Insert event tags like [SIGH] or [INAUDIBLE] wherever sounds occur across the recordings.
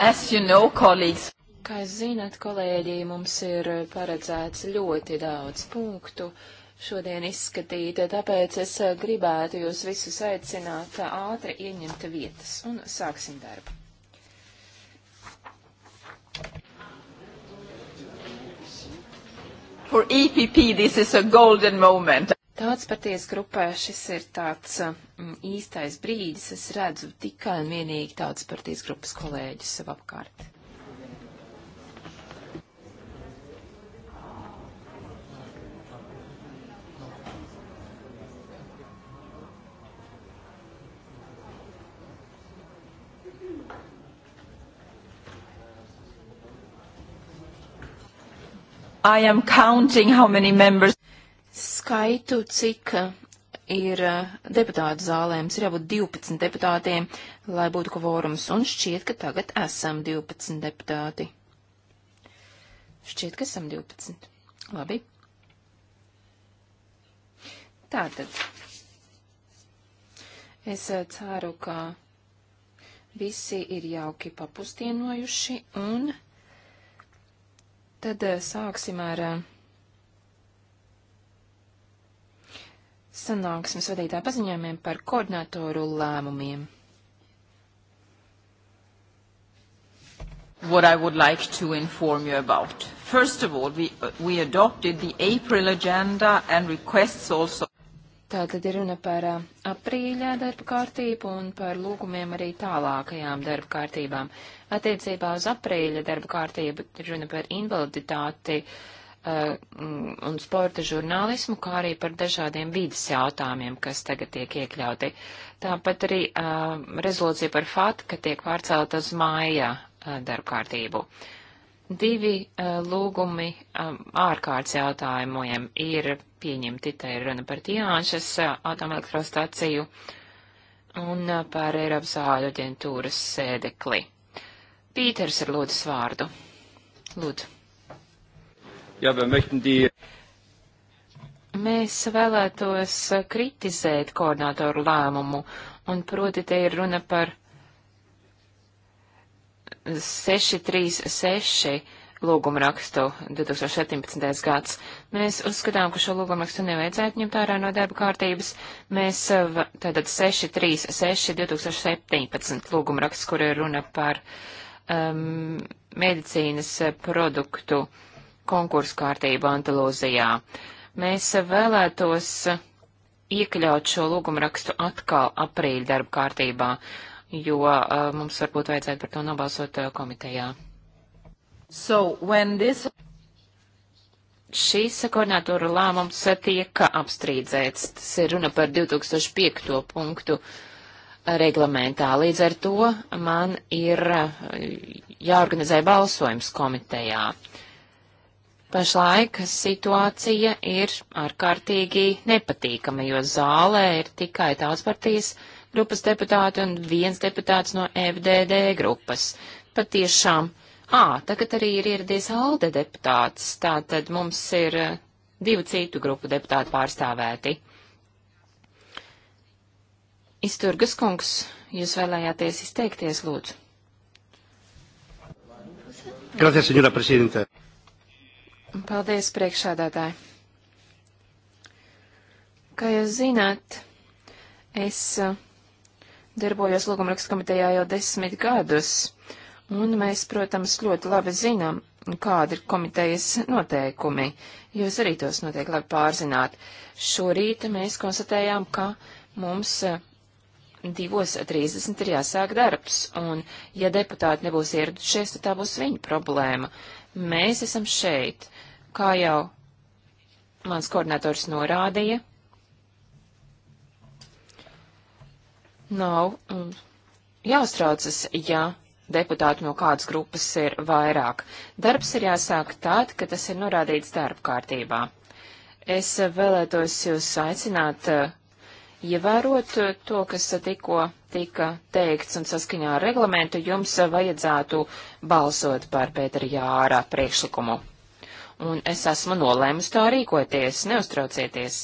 As you know, colleagues. Kā jūs zināt, kolēģi, mums ir paredzēts ļoti daudz punktu šodien izskatīt, tāpēc es gribētu jūs visus aicināt ātri ieņemt vietas un sāksim darbu. For EPP, this is a golden moment. Tāds paties grupē šis ir tāds mm, īstais brīdis. Es redzu tikai un vienīgi tāds paties grupas kolēģus sev apkārt. I am counting how many members skaitu, cik eh, ir eh, deputātu zālē. Mums ir jābūt 12 deputātiem, lai būtu kvorums, un šķiet, ka tagad esam 12 deputāti. Šķiet, ka esam 12. Labi. Tātad. Es eh, ceru, ka visi ir jauki papustienojuši, un tad sāksim ar. Uh, sanāksmes vadītāja paziņojumiem par koordinatoru lēmumiem. What I would like to inform you about. First of all, we, uh, we adopted the April agenda and requests also. Tātad ir runa par uh, aprīļā darba kārtību un par lūgumiem arī tālākajām darba kārtībām. Attiecībā uz aprīļa darba kārtību ir runa par invaliditāti. Uh, Uh, mm, un sporta žurnālismu, kā arī par dažādiem vidas jautājumiem, kas tagad tiek iekļauti. Tāpat arī uh, rezolūcija par FATKA tiek pārcelta uz māja uh, darbkārtību. Divi uh, lūgumi um, ārkārtas jautājumiem ir pieņemti, tā ir runa par Tiāņšas uh, atomelektrostaciju un uh, par Eiropas āļu aģentūras sēdekli. Pīters ir lūdzis vārdu. Lūdzu. Ja, die... Mēs vēlētos kritizēt koordinātoru lēmumu, un proti te ir runa par 636 lūgumrakstu 2017. gads. Mēs uzskatām, ka šo lūgumrakstu nevajadzētu ņemt ārā no darba kārtības. Mēs tātad 636 2017 lūgumraksts, kur ir runa par um, medicīnas produktu uh, konkursu kārtību Andalūzijā. Mēs vēlētos iekļaut šo lūgumrakstu atkal aprīļa darba kārtībā, jo uh, mums varbūt vajadzētu par to nobalsot uh, komitejā. So, this... Šīs koordinātora lēmums tiek apstrīdzēts. Tas ir runa par 2005. punktu reglamentā. Līdz ar to man ir uh, jāorganizē balsojums komitejā. Uh, Pašlaik situācija ir ārkārtīgi nepatīkama, jo zālē ir tikai tautspartijas grupas deputāti un viens deputāts no FDD grupas. Pat tiešām, ā, tagad arī ir ieradies ALDE deputāts, tātad mums ir eh, divu citu grupu deputāti pārstāvēti. Izturgas kungs, jūs vēlējāties izteikties, lūdzu. Gracias, señora presidenta. Paldies, priekšādātāji. Kā jūs zināt, es uh, darbojos lūgumrakstu komitejā jau desmit gadus, un mēs, protams, ļoti labi zinām, kādi ir komitejas noteikumi. Jūs arī tos noteikti labi pārzināt. Šorīt mēs konstatējām, ka mums uh, divos 30 ir jāsāk darbs, un ja deputāti nebūs ieradušies, tad tā būs viņa problēma. Mēs esam šeit, Kā jau mans koordinators norādīja, nav mm, jāuztraucas, ja deputāti no kādas grupas ir vairāk. Darbs ir jāsāk tad, kad tas ir norādīts darba kārtībā. Es vēlētos jūs aicināt eh, ievērot ja eh, to, kas tikko tika teikts un saskaņā ar reglamentu, jums vajadzētu balsot par Pētera Jāra priekšlikumu un es esmu nolēmusi tā rīkoties, neuztraucieties.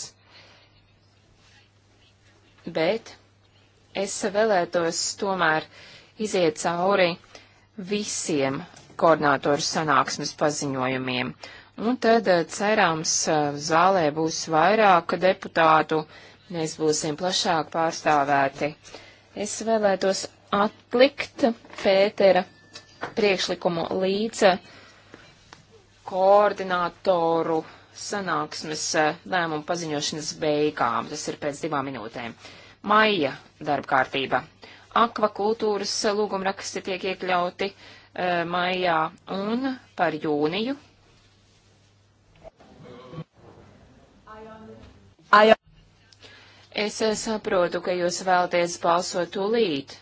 Bet es vēlētos tomēr iziet cauri visiem koordinātoru sanāksmes paziņojumiem. Un tad eh, cerams eh, zālē būs vairāk deputātu, mēs būsim plašāk pārstāvēti. Es vēlētos atlikt Pētera priekšlikumu līdz koordinātoru sanāksmes eh, lēmumu paziņošanas beigām. Tas ir pēc divām minūtēm. Maija darba kārtība. Akvakultūras lūgumraksti tiek iekļauti e, maijā un par jūniju. Es eh, saprotu, ka jūs vēlaties balsot tūlīt.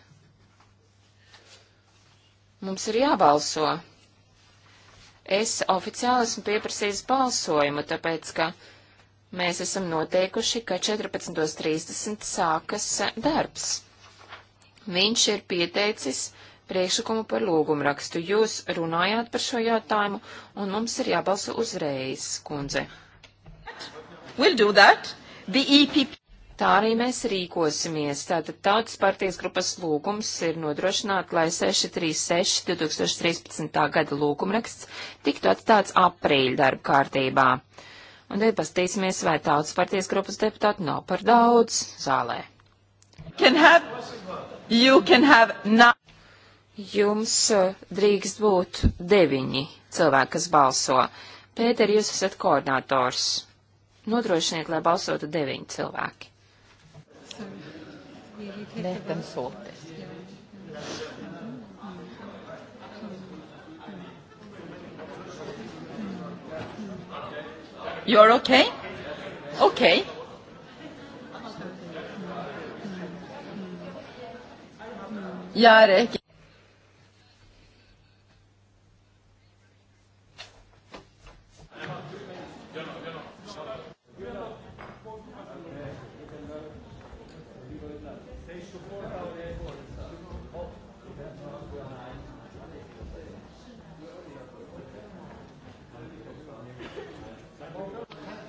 Mums ir jābalso. Es oficiāli esmu pieprasījis balsojumu, tāpēc, ka mēs esam noteikuši, ka 14.30 sākas darbs. Viņš ir pieteicis priekšlikumu par lūgumrakstu. Jūs runājāt par šo jautājumu, un mums ir jābalso uzreiz, kundze. We'll do that. The EPP. Tā arī mēs rīkosimies. Tātad Tautas partijas grupas lūgums ir nodrošināt, lai 636 2013. gada lūgumraksts tiktu atstāts aprīļa darba kārtībā. Un tad pastīsimies, vai Tautas partijas grupas deputāti nav par daudz zālē. Can have, you can have not. Jums uh, drīkst būt deviņi cilvēki, kas balso. Pēter, jūs esat koordinators. Nodrošiniet, lai balsotu deviņi cilvēki. So Let them sort this. Yeah. You're okay? Okay. Jarek.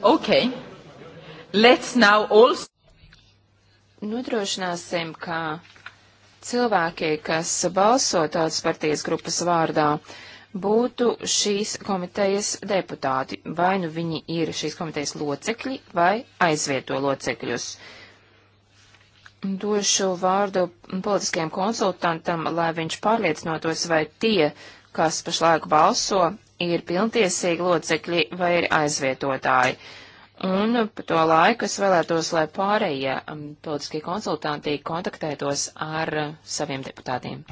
Okay. Let's now also. Nodrošināsim, ka cilvēki, kas balso tautas partijas grupas vārdā, būtu šīs komitejas deputāti. Vai nu viņi ir šīs komitejas locekļi vai aizvieto locekļus. Došu vārdu politiskajam konsultantam, lai viņš pārliecinotos, vai tie, kas pašlaik balso, ir pilntiesīgi locekļi vai ir aizvietotāji. Un pa to laiku es vēlētos, lai pārējie um, politiskie konsultanti kontaktētos ar uh, saviem deputātiem.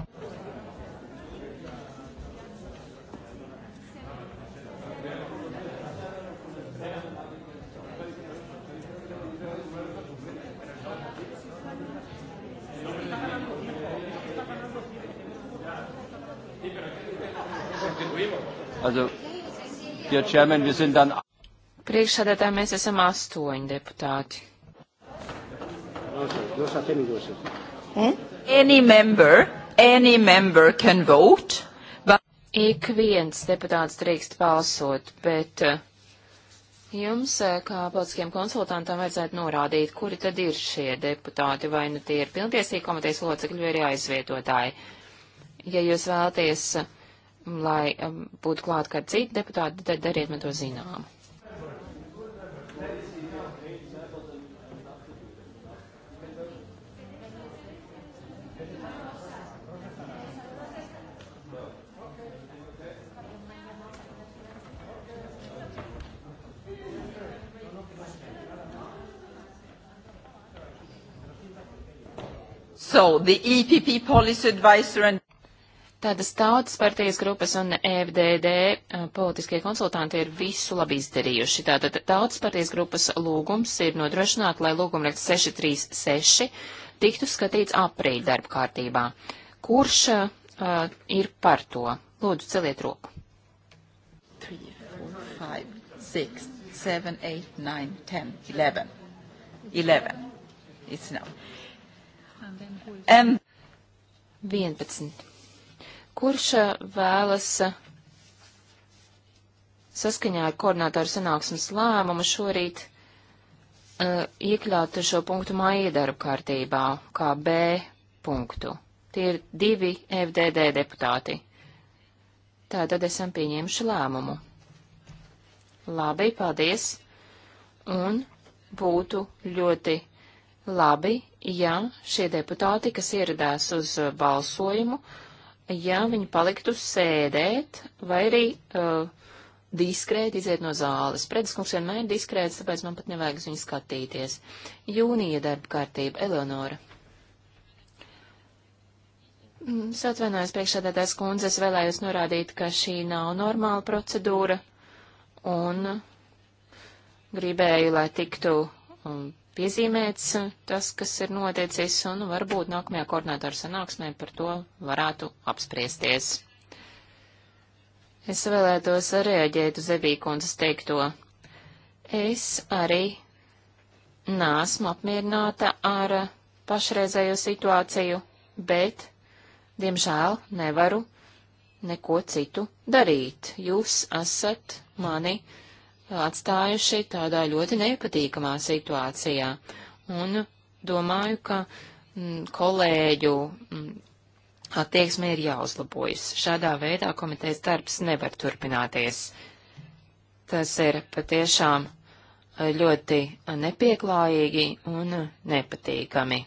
Also, dear Chairman, wir sind dann. Priekšsēdētāji, mēs esam astoņi deputāti. Hmm? Any member, any member can vote. But... Ik viens deputāts drīkst balsot, bet eh, jums, eh, kā politiskiem konsultantam, vajadzētu norādīt, kuri tad ir šie deputāti, vai nu tie ir pilntiesīgi komitejas locekļi vai arī aizvietotāji. Ja jūs vēlaties eh, lai um, būtu klāt kādi citi deputāti, tad dariet man to zinām. So, the EPP policy advisor and Tādas tautas partijas grupas un FDD e politiskie konsultanti ir visu labi izdarījuši. Tātad tautas partijas grupas lūgums ir nodrošināt, lai lūgumraksts 636 tiktu skatīts aprīļa darba kārtībā. Kurš uh, ir par to? Lūdzu, celiet roku. 3, 4, 5, 6, 7, 8, 9, 10, 11. 11. It's now. And... 11 kurš eh, vēlas eh, saskaņā ar koordinātoru sanāksmes lēmumu šorīt uh, iekļaut šo punktu māja iedaru kārtībā, kā B punktu. Tie ir divi FDD deputāti. Tātad esam pieņēmuši lēmumu. Labi, paldies. Un būtu ļoti labi, ja šie deputāti, kas ieradās uz balsojumu, uh, ja viņi paliktu sēdēt vai arī uh, diskrēti iziet no zāles. Prediskungs vienmēr ir diskrēts, tāpēc man pat nevajag uz viņu skatīties. Jūnija darba kārtība, Eleonora. Mm, es atvainojos priekšādātās kundzes, vēlējos norādīt, ka šī nav normāla procedūra un gribēju, lai tiktu um, piezīmēts tas, kas ir noticis, un varbūt nākamajā koordinātora sanāksmē par to varētu apspriesties. Es vēlētos reaģēt uz Evīkundas teikto. Es arī nāsmu apmierināta ar pašreizējo situāciju, bet, diemžēl, nevaru neko citu darīt. Jūs esat mani atstājuši tādā ļoti nepatīkamā situācijā. Un domāju, ka m, mm, kolēģu m, mm, attieksme ir jāuzlabojas. Šādā veidā komitejas darbs nevar turpināties. Tas ir patiešām eh, ļoti nepieklājīgi un nepatīkami.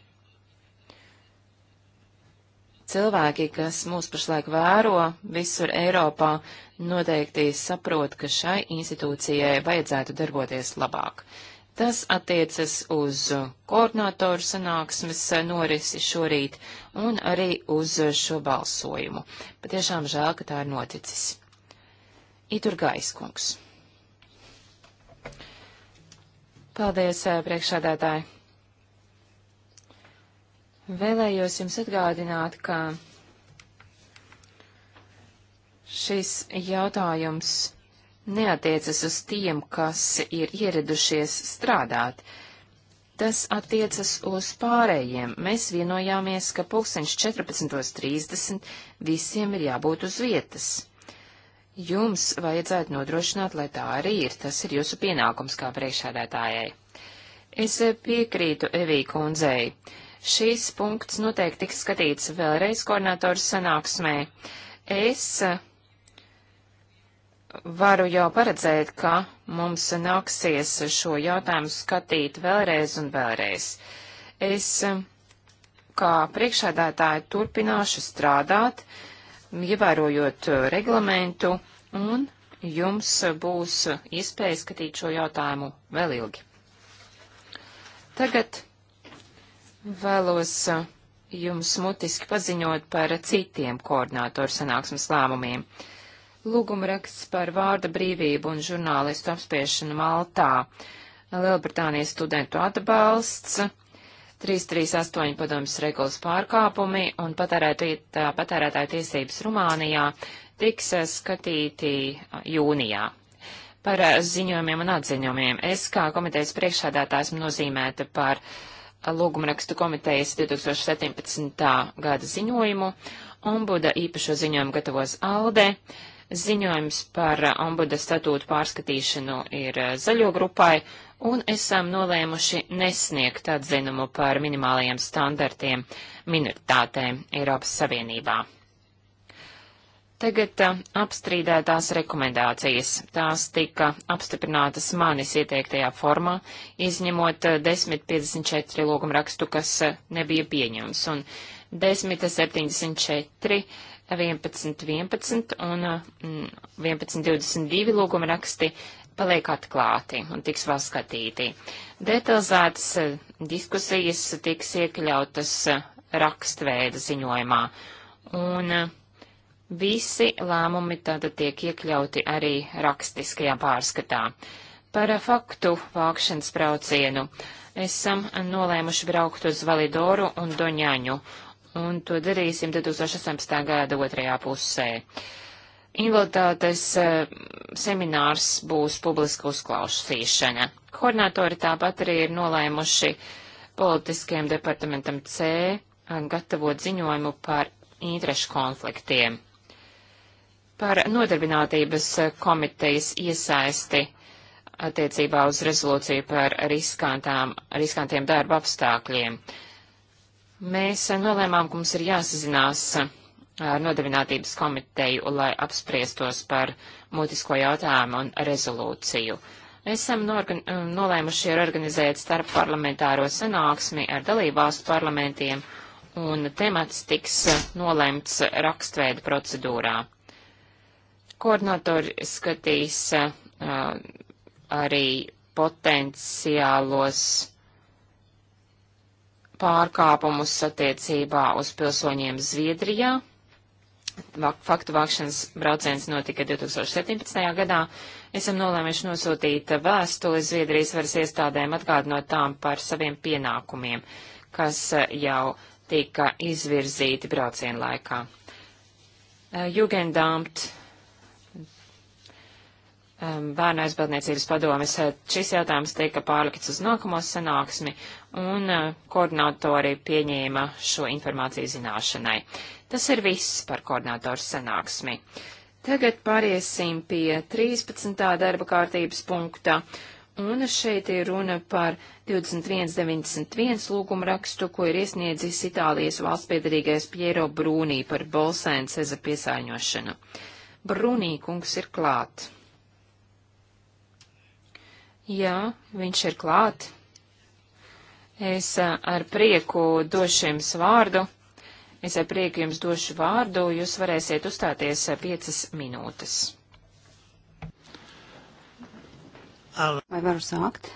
Cilvēki, kas mūs pašlaik vēro visur Eiropā, uh, noteikti saprot, ka šai institūcijai vajadzētu darboties labāk. Tas attiecas uz koordinātoru sanāksmes norisi šorīt un arī uz šo balsojumu. Patiešām žēl, ka tā ir noticis. Itur Gaiskungs. Paldies, eh, priekšādātāji. Vēlējos jums atgādināt, ka Šis jautājums neatiecas uz tiem, kas ir ieradušies strādāt. Tas attiecas uz pārējiem. Mēs vienojāmies, ka pulksteņš 14.30 visiem ir jābūt uz vietas. Jums vajadzētu nodrošināt, lai tā arī ir. Tas ir jūsu pienākums kā priekšādētājai. Es piekrītu Evī kundzei. Šīs punkts noteikti tiks skatīts vēlreiz koordinatoru sanāksmē. Es varu jau paredzēt, ka mums nāksies šo jautājumu skatīt vēlreiz un vēlreiz. Es kā priekšādātāja turpināšu strādāt, ievērojot reglamentu, un jums būs iespēja skatīt šo jautājumu vēl ilgi. Tagad vēlos jums mutiski paziņot par citiem koordinātoru sanāksmes lēmumiem. Uh, Lūguma raksts par vārda brīvību un žurnālistu apspiešanu Maltā. Lielbritānijas studentu atbalsts, 338 padomjas regulas pārkāpumi un patērētāju tiesības Rumānijā tiks eh, skatīti eh, jūnijā. Par eh, ziņojumiem un atziņojumiem. Es kā komitejas priekšsādātājs nozīmēta par lūgumrakstu komitejas 2017. gada ziņojumu. Ombuda īpašo ziņojumu gatavos Alde. Uh, Ziņojums par eh, ombuda statūtu pārskatīšanu ir eh, zaļo grupai, un esam nolēmuši nesniegt atzinumu par minimālajiem standartiem minoritātēm Eiropas Savienībā. Tagad a, eh, apstrīdētās rekomendācijas. Tās tika apstiprinātas manis ieteiktajā formā, izņemot 1054 logumrakstu, kas a, nebija pieņems, un 1074 11.11 11 un 11.22 mm, lūguma raksti paliek atklāti un tiks vēl skatīti. Detalizētas eh, diskusijas tiks iekļautas eh, rakstveida ziņojumā. Un eh, visi lēmumi tātad tiek iekļauti arī rakstiskajā pārskatā. Par faktu vākšanas braucienu esam nolēmuši braukt uz Validoru un Doņaņu un to darīsim 2018. gada otrajā pusē. Invaliditātes eh, seminārs būs publiska uzklausīšana. Koordinatori tāpat arī ir nolēmuši politiskajam departamentam C eh, gatavot ziņojumu par interešu konfliktiem, par nodarbinātības eh, komitejas iesaisti attiecībā uz rezolūciju par riskantām, riskantiem darba apstākļiem. Uh, Mēs nolēmām, ka mums ir jāsazinās ar nodarbinātības komiteju, lai apspriestos par mutisko jautājumu un rezolūciju. Esam nolēmuši ir organizēt starp parlamentāro sanāksmi ar dalībvalstu parlamentiem, un temats tiks nolēmts rakstveida procedūrā. Koordinatori skatīs uh, arī potenciālos pārkāpumus attiecībā uz pilsoņiem Zviedrijā. Faktu vākšanas brauciens notika 2017. gadā. Esam nolēmuši nosūtīt vēstuli Zviedrijas varas iestādēm atgādinot tām par saviem pienākumiem, kas eh, jau tika izvirzīti brauciena laikā. Eh, Jugendamt eh, bērnu aizbildniecības padomes. Šis jautājums tika pārlikts uz nākamo sanāksmi, un eh, koordinatori pieņēma šo informāciju zināšanai. Tas ir viss par koordinatoru sanāksmi. Tagad pāriesim pie 13. darba kārtības punkta, un šeit ir runa par 2191 lūgumu rakstu, ko ir iesniedzis Itālijas valsts piedarīgais Piero Brūnī par Bolsēna ceza piesārņošanu. Brūnī kungs ir klāt. Jā, viņš ir klāt. Es eh, ar prieku došu jums vārdu. Es ar prieku jums došu vārdu. Jūs varēsiet uzstāties eh, piecas minūtes. Vai varu sākt?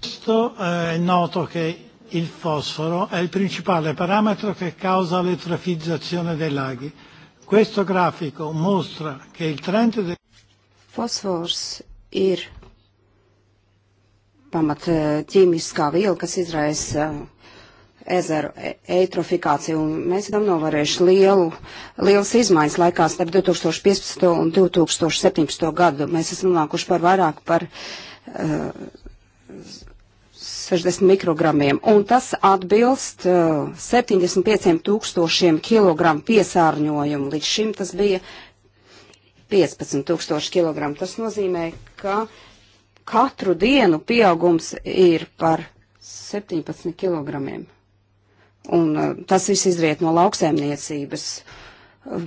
Questo eh, è noto che il fosforo è il principale parametro che causa l'eutrofizzazione dei laghi. Questo grafico mostra che il trend del fosfors ir pamat eh, ķīmiskā viela, kas izraisa eh, ezeru e, eitrofikāciju, un mēs esam novērējuši lielu, lielas izmaiņas laikā starp 2015. un 2017. gadu. Mēs esam nonākuši par vairāk par uh, eh, 60 mikrogramiem, un tas atbilst uh, 75 tūkstošiem kilogramu piesārņojumu. Līdz šim tas bija 15 tūkstoši kilogramu. Tas nozīmē, ka uh, katru dienu pieaugums ir par 17 kilogramiem. Un e, tas viss izriet no lauksēmniecības e,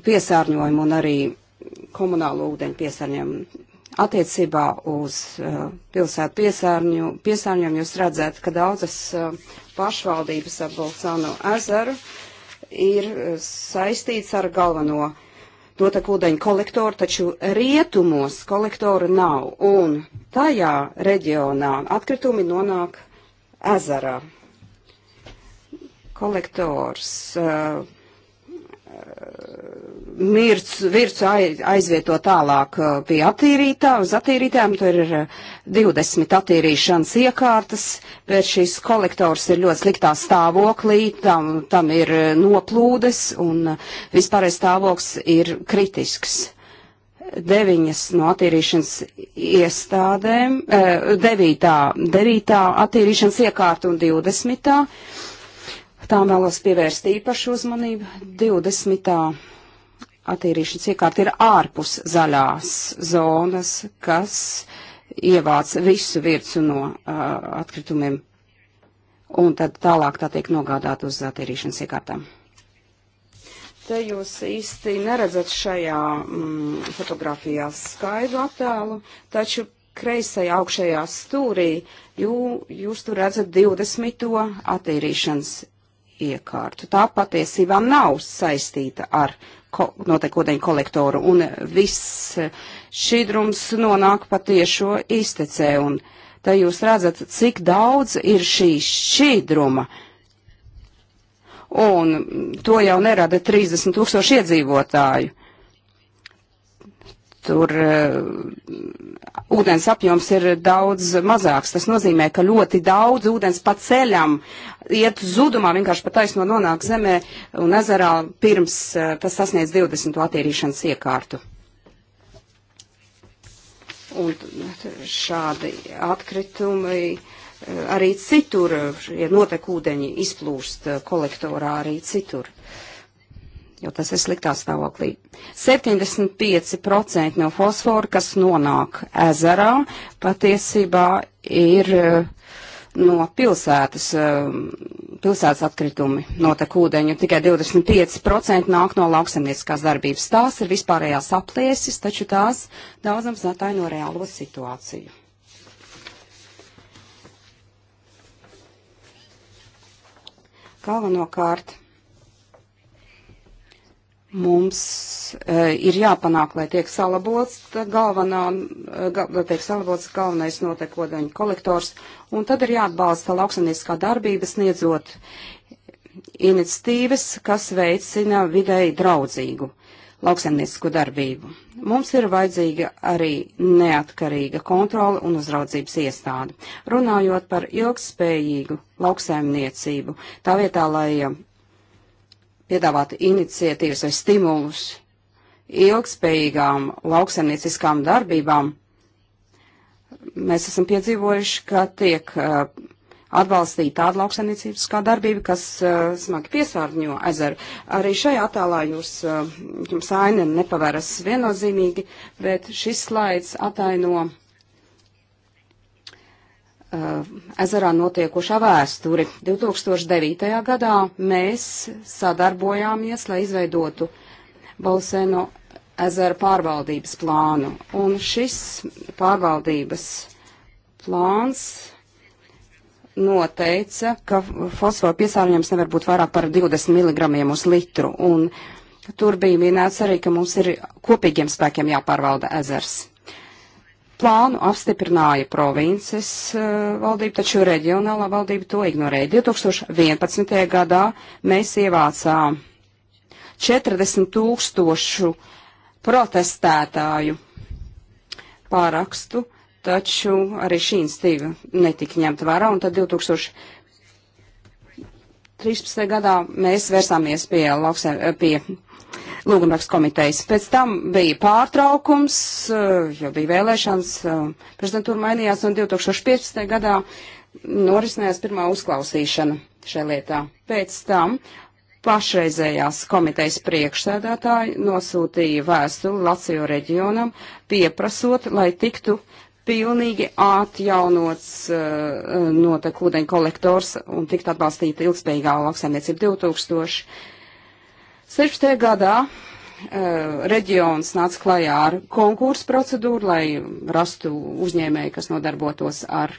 piesārņojumu un arī komunālo ūdeņu piesārņojumu. Attiecībā uz e, pilsētu piesārņu, piesārņojumu jūs redzat, ka daudzas pašvaldības ap Bolcānu ezeru ir saistīts ar galveno notekūdeņu kolektoru, taču rietumos kolektoru nav, un tajā reģionā atkritumi nonāk ezerā. Kolektors uh, mirts, virsu aizvieto tālāk uh, pie attīrītā, uz attīrītām, tur ir 20 uh, attīrīšanas iekārtas, bet šis kolektors ir ļoti sliktā stāvoklī, tam, tam ir uh, noplūdes un vispārējais stāvoklis ir kritisks. Deviņas no attīrīšanas iestādēm, devītā, devītā attīrīšanas iekārta un divdesmitā. Tām vēlos pievērst īpašu uzmanību. 20 attīrīšanas iekārta ir ārpus zaļās zonas, kas ievāc visu virsmu no uh, atkritumiem, un tad tālāk tā tiek nogādāta uz attīrīšanas iekārtām. Te jūs īsti neredzat šajā mm, fotografijā skaidru attēlu, taču kreisajā augšējā stūrī jū, jūs tur redzat 20. attīrīšanas iekārtu. Tā patiesībā nav saistīta ar ko, notiek ūdeņu kolektoru, un viss eh, šķidrums nonāk patiešo iztecē, un te jūs redzat, cik daudz ir šī šķidruma. Un to jau nerada 30 tūkstoši iedzīvotāju tur uh, ūdens apjoms ir daudz mazāks. Tas nozīmē, ka ļoti daudz ūdens pa ceļam iet zudumā, vienkārši pa taisno nonāk zemē un ezerā pirms uh, tas sasniedz 20 attīrīšanas iekārtu. Un šādi atkritumi eh, arī citur, ja notekūdeņi izplūst kolektorā arī citur. Uh, jo tas ir sliktā stāvoklī. 75% no fosforu, kas nonāk ezerā, patiesībā ir eh, no pilsētas, eh, pilsētas atkritumi notek ūdeņu, tikai 25% nāk no lauksamnieciskās darbības. Tās ir vispārējās apliesis, taču tās daudzam zinātāji no reālo situāciju. Galvenokārt Mums e, ir jāpanāk, lai tiek salabots, galvenā, ga, lai tiek salabots galvenais notekodeņu kolektors, un tad ir jāatbalsta lauksanieskā darbība sniedzot iniciatīvas, kas veicina videi draudzīgu lauksaimniecisku darbību. Mums ir vajadzīga arī neatkarīga kontrole un uzraudzības iestāde. Runājot par ilgspējīgu lauksaimniecību, tā vietā, lai piedāvāt iniciatīvas vai stimulus ilgspējīgām lauksaimnieciskām darbībām, mēs esam piedzīvojuši, ka tiek uh, atbalstīta tāda lauksaimnieciskā darbība, kas uh, smagi piesārņo ezeru. Arī šajā attēlā jūs, uh, jums aina nepaveras viennozīmīgi, bet šis slaids ataino Uh, ezerā notiekošā vēsturi. 2009. gadā mēs sadarbojāmies, lai izveidotu Balsēno ezera pārvaldības plānu. Un šis pārvaldības plāns noteica, ka fosforu piesārņojums nevar būt vairāk par 20 mg uz litru. Un tur bija minēts arī, ka mums ir kopīgiem spēkiem jāpārvalda ezers plānu apstiprināja provinces eh, valdība, taču reģionālā valdība to ignorēja. 2011. gadā mēs ievācām 40 tūkstošu protestētāju pārakstu, taču arī šī institīva netika ņemta vērā, un tad 2013. gadā mēs vērsāmies pie, lauksē, pie lūgumrakstu komitejas. Pēc tam bija pārtraukums, eh, jo bija vēlēšanas, eh, prezidentūra mainījās un 2015. gadā norisinājās pirmā uzklausīšana šajā lietā. Pēc tam pašreizējās komitejas priekšsēdētāji nosūtīja vēstuli Latviju reģionam, pieprasot, lai tiktu pilnīgi atjaunots uh, eh, notekūdeņu kolektors un tikt atbalstīta ilgspējīgā lauksaimniecība 2000. 16. gadā eh, reģions nāca klajā ar konkursu procedūru, lai rastu uzņēmēju, kas nodarbotos ar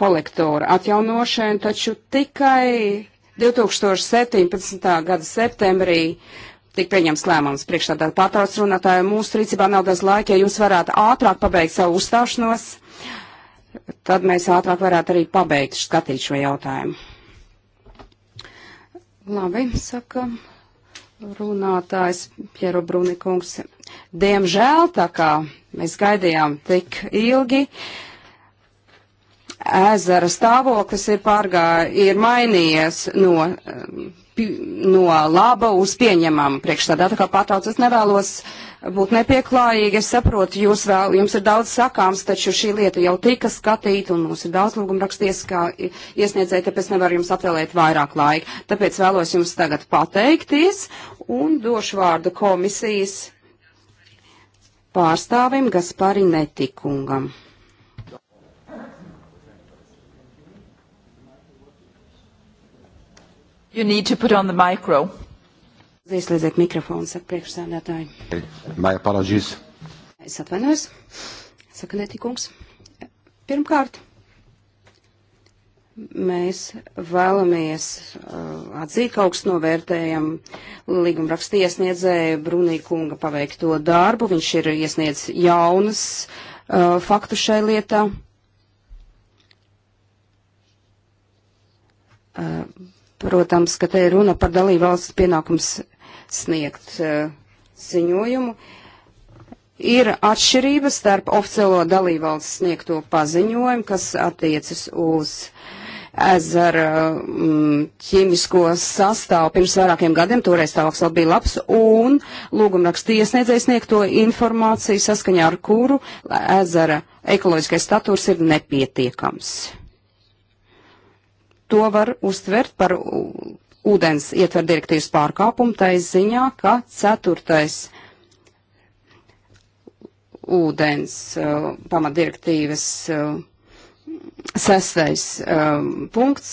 kolektoru atjaunošanu, taču tikai 2017. gada septembrī tika pieņems lēmums priekšstādā pārtrauc runātāju. Mūsu rīcībā nav daudz laika, ja jūs varētu ātrāk pabeigt savu uzstāšanos, tad mēs ātrāk varētu arī pabeigt skatīt šo jautājumu. Labi, saka runātājs Piero Brunikungs. Diemžēl, tā kā mēs gaidījām tik ilgi, ezera stāvoklis ir pārgā, ir mainījies no um, no laba uz pieņemamu. Priekšstādā tā kā patauc es nevēlos būt nepieklājīgi, es saprotu, jūs vēl, jums ir daudz sakāms, taču šī lieta jau tika skatīta un mums ir daudz lūguma raksties, kā iesniedzēji, tāpēc nevaru jums atvēlēt vairāk laika. Tāpēc vēlos jums tagad pateikties un došu vārdu komisijas pārstāvim Gaspari Netikungam. You need to put on the micro. Ieslēdziet mikrofonu, saka priekšsēdētāji. My apologies. Es atvainojos, saka netikums. Pirmkārt, mēs vēlamies uh, atzīt, ka augstu novērtējam līguma raksta iesniedzēju Brunī kunga paveikto darbu. Viņš ir iesniedz jaunas uh, faktu šai lietā. Uh, Protams, ka te ir runa par dalību valsts pienākums sniegt e, ziņojumu. Ir atšķirība starp oficiālo dalību valsts sniegto paziņojumu, kas attiecas uz ezera mm, ķīmisko sastāvu pirms vairākiem gadiem, toreiz stāvoks vēl bija labs, un lūgumrakstu iesniedzējs sniegto informāciju saskaņā ar kuru ezera ekoloģiskais statūrs ir nepietiekams to var uztvert par ūdens ietver direktīvas pārkāpumu, tai ziņā, ka ceturtais ūdens uh, pamatdirektīvas uh, sestais uh, punkts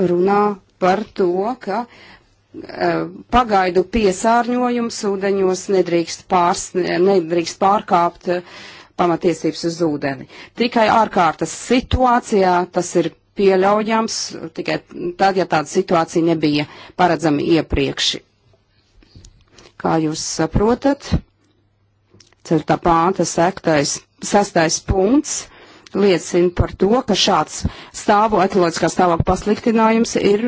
runā par to, ka uh, pagaidu piesārņojums ūdeņos nedrīkst, pārs, nedrīkst pārkāpt uh, pamatiesības uz ūdeni. Tikai ārkārtas situācijā tas ir pieļaujams, tikai tad, ja tāda situācija nebija paredzama iepriekš. Kā jūs saprotat, ceturtā pānta sektais, sastais punkts liecina par to, ka šāds stāvo ekoloģiskā stāvokļa pasliktinājums ir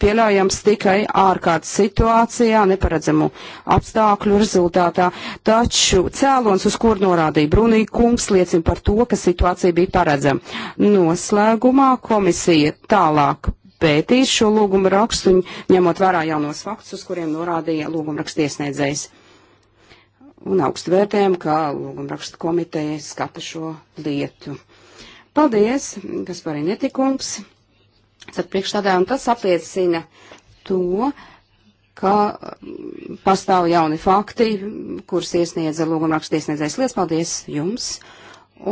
pieļaujams tikai ārkārtas situācijā, neparedzamu apstākļu rezultātā. Taču cēlons, uz kur norādīja Brunīgi kungs, liecina par to, ka situācija bija paredzama. Noslēgumā komisija tālāk pētīs šo lūgumu rakstu, ņemot vērā jaunos faktus, uz kuriem norādīja lūgumu rakstiesniedzējs. Un augstu vērtējam, kā lūgumu rakstu komiteja skata šo lietu. Paldies, Gasparīni Etikungs. Tad priekšstādā, un tas apliecina to, ka mm, pastāv jauni fakti, kurus iesniedza lūgumraksta iesniedzējs. Lies paldies jums!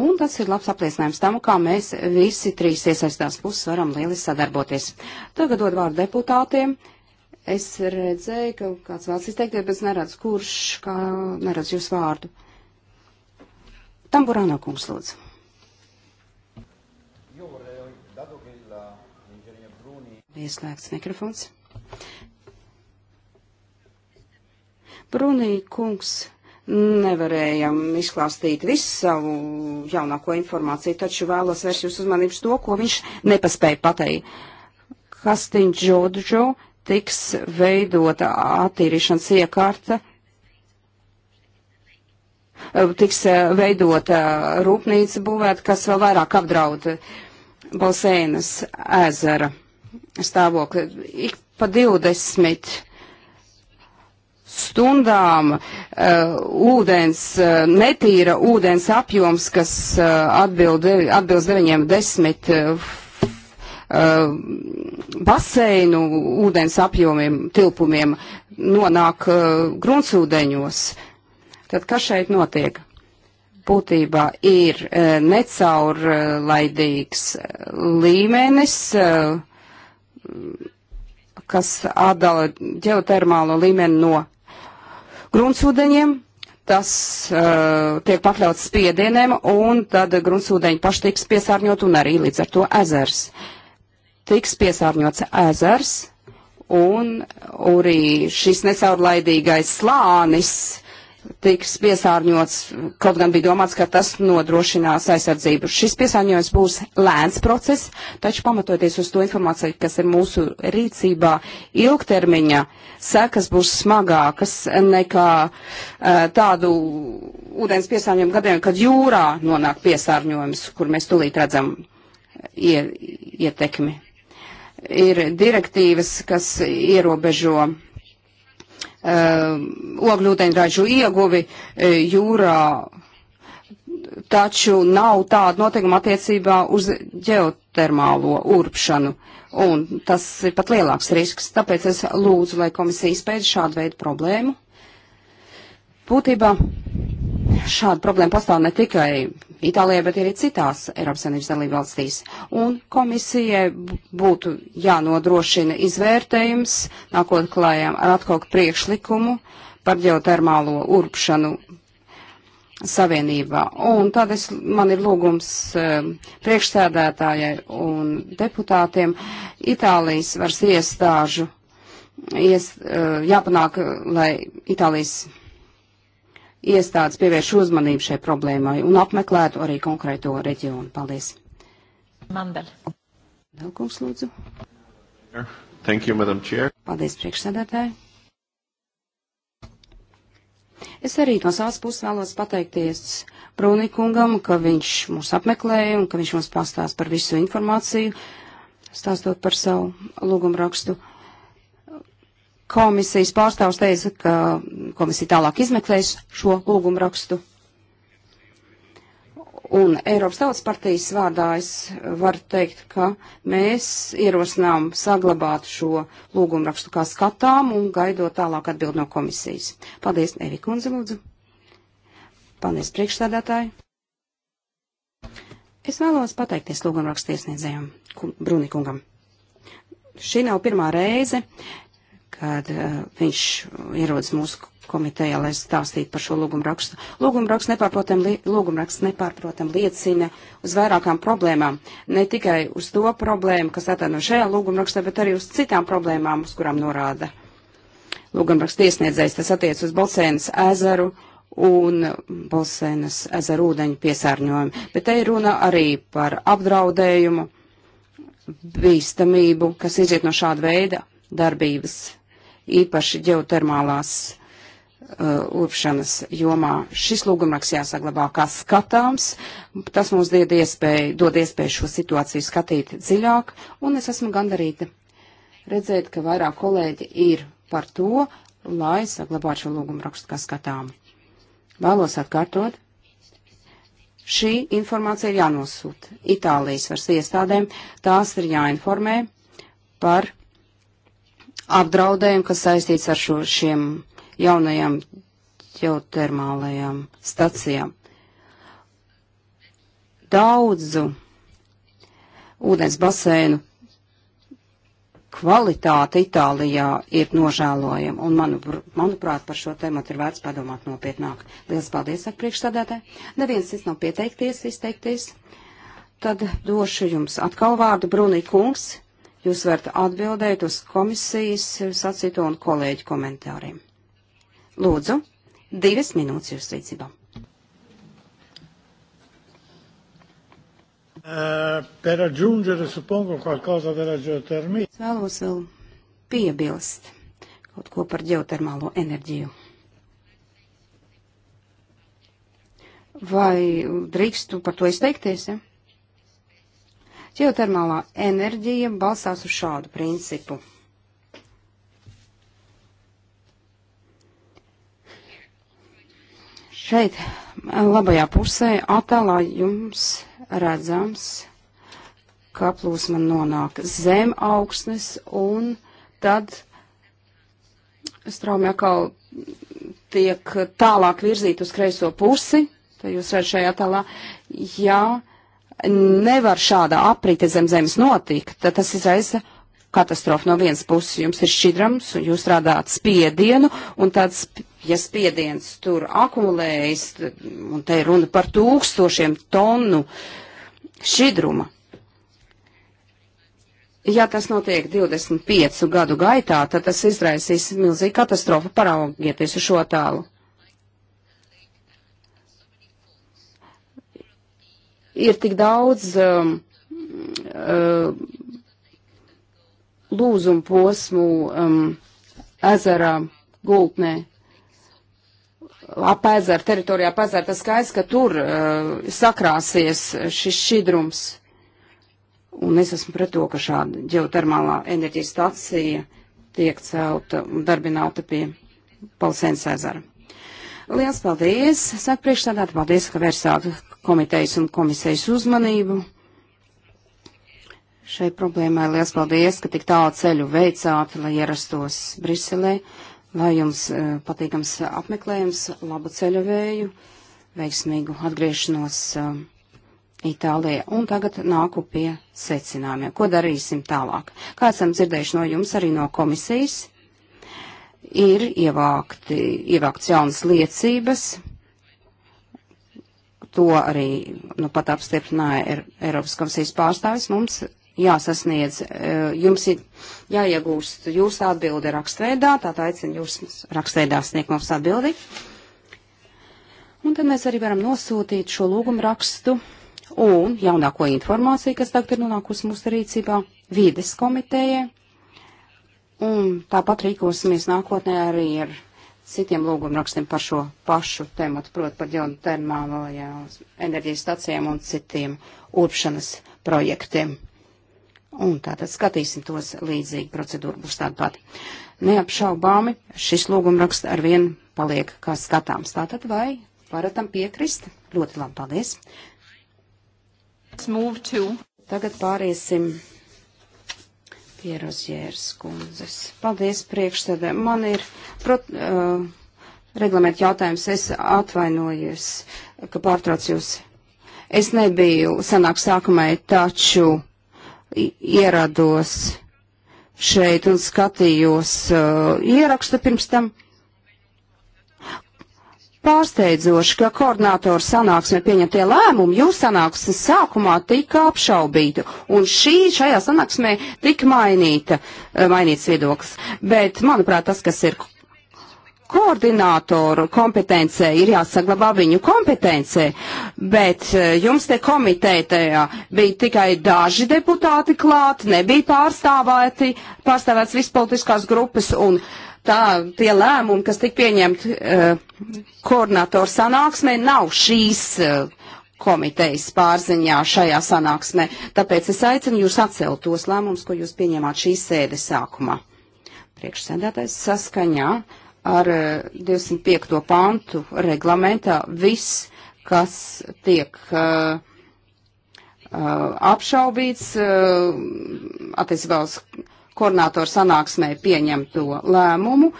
Un tas ir labs apliecinājums tam, kā mēs visi trīs iesaistās puses varam lieliski sadarboties. Tagad dod vārdu deputātiem. Es redzēju, ka kāds vēlas izteikties, bet neredz kurš, kā neredz jūs vārdu. Tamburāno kungs lūdzu. Ieslēgts mikrofons. Brunī kungs nevarējam izklāstīt visu savu jaunāko informāciju, taču vēlos vērst jūs uzmanības to, ko viņš nepaspēja pateikt. Kastiņš Džodžo tiks veidota attīrīšanas iekārta, tiks eh, veidota rūpnīca būvēta, kas vēl vairāk apdraud Balsēnas ezera stāvokli. Ik pa 20 stundām uh, ūdens, uh, netīra ūdens apjoms, kas uh, atbild, atbilst 9-10 uh, uh, baseinu ūdens apjomiem, tilpumiem, nonāk uh, gruntsūdeņos. Tad kas šeit notiek? Būtībā ir uh, necaurlaidīgs uh, līmenis. Uh, kas atdala ģeotermālo līmeni no gruntsūdeņiem. Tas uh, tiek pakļauts spiedieniem, un tad gruntsūdeņi paši tiks piesārņot, un arī līdz ar to ezers. Tiks piesārņots ezers, un arī šis necaurlaidīgais slānis tiks piesārņots, kaut gan bija domāts, ka tas nodrošinās aizsardzību. Šis piesārņojums būs lēns process, taču pamatoties uz to informāciju, kas ir mūsu rīcībā, ilgtermiņa sekas būs smagākas nekā tādu ūdens piesārņojumu gadiem, kad jūrā nonāk piesārņojums, kur mēs tulīt redzam ietekmi. Ir direktīvas, kas ierobežo Um, ogļūdeņražu ieguvi e, jūrā, taču nav tāda noteikuma attiecībā uz ģeotermālo urpšanu, un tas ir pat lielāks risks, tāpēc es lūdzu, lai komisija izpēta šādu veidu problēmu. Būtībā šāda problēma pastāv ne tikai Itālijai, bet arī citās Eiropas Savienības dalību valstīs. Un komisijai būtu jānodrošina izvērtējums, nākot klājām ar atkopu priekšlikumu par ģeotermālo urpšanu savienībā. Un tad es, man ir lūgums um, priekšsēdētājai un deputātiem Itālijas varas iestāžu, ies, uh, jāpanāk, lai Itālijas iestādes pievērš uzmanību šai problēmai un apmeklētu arī konkrēto reģionu. Paldies. Mandel. Nelkungs, lūdzu. Thank you, Madam Chair. Paldies, priekšsēdētāji. Es arī no savas puses vēlos pateikties Brūnikungam, ka viņš mūs apmeklēja un ka viņš mums pastāst par visu informāciju, stāstot par savu lūgumu rakstu. Uh, Komisijas pārstāvs teica, ka komisija tālāk izmeklēs šo lūgumu rakstu. Un Eiropas Tautas partijas vārdā es varu teikt, ka mēs ierosinām saglabāt šo lūgumu rakstu kā skatām un gaidot tālāk atbild no komisijas. Paldies, Evi Kunze, lūdzu. Paldies, priekšstādātāji. Es vēlos pateikties lūgumu rakstu iesniedzējiem Brūnikungam. Šī nav pirmā reize, kad uh, viņš ierodas mūsu komitejā, lai stāstītu par šo lūgumrakstu. Lūgumraksts nepārprotam, li, lūgumraksts nepārprotam liecina uz vairākām problēmām. Ne tikai uz to problēmu, kas atrada no šajā lūgumrakstā, bet arī uz citām problēmām, uz kurām norāda lūgumraksts iesniedzējs. Tas attiec uz Balsēnas ezeru un Balsēnas ezeru ūdeņu piesārņojumu. Bet te ir runa arī par apdraudējumu, bīstamību, kas iziet no šāda veida darbības īpaši ģeotermālās uh, urpšanas jomā. Šis lūgumraks jāsaglabā kā skatāms, tas mums dod iespēju, dod iespēju šo situāciju skatīt dziļāk, un es esmu gandarīta redzēt, ka vairāk kolēģi ir par to, lai saglabātu šo lūgumrakstu kā skatāmu. Vēlos atkārtot, Šī informācija ir jānosūta Itālijas varas iestādēm, tās ir jāinformē par apdraudējumu, kas saistīts ar šo, šiem jaunajām ģeotermālajām stacijām. Daudzu ūdens basēnu kvalitāte Itālijā ir nožēlojama, un manu, manuprāt par šo tematu ir vērts padomāt nopietnāk. Lielas paldies, saka priekšstādātē. Neviens cits nav pieteikties, izteikties. Tad došu jums atkal vārdu Brunī kungs jūs varat atbildēt uz komisijas sacīto un kolēģu komentāriem. Lūdzu, divas minūtes jūs rīcībā. Uh, per aggiungere, suppongo, qualcosa della geotermia. Vēlos vēl piebilst kaut ko par ģeotermālo enerģiju. Vai drīkstu par to izteikties? Ja? Ģeotermālā enerģija balstās uz šādu principu. Šeit labajā pusē attēlā jums redzams, ka plūsma nonāk zem augsnes un tad straumi atkal tiek tālāk virzīt uz kreiso pusi, tad jūs redzat šajā tālā, ja nevar šāda aprite zem zemes notikt, tad tas izraisa katastrofa no vienas puses. Jums ir šķidrams, un jūs strādājat spiedienu, un tāds, ja spiediens tur akumulējas, un te ir runa par tūkstošiem tonu šķidruma. Ja tas notiek 25 gadu gaitā, tad tas izraisīs milzīgu katastrofu paraugieties uz šo tālu. ir tik daudz um, uh, lūzumu posmu um, ezerā gultnē. Ap ezeru teritorijā pazēra tas skaidrs, ka tur uh, sakrāsies šis šķidrums. Un es esmu pret to, ka šāda ģeotermālā enerģijas stacija tiek celta un darbināta pie Palsēnas ezera. Liels paldies! Saka priekšstādāt, paldies, ka vērsāt komitejas un komisijas uzmanību. Šai problēmai liels paldies, ka tik tālu ceļu veicāt, lai ierastos Briselē. Lai jums e, patīkams apmeklējums, labu ceļavēju, veiksmīgu atgriešanos e, Itālijā. Un tagad nāku pie secinājumiem. Ko darīsim tālāk? Kā esam dzirdējuši no jums, arī no komisijas, ir ievākti, ievākts jaunas liecības to arī nu, pat apstiprināja Eiropas komisijas pārstāvis, mums jāsasniedz, e, jums ir jāiegūst jūsu atbildi rakstveidā, tātad aicinu jūs rakstveidā sniegt mums atbildi. Un tad mēs arī varam nosūtīt šo lūgumu rakstu un jaunāko informāciju, kas tagad ir nonākusi mūsu rīcībā, vides komitējai. Un tāpat rīkosimies nākotnē arī ar citiem lūgumrakstiem par šo pašu tematu, proti par ģeotermālajām enerģijas stacijām un citiem urpšanas projektiem. Un tātad skatīsim tos līdzīgi, procedūra būs tāda pati. Neapšaubāmi šis lūgumraksts ar vienu paliek kā skatāms. Tātad vai varatam piekrist? Ļoti labi, paldies. Tagad pāriesim Pierozjēras kundzes. Paldies priekšsēdē. Man ir prot, uh, reglamenta jautājums. Es atvainojos, ka pārtrauc jūs. Es nebiju sanāk sākumai, taču ierados šeit un skatījos uh, ierakstu pirms tam pārsteidzoši, ka koordinātoru sanāksmē pieņemtie lēmumi jūs sanāksmes sākumā tika apšaubīti, un šī šajā sanāksmē tika mainīta, eh, mainīts viedoklis. Bet, manuprāt, tas, kas ir koordinātoru kompetencē, ir jāsaglabā viņu kompetencē, bet eh, jums te komitētajā bija tikai daži deputāti klāt, nebija pārstāvēti, pārstāvēts vispolitiskās grupas, un uh, tā, tie lēmumi, kas tika pieņemti eh, koordinatoru sanāksmē, nav šīs eh, komitejas pārziņā šajā sanāksmē. Tāpēc es aicinu jūs atcelt tos lēmumus, ko jūs pieņēmāt šīs sēdes sākumā. Priekšsēdētājs saskaņā ar 205. Eh, pantu reglamentā viss, kas tiek uh, uh, apšaubīts uh, attiecībā uz koordinātoru sanāksmē pieņemto lēmumu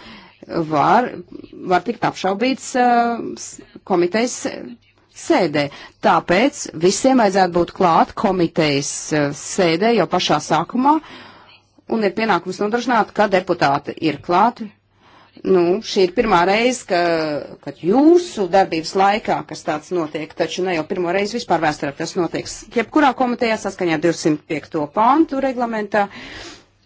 var, var tikt apšaubīts uh, komitejas sēdē. Tāpēc visiem vajadzētu būt klāt komitejas uh, sēdē jau pašā sākumā un ir pienākums nodrošināt, ka deputāti ir klāti. Nu, šī ir pirmā reize, ka, kad jūsu darbības laikā, kas tāds notiek, taču ne jau pirmo reizi vispār vēsturē tas notiek. Jebkurā komitejā saskaņā 205. pantu reglamentā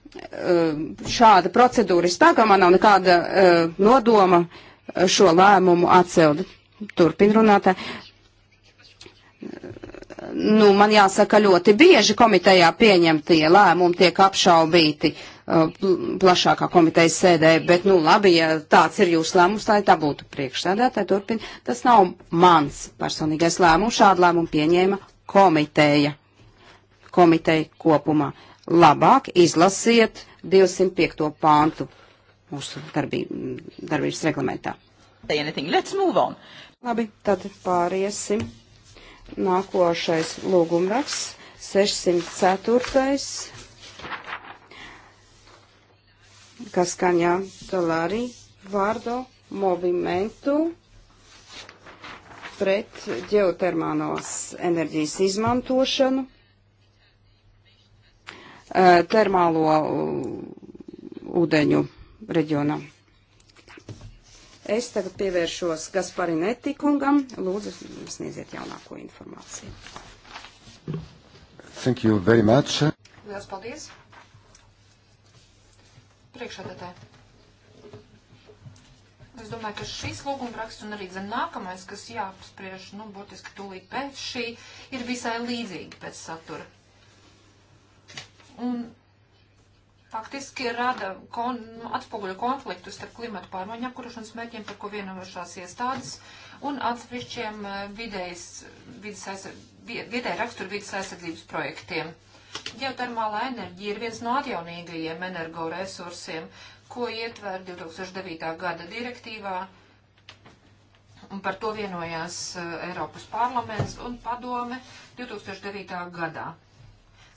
Eh, šāda procedūra ir spēkā, man nav nekāda uh, nodoma eh, šo lēmumu atcelt. Turpin runātā. Nu, man jāsaka, ļoti bieži komitejā pieņemtie lēmumi tiek apšaubīti uh, plašākā komitejas sēdē, bet, nu, labi, ja tāds ir jūsu lēmums, lai tā būtu priekšsēdētāji turpin. Tas nav mans personīgais lēmums, šādu lēmumu pieņēma komiteja, komiteja kopumā. Uh, labāk izlasiet 205. pāntu mūsu darbī, darbības reglamentā. Labi, tad pāriesim. Nākošais lūgumraksts 604. Kaskaņā Dolari vārdo movimentu pret ģeotermānos enerģijas izmantošanu Eh, termālo eh, ūdeņu reģionā. Es tagad pievēršos Gasparinetti kungam. Lūdzu, sniedziet jaunāko informāciju. Thank you very much. Lielas paldies. Priekšādātāji. Es domāju, ka šīs lūgumraksts un arī zem nākamais, kas jāapspriež, nu, būtiski tūlīt pēc šī, ir visai līdzīgi pēc satura un faktiski rada kon, atspoguļo konfliktu starp klimatu pārmaiņu apkurošanas mērķiem, par ko vienojušās iestādes, un atsevišķiem eh, vidējas, vidas aizsardz, vidēja rakstura vidas aizsardzības projektiem. Geotermālā enerģija ir viens no atjaunīgajiem energoresursiem, ko ietver 2009. gada direktīvā, un par to vienojās eh, Eiropas parlaments un padome 2009. gadā.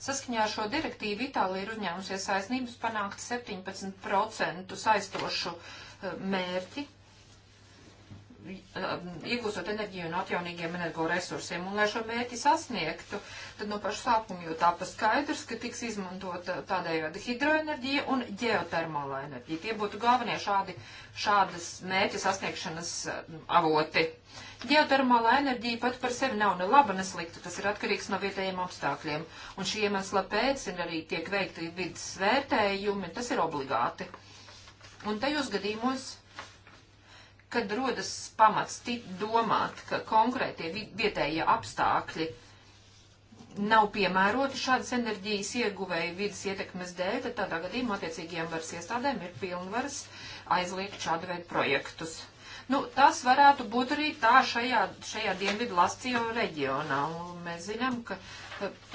Saskaņā ar šo direktīvu Itālija ir uzņēmusies saistības panākt 17% saistošu eh, mērķi, eh, iegūstot enerģiju no atjaunīgiem energoresursiem. Un, lai šo mērķi sasniegtu, tad no paša sākuma jau tā pa skaidrs, ka tiks izmantot tādējādi hidroenerģija un ģeotermālā enerģija. Tie būtu galvenie šādi, šādas mērķa sasniegšanas eh, avoti. Uh, Geotermālā enerģija pat par sevi nav ne laba, ne slikta, tas ir atkarīgs no vietējiem apstākļiem. Un šī iemesla pēc ir arī tiek veikti vidas vērtējumi, tas ir obligāti. Un tajos gadījumos, kad rodas pamats domāt, ka konkrētie vietējie apstākļi nav piemēroti šādas enerģijas ieguvēja vidas ietekmes dēļ, tad tādā gadījumā attiecīgajām varas iestādēm ir pilnvaras aizliegt šādu veidu projektus. Nu, tas varētu būt arī tā šajā, šajā dienvidu Lascijo reģionā. Un mēs zinām, ka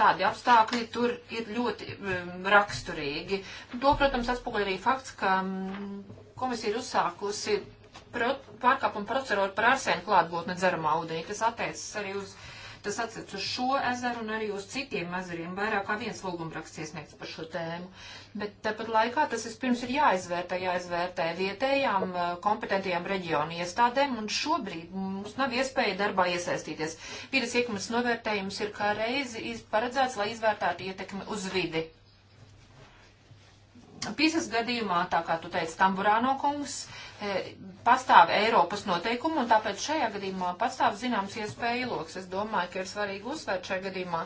tādi apstākļi tur ir ļoti um, raksturīgi. To, protams, atspoguļ arī fakts, ka um, komisija ir uzsākusi pro, pārkāpuma procedūru par arsēnu klātbūtni dzeramā ūdenī. Tas attiecas arī uz tas atcec uz šo ezeru un arī uz citiem ezeriem. Vairāk kā viens lūgumraksts iesniegts par šo tēmu. Bet tāpat laikā tas vispirms ir jāizvērtē, jāizvērtē vietējām eh, kompetentajām reģionu iestādēm, un šobrīd mums nav iespēja darbā iesaistīties. Vides iekmes novērtējums ir kā reizi paredzēts, lai izvērtētu ietekmi uz vidi. Pīzas gadījumā, tā kā tu teici, Tamburāno kungs, e, pastāv Eiropas noteikumi, un tāpēc šajā gadījumā pastāv zināms iespēja iloks. Es domāju, ka ir svarīgi uzsvērt šajā gadījumā,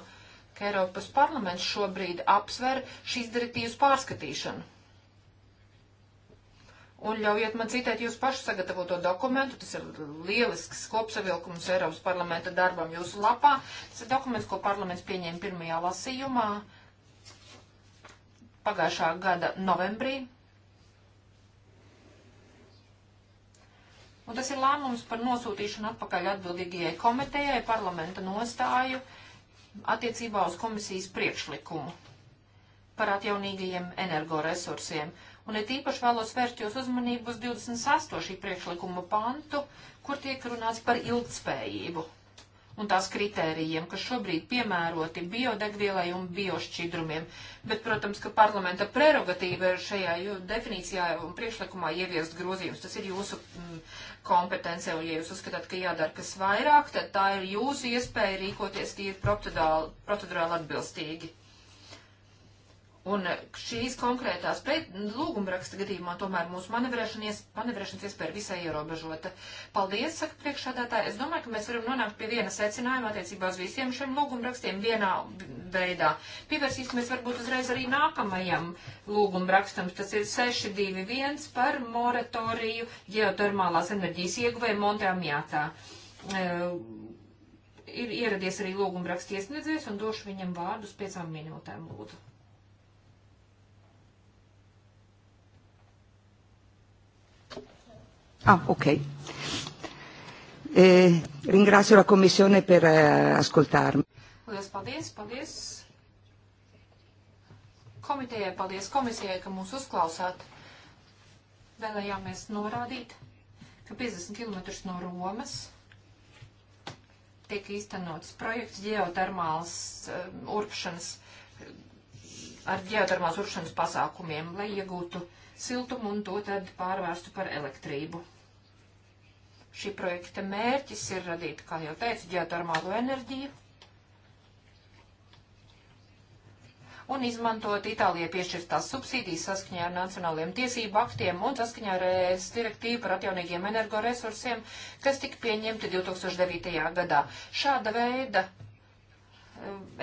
ka Eiropas parlaments šobrīd apsver šīs direktīvas pārskatīšanu. Un ļaujiet man citēt jūs pašu sagatavoto dokumentu, tas ir lielisks kopsavilkums Eiropas parlamenta darbam jūsu lapā. Tas ir dokuments, ko parlaments pieņēma pirmajā lasījumā. Uh, pagājušā gada novembrī. Un tas ir lēmums par nosūtīšanu atpakaļ atbildīgajai komitejai parlamenta nostāju attiecībā uz komisijas priekšlikumu par atjaunīgajiem energoresursiem. Un it īpaši vēlos vērst jūs uzmanību uz 28. šī priekšlikuma pantu, kur tiek runāts par ilgtspējību un tās kritērijiem, kas šobrīd piemēroti biodegvielai un biošķidrumiem. Bet, protams, ka parlamenta prerogatīva ir šajā definīcijā un priekšlikumā ieviest grozījumus. Tas ir jūsu mm, kompetence, un ja jūs uzskatāt, ka jādara kas vairāk, tad tā ir jūsu iespēja rīkoties tīri procedurāli atbilstīgi. Un šīs konkrētās lūgumraksta gadījumā tomēr mūsu manevrēšanas, manevrēšanas iespēja ir visai ierobežota. Paldies, saka priekšādātāji. Es domāju, ka mēs varam nonākt pie viena secinājuma attiecībā uz visiem šiem lūgumrakstiem vienā veidā. Pievērsīsimies varbūt uzreiz arī nākamajam lūgumrakstam. Tas ir 621 par moratoriju ģeotermālās enerģijas ieguvē Monteamjātā. E, ir ieradies arī lūgumrakstiesniedzējs un došu viņam vārdus piecām minūtēm, lūdzu. Ah, ok. E, ringrazio la Commissione per uh, ascoltarmi. Lielas paldies, paldies komitejai, paldies komisijai, ka mūs uzklausāt. Vēlējāmies norādīt, ka 50 km no Romas tiek īstenots projekts ģeotermāls uh, urpšanas, ar ģeotermāls urpšanas pasākumiem, lai iegūtu uh, siltumu un to tad pārvērstu par elektrību. Šī projekta mērķis ir radīt, kā jau teicu, ģeotermālo enerģiju un izmantot Itālijai piešķirtās subsīdijas saskaņā ar nacionāliem tiesību aktiem un saskaņā ar ES direktīvu par atjaunīgiem energoresursiem, kas tika pieņemti 2009. gadā. Šāda veida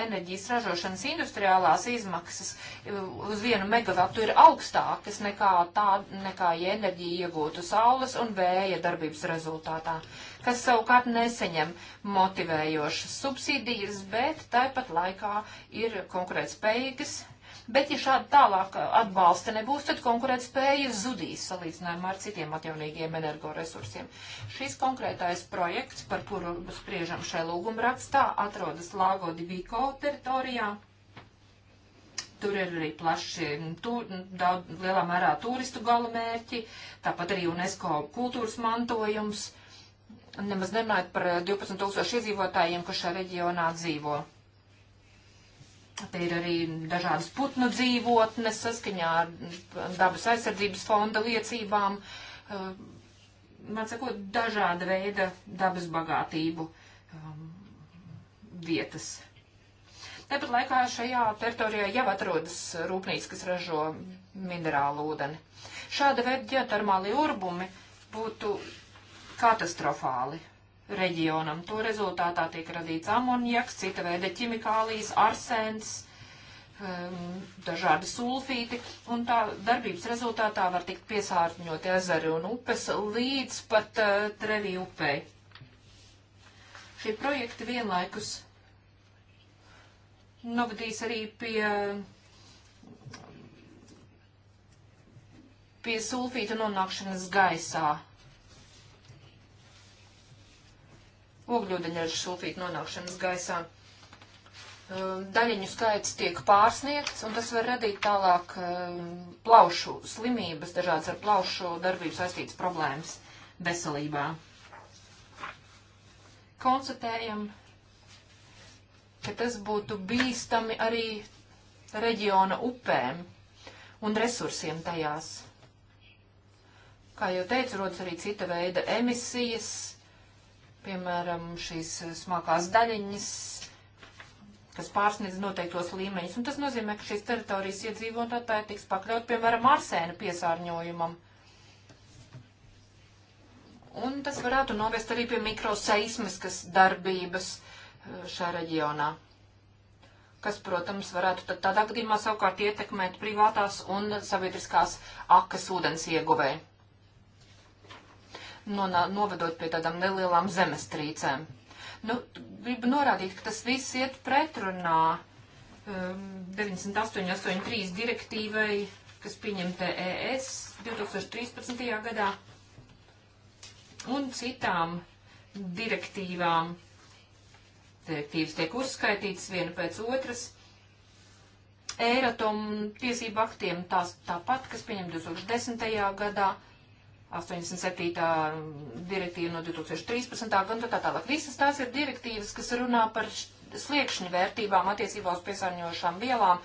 enerģijas ražošanas industriālās izmaksas uz vienu megavatu ir augstākas nekā tā, nekā ja enerģija iegūtu saules un vēja darbības rezultātā, kas savukārt neseņem motivējošas subsīdijas, bet tāpat laikā ir konkurētspējīgas Bet, ja šāda tālāka atbalsta nebūs, tad konkurētspēja zudīs salīdzinājumā ar citiem atjaunīgiem energoresursiem. Šis konkrētais projekts, par kuru spriežam šai lūgumrakstā, atrodas Lāgo Divīko teritorijā. Tur ir arī plaši, mm, tur, mm, daudz, lielā mērā turistu galamērķi, tāpat arī UNESCO kultūras mantojums. Nemaz nerunājot par 12 eh, tūkstošu iedzīvotājiem, kas šajā reģionā dzīvo. Te ir arī dažādas putnu dzīvotnes saskaņā ar dabas aizsardzības fonda liecībām. Man sakot, dažāda veida dabas bagātību vietas. Tāpat laikā šajā teritorijā jau atrodas rūpnīca, kas ražo minerālu ūdeni. Šāda veida ģeotermāli urbumi būtu katastrofāli reģionam. To rezultātā tiek radīts amonijaks, cita veida ķimikālijas, arsēns, um, dažādi sulfīti, un tā darbības rezultātā var tikt piesārņot ezeri un upes līdz pat uh, Trevi upei. Šie projekti vienlaikus novadīs arī pie pie sulfīta nonākšanas gaisā. ogļūdeņraža sulfītu nonākšanas gaisā. Ehm, daļiņu skaits tiek pārsniegts, un tas var radīt tālāk ehm, plaušu slimības, dažādas ar plaušu darbību saistītas problēmas veselībā. Konstatējam, ka tas būtu bīstami arī reģiona upēm un resursiem tajās. Kā jau teicu, rodas arī cita veida emisijas, piemēram, šīs smalkās daļiņas, kas pārsniedz noteiktos līmeņus. Un tas nozīmē, ka šīs teritorijas iedzīvotāji tiks pakļaut, piemēram, arsēna piesārņojumam. Un tas varētu novest arī pie mikroseismiskas darbības eh, šajā reģionā, kas, protams, varētu tad tādā gadījumā savukārt ietekmēt privātās un sabiedriskās akas ūdens ieguvēju nonā, novedot pie tādām nelielām zemestrīcēm. Nu, gribu norādīt, ka tas viss iet pretrunā um, 98.83 direktīvai, kas pieņemta ES 2013. gadā un citām direktīvām. Direktīvas tiek uzskaitītas viena pēc otras. Eiratom tiesību aktiem tās tāpat, kas pieņem 2010. gadā 87. direktīva no 2013. gada tā tālāk. Visas tās ir direktīvas, kas runā par sliekšņu vērtībām attiecībā uz piesārņojošām vielām,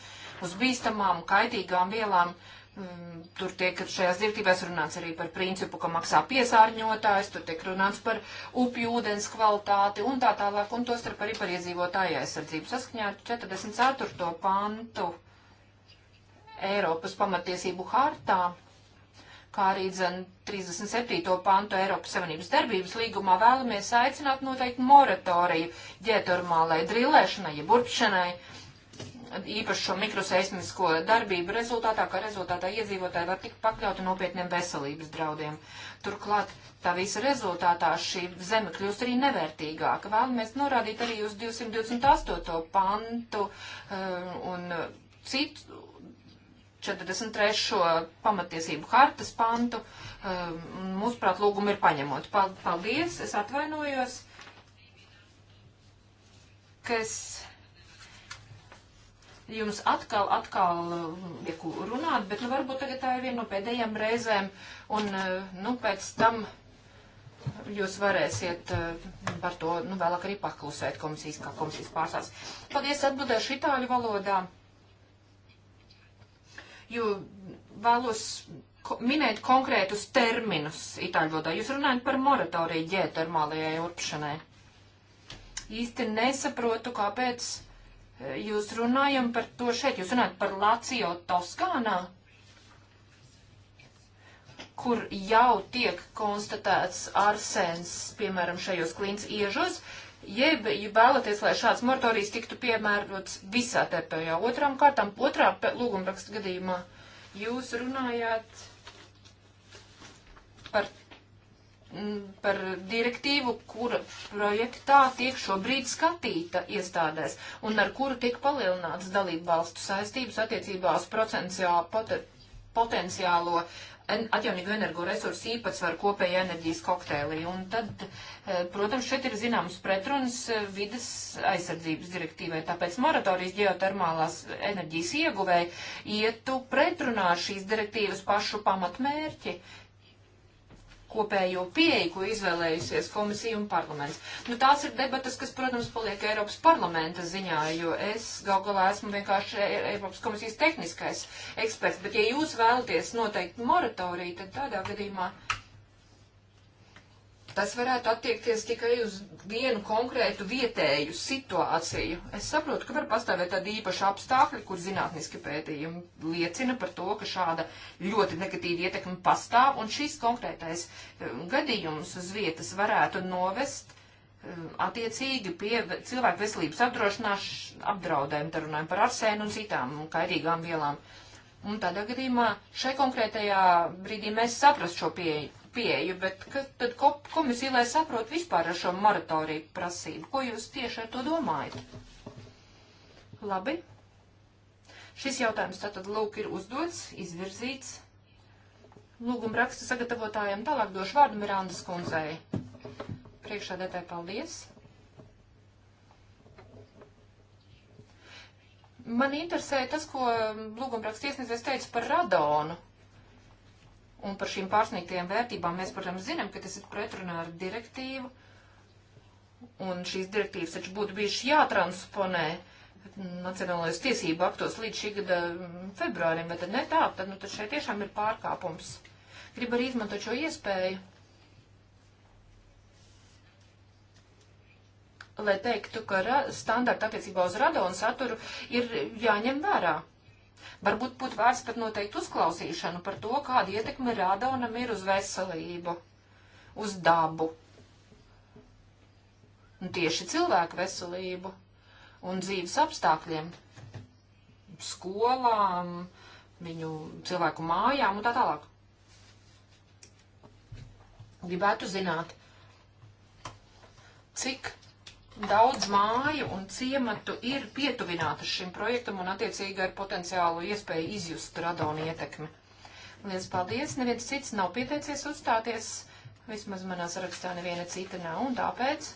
uz bīstamām, kaitīgām vielām. Mm, tur tiek šajās direktīvās runāts arī par principu, ka maksā piesārņotājs, tur tiek runāts par upju ūdens kvalitāti un tā tālāk, un tostarp arī par iedzīvotāju aizsardzību saskaņā ar 44. pantu Eiropas pamatiesību hartā kā arī dzen 37. pantu Eiropas Savienības darbības līgumā vēlamies aicināt noteikti moratoriju ģeotermālai drillēšanai, ja burpšanai, īpaši šo mikroseismisko darbību rezultātā, kā rezultātā iedzīvotāji var tikt pakļauti nopietniem veselības draudiem. Turklāt tā visa rezultātā šī zeme kļūst arī nevērtīgāka. Vēlamies norādīt arī uz 228. pantu uh, un citu 43. pamatiesību hartas pantu. Um, mūsuprāt, lūgumu ir paņemot. Paldies, es atvainojos, ka es jums atkal, atkal um, lieku runāt, bet nu, varbūt tagad tā ir viena no pēdējām reizēm, un uh, nu, pēc tam jūs varēsiet uh, par to nu, vēlāk arī paklusēt komisijas, kā komisijas pārstāvs. Paldies, atbildēšu itāļu valodā jo vēlos minēt konkrētus terminus itāļu valodā. Jūs runājat par moratoriju ģeotermālajai urpšanai. Īsti nesaprotu, kāpēc e, jūs runājam par to šeit. Jūs runājat par Lācijo Toskānā, kur jau tiek konstatēts arsēns, piemēram, šajos klīns iežos, jeb, ja vēlaties, lai šāds moratorijas tiktu piemērots visā terpējā. Otrām kārtām, otrā lūgumraksta gadījumā jūs runājāt par, mm, par direktīvu, kura projektā tiek šobrīd skatīta iestādēs un ar kuru tiek palielināts dalību valstu saistības attiecībā uz potenciālo atjaunīgo energoresursu īpatsvaru kopējā enerģijas kokteilī. Un tad, eh, protams, šeit ir zināmas pretrunas eh, vidas aizsardzības direktīvai, tāpēc moratorijas ģeotermālās enerģijas ieguvēji ietu pretrunā šīs direktīvas pašu pamatmērķi, kopējo pieeju, ko izvēlējusies komisija un parlaments. Nu, tās ir debatas, kas, protams, paliek Eiropas parlamenta ziņā, jo es gal galā esmu vienkārši e- Eiropas komisijas tehniskais eksperts, bet ja jūs vēlaties noteikt moratoriju, tad tādā gadījumā tas varētu attiekties tikai uz vienu konkrētu vietēju situāciju. Es saprotu, ka var pastāvēt tādi īpaši apstākļi, kur zinātniski pētījumi liecina par to, ka šāda ļoti negatīva ietekme pastāv, un šis konkrētais eh, gadījums uz vietas varētu novest eh, attiecīgi pie cilvēku veselības apdraudējumu, tad runājam par arsēnu un citām kairīgām vielām. Un tādā gadījumā šai konkrētajā brīdī mēs saprast šo pieeju pieeju, bet, ka, bet komisija, lai saprot vispār ar šo moratoriju prasību, ko jūs tieši ar to domājat? Labi. Šis jautājums tātad lūk ir uzdots, izvirzīts. Lūguma raksta sagatavotājiem tālāk došu vārdu Mirandas kundzei. Priekšā detai paldies. Man interesē tas, ko lūgumraksta iesniedzējs teica par radonu. Un par šīm pārsniegtajām vērtībām mēs, protams, zinām, ka tas ir pretrunā ar direktīvu. Un šīs direktīvas taču būtu bijušas jātransponē nacionālajos tiesību aktos līdz šī gada mm, februārim, bet tad ne tā, tad, nu, tad šeit tiešām ir pārkāpums. Gribu arī izmantot šo iespēju, lai teiktu, ka standarta attiecībā uz radonu saturu ir jāņem vērā. Varbūt būtu vērts pat noteikt uzklausīšanu par to, kāda ietekme radonam ir uz veselību, uz dabu. Un tieši cilvēku veselību un dzīves apstākļiem, skolām, viņu cilvēku mājām un tā tālāk. Gribētu zināt, cik Daudz māju un ciematu ir pietuvinātas šim projektam un attiecīgi ar potenciālu iespēju izjust radonu ietekmi. Lielas paldies! Neviens cits nav pieteicies uzstāties. Vismaz manā sarakstā neviena cita nav un tāpēc.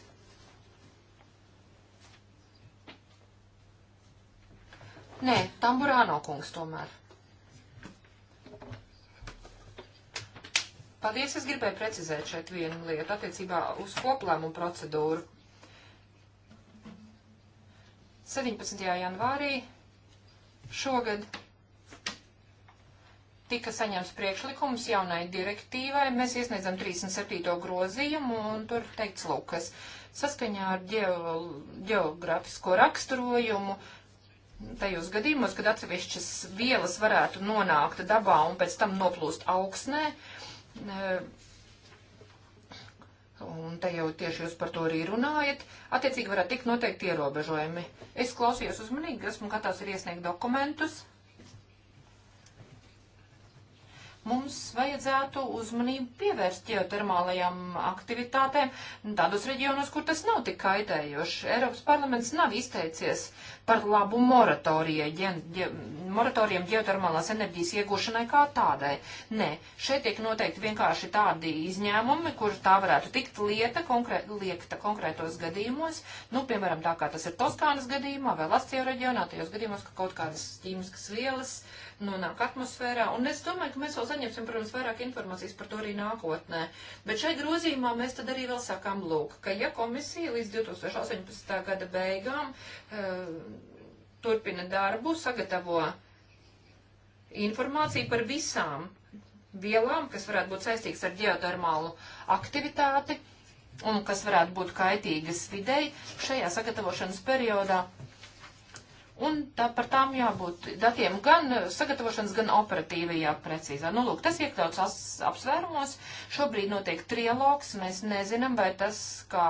Nē, Tamburāno kungs tomēr. Paldies, es gribēju precizēt šeit vienu lietu attiecībā uz koplēmu procedūru. 17. janvārī šogad tika saņemts priekšlikums jaunai direktīvai. Mēs iesniedzam 37. grozījumu un tur teikts lūkas. Saskaņā ar ģeo, geogrāfisko raksturojumu tajos gadījumos, kad atsevišķas vielas varētu nonākt dabā un pēc tam noplūst augsnē, Un te jau tieši jūs par to arī runājat. Attiecīgi varētu tikt noteikti ierobežojumi. Es klausījos uzmanīgi, esmu gatavs arī iesniegt dokumentus. Uh, mums vajadzētu uzmanību pievērst ģeotermālajām aktivitātēm tādos reģionos, kur tas nav tik kaitējoši. Eiropas parlaments nav izteicies par labu moratorijiem ģe, ģeotermālās enerģijas iegūšanai kā tādai. Nē, šeit tiek noteikti vienkārši tādi izņēmumi, kur tā varētu tikt lieta konkrē, liekta konkrētos gadījumos, nu, piemēram, tā kā tas ir Toskānas gadījumā vai Latvijas reģionā, tajos gadījumos, ka kaut kādas ķīmiskas vielas uh, nonāk atmosfērā. Un es domāju, ka mēs vēl saņemsim, protams, vairāk informācijas par to arī nākotnē. Bet šai grozījumā mēs tad arī vēl sākām lūk, ka ja komisija līdz 2018. gada beigām e, turpina darbu, sagatavo informāciju par visām vielām, kas varētu būt saistīgas ar ģeotermālu aktivitāti un kas varētu būt kaitīgas videi šajā sagatavošanas periodā un tā par tām jābūt datiem gan uh, sagatavošanas, gan operatīvajā precīzā. Nu, lūk, tas iekļauts apsvērumos. Šobrīd notiek trialogs, mēs nezinām, vai tas, kā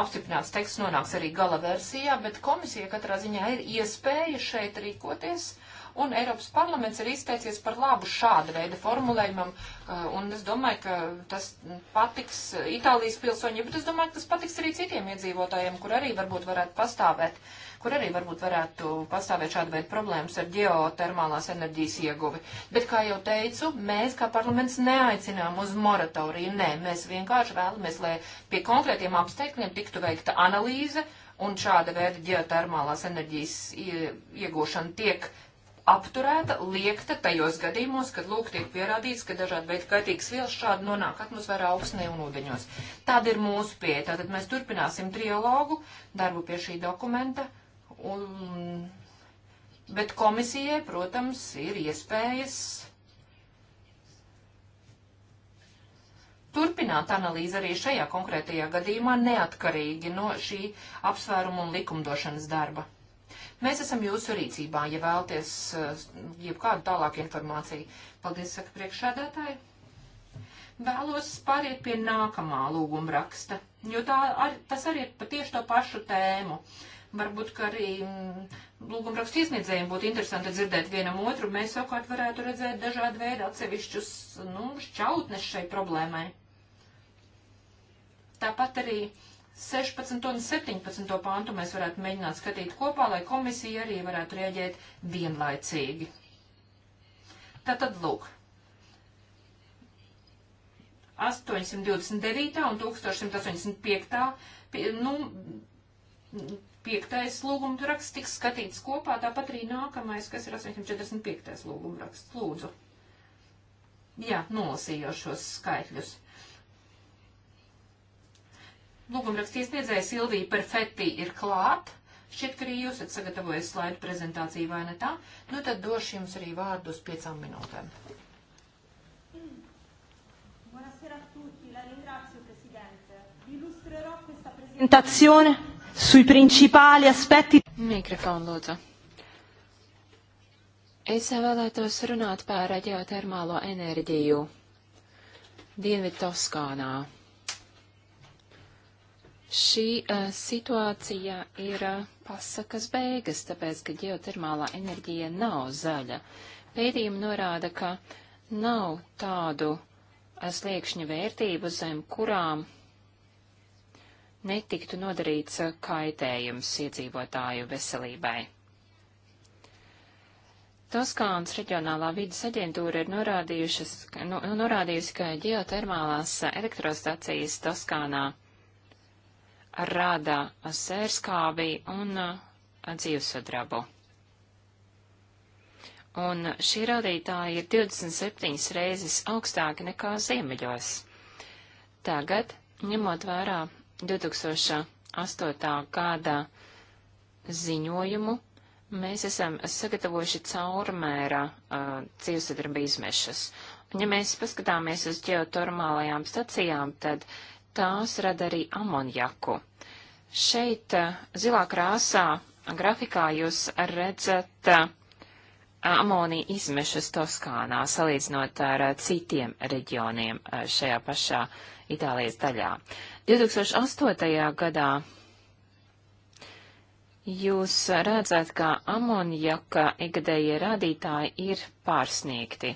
apstiprināts teksts nonāks arī gala versijā, bet komisija katrā ziņā ir iespēja šeit rīkoties un Eiropas parlaments ir izteicies par labu šāda veida formulējumam, uh, un es domāju, ka tas patiks Itālijas pilsoņiem, bet es domāju, ka tas patiks arī citiem iedzīvotājiem, kur arī varbūt varētu pastāvēt uh, kur arī varbūt varētu pastāvēt šāda veida problēmas ar geotermālās enerģijas ieguvi. Bet, kā jau teicu, mēs kā parlaments neaicinām uz moratoriju. Nē, mēs vienkārši vēlamies, lai pie konkrētiem apstākļiem tiktu veikta analīze un šāda veida geotermālās enerģijas iegūšana tiek apturēta, liekta tajos gadījumos, kad lūk tiek pierādīts, ka dažādi veidi kaitīgas vielas šādi nonāk atmosfērā augstnē un ūdeņos. Tāda ir mūsu pieeja. Tātad mēs turpināsim trialogu, darbu pie šī dokumenta Un, bet komisijai, protams, ir iespējas turpināt analīzi arī šajā konkrētajā gadījumā neatkarīgi no šī apsvēruma un likumdošanas darba. Mēs esam jūsu rīcībā, ja vēlties eh, jebkādu tālāku informāciju. Paldies, saka priekšsēdētāji. Vēlos pāriet pie nākamā lūguma raksta, jo tā, ar, tas arī ir pa tieši to pašu tēmu. Uh, Varbūt, ka arī mm, lūgumrakstu iesniedzējiem būtu interesanti dzirdēt vienam otru. Mēs savukārt varētu redzēt dažādu veidu atsevišķus nu, šķautnes šai problēmai. Tāpat arī 16 un 17 pāntu mēs varētu mēģināt skatīt kopā, lai komisija arī varētu rieģēt vienlaicīgi. Tātad lūk. 829. un 1185. Pie, nu, piektais lūguma raksts tiks skatīts kopā, tāpat arī nākamais, kas ir 845. lūguma raksts. Lūdzu. Jā, nolasīju šos skaitļus. Lūguma raksts iesniedzēja Silvija Perfetti ir klāt. Šķiet, ka arī jūs esat sagatavojis slaidu prezentāciju, vai ne tā? Nu tad došu jums arī vārdu uz piecām minūtēm. Buonasera a tutti, la ringrazio Presidente. Vi illustrerò questa presentazione sui principali aspetti. Mikrofonu lūdzu. Es vēlētos runāt par ģeotermālo enerģiju Dienvidu Toskānā. Šī uh, situācija ir uh, pasakas beigas, tāpēc, ka ģeotermālā enerģija nav zaļa. Pētījumi norāda, ka nav tādu eh, sliekšņu vērtību, zem kurām netiktu nodarīts eh, kaitējums iedzīvotāju veselībai. Toskānas reģionālā vidas aģentūra ir no, nu, nu, norādījusi, ka ģeotermālās elektrostacijas Toskānā rada sērskābi un eh, dzīvesudrabu. Un šī rādītāja ir 27 reizes augstāka nekā ziemeļos. Tagad, ņemot vērā 2008. gada ziņojumu mēs esam sagatavojuši caurmērā uh, cīvsadarba izmešas. Un ja mēs paskatāmies uz ģeotermālajām stacijām, tad tās rada arī amonjaku. Šeit uh, zilā krāsā grafikā jūs redzat uh, amonija izmešas Toskānā, salīdzinot ar uh, citiem reģioniem uh, šajā pašā Itālijas daļā. Uh, 2008. gadā jūs redzat, ka amonjaka ikgadējie rādītāji ir pārsniegti.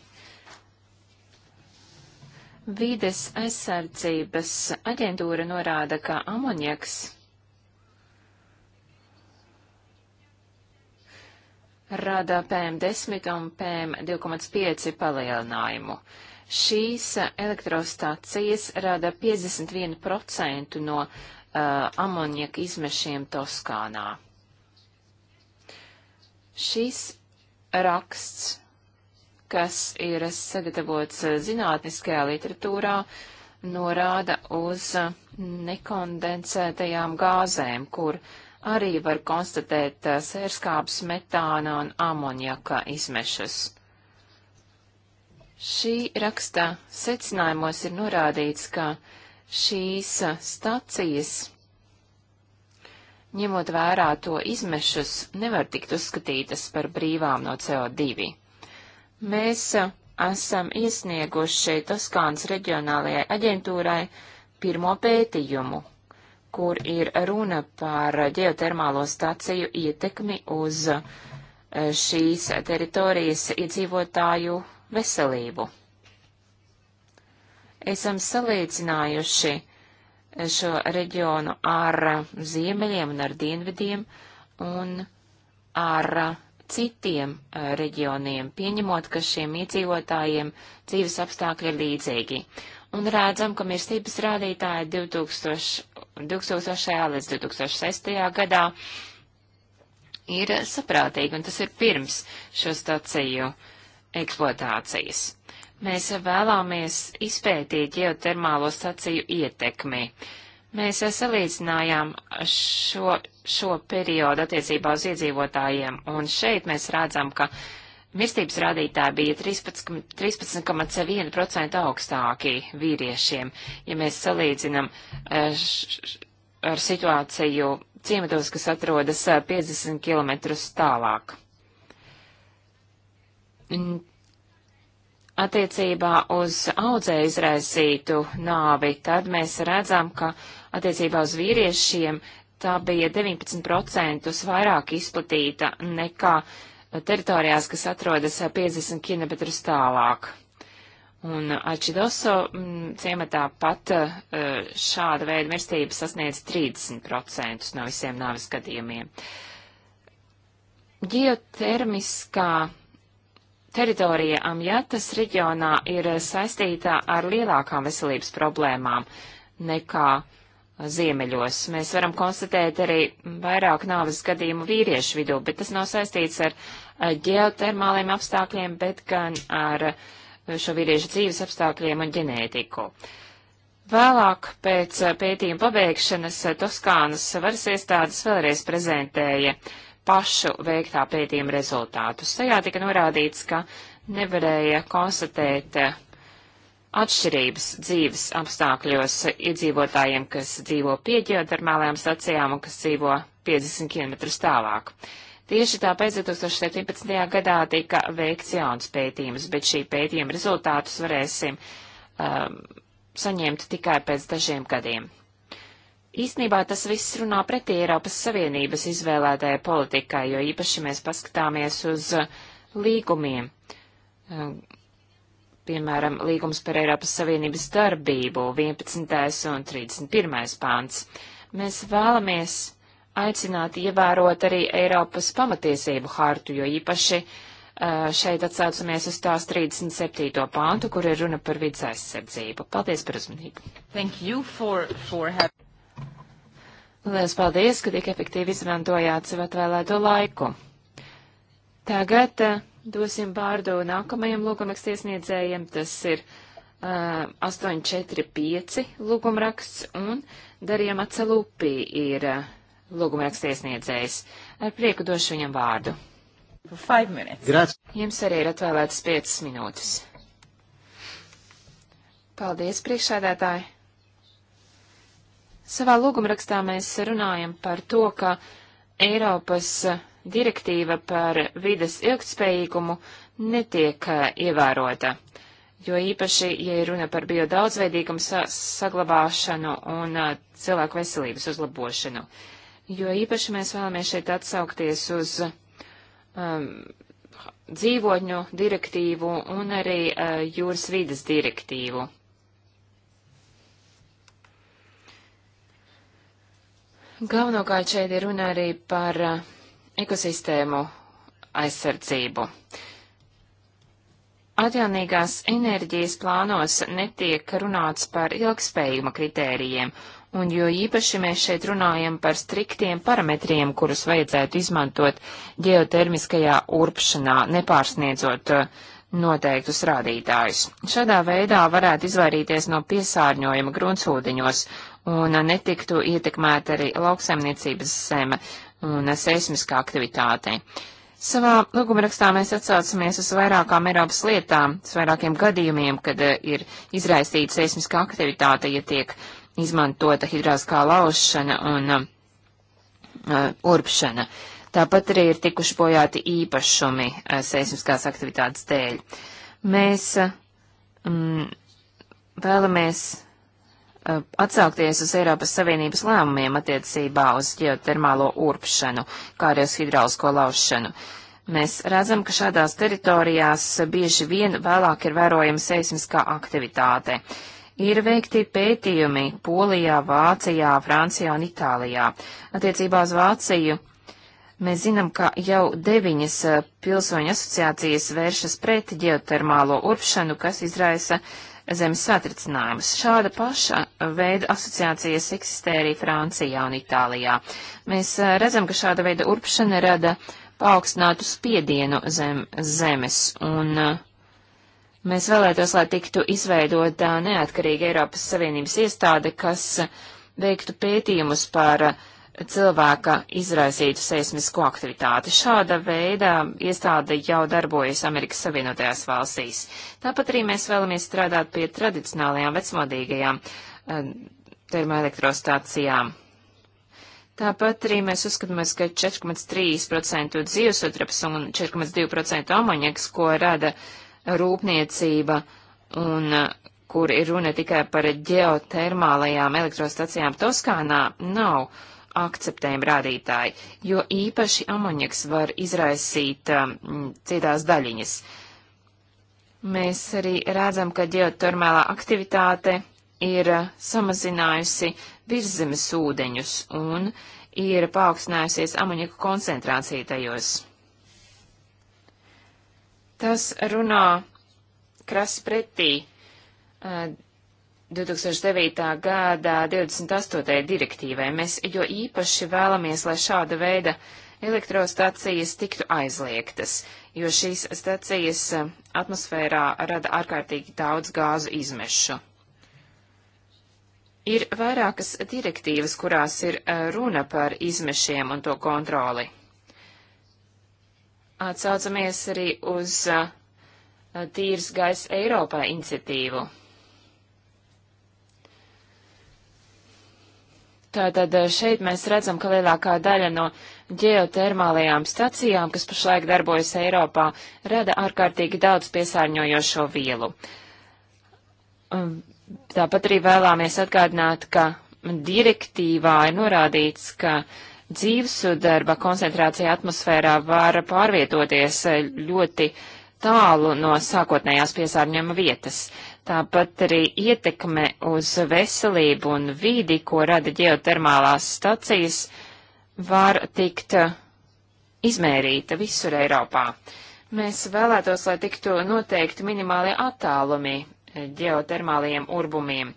Vides aizsardzības aģentūra norāda, ka amonjaks rada PM10 un PM2,5 palielinājumu. Šīs elektrostācijas rada 51% no uh, amoniaka izmešiem Toskānā. Šis raksts, kas ir sagatavots uh, zinātniskajā literatūrā, norāda uz uh, nekondensētajām gāzēm, kur arī var konstatēt uh, sērskābs metāna un amoniaka izmešas. Šī rakstā secinājumos ir norādīts, ka šīs stacijas, ņemot vērā to izmešus, nevar tikt uzskatītas par brīvām no CO2. Mēs esam iesnieguši Toskānas reģionālajai aģentūrai pirmo pētījumu, kur ir runa par ģeotermālo staciju ietekmi uz eh, šīs teritorijas iedzīvotāju veselību. Esam salīdzinājuši šo reģionu ar ziemeļiem un ar dienvidiem un ar citiem eh, reģioniem, pieņemot, ka šiem iedzīvotājiem dzīves apstākļi ir līdzīgi. Un redzam, ka mirstības rādītāji 2000, 2000. līdz 2006. gadā ir saprātīgi, un tas ir pirms šo staciju uh, eksploatācijas. Mēs vēlāmies izpētīt ģeotermālo staciju ietekmi. Mēs salīdzinājām šo, šo periodu attiecībā uz iedzīvotājiem, un šeit mēs redzam, ka Mirstības rādītāji bija 13,1% 13 augstāki vīriešiem, ja mēs salīdzinām eh, ar situāciju ciematos, kas atrodas 50 eh, km tālāk attiecībā uz audzē izraisītu nāvi, tad mēs redzam, ka attiecībā uz vīriešiem tā bija 19% vairāk izplatīta nekā teritorijās, kas atrodas 50 km tālāk. Un Ačidoso ciematā pat e, šāda veida mirstība sasniedz 30% no visiem nāvis gadījumiem. Geotermiskā Teritorija Amjatas reģionā ir saistīta ar lielākām veselības problēmām nekā ziemeļos. Mēs varam konstatēt arī vairāk nāves gadījumu vīriešu vidū, bet tas nav saistīts ar ģeotermāliem apstākļiem, bet gan ar šo vīriešu dzīves apstākļiem un ģenētiku. Vēlāk pēc pētījuma pabeigšanas Toskānas varas iestādes vēlreiz prezentēja uh, pašu veiktā pētījuma rezultātus. Tajā tika norādīts, ka nevarēja konstatēt atšķirības dzīves apstākļos iedzīvotājiem, kas dzīvo pie ģeotermālajām stacijām un kas dzīvo 50 km tālāk. Tieši tāpēc 2017. gadā tika veikts jauns pētījums, bet šī pētījuma rezultātus varēsim um, saņemt tikai pēc dažiem gadiem. Īsnībā tas viss runā pretī Eiropas Savienības izvēlētajai politikai, jo īpaši mēs paskatāmies uz uh, līgumiem. Uh, piemēram, līgums par Eiropas Savienības darbību 11. un 31. pāns. Mēs vēlamies aicināt ievērot arī Eiropas pamatiesību hartu, jo īpaši uh, šeit atsaucamies uz tās 37. pāntu, kur ir runa par vidas aizsardzību. Paldies par uzmanību. Thank you for, for having... Lielas paldies, ka tik efektīvi izmantojāt sev atvēlēto laiku. Tagad uh, dosim vārdu nākamajam lūgumrakstiesniedzējiem. Tas ir uh, eh, 845 lūgumraksts un Darījam Atsalupī ir uh, lūgumrakstiesniedzējs. Ar prieku došu viņam vārdu. Jums arī ir atvēlētas 5 minūtes. Paldies, priekšsēdētāji! Savā lūgumrakstā mēs runājam par to, ka Eiropas direktīva par vides ilgtspējīgumu netiek eh, ievērota, jo īpaši, ja runa par biodaudzveidīgumu sa saglabāšanu un eh, cilvēku veselības uzlabošanu, jo īpaši mēs vēlamies šeit atsaukties uz um, dzīvotņu direktīvu un arī uh, jūras vides direktīvu. Galvenokārt šeit ir runa arī par uh, ekosistēmu aizsardzību. Atjaunīgās enerģijas plānos netiek runāts par ilgspējuma kritērijiem, un jo īpaši mēs šeit runājam par striktiem parametriem, kurus vajadzētu izmantot geotermiskajā urpšanā, nepārsniedzot uh, noteiktus rādītājus. Šādā veidā varētu izvairīties no piesārņojuma gruntsūdeņos un netiktu ietekmēta arī lauksaimniecības zeme un seismiskā aktivitāte. Savā lūgumrakstā mēs atsaucamies uz vairākām Eiropas lietām, uz vairākiem gadījumiem, kad eh, ir izraisīta seismiskā aktivitāte, ja tiek izmantota hidrāskā laušana un uh, urpšana. Tāpat arī ir tikuši bojāti īpašumi uh, seismiskās aktivitātes dēļ. Mēs mm, vēlamies Eh, atsaukties uz Eiropas Savienības lēmumiem attiecībā uz ģeotermālo urpšanu, kā arī uz hidraulisko laušanu. Mēs redzam, ka šādās teritorijās bieži vien vēlāk ir vērojama seismiskā aktivitāte. Ir veikti pētījumi Polijā, Vācijā, Francijā un Itālijā. Attiecībā uz Vāciju Mēs zinām, ka jau deviņas eh, pilsoņu asociācijas vēršas pret ģeotermālo urpšanu, kas izraisa zemes satricinājumus. Šāda paša veida asociācijas eksistē arī Francijā un Itālijā. Mēs eh, redzam, ka šāda veida urpšana rada paaugstinātu spiedienu zem zemes, un eh, mēs vēlētos, lai tiktu izveidota neatkarīga Eiropas Savienības iestāde, kas veiktu pētījumus par uh, cilvēka izraisītu seismisko aktivitāti. Šāda veida iestāde jau darbojas Amerikas Savienotajās valstīs. Tāpat arī mēs vēlamies strādāt pie tradicionālajām vecmodīgajām eh, termoelektrostācijām. Tāpat arī mēs uzskatāmies, ka 4,3% dzīvesudraps un 4,2% amoniaks, ko rada rūpniecība un kur ir runa tikai par ģeotermālajām elektrostacijām Toskānā, nav akceptējumi rādītāji, jo īpaši amoņaks var izraisīt um, citās daļiņas. Mēs arī redzam, ka ģeotermālā aktivitāte ir uh, samazinājusi virszemes ūdeņus un ir paaugstinājusies amoņaka koncentrācija tajos. Tas runā krasi pretī uh, 2009. gada 28. direktīvai. Mēs jo īpaši vēlamies, lai šāda veida elektrostacijas tiktu aizliegtas, jo šīs stacijas eh, atmosfērā rada ārkārtīgi daudz gāzu izmešu. Ir vairākas direktīvas, kurās ir eh, runa par izmešiem un to kontroli. Atsaucamies arī uz eh, Tīrs gaisa Eiropā iniciatīvu. Tātad eh, šeit mēs redzam, ka lielākā daļa no ģeotermālajām stacijām, kas pašlaik darbojas Eiropā, rada ārkārtīgi daudz piesārņojošo vielu. Um, tāpat arī vēlāmies atgādināt, ka direktīvā ir norādīts, ka dzīvesudarba koncentrācija atmosfērā var pārvietoties eh, ļoti tālu no sākotnējās piesārņojuma vietas. Uh, Tāpat arī ietekme uz veselību un vīdi, ko rada ģeotermālās stacijas, var tikt uh, izmērīta visur Eiropā. Mēs vēlētos, lai tiktu noteikti minimālie attālumi eh, ģeotermāliem urbumiem,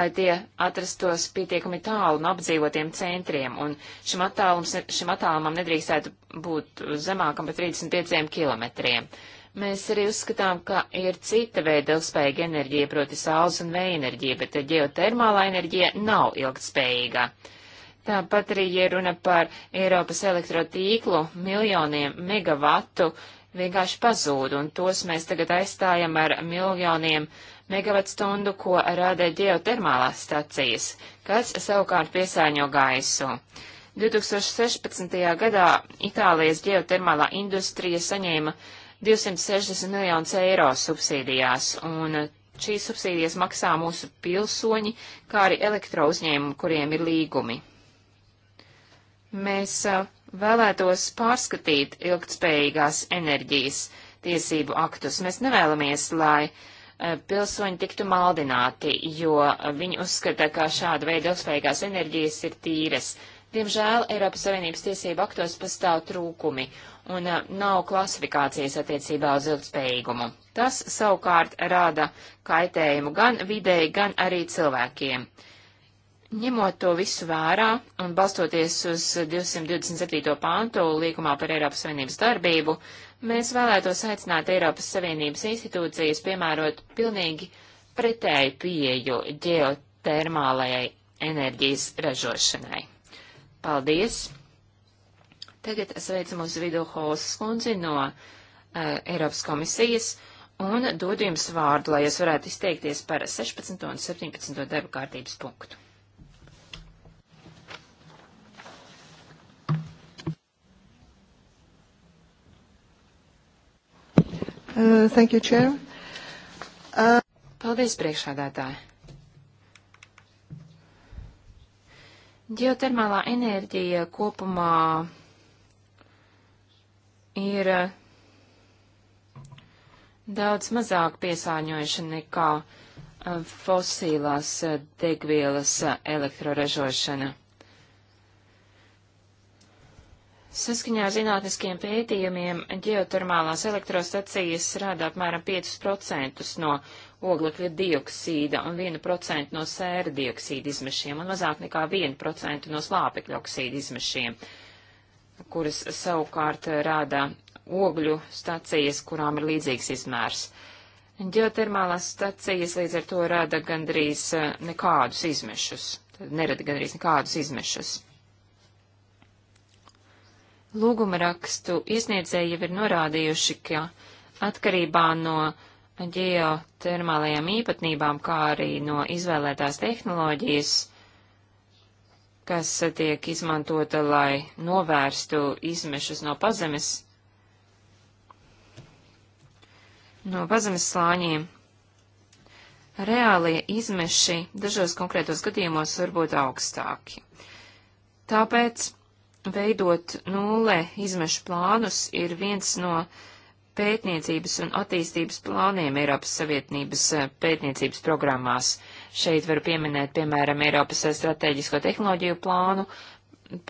lai tie atrastos pietiekami tālu no apdzīvotiem centriem, un šim, attālums, šim attālumam nedrīkstētu būt zemākam par 35 kilometriem. Uh, Mēs arī uzskatām, ka ir cita veida ilgspējīga enerģija, proti saules un vēja enerģija, bet ģeotermālā enerģija nav ilgspējīga. Tāpat arī, ja runa par Eiropas elektrotīklu, miljoniem megavatu vienkārši pazūd, un tos mēs tagad aizstājam ar miljoniem megavattstundu, ko rada ģeotermālās stacijas, kas savukārt piesāņo gaisu. 2016. gadā Itālijas ģeotermālā industrija saņēma 260 miljonus eiro subsīdijās, un šīs subsīdijas maksā mūsu pilsoņi, kā arī elektrouzņēmumi, kuriem ir līgumi. Mēs a, vēlētos pārskatīt ilgtspējīgās enerģijas tiesību aktus. Mēs nevēlamies, lai pilsoņi tiktu maldināti, jo viņi uzskata, ka šāda veida ilgspējīgās enerģijas ir tīras. Diemžēl Eiropas Savienības tiesību aktos pastāv trūkumi un eh, nav klasifikācijas attiecībā uz ilgspējīgumu. Tas savukārt rada kaitējumu gan videi, gan arī cilvēkiem. Ņemot to visu vērā un balstoties uz 227. pāntu līgumā par Eiropas Savienības darbību, mēs vēlētos aicināt Eiropas Savienības institūcijas piemērot pilnīgi pretēju pieju ģeotermālajai enerģijas ražošanai. Paldies! Tagad sveicu mūsu vidū Holsas kundzi no uh, Eiropas komisijas un dodu jums vārdu, lai jūs varētu izteikties par 16. un 17. darba kārtības punktu. Uh, thank you, Chair. Uh... Paldies, priekšādātāji. Geotermālā enerģija kopumā ir daudz mazāk piesāņojuša nekā eh, fosīlās eh, degvielas eh, elektroražošana. Saskaņā ar zinātniskiem pētījumiem ģeotermālās elektrostacijas rāda apmēram 5% no oglekļa dioksīda un 1% no sēra dioksīda izmešiem un mazāk nekā 1% no slāpekļa oksīda izmešiem, kuras savukārt rāda ogļu stacijas, kurām ir līdzīgs izmērs. Ģeotermālās stacijas līdz ar to rada gandrīz eh, nekādus izmešus, nerada gandrīz nekādus izmešus. Lūguma rakstu iesniedzēji jau ir norādījuši, ka atkarībā no ģeotermālajām īpatnībām, kā arī no izvēlētās tehnoloģijas, kas tiek izmantota, lai novērstu izmešus no pazemes, no pazemes slāņiem. Reālie izmeši dažos konkrētos gadījumos var būt augstāki. Tāpēc veidot nulle izmešu plānus ir viens no uh, pētniecības un attīstības plāniem Eiropas Savietnības eh, pētniecības programmās. Šeit varu pieminēt, piemēram, Eiropas eh, strateģisko tehnoloģiju plānu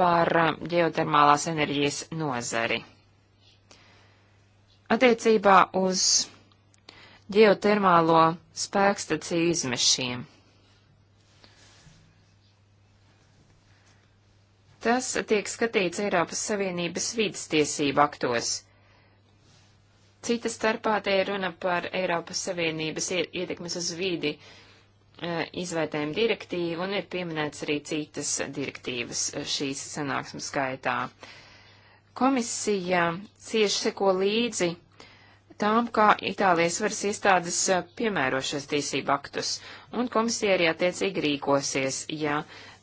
par eh, ģeotermālās enerģijas nozari. Attiecībā uz ģeotermālo spēkstaciju izmešiem. Tas tiek skatīts Eiropas Savienības vidas tiesību aktos. Cita starpā te ir runa par Eiropas Savienības ietekmes uz vidi e, izvērtējumu direktīvu un ir pieminēts arī citas direktīvas e, šīs sanāksmes skaitā. Komisija cieši seko līdzi tām, kā Itālijas varas iestādes e, piemērošos tiesību aktus, un komisija arī attiecīgi rīkosies, ja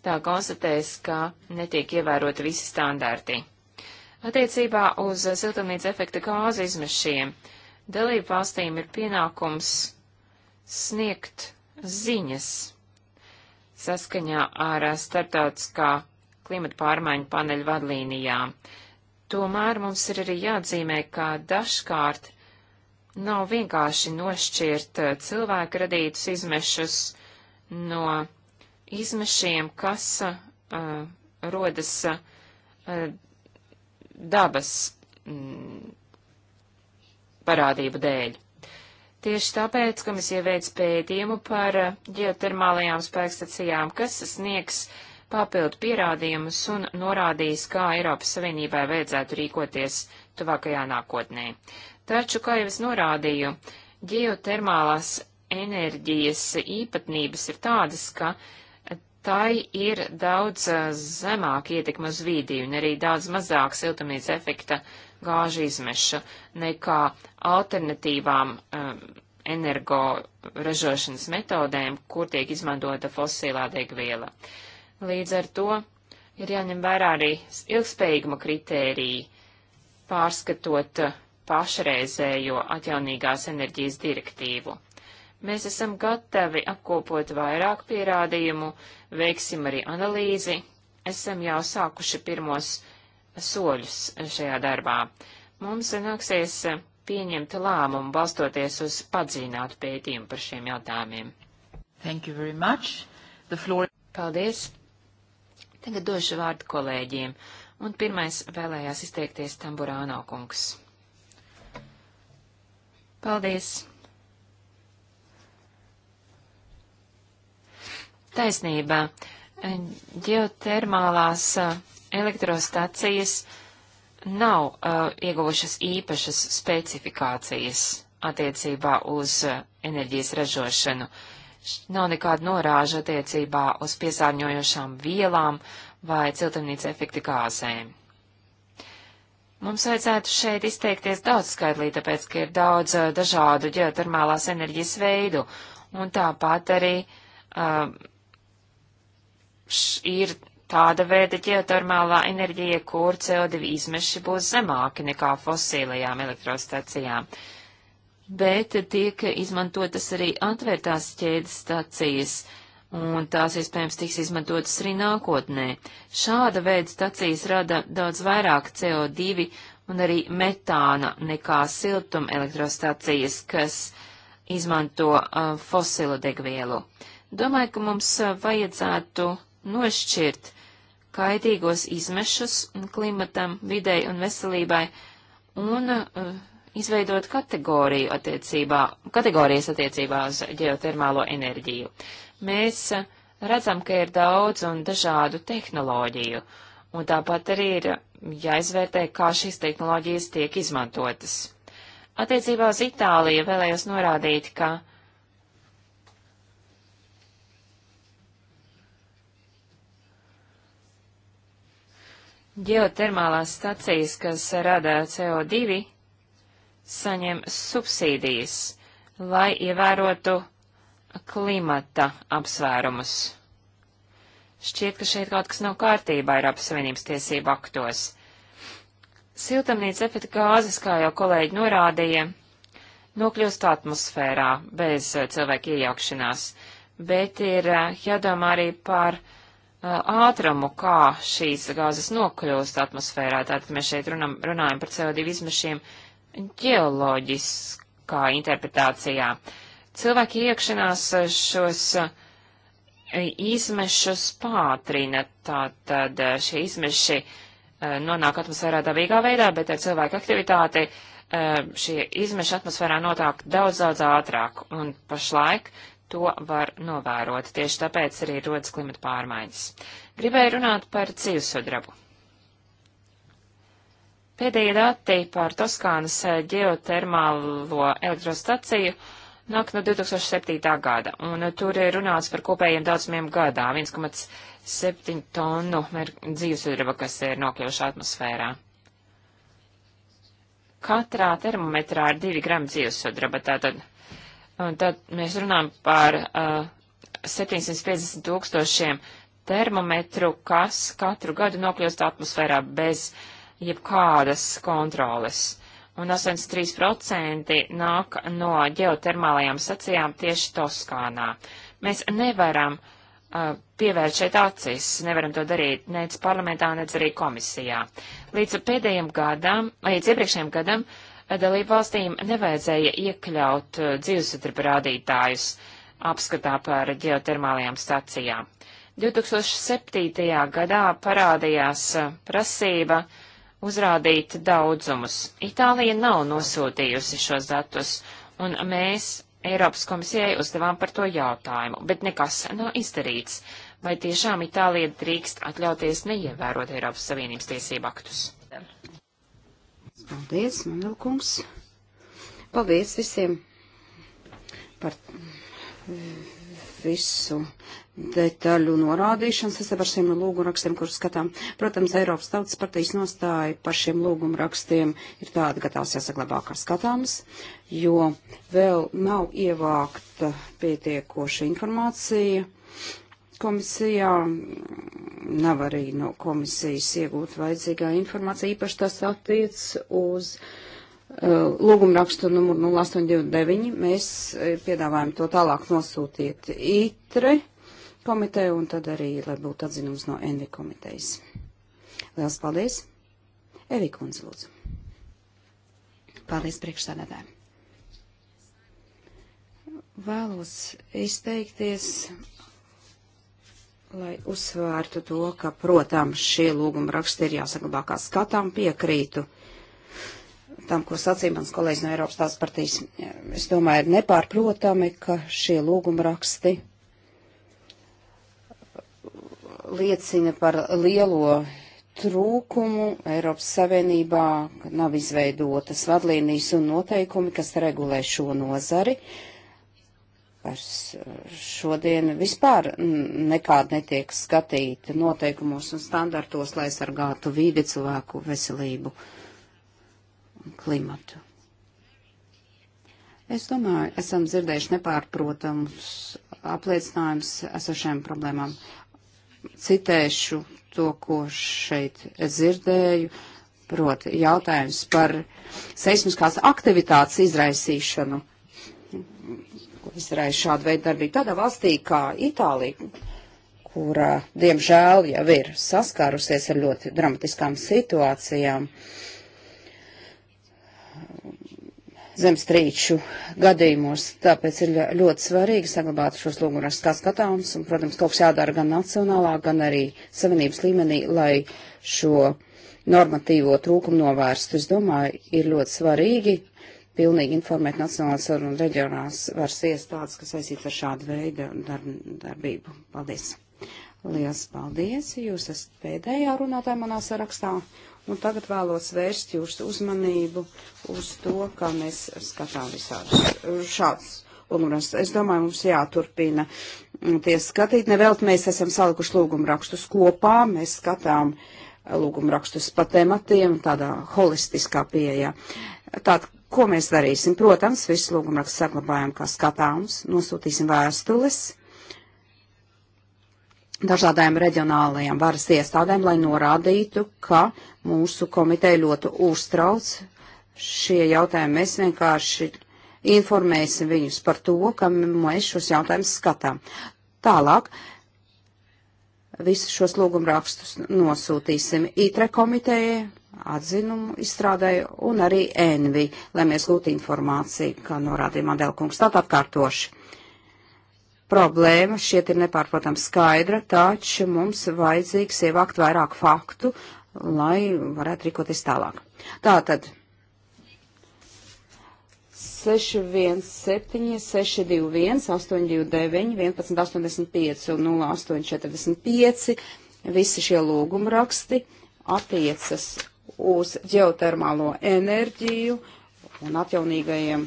tā konstatēs, ka netiek ievēroti visi standārti. Attiecībā uz siltumnīca efekta gāzu izmešiem dalību valstīm ir pienākums sniegt ziņas saskaņā ar starptautiskā klimata pārmaiņu paneļu vadlīnijām. Tomēr mums ir arī jāatzīmē, ka dažkārt nav vienkārši nošķirt eh, cilvēku radītus izmešus no izmešiem, kas uh, rodas uh, dabas mm, parādību dēļ. Tieši tāpēc komisija veids pētījumu par ģeotermālajām spēkstacijām, kas sniegs papildu pierādījumus un norādīs, kā Eiropas Savienībai vajadzētu rīkoties tuvākajā nākotnē. Taču, kā jau es norādīju, ģeotermālās enerģijas īpatnības ir tādas, ka tai ir daudz zemāk ietekma uz vīdī un arī daudz mazāk siltumnīca efekta gāžu izmešu nekā alternatīvām um, energo ražošanas metodēm, kur tiek izmantota fosilā degviela. Līdz ar to ir jāņem vērā arī ilgspējīguma kritērija, pārskatot pašreizējo atjaunīgās enerģijas direktīvu. Mēs esam gatavi apkopot vairāk pierādījumu, veiksim arī analīzi. Esam jau sākuši pirmos soļus šajā darbā. Mums nāksies pieņemt lēmumu balstoties uz padziļinātu pētījumu par šiem jautājumiem. Thank you very much. The floor... Paldies. Tagad došu vārdu kolēģiem. Un pirmais vēlējās izteikties Tamburāno kungs. Paldies. Taisnība. Geotermālās uh, elektrostacijas nav uh, ieguvušas īpašas specifikācijas attiecībā uz uh, enerģijas ražošanu. Nav nekāda norāža attiecībā uz piesārņojošām vielām vai ciltumnīca efekta gāzēm. Mums vajadzētu šeit izteikties daudz skaitlī, tāpēc, ka ir daudz uh, dažādu ģeotermālās enerģijas veidu, un tāpat arī uh, ir tāda veida ģeotermālā enerģija, kur CO2 izmeši būs zemāki nekā fosīlajām elektrostacijām. Bet tiek izmantotas arī atvērtās ķēdes stacijas, un tās iespējams tiks izmantotas arī nākotnē. Šāda veida stacijas rada daudz vairāk CO2 un arī metāna nekā siltuma elektrostacijas, kas izmanto uh, fosilu degvielu. Domāju, ka mums uh, vajadzētu nošķirt kaitīgos izmešus klimatam, videi un veselībai un uh, izveidot kategoriju attiecībā, kategorijas attiecībā uz ģeotermālo enerģiju. Mēs uh, redzam, ka ir daudz un dažādu tehnoloģiju, un tāpat arī ir jāizvērtē, kā šīs tehnoloģijas tiek izmantotas. Attiecībā uz Itāliju vēlējos norādīt, ka uh, ģeotermālās stacijas, kas rada CO2, saņem subsīdijas, lai ievērotu klimata apsvērumus. Šķiet, ka šeit kaut kas nav kārtībā Eiropas Savienības tiesību aktos. Siltumnīca efekta gāzes, kā jau kolēģi norādīja, nokļūst atmosfērā bez eh, cilvēku iejaukšanās, bet ir eh, jādomā arī par uh, ātrumu, kā šīs gāzes nokļūst atmosfērā. Tātad mēs šeit runam, runājam par CO2 izmešiem ģeoloģiskā interpretācijā. Cilvēki iekšanās šos e, izmešus pātrina, tātad e, šie izmeši e, nonāk atmosfērā dabīgā veidā, bet ar cilvēku aktivitāti šie izmeši atmosfērā notāk daudz, daudz ātrāk. Un pašlaik To var novērot, tieši tāpēc arī rodas klimata pārmaiņas. Gribēju runāt par cīvsudrabu. Pēdējie dati par Toskānas ģeotermālo elektrostaciju nāk no 2007. gada, un tur ir runāts par kopējiem daudzumiem gadā - 1,7 tonu dzīvesudraba, kas ir nokļuvuši atmosfērā. Katrā termometrā ir 2 gramu dzīvesudraba, tātad Un tad mēs runājam par uh, 750 tūkstošiem termometru, kas katru gadu nokļūst atmosfērā bez jebkādas kontroles. Un 83% nāk no ģeotermālajām sacijām tieši Toskānā. Mēs nevaram uh, pievērt šeit acis, nevaram to darīt nec parlamentā, nec arī komisijā. Līdz pēdējiem gadam, līdz iepriekšējiem gadam, uh, dalību valstīm nevajadzēja iekļaut eh, dzīvesudraba rādītājus apskatā par ģeotermālajām stacijām. 2007. gadā parādījās eh, prasība uzrādīt daudzumus. Itālija nav nosūtījusi šos datus, un mēs Eiropas komisijai uzdevām par to jautājumu, bet nekas nav izdarīts. Vai tiešām Itālija drīkst atļauties neievērot Eiropas Savienības tiesību aktus? Paldies, Manilkungs. Paldies visiem par visu detaļu norādīšanas. Es ar šiem lūgumrakstiem, kurus skatām, protams, Eiropas Tautas partijas nostāja par šiem lūgumrakstiem ir tāda, ka tās jāsaglabā kā skatāmas, jo vēl nav ievākta pietiekoša informācija komisijā nav arī no komisijas iegūt vajadzīgā informācija, īpaši tas attiec uz uh, lūgumrakstu numuru 0829. Mēs uh, piedāvājam to tālāk nosūtiet ITRE komiteju un tad arī, lai būtu atzinums no ENVI komitejas. Liels paldies! Evi Kunz, lūdzu. Paldies priekšsādātājiem. Vēlos izteikties lai uzsvērtu to, ka, protams, šie lūguma raksti ir jāsaglabā kā skatām piekrītu. Tam, ko sacīja mans kolēģis no Eiropas tās partijas, es domāju, ir nepārprotami, ka šie lūguma raksti liecina par lielo trūkumu Eiropas Savienībā, ka nav izveidotas vadlīnijas un noteikumi, kas regulē šo nozari. Uh, vairs eh, šodien vispār nekāda netiek skatīta noteikumos un standartos, lai sargātu vīdi cilvēku veselību un klimatu. Es domāju, esam dzirdējuši nepārprotams apliecinājums esošajām problēmām. Citēšu to, ko šeit es dzirdēju, proti jautājums par seismiskās aktivitātes izraisīšanu izdarīja šādu veidu darbību. Tādā valstī kā Itālija, kur, diemžēl, jau ir saskārusies ar ļoti dramatiskām situācijām, zemstrīču gadījumos, tāpēc ir ļoti svarīgi saglabāt šos lūgumus kā skatāms, un, protams, kaut kas jādara gan nacionālā, gan arī savienības līmenī, lai šo normatīvo trūkumu novērstu. Es domāju, ir ļoti svarīgi pilnīgi informēt Nacionālās un reģionālās varas iestādes, kas saistīts ar šādu veidu darb, darbību. Paldies! Lielas paldies! Jūs esat pēdējā runātāja manā sarakstā. Un tagad vēlos vērst jūsu uzmanību uz to, kā mēs skatām visādus šādus lūgumus. Es domāju, mums jāturpina tie skatīt. Nevelt mēs esam salikuši lūgumrakstus kopā, mēs skatām lūgumrakstus pa tematiem tādā holistiskā pieejā. Tātad Ko mēs darīsim? Protams, visus lūgumrakstus saglabājam kā skatāms, nosūtīsim vēstules dažādām reģionālajām varas iestādēm, lai norādītu, ka mūsu komiteja ļoti uztrauc šie jautājumi. Mēs vienkārši informēsim viņus par to, ka mēs šos jautājumus skatām. Tālāk visus šos lūgumrakstus nosūtīsim ITRE komitejai, atzinumu izstrādāja un arī ENVI, lai mēs gūtu informāciju, kā norādīja Mandelkungs. Tātad atkārtoši. Problēma šiet ir nepārprotams skaidra, taču mums vajadzīgs ievākt vairāk faktu, lai varētu rīkoties tālāk. Tātad 617, 621, 829, 1185 un 0845 visi šie lūgumraksti attiecas uz ģeotermālo enerģiju un atjaunīgajiem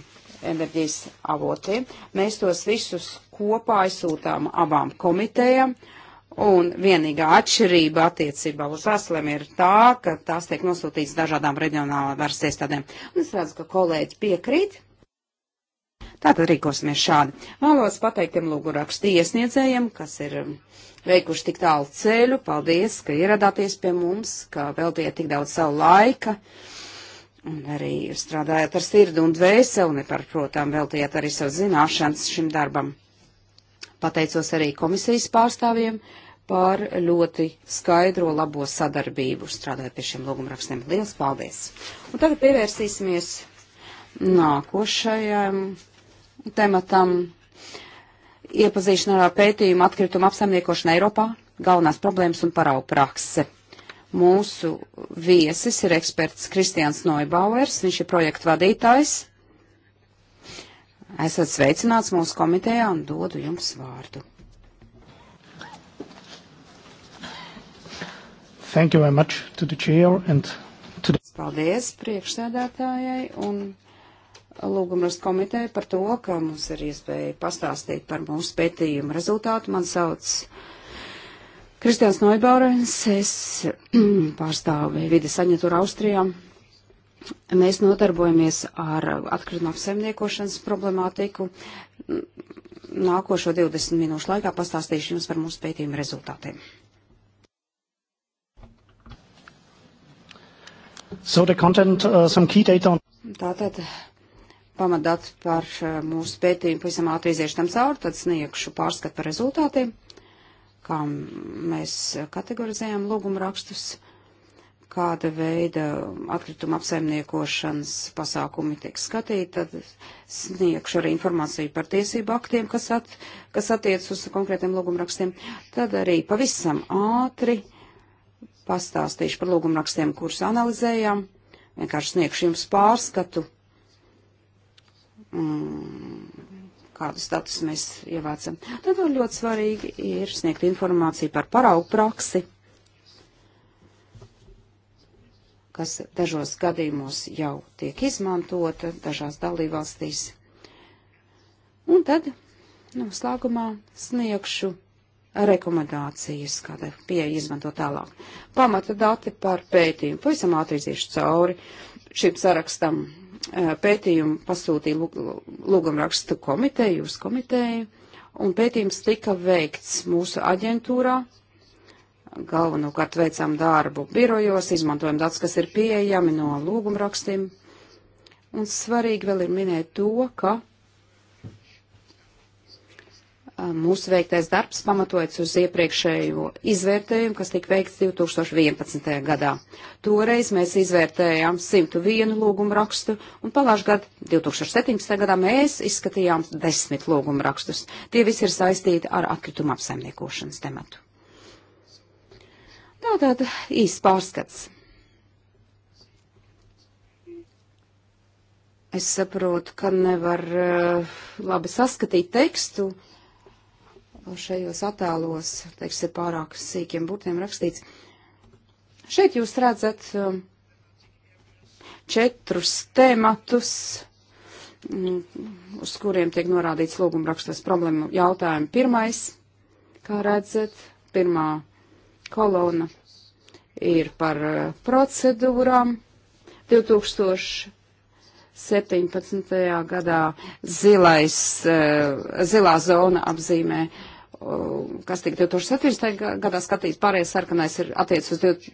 enerģijas avotiem. Mēs tos visus kopā aizsūtām abām komitejām. Un vienīgā atšķirība attiecībā uz aslēm ir tā, ka tās tiek nosūtītas dažādām reģionālā varas iestādēm. Un es redzu, ka kolēģi piekrīt. Tātad rīkosimies šādi. Vēlos pateikt tiem lūgurakstu iesniedzējiem, kas ir uh, veikuši tik tālu ceļu. Paldies, ka ieradāties pie mums, ka veltījāt tik daudz savu laika. Un arī strādājāt ar sirdi un dvēseli, neparprotam, veltījāt arī savu zināšanas šim darbam. Pateicos arī komisijas pārstāvjiem par ļoti skaidro labo sadarbību strādājot pie šiem lūgumrakstiem. Lielas paldies! Un tagad pievērsīsimies nākošajam tematam iepazīšanā ar pētījumu atkritumu apsaimniekošanu Eiropā, galvenās problēmas un paraugu prakse. Mūsu viesis ir eksperts Kristians Noibauers, viņš ir projektu vadītājs. Esat sveicināts mūsu komitejā un dodu jums vārdu. Thank you very much to the chair and to the... Paldies priekšsēdētājai un lūgumras komiteju par to, ka mums ir iespēja pastāstīt par mūsu pētījumu rezultātu. Man sauc Kristians Noibaurens, es [CLEARS THROAT] pārstāvu vides aģentūru Austrijā. Mēs notarbojamies ar atkrituma apsaimniekošanas problemātiku. Nākošo 20 minūšu laikā pastāstīšu jums par mūsu pētījumu rezultātiem. So the content, uh, some key data on... Tātad pamatdats par eh, mūsu pētījumu pavisam ātri iziešu tam cauri, tad sniegšu pārskatu par rezultātiem, kā mēs kategorizējam lūgumu rakstus, kāda veida atkrituma apsaimniekošanas pasākumi tiek skatīti, tad sniegšu arī informāciju par tiesību aktiem, kas, at, kas attiec uz konkrētiem lūgumu rakstiem, tad arī pavisam ātri pastāstīšu par lūgumu rakstiem, kurus analizējām, vienkārši sniegšu jums pārskatu Mm, kādus datus mēs ievācam. Tad vēl ļoti svarīgi ir sniegt informāciju par paraugu praksi, kas dažos gadījumos jau tiek izmantota dažās dalībvalstīs. Un tad noslēgumā nu, sniegšu rekomendācijas, kāda pieeja izmanto tālāk. Pamata dati par pētījumu. Pavisam ātri iziešu cauri šim sarakstam pētījumu pasūtīja lūgumrakstu komiteju, jūras komiteju, un pētījums tika veikts mūsu aģentūrā. Galvenokārt veicām darbu birojos, izmantojam datus, kas ir pieejami no lūgumrakstiem. Un svarīgi vēl ir minēt to, ka mūsu veiktais darbs pamatojas uz iepriekšējo izvērtējumu, kas tika veikts 2011. gadā. Toreiz mēs izvērtējām 101 lūgumu rakstu, un pagājušajā gadā, 2017. gadā, mēs izskatījām 10 lūgumu rakstus. Tie visi ir saistīti ar atkrituma apsaimniekošanas tematu. Tātad īsts pārskats. Es saprotu, ka nevar uh, labi saskatīt tekstu, uh, šajos attēlos, teiks, ir pārāk sīkiem burtiem rakstīts. Šeit jūs redzat um, četrus tematus, mm, uz kuriem tiek norādīts lūguma rakstos problēmu jautājumu. Pirmais, kā redzat, pirmā kolona ir par uh, procedūrām. 2017. gadā zilais, uh, zilā zona apzīmē Um, kas tika 2017. gadā skatīts, pārējais sarkanais ir attiecis uz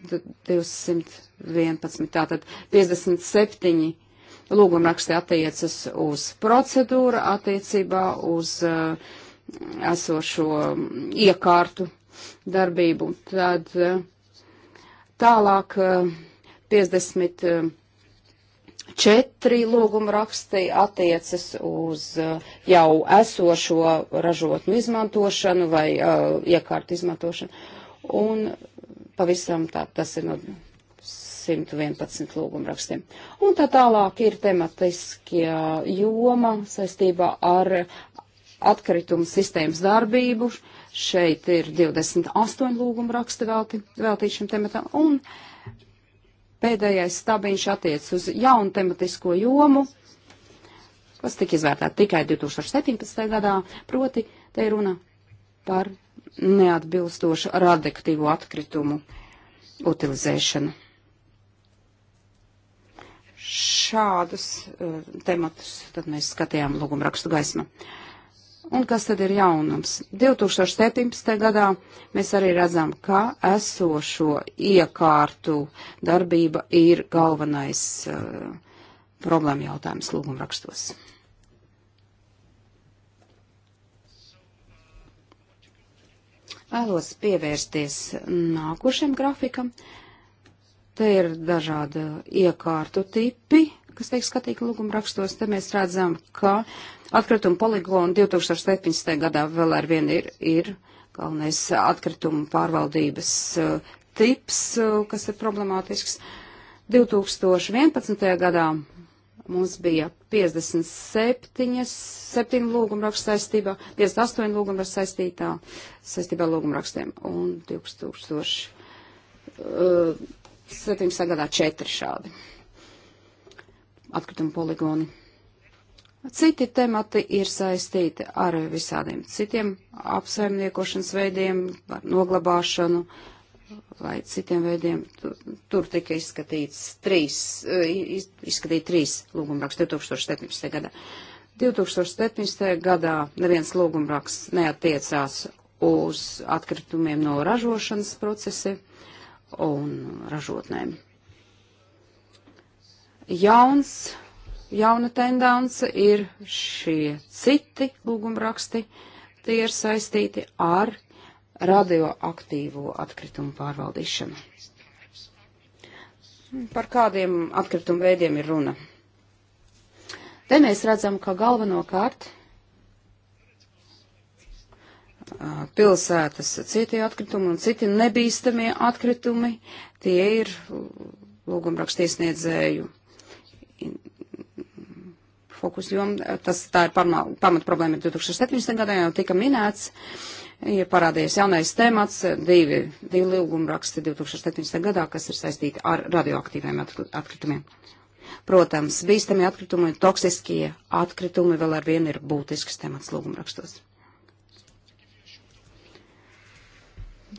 211, tātad 57 lūgumraksti attiecas uz procedūru attiecībā uz uh, esošo um, iekārtu darbību. Tad uh, tālāk uh, 50 Četri lūguma raksti attiecas uz uh, jau esošo ražotņu izmantošanu vai uh, iekārtu izmantošanu. Un pavisam tā, tas ir no 111 lūgumrakstiem. Un tā tālāk ir tematiskie joma saistībā ar atkritumu sistēmas darbību. Šeit ir 28 lūgumraksti velti, veltīti šim tematam. Un uh, Pēdējais stabiņš attiec uz jaunu tematisko jomu, kas tika izvērtēta tikai 2017. gadā, proti te ir runa par neatbilstošu radioaktīvo atkritumu utilizēšanu. Šādus uh, tematus tad mēs skatījām lūgumrakstu gaismu. Uh, Un kas tad ir jaunums? 2017. gadā mēs arī redzam, ka esošo iekārtu darbība ir galvenais uh, problēma jautājums lūgumrakstos. Vēlos pievērsties nākošiem grafikam. Te ir dažādi iekārtu tipi, kas tiek skatīti lūgumrakstos. Te mēs redzam, ka uh, Atkrituma poligona 2017. gadā vēl ar vienu ir, ir galvenais atkrituma pārvaldības uh, tips, uh, kas ir problemātisks. 2011. gadā mums bija 57 7 lūgumrakstu saistībā, 58 lūgumrakstu saistītā, saistībā lūgumrakstiem un 2017. Eh, gadā 4 šādi atkrituma poligoni. Citi temati ir saistīti ar visādiem citiem apsaimniekošanas veidiem, noglabāšanu vai citiem veidiem. Tur, tur tika izskatīts trīs, e, iz, izskatīt trīs lūgumraksts 2017. gadā. 2017. gadā neviens lūgumraksts neatiecās uz atkritumiem no ražošanas procesi un ražotnēm. Jauns jauna tendence ir šie citi lūgumraksti, tie ir saistīti ar radioaktīvo atkritumu pārvaldīšanu. Par kādiem atkritumu veidiem ir runa? Te mēs redzam, ka galvenokārt pilsētas citi atkritumi un citi nebīstamie atkritumi, tie ir lūgumrakstiesniedzēju fokusu jomu. Tas tā ir pamat problēma 2017. gadā jau tika minēts. Ir parādījies jaunais temats, divi, divi līguma raksti 2017. gadā, kas ir saistīti ar radioaktīviem atkritumiem. Protams, bīstami atkritumi un toksiskie atkritumi vēl ar vienu ir būtisks temats līguma rakstos.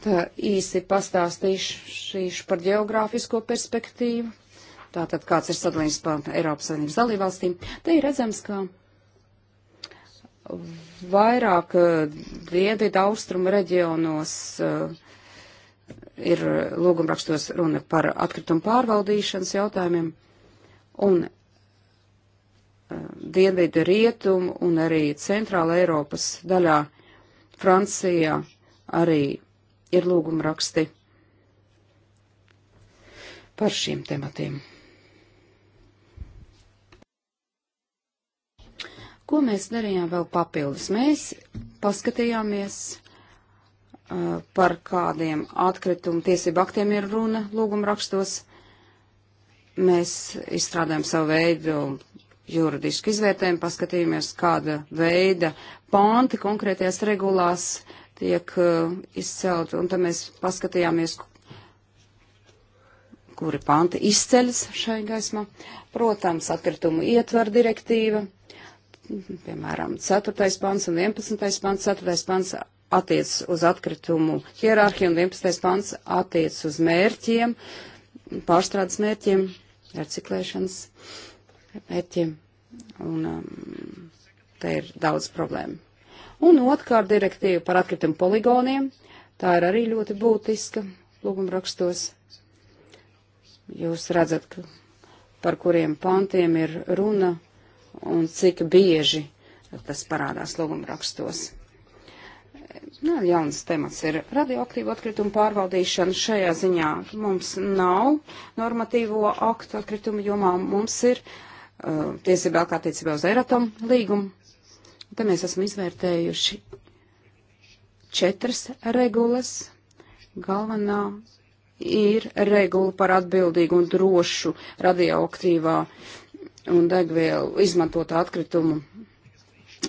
Tā īsi pastāstīšu par geogrāfisko perspektīvu tātad kāds ir sadalījums pa Eiropas Savienības dalībvalstīm, te ir redzams, ka vairāk dienvidu eh, austrumu reģionos eh, ir lūgumrakstos runa par atkritumu pārvaldīšanas jautājumiem, un eh, dienvidu rietumu un arī centrāla Eiropas daļā Francijā arī ir lūgumraksti par šiem tematiem. Ko mēs darījām vēl papildus? Mēs paskatījāmies, uh, par kādiem atkritumu tiesību aktiem ir runa lūguma rakstos. Mēs izstrādājam savu veidu juridisku izvērtējumu, paskatījāmies, kāda veida panti konkrētajās regulās tiek uh, izcelt, un tad mēs paskatījāmies, kuri panti izceļas šai gaismā. Protams, atkritumu ietver direktīva, piemēram, 4. pants un 11. pants, 4. pants attiec uz atkritumu hierarhiju un 11. pants attiec uz mērķiem, pārstrādes mērķiem, reciklēšanas mērķiem. Un um, te ir daudz problēmu. Un otrkārt direktīva par atkritumu poligoniem. Tā ir arī ļoti būtiska lūgumrakstos. Jūs redzat, par kuriem pantiem ir runa un cik bieži tas parādās logumrakstos. Nu, jauns temats ir radioaktīvu atkritumu pārvaldīšana. Šajā ziņā mums nav normatīvo aktu atkritumu jomā, mums ir uh, tiesībā kā tiecībā uz Eiratomu līgumu. Te mēs esam izvērtējuši četras regulas. Galvenā ir regula par atbildīgu un drošu radioaktīvā uh, un degvielu izmantot atkritumu,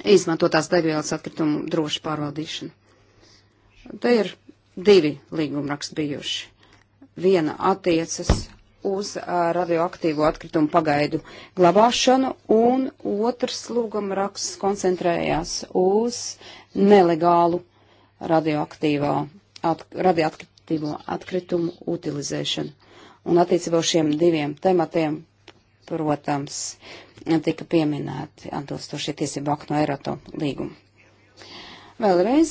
izmantotās degvielas atkritumu droši pārvaldīšanu. Te ir divi līgumraksti bijuši. Viena attiecas uz radioaktīvo atkritumu pagaidu glabāšanu, un otrs lūgumraksts koncentrējās uz nelegālu radioaktīvo at, radioaktīvo atkritumu utilizēšanu. Un attiecībā uz šiem diviem tematiem protams, tika pieminēti atbilstošie tiesību aktu no Eirato līguma. Vēlreiz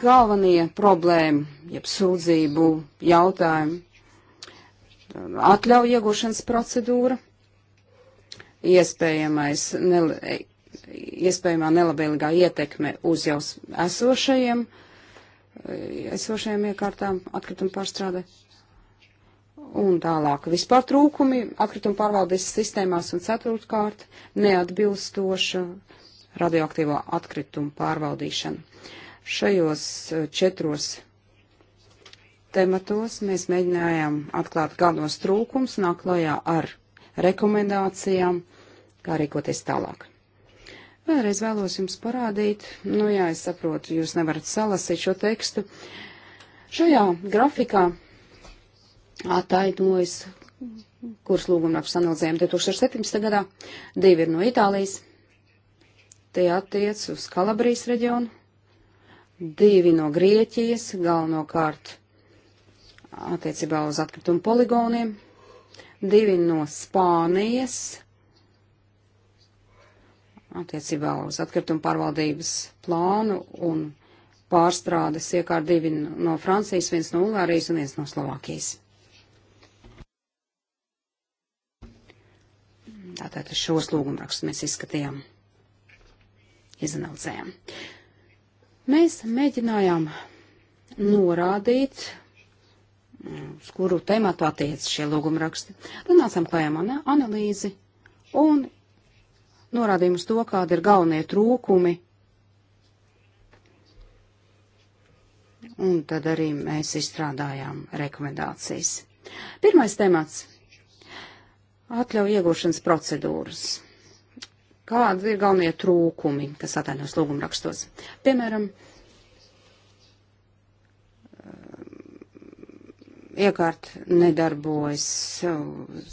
galvenie problēma, jeb sūdzību jautājumi, atļauja iegūšanas procedūra, iespējamais, ne, iespējamā nelabvēlīgā ietekme uz jau esošajiem, esošajiem iekārtām atkritumu pārstrādē, Un tālāk vispār trūkumi atkrituma pārvaldes sistēmās un ceturtkārt neatbilstoša radioaktīvo atkritumu pārvaldīšana. Šajos eh, četros tematos mēs mēģinājām atklāt galvenos trūkums, nāk klajā ar rekomendācijām, kā rīkoties tālāk. Vēlreiz vēlos jums parādīt, nu jā, es saprotu, jūs nevarat salasīt šo tekstu. Šajā grafikā attaidnojas, kuras lūgumrakstus analizējam 2017. gadā. Divi ir no Itālijas. Tie attiec uz Kalabrijas reģionu. Divi no Grieķijas, galvenokārt attiecībā uz atkritumu poligoniem. Divi no Spānijas, attiecībā uz atkritumu pārvaldības plānu un pārstrādes iekārt divi no Francijas, viens no Ungārijas un viens no Slovākijas. Tātad šos lūgumrakstus mēs izskatījām, izanalizējām. Mēs mēģinājām norādīt, mm, uz kuru tematu attiec šie lūgumraksti. Tad nācām klājām analīzi un norādījām uz to, kāda ir galvenie trūkumi. Un tad arī mēs izstrādājām rekomendācijas. Pirmais temats Atļauju iegūšanas procedūras. Kādi ir galvenie trūkumi, kas atainos lūgumrakstos? Piemēram, eh, iekārt nedarbojas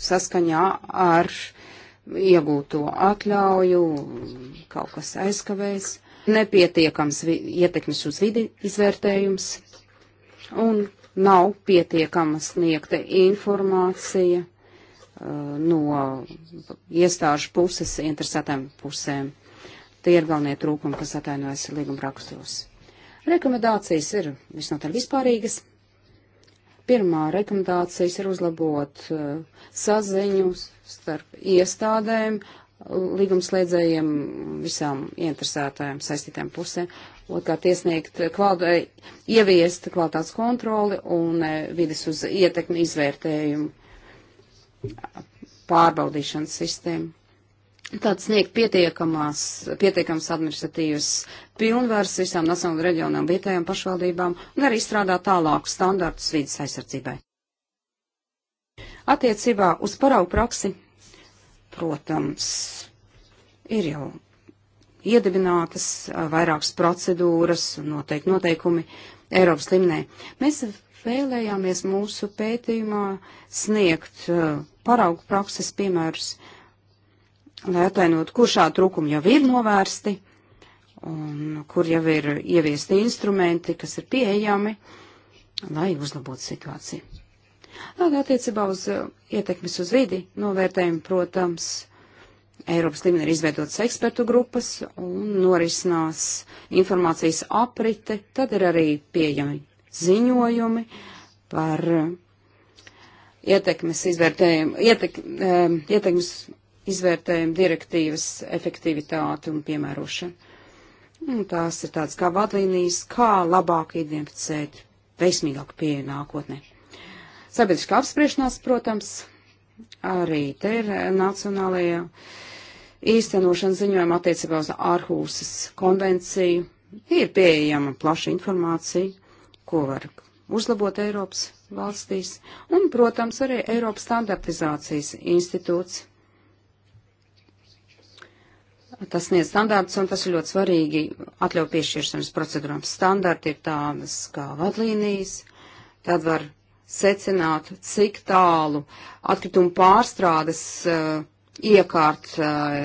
saskaņā ar iegūto atļauju, kaut kas aizkavējas, nepietiekams ietekmes uz vidi izvērtējums un nav pietiekama sniegta informācija Uh, no iestāžu puses interesētām pusēm. Tie ir galvenie trūkumi, kas atainojas līguma rakstos. Rekomendācijas ir visnotaļ vispārīgas. Pirmā rekomendācijas ir uzlabot uh, saziņu starp iestādēm, līgumslēdzējiem, visām interesētājiem saistītām pusēm, otrkārt iesniegt, uh, kvalitāte, ieviest kvalitātes kontroli un vides uz ietekmi izvērtējumu pārbaudīšanas sistēmu. Tad sniegt pietiekamas administratīvas pilnvaras visām nacionālajām reģionām, vietējām pašvaldībām un arī izstrādāt tālākus standartus vidas aizsardzībai. Attiecībā uz paraugu praksi, protams, ir jau iedibinātas vairākas procedūras un noteikti noteikumi Eiropas līmenī. Mēs Vēlējāmies mūsu pētījumā sniegt uh, paraugu prakses piemērus, lai atainot, kur šādi trūkumi jau ir novērsti un kur jau ir ieviesti instrumenti, kas ir pieejami, lai uzlabotu situāciju. Tad attiecībā uz uh, ietekmes uz vidi novērtējumu, protams, Eiropas līmenī ir izveidotas ekspertu grupas un norisinās informācijas aprite, tad ir arī pieejami ziņojumi par eh, ietekmes izvērtējumu, ietek, eh, ietekmes izvērtējumu direktīvas efektivitāti un piemērošanu. Un tās ir tādas kā vadlīnijas, kā labāk identificēt veiksmīgāku pieeju nākotnē. Sabiedriskā apspriešanās, protams, arī te ir eh, nacionālajā īstenošana ziņojuma attiecībā uz ārhūsas konvenciju. Ir pieejama plaša informācija ko var uzlabot Eiropas valstīs, un, protams, arī Eiropas standartizācijas institūts. Tas sniedz standārts, un tas ir ļoti svarīgi atļauj piešķiršanas procedūrām. Standarti ir tādas kā vadlīnijas, tad var secināt, cik tālu atkritumu pārstrādes uh, iekārt uh,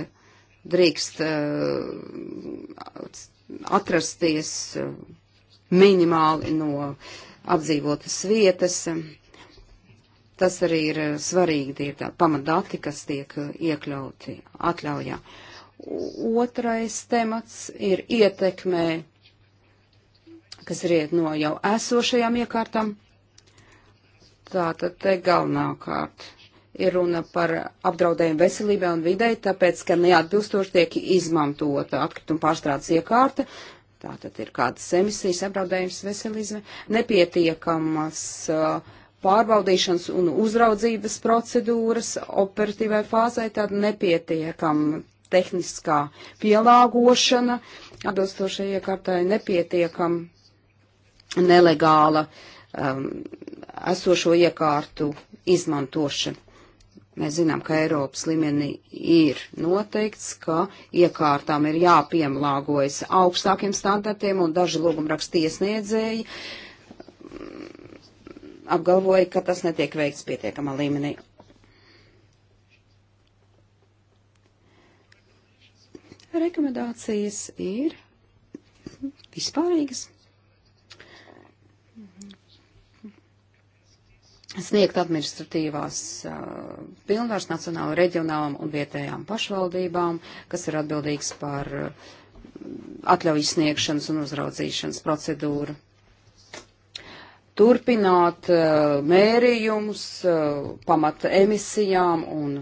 drīkst uh, atrasties. Uh, minimāli no apdzīvotas vietas. Tas arī ir svarīgi, tie ir tādi pamatdati, kas tiek uh, iekļauti atļaujā. Otrais temats ir ietekmē, kas riet no jau esošajām iekārtām. Tātad te galvenākārt ir runa par apdraudējumu veselībai un videi, tāpēc, ka neatbilstoši tiek izmantota atkrituma pārstrādes iekārta, Tātad ir kādas emisijas apdraudējums veselīzme, nepietiekamas pārbaudīšanas un uzraudzības procedūras operatīvai fāzai, tad nepietiekam tehniskā pielāgošana, atbilstošajai kārtai nepietiekam nelegāla um, esošo iekārtu izmantošana. Mēs zinām, ka Eiropas līmenī ir noteikts, ka iekārtām ir jāpiemlāgojas augstākiem standartiem, un daži lūgumrakstu iesniedzēji mm, apgalvoja, ka tas netiek veikts pietiekamā līmenī. Rekomendācijas ir vispārīgas. sniegt administratīvās uh, pilnvars nacionālajām, reģionālām un vietējām pašvaldībām, kas ir atbildīgs par uh, atļaujas sniegšanas un uzraudzīšanas procedūru. Turpināt uh, mērījumus pamata emisijām un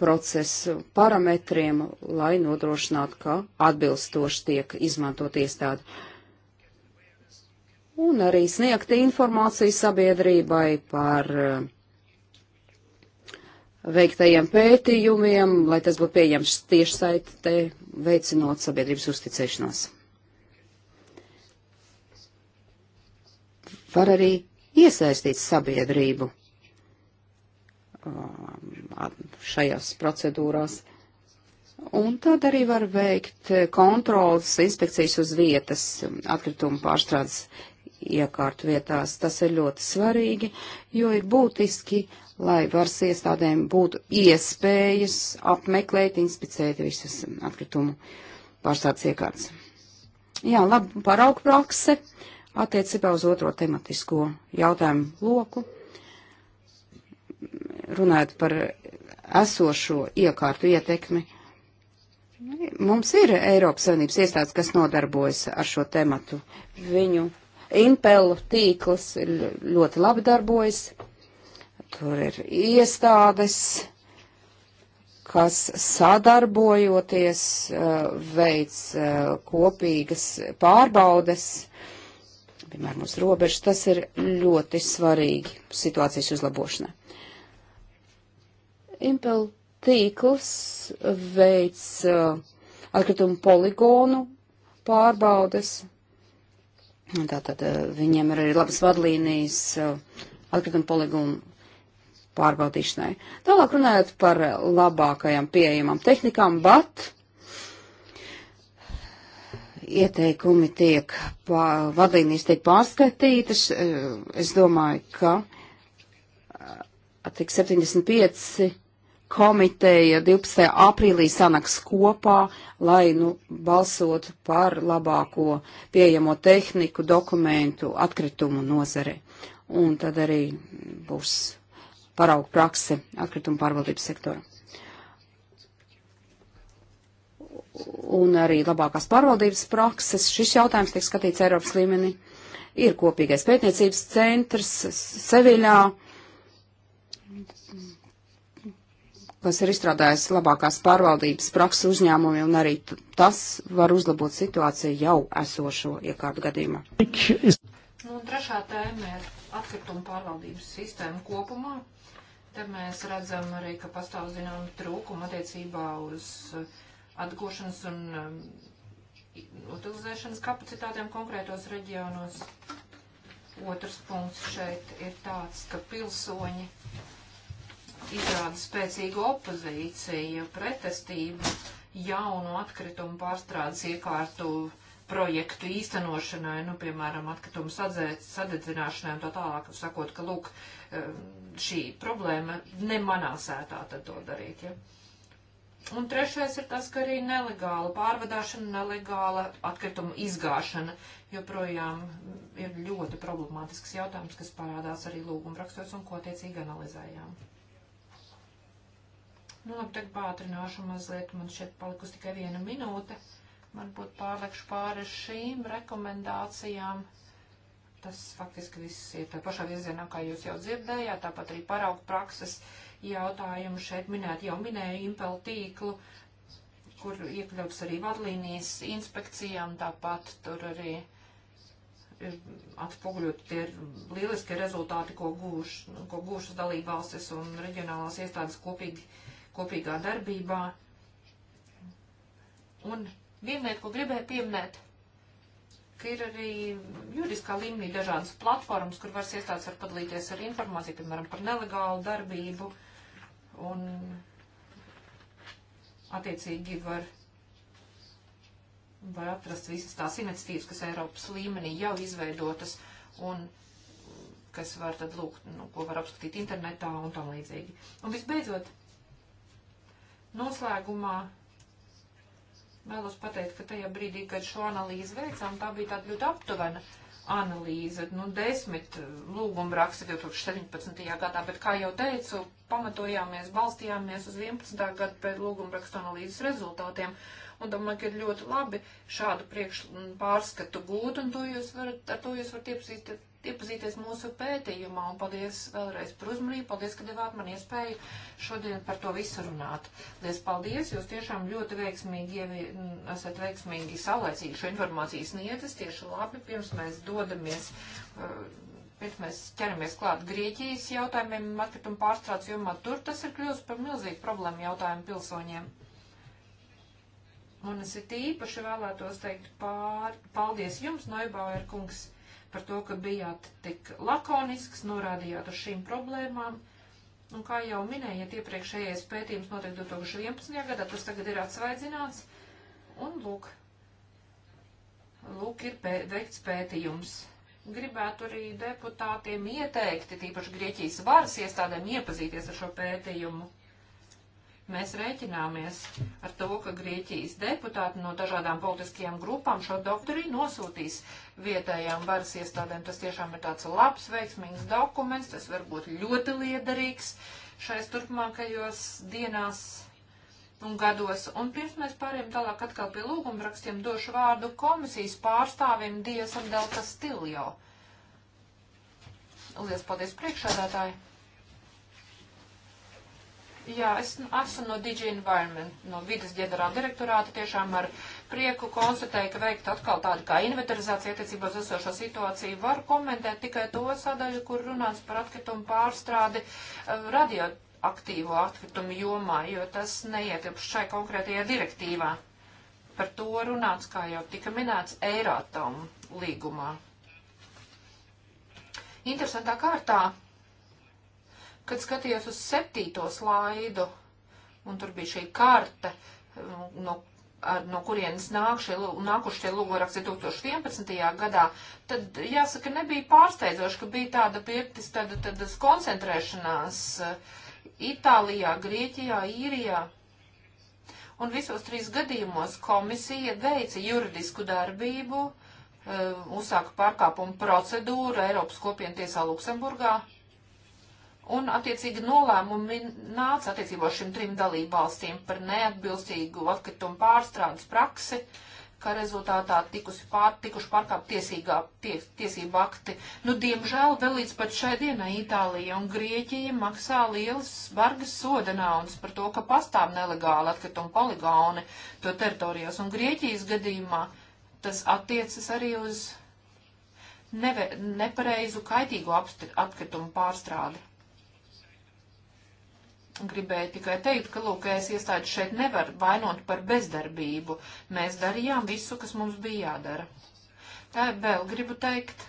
procesu parametriem, lai nodrošinātu, ka atbilstoši tiek izmantot iestādi. Uh, un arī sniegt informāciju sabiedrībai par eh, veiktajiem pētījumiem, lai tas būtu pieejams tiešsaitē, veicinot sabiedrības uzticēšanos. Var arī iesaistīt sabiedrību eh, šajās procedūrās. Un tad arī var veikt kontrolas inspekcijas uz vietas atkrituma pārstrādes iekārtu vietās. Tas ir ļoti svarīgi, jo ir būtiski, lai varas iestādēm būtu iespējas apmeklēt, inspicēt visas atkritumu pārstādes iekārtas. Jā, labi, paraugu prakse attiecībā uz otro tematisko jautājumu loku. Runājot par esošo iekārtu ietekmi. Mums ir Eiropas Savienības iestādes, kas nodarbojas ar šo tematu. Viņu Impelu tīkls ļoti labi darbojas. Tur ir iestādes, kas sadarbojoties uh, veids uh, kopīgas pārbaudes, piemēram, uz robežas, tas ir ļoti svarīgi situācijas uzlabošanai. Impel tīkls veids uh, atkritumu poligonu pārbaudes, Tātad eh, viņiem ir arī labas vadlīnijas eh, atkrituma poligonu pārbaudīšanai. Tālāk runājot par eh, labākajām pieejamām tehnikām, bet ieteikumi tiek, pā, vadlīnijas tiek pārskatītas. Es domāju, ka tik 75 komiteja 12. aprīlī sanaks kopā, lai nu, balsot par labāko pieejamo tehniku, dokumentu, atkritumu nozare. Un tad arī būs paraugu prakse atkritumu pārvaldības sektora. Un arī labākās pārvaldības prakses. Šis jautājums tiek skatīts Eiropas līmenī. Ir kopīgais pētniecības centrs Seviļā kas ir izstrādājis labākās pārvaldības prakses uzņēmumi, un arī tas var uzlabot situāciju jau esošo iekārtu gadījumā. Nu, trešā tēma ir atkrituma pārvaldības sistēma kopumā. Te mēs redzam arī, ka pastāv zinām trūkuma attiecībā uz eh, atgūšanas un um, utilizēšanas kapacitātēm konkrētos reģionos. Otrs punkts šeit ir tāds, ka pilsoņi izrāda spēcīgu opozīciju, pretestību jaunu atkritumu pārstrādes iekārtu projektu īstenošanai, nu, piemēram, atkritumu sadedzināšanai un tā tālāk, sakot, ka, lūk, eh, šī problēma nemanā sētā tad to darīt, ja. Un trešais ir tas, ka arī nelegāla pārvadāšana, nelegāla atkrituma izgāšana joprojām ir ļoti problemātisks jautājums, kas parādās arī lūgumrakstos un ko tiecīgi analizējām. Nu, labi, tagad pātrināšu mazliet, man šeit palikus tikai viena minūte. Varbūt pārlekšu pāri šīm rekomendācijām. Tas faktiski viss ir tā pašā virzienā, kā jūs jau dzirdējāt, tāpat arī paraugu prakses jautājumu šeit minēt, jau minēju impel tīklu, kur iekļauts arī vadlīnijas inspekcijām, tāpat tur arī ir e, atspoguļot tie lieliskie rezultāti, ko gūšas gūš dalībvalstis un reģionālās iestādes kopīgi kopīgā darbībā. Un viena lieta, ko gribēju pieminēt, ka ir arī juridiskā līmenī dažādas platformas, kur varas iestādes var padalīties ar informāciju, piemēram, par nelegālu darbību. Un attiecīgi var, var atrast visas tās iniciatīvas, kas Eiropas līmenī jau izveidotas un kas var tad lūgt, nu, ko var apskatīt internetā un tam līdzīgi. Un visbeidzot, Noslēgumā vēlos pateikt, ka tajā brīdī, kad šo analīzi veicām, tā bija tāda ļoti aptuvena analīze, nu, desmit lūguma raksta 2017. gadā, bet, kā jau teicu, pamatojāmies, balstījāmies uz 11. gadu pēc lūguma raksta analīzes rezultātiem, un domāju, ka ir ļoti labi šādu priekš pārskatu gūt, un to jūs varat, ar to jūs varat iepazīstināt iepazīties mūsu pētījumā, un paldies vēlreiz par uzmanību, paldies, ka devāt man iespēju šodien par to visu runāt. Lies paldies, jūs tiešām ļoti veiksmīgi ievi, mm, esat veiksmīgi saulēcīgi šo informāciju sniedzis, tieši labi, pirms mēs dodamies. Uh, pirms mēs ķeramies klāt Grieķijas jautājumiem, atkrituma pārstrādes jomā, tur tas ir kļūst par milzīgu problēmu jautājumu pilsoņiem. Un es it īpaši vēlētos teikt pār, paldies jums, Noibauer kungs, par to, ka bijāt tik lakonisks, norādījāt uz šīm problēmām. Un kā jau minējiet, iepriekšējais pētījums notiek 2011. gadā, tas tagad ir atsvaidzināts. Un lūk, lūk ir pē, veikts pētījums. Gribētu arī deputātiem ieteikt, tīpaši Grieķijas varas iestādēm, iepazīties ar šo pētījumu. Mēs rēķināmies ar to, ka Grieķijas deputāti no dažādām politiskajām grupām šo doktrīnu nosūtīs vietējām varas iestādēm. Tas tiešām ir tāds labs, veiksmīgs dokuments, tas var būt ļoti liederīgs šais turpmākajos dienās un gados. Un pirms mēs pārējām tālāk atkal pie lūgumrakstiem, došu vārdu komisijas pārstāvim Diesam Delta Stiljo. Lielas paldies priekšādātāji! Jā, es esmu no Digi Environment, no vidas ģenerāla direktorāta. Tiešām ar prieku konstatēju, ka veikt atkal tādu kā inventarizācija attiecībā uz esošo situāciju. Var komentēt tikai to sadaļu, kur runāts par atkritumu pārstrādi eh, radioaktīvo atkritumu jomā, jo tas neietilpst šai konkrētajā direktīvā. Par to runāts, kā jau tika minēts, Eirātom līgumā. Interesantā kārtā Kad skatījos uz septīto slaidu, un tur bija šī karte, no, no kurienes nāk šie, nākuši tie lūgoraksti 2011. gadā, tad jāsaka, nebija pārsteidzoši, ka bija tāda pirtis, tāda, tādas koncentrēšanās eh, Itālijā, Grieķijā, Īrijā. Un visos trīs gadījumos komisija veica juridisku darbību, eh, uzsāka pārkāpumu procedūru Eiropas kopienu tiesā Luksemburgā Un, attiecīgi, nolēmumi nāca attiecībā šim trim dalību valstīm par neatbilstīgu atkritumu pārstrādes praksi, ka rezultātā tikusi pār, tikuši pārkāpt tiesīgā tie, tiesību akti. Nu, diemžēl vēl līdz pat šai dienai Itālija un Grieķija maksā lielas bargas soda naudas par to, ka pastāv nelegāli atkritumu poligoni to teritorijos. Un Grieķijas gadījumā tas attiecas arī uz neve, nepareizu kaitīgu atkritumu pārstrādi. Gribēju tikai teikt, ka lūkējas iestādes šeit nevar vainot par bezdarbību. Mēs darījām visu, kas mums bija jādara. Tā vēl gribu teikt,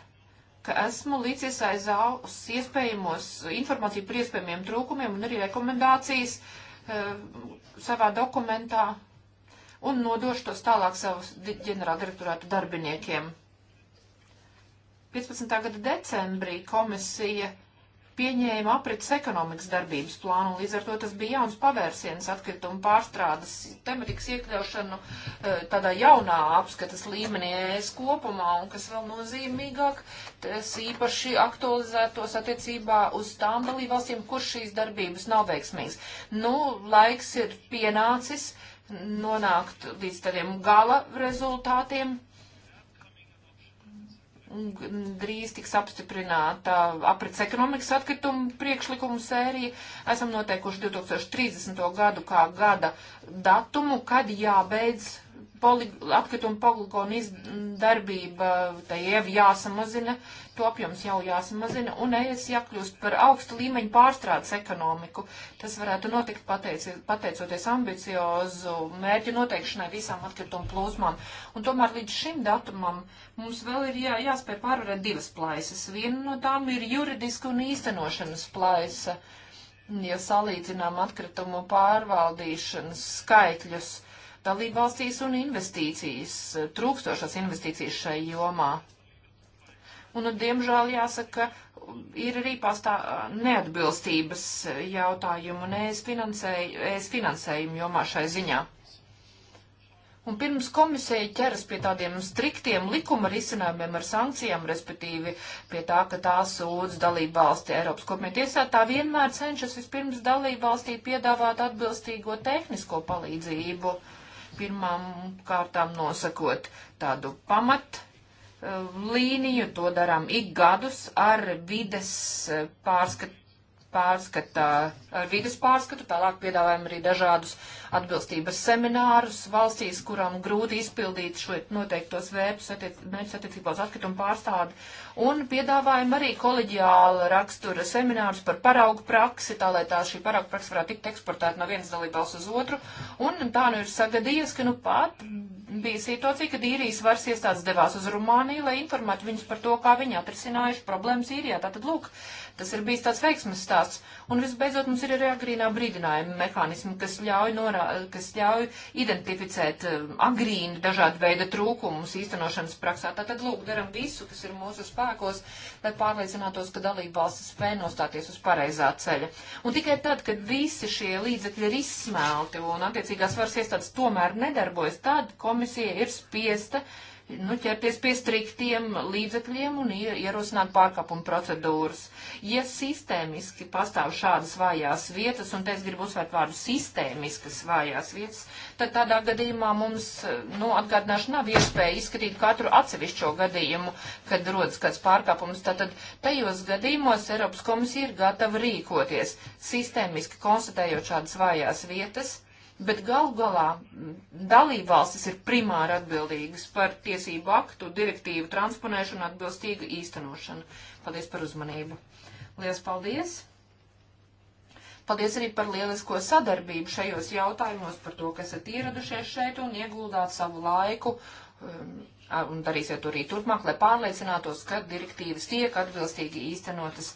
ka esmu līdziesaizāls iespējamos informāciju par iespējamiem trūkumiem un arī rekomendācijas e, savā dokumentā un nodošu tos tālāk savus ģenerāldirektorātu darbiniekiem. 15. gada decembrī komisija pieņēma aprits ekonomikas darbības plānu, un līdz ar to tas bija jauns pavērsiens atkritumu pārstrādes tematikas iekļaušanu eh, tādā jaunā apskatas līmenī ES kopumā, un kas vēl nozīmīgāk, tas īpaši aktualizētos attiecībā uz tām dalībvalstīm, kur šīs darbības nav veiksmīgas. Nu, laiks ir pienācis nonākt līdz tādiem gala rezultātiem drīz tiks apstiprināta aprits ekonomikas atkritumu priekšlikumu sērija. Esam noteikuši 2030. gadu kā gada datumu, kad jābeidz poli, atkrituma poligonu darbība, tai jau jāsamazina, to apjoms jau jāsamazina, un ES jākļūst par augstu līmeņu pārstrādes ekonomiku. Tas varētu notikt pateic, pateicoties ambiciozu mērķu noteikšanai visām atkrituma plūsmām. Un tomēr līdz šim datumam mums vēl ir jā, jāspēj pārvarēt divas plaisas. Viena no tām ir juridiska un īstenošanas plaisa. Ja salīdzinām atkritumu pārvaldīšanas skaitļus, dalībvalstīs un investīcijas, trūkstošās investīcijas šai jomā. Un, diemžēl, jāsaka, ir arī pastā neatbilstības jautājumu un ēs finansēju, ēs finansējumu jomā šai ziņā. Un pirms komisija ķeras pie tādiem striktiem likuma risinājumiem ar sankcijām, respektīvi pie tā, ka tā sūdz dalību valsti Eiropas kopienu tiesā, tā vienmēr cenšas vispirms dalību valstī piedāvāt atbilstīgo tehnisko palīdzību. Uh, pirmām kārtām nosakot tādu pamat eh, līniju, to darām ik gadus ar vides eh, pārskatu pārskatā, ar vides pārskatu, tālāk piedāvājam arī dažādus atbilstības seminārus valstīs, kurām grūti izpildīt šo noteiktos vērtus attiec, attiecībā uz atkritumu pārstādi, un piedāvājam arī koleģiāla rakstura seminārus par paraugu praksi, tā lai tā šī paraugu praksa varētu tikt eksportēta no vienas dalībvalsts uz otru, un tā nu ir sagadījies, ka nu pat bija situācija, kad īrijas varas iestādes devās uz Rumāniju, lai informētu viņus par to, kā viņi atrisinājuši problēmas īrijā. Tātad, lūk, Tas ir bijis tāds veiksmes stāsts. Un visbeidzot mums ir arī agrīnā brīdinājuma mehānismi, kas ļauj, norā, kas ļauj identificēt um, agrīni dažādu veidu trūkumus īstenošanas praksā. Tātad, lūk, daram visu, kas ir mūsu spēkos, lai pārliecinātos, ka dalība valstis spēj nostāties uz pareizā ceļa. Un tikai tad, kad visi šie līdzekļi ir izsmelti un attiecīgās varas iestādes tomēr nedarbojas, tad komisija ir spiesta uh, nu, ķerties pie striktiem līdzekļiem un ierosināt pārkāpumu procedūras. Ja sistēmiski pastāv šādas vājās vietas, un te es gribu uzsvērt vārdu sistēmiskas vājās vietas, tad tādā gadījumā mums, nu, atgādināšu, nav iespēja izskatīt katru atsevišķo gadījumu, kad rodas kāds pārkāpums. Tātad tajos gadījumos Eiropas komisija ir gatava rīkoties, sistēmiski konstatējot šādas vājās vietas bet galu galā dalībvalstis ir primāri atbildīgas par tiesību aktu, direktīvu transponēšanu atbilstīgu īstenošanu. Paldies par uzmanību. Lielas paldies! Paldies arī par lielisko sadarbību šajos jautājumos, par to, ka esat ieradušies šeit un ieguldāt savu laiku Um, un darīsiet to arī turpmāk, lai pārliecinātos, ka direktīvas tiek atbilstīgi īstenotas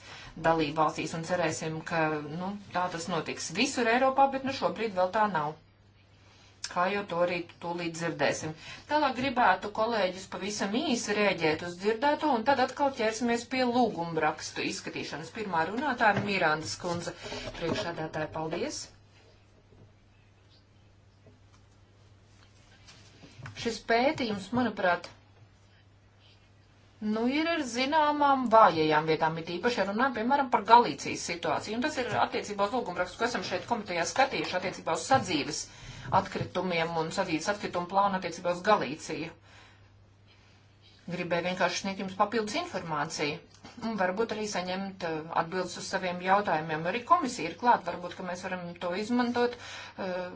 dalību valstīs un cerēsim, ka nu, tā tas notiks visur Eiropā, bet nu šobrīd vēl tā nav. Kā jau to arī tūlīt dzirdēsim. Tālāk gribētu kolēģis pavisam īsi rēģēt uz dzirdēto, un tad atkal ķersimies pie lūguma rakstu izskatīšanas. Pirmā runātāja Mirandas kundze. Priekšādātāja, paldies! Šis pētījums, manuprāt, nu, ir ar zināmām vājajām vietām, it īpaši runājam, piemēram, par Galīcijas situāciju. Un tas ir attiecībā uz lūgumrakstu, ko esam šeit komitejā skatījuši, attiecībā uz sadzīves atkritumiem un sadzīves atkritumu plānu attiecībā uz Galīciju. Gribēju vienkārši sniegt jums papildus informāciju un varbūt arī saņemt eh, atbildes uz saviem jautājumiem. Arī komisija ir klāt, varbūt, ka mēs varam to izmantot, eh,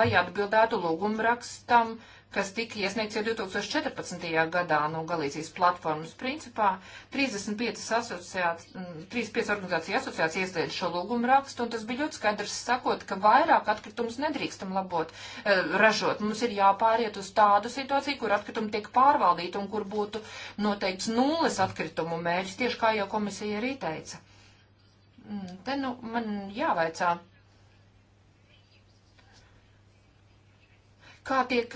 lai atbildētu lūgumrakstam. rakstam kas tika iesniegts jau 2014. gadā no Galīcijas platformas. Principā 35, asociāci... Mm, 35 organizācija asociācija iesniedz šo lūgumu rakstu, un tas bija ļoti skaidrs sakot, ka vairāk atkritumus nedrīkstam labot, eh, ražot. Mums ir jāpāriet uz tādu situāciju, kur atkritumi tiek pārvaldīti un kur būtu noteikts nulles atkritumu mērķis, tieši kā jau komisija arī teica. Mm, te nu man jāvaicā kā tiek,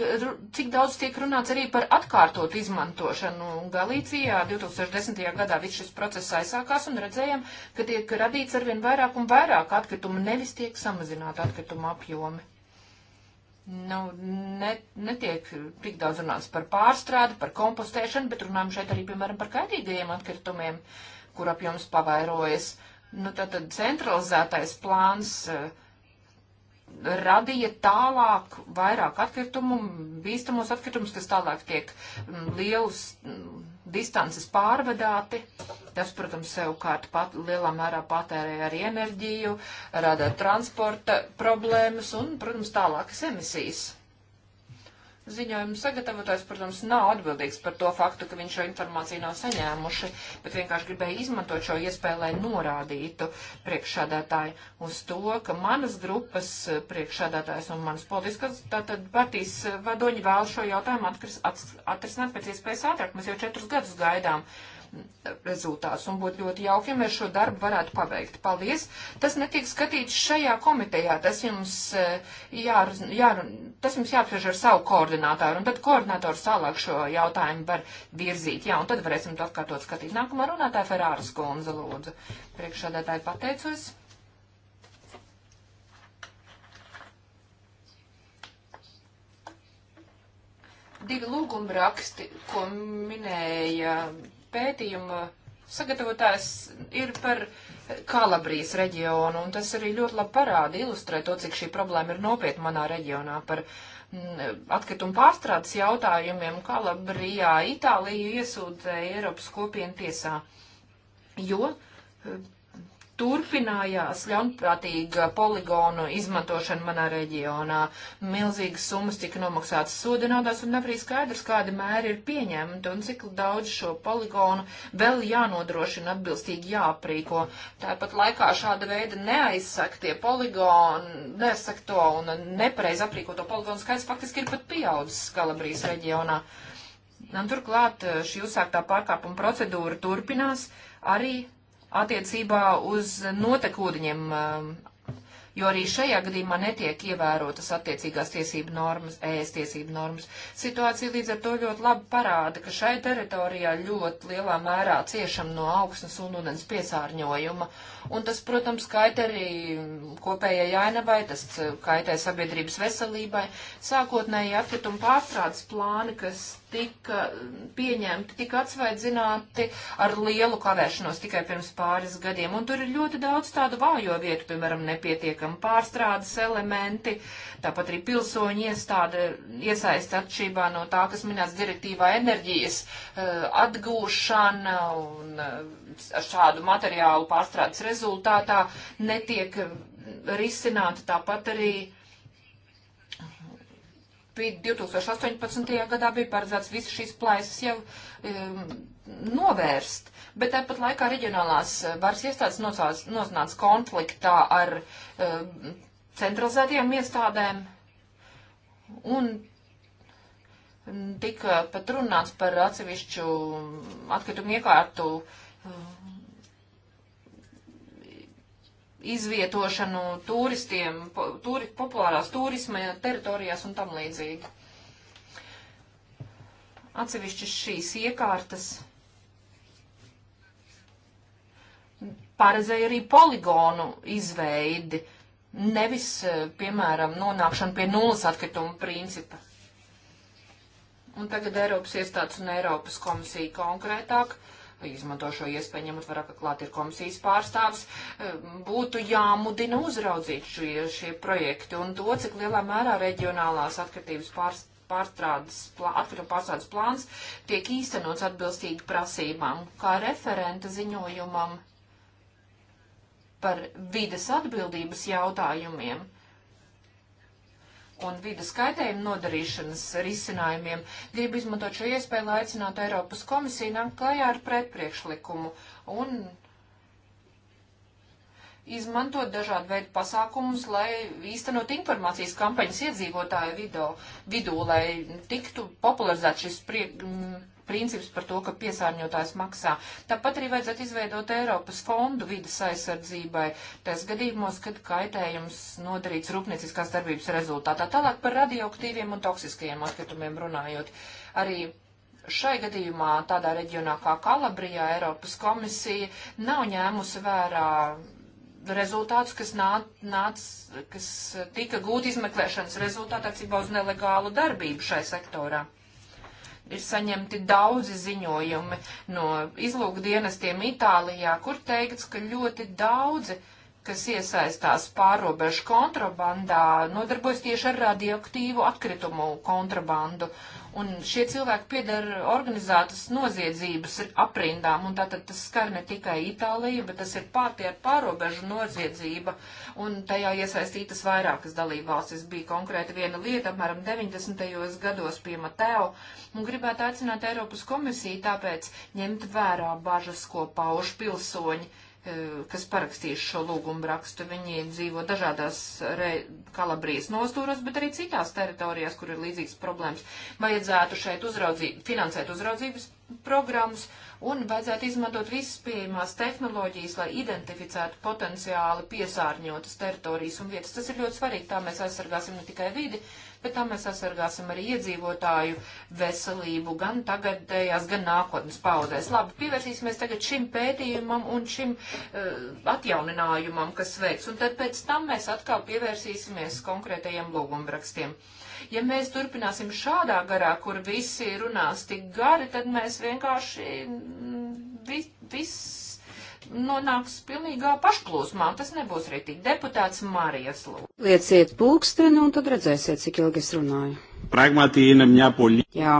cik daudz tiek runāts arī par atkārtot izmantošanu. Galīcijā 2010. gadā viss šis process aizsākās un redzējām, ka tiek radīts arvien vairāk un vairāk atkritumu, nevis tiek samazināta atkrituma apjomi. Nu, ne, netiek tik daudz runāts par pārstrādi, par kompostēšanu, bet runājam šeit arī, piemēram, par kaitīgajiem atkritumiem, kur apjoms pavairojas. Nu, tātad centralizētais plāns uh, radīja tālāk vairāk atkritumu, bīstamos atkritumus, kas tālāk tiek mm, lielus mm, distances pārvadāti. Tas, protams, savukārt pat lielā mērā patērē arī enerģiju, rada transporta problēmas un, protams, tālākas emisijas. Ziņojuma sagatavotājs, protams, nav atbildīgs par to faktu, ka viņš šo informāciju nav saņēmuši, bet vienkārši gribēja izmantot šo iespēju, lai norādītu priekšādātāju uz to, ka manas grupas priekšādātājs un manas politiskās, tātad partijas vadoņi vēl šo jautājumu atkris, at, atrisināt pēc iespējas ātrāk. Mēs jau četrus gadus gaidām uh, rezultāts un būtu ļoti jauki, ja mēs šo darbu varētu paveikt. Paldies! Tas netiek skatīts šajā komitejā, tas jums, jā, e, jā, tas jums jāapspriež ar savu koordinātāru, un tad koordinātors tālāk šo jautājumu var virzīt. Jā, un tad varēsim to atkārtot skatīt. Nākamā runātāja Ferāras Gonza lūdzu. Priekšādātāji pateicos. Divi lūgumraksti, ko minēja pētījuma sagatavotājs ir par Kalabrijas reģionu, un tas arī ļoti labi parāda, ilustrē to, cik šī problēma ir nopietna manā reģionā par mm, atkritumu pārstrādes jautājumiem. Kalabrijā Itāliju iesūdzēja Eiropas kopienu tiesā, jo turpinājās ļaunprātīga poligonu izmantošana manā reģionā. Milzīgas summas tika nomaksātas sodinātās un nav arī skaidrs, kādi mēri ir pieņemti un cik daudz šo poligonu vēl jānodrošina atbilstīgi jāprīko. Tāpat laikā šāda veida neaizsaktie poligoni, neaizsakto un nepareiz aprīkoto poligonu skaits faktiski ir pat pieaudzis Kalabrijas reģionā. Un turklāt eh, šī uzsāktā pārkāpuma procedūra turpinās arī attiecībā uz notekūriņiem, um, jo arī šajā gadījumā netiek ievērotas attiecīgās tiesību normas, ēst tiesību normas. Situācija līdz ar to ļoti labi parāda, ka šai teritorijā ļoti lielā mērā ciešam no augsnes un ūdens piesārņojuma. Un tas, protams, kait arī kopējai ainavai, tas kaitē sabiedrības veselībai. Sākotnēji atkrituma pārstrādes plāni, kas tika pieņemti, tika atsvaidzināti ar lielu kavēšanos tikai pirms pāris gadiem. Un tur ir ļoti daudz tādu vājo vietu, piemēram, nepietiekama pārstrādes elementi, tāpat arī pilsoņu iestāde iesaista atšķībā no tā, kas minēts direktīvā enerģijas eh, atgūšana un eh, šādu materiālu pārstrādes rezultātā netiek risināta tāpat arī 2018. gadā bija paredzēts visu šīs plaisas jau um, novērst, bet tāpat laikā reģionālās eh, varas iestādes nonāca konfliktā ar um, centralizētajām iestādēm. Un tika pat runāts par atsevišķu atkritumu iekārtu um, izvietošanu turistiem, turi, populārās turisma teritorijās un tam līdzīgi. Atsevišķas šīs iekārtas paredzēja arī poligonu izveidi, nevis, eh, piemēram, nonākšanu pie nulles atkrituma principa. Un tagad Eiropas iestādes un Eiropas komisija konkrētāk. Uh, izmanto šo iespēju, ņemot vērā, ka klāt ir komisijas pārstāvs, e, būtu jāmudina uzraudzīt šie, šie projekti un to, cik lielā mērā reģionālās atkritības pārstāvs pārstrādes, plā, atkrituma pārstrādes plāns tiek īstenots atbilstīgi prasībām, kā referenta ziņojumam par vides atbildības jautājumiem un vidas kaitējuma nodarīšanas risinājumiem, grib izmantot šo iespēju, lai aicinātu Eiropas komisiju nākt klajā ar pretpriekšlikumu un izmantot dažādu veidu pasākumus, lai īstenot informācijas kampaņas iedzīvotāju vidū, vidū lai tiktu popularizēt šis prie, m, princips par to, ka piesārņotājs maksā. Tāpat arī vajadzētu izveidot Eiropas fondu vidas aizsardzībai, tās gadījumos, kad kaitējums nodarīts rūpnieciskās darbības rezultātā. Tālāk par radioaktīviem un toksiskajiem atkritumiem runājot. Arī Šai gadījumā tādā reģionā kā Kalabrijā Eiropas komisija nav ņēmusi vērā rezultātus, kas, nā, nāc, kas tika gūti izmeklēšanas rezultātā attiecībā uz nelegālu darbību šai sektorā. Ir saņemti daudzi ziņojumi no izlūkdienestiem Itālijā, kur teikts, ka ļoti daudzi uh, kas iesaistās pārobežu kontrabandā, nodarbojas tieši ar radioaktīvu atkritumu kontrabandu. Un šie cilvēki piedara organizētas noziedzības aprindām, un tātad tas skar ne tikai Itāliju, bet tas ir pārtie pārobežu noziedzība, un tajā iesaistītas vairākas dalībvalstis. Bija konkrēti viena lieta, apmēram 90. gados pie Mateo, un gribētu aicināt Eiropas komisiju tāpēc ņemt vērā bažas, ko pauž pilsoņi E, kas parakstījuši šo lūgumu rakstu. Viņi dzīvo dažādās re, Kalabrijas nostūros, bet arī citās teritorijās, kur ir līdzīgas problēmas. Vajadzētu šeit uzraudzīt, finansēt uzraudzības programmas un vajadzētu izmantot visas pieejamās tehnoloģijas, lai identificētu potenciāli piesārņotas teritorijas un vietas. Tas ir ļoti svarīgi, tā mēs aizsargāsim ne tikai vidi, bet tā mēs aizsargāsim arī iedzīvotāju veselību gan tagadējās, gan nākotnes paudzēs. Labi, pievērsīsimies tagad šim pētījumam un šim uh, atjauninājumam, kas veiks, un tad pēc tam mēs atkal pievērsīsimies konkrētajiem lūgumrakstiem. Uh, Ja mēs turpināsim šādā garā, kur visi runās tik gari, tad mēs vienkārši mm, vi, viss nonāks pilnīgā pašklūsmā. Tas nebūs arī tik deputāts Marijas lūdzu. Lieciet pulksteni un tad redzēsiet, cik ilgi es runāju. Pragmatīna mņapuļi. Jā.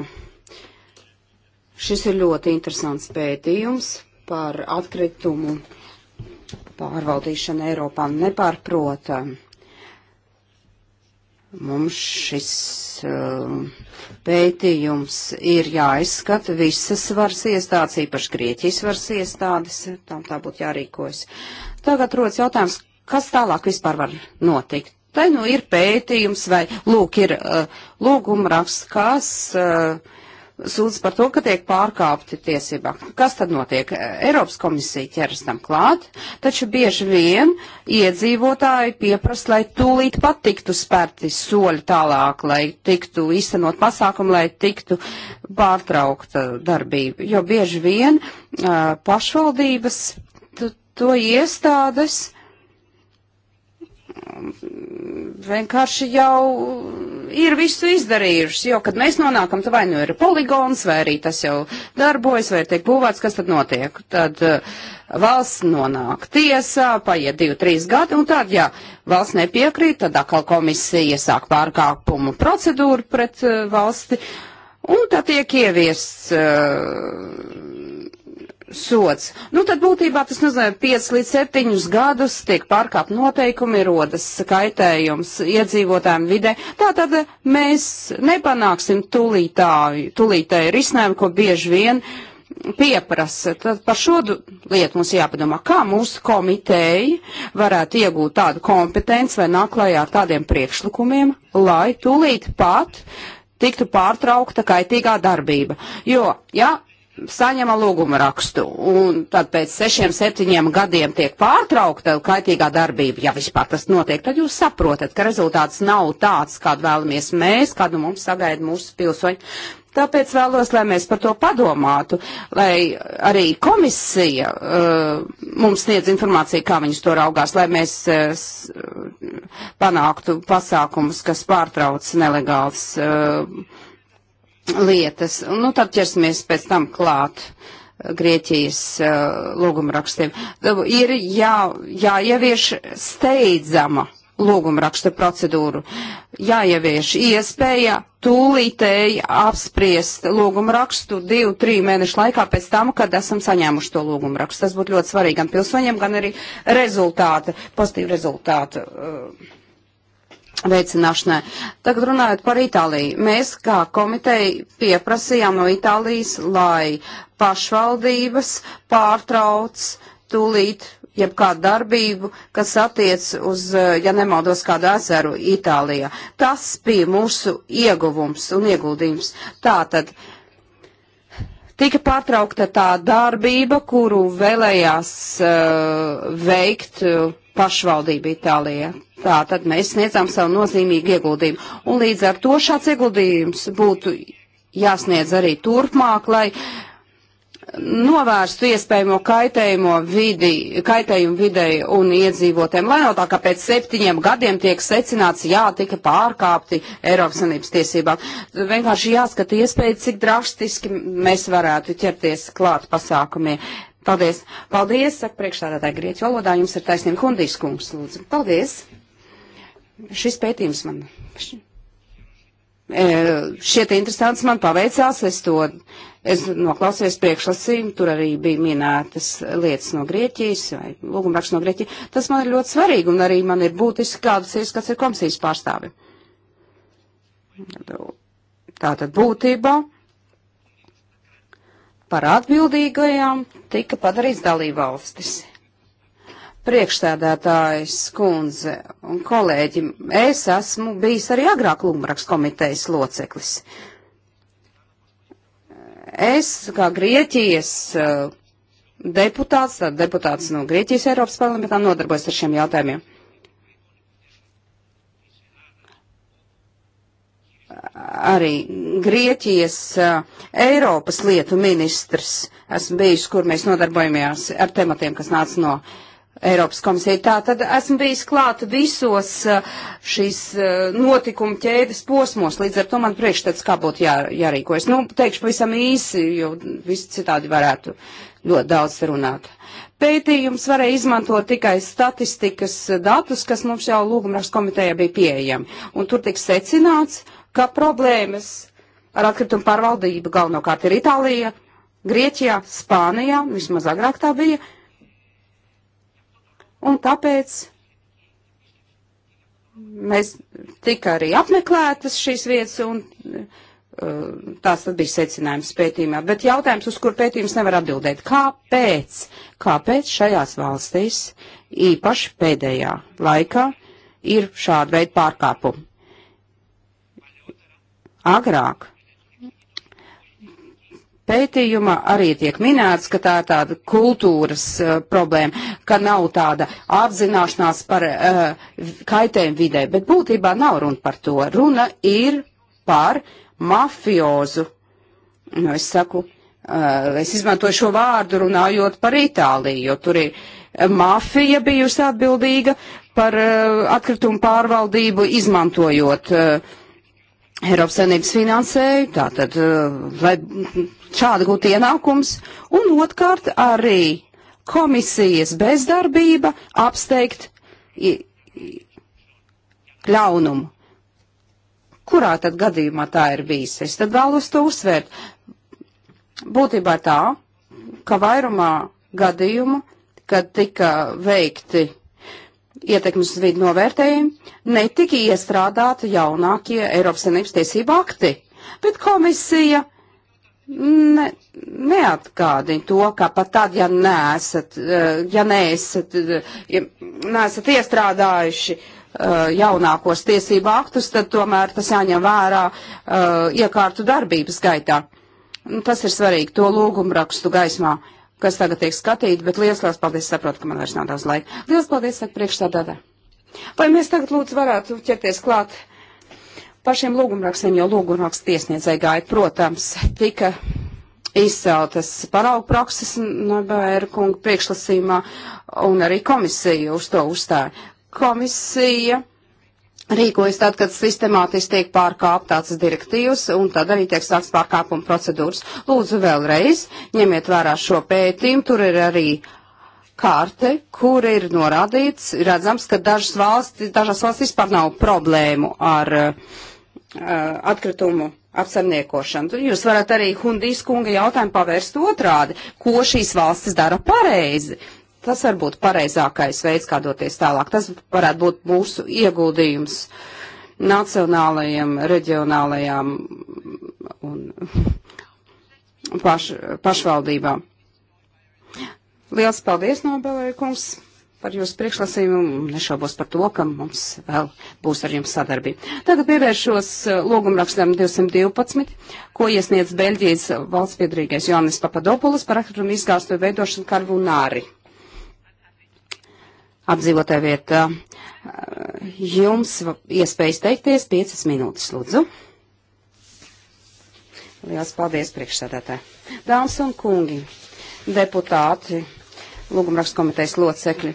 Šis ir ļoti interesants pētījums par atkritumu pārvaldīšanu Eiropā. Nepārprotam, Mums šis um, pētījums ir jāizskata visas varas iestādes, īpaši Grieķijas varas iestādes, tam tā būtu jārīkojas. Tagad rodas jautājums, kas tālāk vispār var notikt? Te nu ir pētījums vai lūk ir uh, lūgumraksts, kas uh, sūdz par to, ka tiek pārkāpti tiesībā. Kas tad notiek? Eiropas komisija ķeras tam klāt, taču bieži vien iedzīvotāji pieprasa, lai tūlīt pat tiktu spērti soļi tālāk, lai tiktu īstenot pasākumu, lai tiktu pārtraukta darbība. Jo bieži vien uh, pašvaldības to iestādes vienkārši jau ir visu izdarījušas, jo, kad mēs nonākam, tad vai nu ir poligons, vai arī tas jau darbojas, vai ir tiek būvēts, kas tad notiek. Tad uh, valsts nonāk tiesā, paiet divi, trīs gadi, un tad, ja valsts nepiekrīt, tad atkal komisija sāk pārkāpumu procedūru pret uh, valsti, un tad tiek ieviests. Uh, sots. Nu, tad būtībā tas nozīmē 5 līdz 7 gadus tiek pārkāpt noteikumi, rodas kaitējums iedzīvotājiem vide. Tātad mēs nepanāksim tūlītāju, tūlītēju risinājumu, ko bieži vien pieprasa. Tad par šo lietu mums jāpadomā, kā mūsu komiteji varētu iegūt tādu kompetenci vai nāklājā ar tādiem priekšlikumiem, lai tūlīt pat tiktu pārtraukta kaitīgā darbība. Jo, ja saņema lūgumu rakstu, un tad pēc sešiem, septiņiem gadiem tiek pārtraukta kaitīgā darbība, ja vispār tas notiek, tad jūs saprotat, ka rezultāts nav tāds, kādu vēlamies mēs, kādu mums sagaida mūsu pilsoņi. Tāpēc vēlos, lai mēs par to padomātu, lai arī komisija uh, mums sniedz informāciju, kā viņas to raugās, lai mēs uh, uh panāktu pasākumus, kas pārtrauc nelegāls. Uh, lietas. Nu, tad ķersimies pēc tam klāt Grieķijas uh, lūgumrakstiem. Ir jā, jāievieš steidzama lūgumraksta procedūru. Jāievieš iespēja tūlītēji apspriest lūgumrakstu divu, trīs mēnešu laikā pēc tam, kad esam saņēmuši to lūgumrakstu. Tas būtu ļoti svarīgi gan pilsoņiem, gan arī rezultāti, pozitīvi rezultāti. Uh, veicināšanai. Tagad runājot par Itāliju. Mēs kā komiteja pieprasījām no Itālijas, lai pašvaldības pārtrauc tūlīt jebkādu darbību, kas attiec uz, eh, ja nemaldos, kādu ezeru Itālijā. Tas bija mūsu ieguvums un ieguldījums. Tātad tika pārtraukta tā darbība, kuru vēlējās uh, veikt uh, pašvaldība Itālijā. Tā tad mēs sniedzām savu nozīmīgu ieguldījumu. Un līdz ar to šāds ieguldījums būtu jāsniedz arī turpmāk, lai novērstu iespējamo kaitējumu vidi, kaitējumu videi un iedzīvotēm, lai no tā, ka pēc septiņiem gadiem tiek secināts, jā, tika pārkāpti Eiropas Sanības tiesībām. Vienkārši jāskata iespēja, cik drastiski mēs varētu ķerties klāt pasākumiem. Paldies! Paldies! Saka priekšstādātāja grieķu valodā, jums ir taisnība Hundijas kungs, lūdzu. Paldies! Šis pētījums man e, šķiet interesants, man paveicās, es to, es noklausījos priekšlasījumu, tur arī bija minētas lietas no Grieķijas vai lūgumraksts no Grieķijas. Tas man ir ļoti svarīgi un arī man ir būtiski kādas ieskats ir komisijas pārstāvi. Tātad būtībā par atbildīgajām tika padarīts dalībvalstis. Priekšstādātājs kundze un kolēģi, es esmu bijis arī agrāk Lūmbraks komitejas loceklis. Es kā Grieķijas eh, deputāts, deputāts no Grieķijas Eiropas parlamentā nodarbojos ar šiem jautājumiem. arī Grieķijas uh, Eiropas lietu ministrs esmu bijis, kur mēs nodarbojamies ar tematiem, kas nāca no Eiropas komisija. Tā tad esmu bijis klāt visos uh, šīs uh, notikuma ķēdes posmos, līdz ar to man priekšstats, kā būtu jā, jārīkojas. Nu, teikšu pavisam īsi, jo visi citādi varētu ļoti daudz runāt. Pētījums varēja izmantot tikai statistikas datus, kas mums jau lūgumrakstu komitejā bija pieejami. Un tur tika secināts, ka problēmas ar atkritumu pārvaldību galvenokārt ir Itālija, Grieķijā, Spānijā, vismaz agrāk tā bija. Un tāpēc mēs tika arī apmeklētas šīs vietas un uh, tās tad bija secinājums pētījumā. Bet jautājums, uz kur pētījums nevar atbildēt. Kāpēc? Kāpēc šajās valstīs, īpaši pēdējā laikā, ir šāda veida pārkāpumi? agrāk pētījumā arī tiek minēts, ka tā ir tāda kultūras uh, problēma, ka nav tāda apzināšanās par uh, kaitējumu vidē, bet būtībā nav runa par to. Runa ir par mafiozu. Nu, es saku, uh, es izmantoju šo vārdu runājot par Itāliju, jo tur ir mafija bijusi atbildīga par uh, atkritumu pārvaldību, izmantojot uh, Eiropas Savienības finansēju, tātad, eh, lai šādi gūtu ienākums, un otrkārt arī komisijas bezdarbība apsteigt ļaunumu. Kurā tad gadījumā tā ir bijis? Es tad vēlos to uzsvērt. Būtībā tā, ka vairumā gadījumu, kad tika veikti ietekmes uz vidu novērtējumu, netika iestrādāti jaunākie Eiropas Savienības tiesību akti, bet komisija ne, neatgādina to, ka pat tad, ja neesat, eh, ja neesat, eh, ja neesat iestrādājuši eh, jaunākos tiesību aktus, tad tomēr tas jāņem vērā iekārtu darbības gaitā. Tas ir svarīgi to lūgumu rakstu gaismā kas tagad tiek skatīti, bet liels, liels paldies, saprotu, ka man vairs nav daudz laika. Liels paldies, saka priekšstādātā. Vai mēs tagad lūdzu varētu ķerties klāt pašiem lūgumrakstiem, jo lūgumraksts tiesniedzēji gāja, protams, tika izceltas paraugu prakses Nobēra kunga priekšlasījumā, un arī komisija uz to uzstāja. Komisija rīkojas tad, kad sistemātiski tiek pārkāptāts direktīvas un tad arī tiek sāks pārkāpuma procedūras. Lūdzu vēlreiz, ņemiet vērā šo pētījumu, tur ir arī kārte, kur ir norādīts, redzams, ka dažas valstis, dažas valstis vispār nav problēmu ar uh, atkritumu apsaimniekošanu. Jūs varat arī Hundijas kunga jautājumu pavērst otrādi, ko šīs valstis dara pareizi. Uh, Tas var būt pareizākais veids, kā doties tālāk. Tas varētu būt mūsu ieguldījums nacionālajiem, reģionālajām un [LAUGHS] paš, pašvaldībām. Liels paldies, Nobelēja kungs, par jūsu priekšlasījumu. Nešaubos par to, ka mums vēl būs ar jums sadarbība. Tagad pievēršos eh, lūgumrakstam 212, ko iesniedz Beļģijas valstspiedrīgais Joannis Papadopoulos par akrumu izgāstu veidošanu karvunāri apdzīvotā vietā. Jums iespējas teikties 5 minūtes, lūdzu. Lielas paldies priekšsēdētāji. Dāmas un kungi, deputāti, lūgumrakstu komitejas locekļi,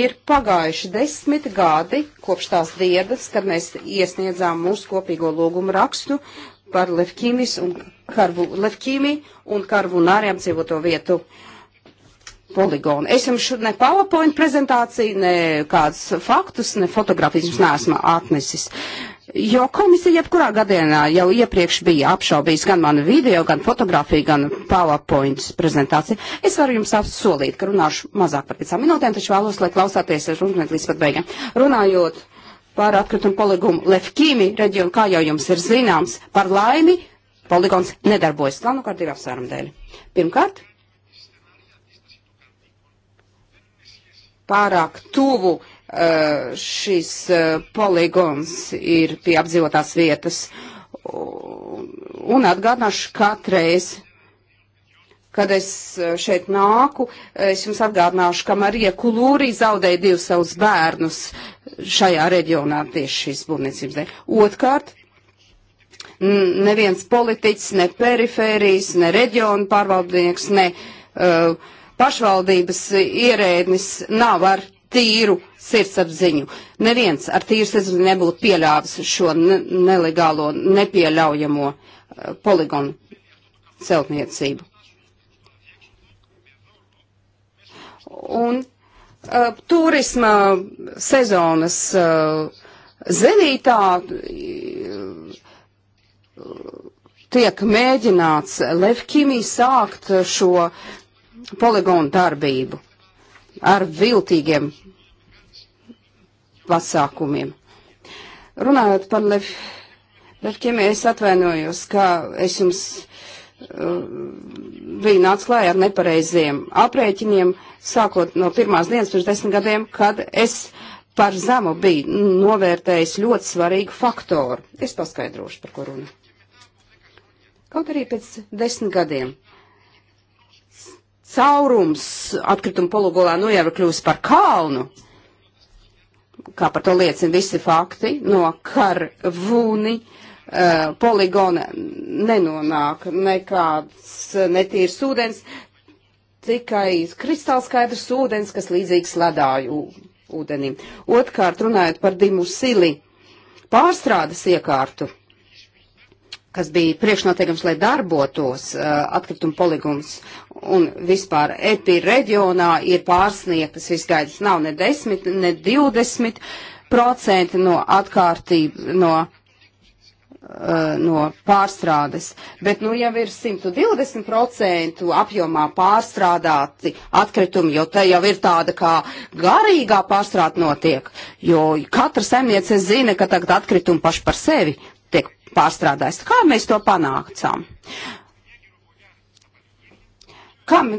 ir pagājuši desmit gadi kopš tās dienas, kad mēs iesniedzām mūsu kopīgo lūgumrakstu par Lefkīmis un Karvu, Lefkīmi un Karvu un arī apdzīvoto vietu uh, poligonu. Es jums šur ne PowerPoint prezentāciju, ne kādus faktus, ne fotografijas neesmu atnesis. Jo komisija jebkurā gadienā jau iepriekš bija apšaubījis gan manu video, gan fotografiju, gan PowerPoint prezentāciju. Es varu jums apsolīt, ka runāšu mazāk par piecām minūtēm, taču vēlos, lai klausāties ar runāt līdz pat beigām. Runājot par atkritumu poligumu Lefkīmi reģionu, kā jau jums ir zināms, par laimi poligons nedarbojas. Tā nu kārt ir apsvērumu dēļ. Pirmkārt, pārāk tuvu eh, šis eh, poligons ir pie apdzīvotās vietas. Un atgādināšu katreiz, kad es eh, šeit nāku, es jums atgādināšu, ka Marija Kulūri zaudēja divus savus bērnus šajā reģionā tieši šīs būvniecības dēļ. Otkārt, neviens politiķis, ne perifērijas, ne reģionu pārvaldnieks, ne uh, pašvaldības ierēdnis nav ar tīru sirdsapziņu. Neviens ar tīru sirdsapziņu nebūtu pieļāvis šo ne nelegālo, nepieļaujamo eh, poligonu celtniecību. Un uh, turisma sezonas uh, eh, zevītā uh, tiek mēģināts Levkimī sākt šo poligonu darbību ar viltīgiem pasākumiem. Runājot par Lev, Levkiem, es atvainojos, ka es jums uh, biju nāc klāj ar nepareiziem aprēķiniem, sākot no pirmās dienas pirms desmit gadiem, kad es par zemu biju novērtējis ļoti svarīgu faktoru. Es paskaidrošu, par ko runa. Kaut arī pēc desmit gadiem caurums atkrituma polugolā nu jau ir kļūst par kalnu, kā par to liecina visi fakti, no karvūni uh, poligona nenonāk nekāds netīrs ūdens, tikai kristālskaidrs ūdens, kas līdzīgs ledāju ūdenim. Otkārt runājot par dimu sili pārstrādes iekārtu kas bija priekšnoteikums, lai darbotos uh, atkrituma poligons un vispār epi reģionā ir pārsniegtas viskaidrs. Nav ne 10, ne 20 procenti no atkārtību, no, uh, no pārstrādes, bet nu jau ir 120 procentu apjomā pārstrādāti atkritumi, jo te jau ir tāda kā garīgā pārstrāde notiek, jo katra saimniece zina, ka tagad atkritumi paši par sevi pārstrādājis. Kā mēs to panācām? Kam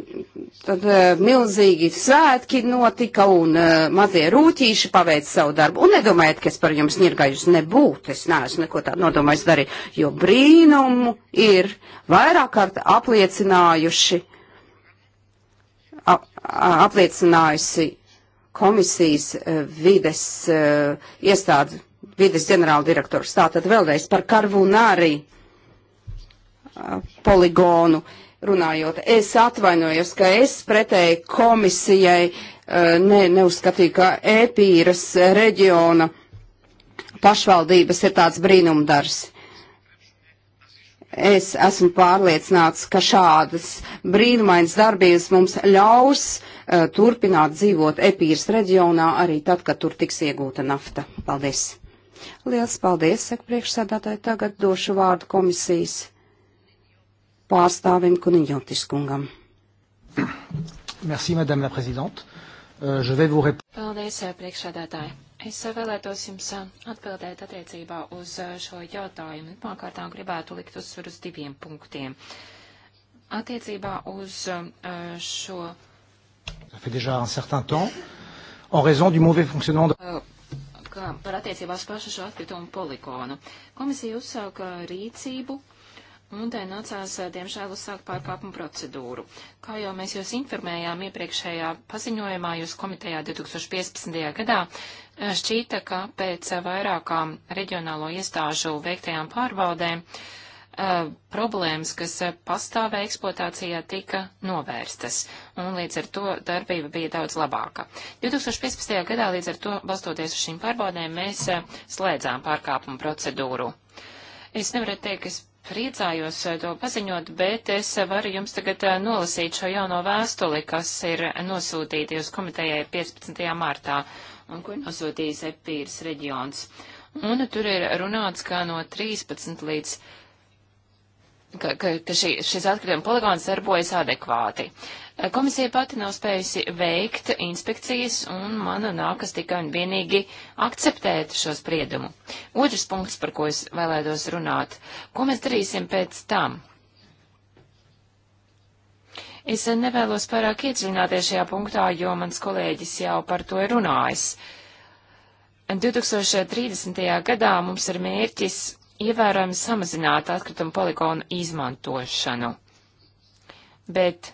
tad eh, milzīgi svētki notika un eh, mazie rūtīši paveic savu darbu. Un nedomājiet, ka es par jums nirgājus nebūtu, es neesmu neko tādu nodomājis darīt, jo brīnumu ir vairāk kārt apliecinājuši, ap, apliecinājusi komisijas eh, vides iestādi vides ģenerāla direktors. Tātad vēlreiz par Karvunāri poligonu runājot. Es atvainojos, ka es pretēji komisijai ne, neuzskatīju, ka Ēpīras reģiona pašvaldības ir tāds brīnumdars. Es esmu pārliecināts, ka šādas brīnumainas darbības mums ļaus uh, turpināt dzīvot Epīras reģionā arī tad, kad tur tiks iegūta nafta. Paldies! Liels paldies, saka priekšsēdētāji. Tagad došu vārdu komisijas pārstāvim Kuniņotis kungam. Merci, madame la présidente. Euh, je vais vous répondre. Paldies, eh, priekšsēdētāji. Es eh, vēlētos jums eh, atbildēt attiecībā uz šo jautājumu. Pirmkārtām gribētu likt uzsveru uz diviem punktiem. Attiecībā uz šo. Ça fait déjà un certain temps. En raison du mauvais fonctionnement. De kā par attiecībās pašu šo atkritumu poligonu. Komisija uzsauka rīcību un tai nācās, eh, diemžēl, uzsākt pārkāpumu procedūru. Kā jau mēs jūs informējām iepriekšējā paziņojumā, jūs komitejā 2015. gadā eh, šķīta, ka pēc eh, vairākām reģionālo iestāžu veiktajām pārbaudēm uh, problēmas, kas pastāvē eksploatācijā, tika novērstas, un līdz ar to darbība bija daudz labāka. 2015. gadā līdz ar to, balstoties uz šīm pārbaudēm, mēs slēdzām pārkāpumu procedūru. Es nevaru teikt, ka es priecājos to paziņot, bet es varu jums tagad nolasīt šo jauno vēstuli, kas ir nosūtīta jūs komitejai 15. martā un ko nosūtījis Epīras reģions. Un tur ir runāts, ka no 13 līdz ka, ka, ka šī, šis atkrituma poligons darbojas adekvāti. Eh, komisija pati nav spējusi veikt inspekcijas, un man nākas tikai un vienīgi akceptēt šo spriedumu. Otrs punkts, par ko es vēlētos runāt, ko mēs darīsim pēc tam? Es nevēlos pārāk iedziļināties šajā punktā, jo mans kolēģis jau par to ir runājis. Eh, 2030. gadā mums ir mērķis ievērojami samazināt atkritumu poligonu izmantošanu. Bet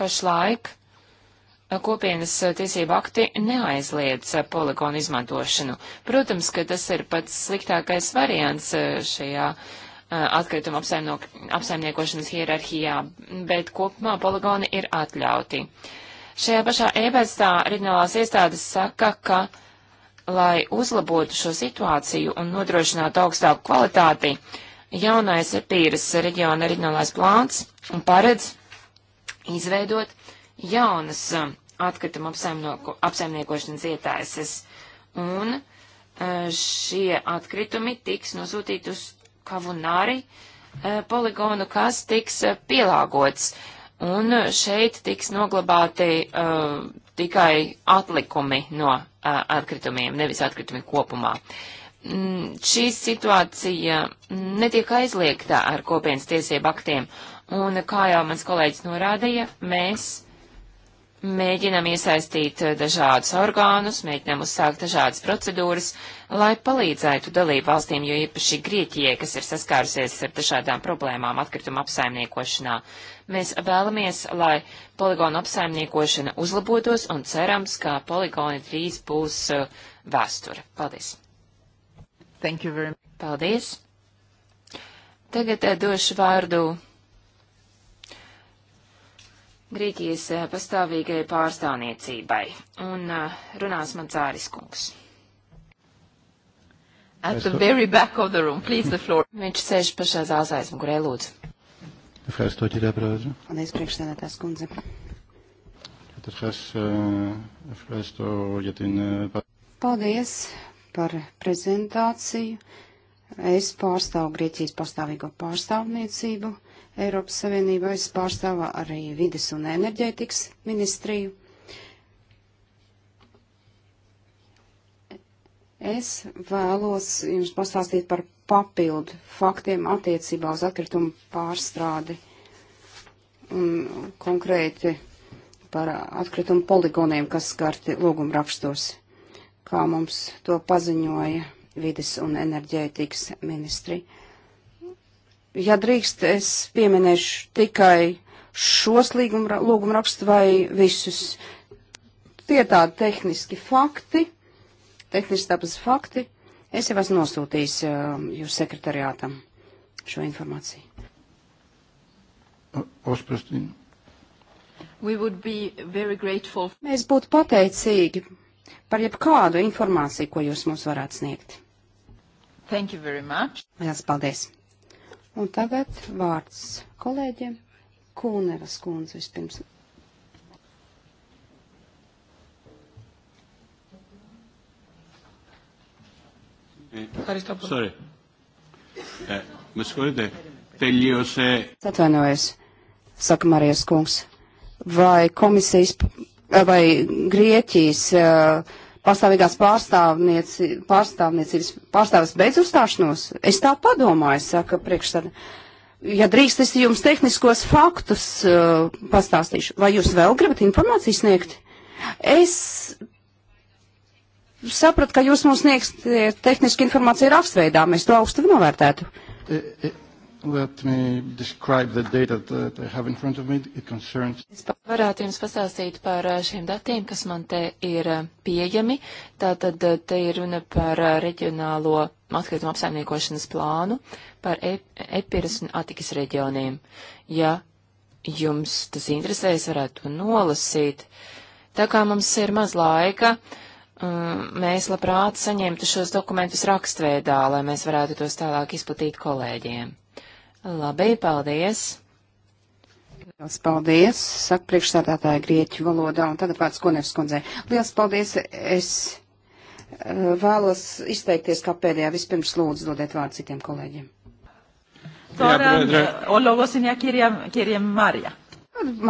pašlaik eh, kopienas eh, tiesību akti neaizliedz eh, poligonu izmantošanu. Protams, ka tas ir pats sliktākais variants šajā atkrituma apsaimniekošanas hierarhijā, bet kopumā poligoni ir atļauti. Šajā pašā ēpastā reģionālās iestādes saka, ka Lai uzlabotu šo situāciju un nodrošinātu augstāku kvalitāti, jaunais Epīras reģiona reģionālais plāns paredz izveidot jaunas um, atkrituma apsaimniekošanas ietaises, un uh, šie atkritumi tiks nosūtīti uz Kavunāri uh, poligonu, kas tiks uh, pielāgots uh, un šeit tiks noglabāti uh, tikai atlikumi no uh, atkritumiem, nevis atkritumi kopumā. Mm, šī situācija netiek aizliegta ar kopienas tiesību aktiem, un kā jau mans kolēģis norādīja, mēs mēģinam iesaistīt uh, dažādus orgānus, mēģinam uzsākt dažādas procedūras, lai palīdzētu dalību valstīm, jo īpaši Grieķijai, kas ir saskārusies ar dažādām problēmām atkrituma apsaimniekošanā. Uh, Mēs vēlamies, lai poligonu apsaimniekošana uzlabotos un cerams, ka poligoni drīz būs uh, vēsture. Paldies! Thank you very much. Paldies! Tagad uh, došu vārdu Grieķijas uh, pastāvīgajai pārstāvniecībai, un runās man Cāris kungs. At the very back of the room, please the floor. Viņš sēž pašā zāles aizmugurē, lūdzu. Ευχαριστώ κύριε Πρόεδρε. Paldies, priekšsēdētājs kundze. Καταρχάς, ευχαριστώ για την... Paldies par prezentāciju. Es pārstāvu Grieķijas pastāvīgo pārstāvniecību. Eiropas Savienībā es pārstāvu arī vides un enerģētikas ministriju. Es vēlos jums pastāstīt par papildu faktiem attiecībā uz atkritumu pārstrādi un konkrēti par atkritumu poligoniem, kas skarti lūgumrakstos, kā mums to paziņoja vides un enerģētikas ministri. Ja drīkst, es pieminēšu tikai šos līgumrakstus vai visus. Tie tādi tehniski fakti, tehniski dabas fakti. Es jau esmu nosūtījis jūsu sekretariātam šo informāciju. Osprestīna. Mēs būtu pateicīgi par jebkādu informāciju, ko jūs mums varētu sniegt. Thank you very much. Lielas paldies. Un tagad vārds kolēģiem. Kūneras kundze vispirms. Ευχαριστώ πολύ. Sorry. Ε, με συγχωρείτε. Τελείωσε. Atvainojos, saka Marijas kungs. Vai komisijas vai Grieķijas e, pastāvīgās pārstāvnieci, pārstāvniecības pārstāvis beidz uzstāšanos? Es tā padomāju, saka priekšstādā. Ja drīkst, es jums tehniskos faktus uh, pastāstīšu. Vai jūs vēl gribat informāciju sniegt? Es saprat, ka jūs mums sniegsiet tehnisku informāciju rakstveidā. Mēs to augstu novērtētu. Eh, eh, es varētu jums pastāstīt par eh, šiem datiem, kas man te ir pieejami. Tātad te ir runa par reģionālo atkritumu apsaimniekošanas plānu, par e- Epiras un Atikas reģioniem. Ja jums tas interesēs, varētu to nolasīt. Tā kā mums ir maz laika, uh, Mm, mēs labprāt saņemtu šos dokumentus rakstveidā, lai mēs varētu tos tālāk izplatīt kolēģiem. Labi, paldies! Liels paldies, saka priekšstādātāja grieķu valodā, un tagad vārds Konevs kundzei. Liels paldies, es eh, vēlos izteikties kā pēdējā, vispirms lūdzu dodiet vārdu citiem kolēģiem. Tora, eh, Ologosinjā, Kirjam, Kirjam Marija.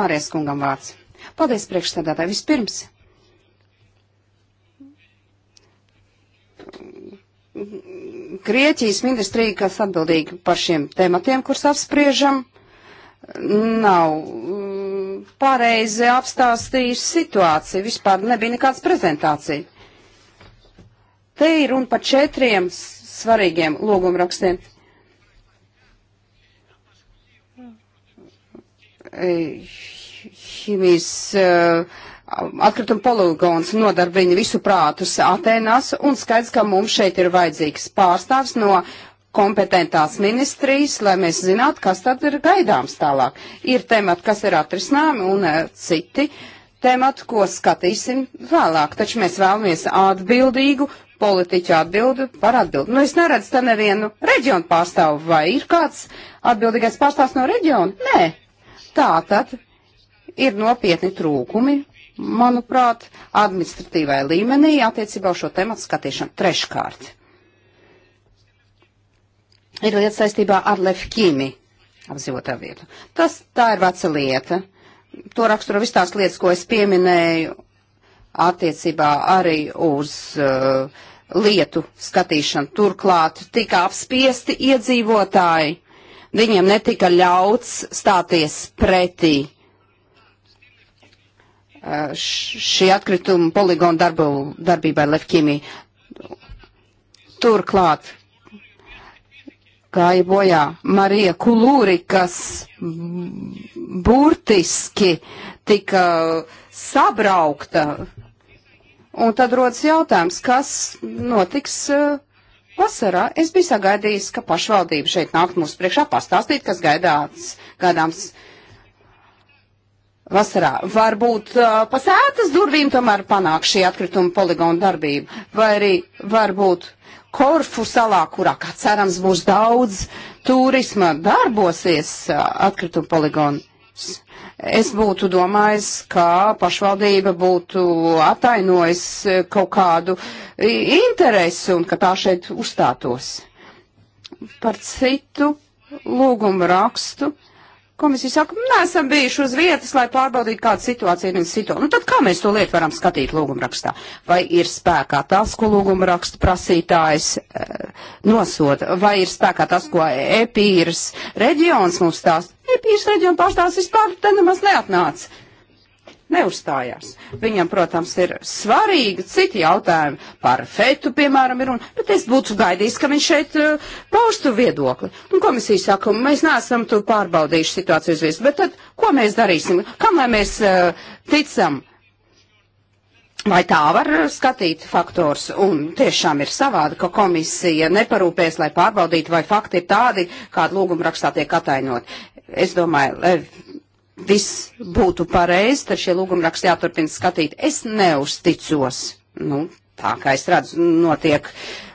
Marijas kungam vārds. Paldies, priekšstādātāji, vispirms Grieķijas ministrija, kas atbildīga par šiem tematiem, kurus apspriežam, nav mm, pareizi apstāstījusi situāciju. Vispār nebija nekādas prezentācija. Te ir runa par četriem svarīgiem logumrakstiem. Himijas uh, eh, atkrituma poligons nodarbina visu prātus Atenās, un skaidrs, ka mums šeit ir vajadzīgs pārstāvs no kompetentās ministrijas, lai mēs zinātu, kas tad ir gaidāms tālāk. Ir temati, kas ir atrisināmi, un e, citi temati, ko skatīsim vēlāk. Taču mēs vēlamies atbildīgu politiķu atbildi par atbildi. Nu, es neredzu te nevienu reģionu pārstāvu, vai ir kāds atbildīgais pārstāvs no reģiona? Nē. Tā tad ir nopietni trūkumi, manuprāt, administratīvai līmenī attiecībā uz šo tematu skatīšanu treškārt. Ir lieta saistībā ar Lefkīmi apdzīvotā vietu. Tas tā ir veca lieta. To raksturo vis tās lietas, ko es pieminēju attiecībā arī uz uh, lietu skatīšanu. Turklāt tika apspiesti iedzīvotāji. Viņiem netika ļauts stāties pretī šī atkrituma poligona darbu, darbībai Lefkimī. Turklāt gāja bojā Marija Kulūri, kas burtiski tika sabraukta. Un tad rodas jautājums, kas notiks uh, vasarā. Es biju sagaidījis, ka pašvaldība šeit nāk mums priekšā pastāstīt, kas gaidāts, gaidāms. gaidāms vasarā. Varbūt uh, pa sētas durvīm tomēr panāk šī atkrituma poligona darbība, vai arī varbūt Korfu salā, kurā, kā cerams, būs daudz turisma, darbosies uh, atkrituma poligons. Es būtu domājis, ka pašvaldība būtu atainojis kaut kādu interesi un ka tā šeit uzstātos. Par citu lūgumu rakstu. Uh, Komisija saka, neesam bijuši uz vietas, lai pārbaudītu, kāda situācija ir situācija. Nu, tad kā mēs to lietu varam skatīt lūgumrakstā? Vai ir spēkā tas, ko lūgumrakstu prasītājs e, nosoda? Vai ir spēkā tas, ko Epīras reģions mums stāsta? Epīras reģiona pārstāvs vispār te nemaz neatnāca neuzstājās. Viņam, protams, ir svarīgi citi jautājumi par fetu, piemēram, ir un, bet es būtu gaidījis, ka viņš šeit uh, paustu viedokli. Un komisija saka, mēs neesam tu pārbaudījuši situāciju uz visu, bet tad ko mēs darīsim? Kam lai mēs uh, ticam? Vai tā var skatīt faktors? Un tiešām ir savādi, ka komisija neparūpēs, lai pārbaudītu, vai fakti ir tādi, kādi lūguma rakstā tiek atainot. Es domāju, viss būtu pareizi, tad šie lūgumraksti jāturpina skatīt. Es neusticos. Nu, tā kā es redzu, notiek,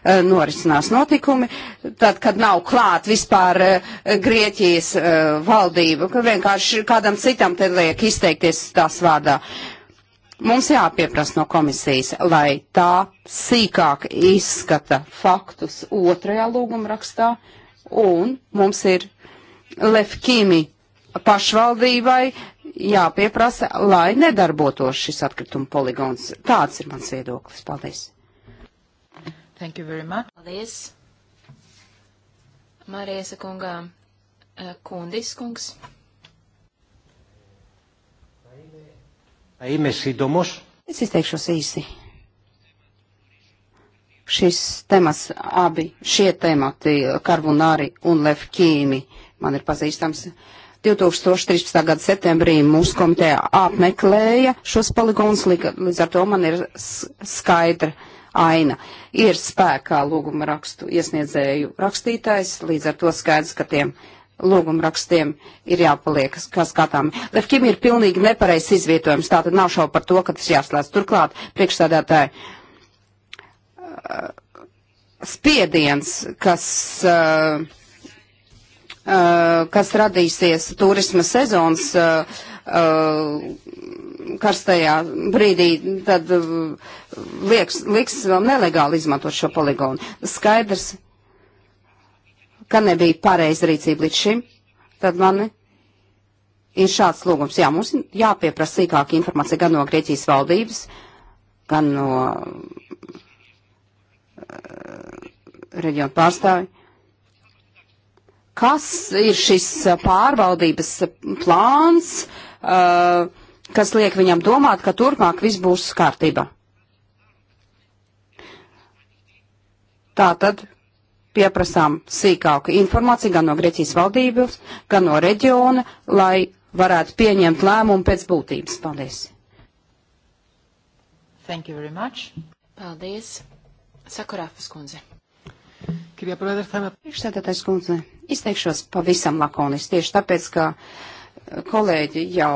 eh, norisinās notikumi, tad, kad nav klāt vispār eh, Grieķijas eh, valdība, ka vienkārši kādam citam te liek izteikties tās vārdā. Mums jāpieprasa no komisijas, lai tā sīkāk izskata faktus otrajā lūguma rakstā, un mums ir Lefkimi pašvaldībai jāpieprasa, lai nedarbotos šis atkrituma poligons. Tāds ir mans viedoklis. Paldies. Thank you very much. Paldies. Marijas kungā eh, Kundis kungs. Es izteikšos īsi. Šis temats, abi šie temati, karbonāri un lefkīmi, man ir pazīstams. Uh, 2013. gada septembrī mūsu komiteja apmeklēja šos poligonus, līdz ar to man ir skaidra aina. Ir spēkā lūguma rakstu iesniedzēju rakstītājs, līdz ar to skaidrs, ka tiem lūguma rakstiem ir jāpaliek, kā skatām. Lefkim ir pilnīgi nepareizs izvietojums, tātad nav šau par to, ka tas jāslēdz. Turklāt, priekšstādātāji, uh, spiediens, kas. Uh, Uh, kas radīsies turisma sezonas uh, uh, karstajā brīdī, tad lieks, liks vēl nelegāli izmantot šo poligonu. Skaidrs, ka nebija pareiza rīcība līdz šim, tad mani ir šāds lūgums. Jā, mums jāpieprasa sīkāka informācija gan no Grieķijas valdības, gan no reģionu pārstāvi. Kas ir šis uh, pārvaldības uh, plāns, uh, kas liek viņam domāt, ka turpmāk viss būs kārtībā? Tātad pieprasām sīkāku informāciju gan no Grieķijas valdības, gan no reģiona, lai varētu pieņemt lēmumu pēc būtības. Paldies! Thank you very much. Paldies! Sakurāfas kundze. Priekšsēdētājs kundze, izteikšos pavisam lakonis, tieši tāpēc, ka eh, kolēģi jau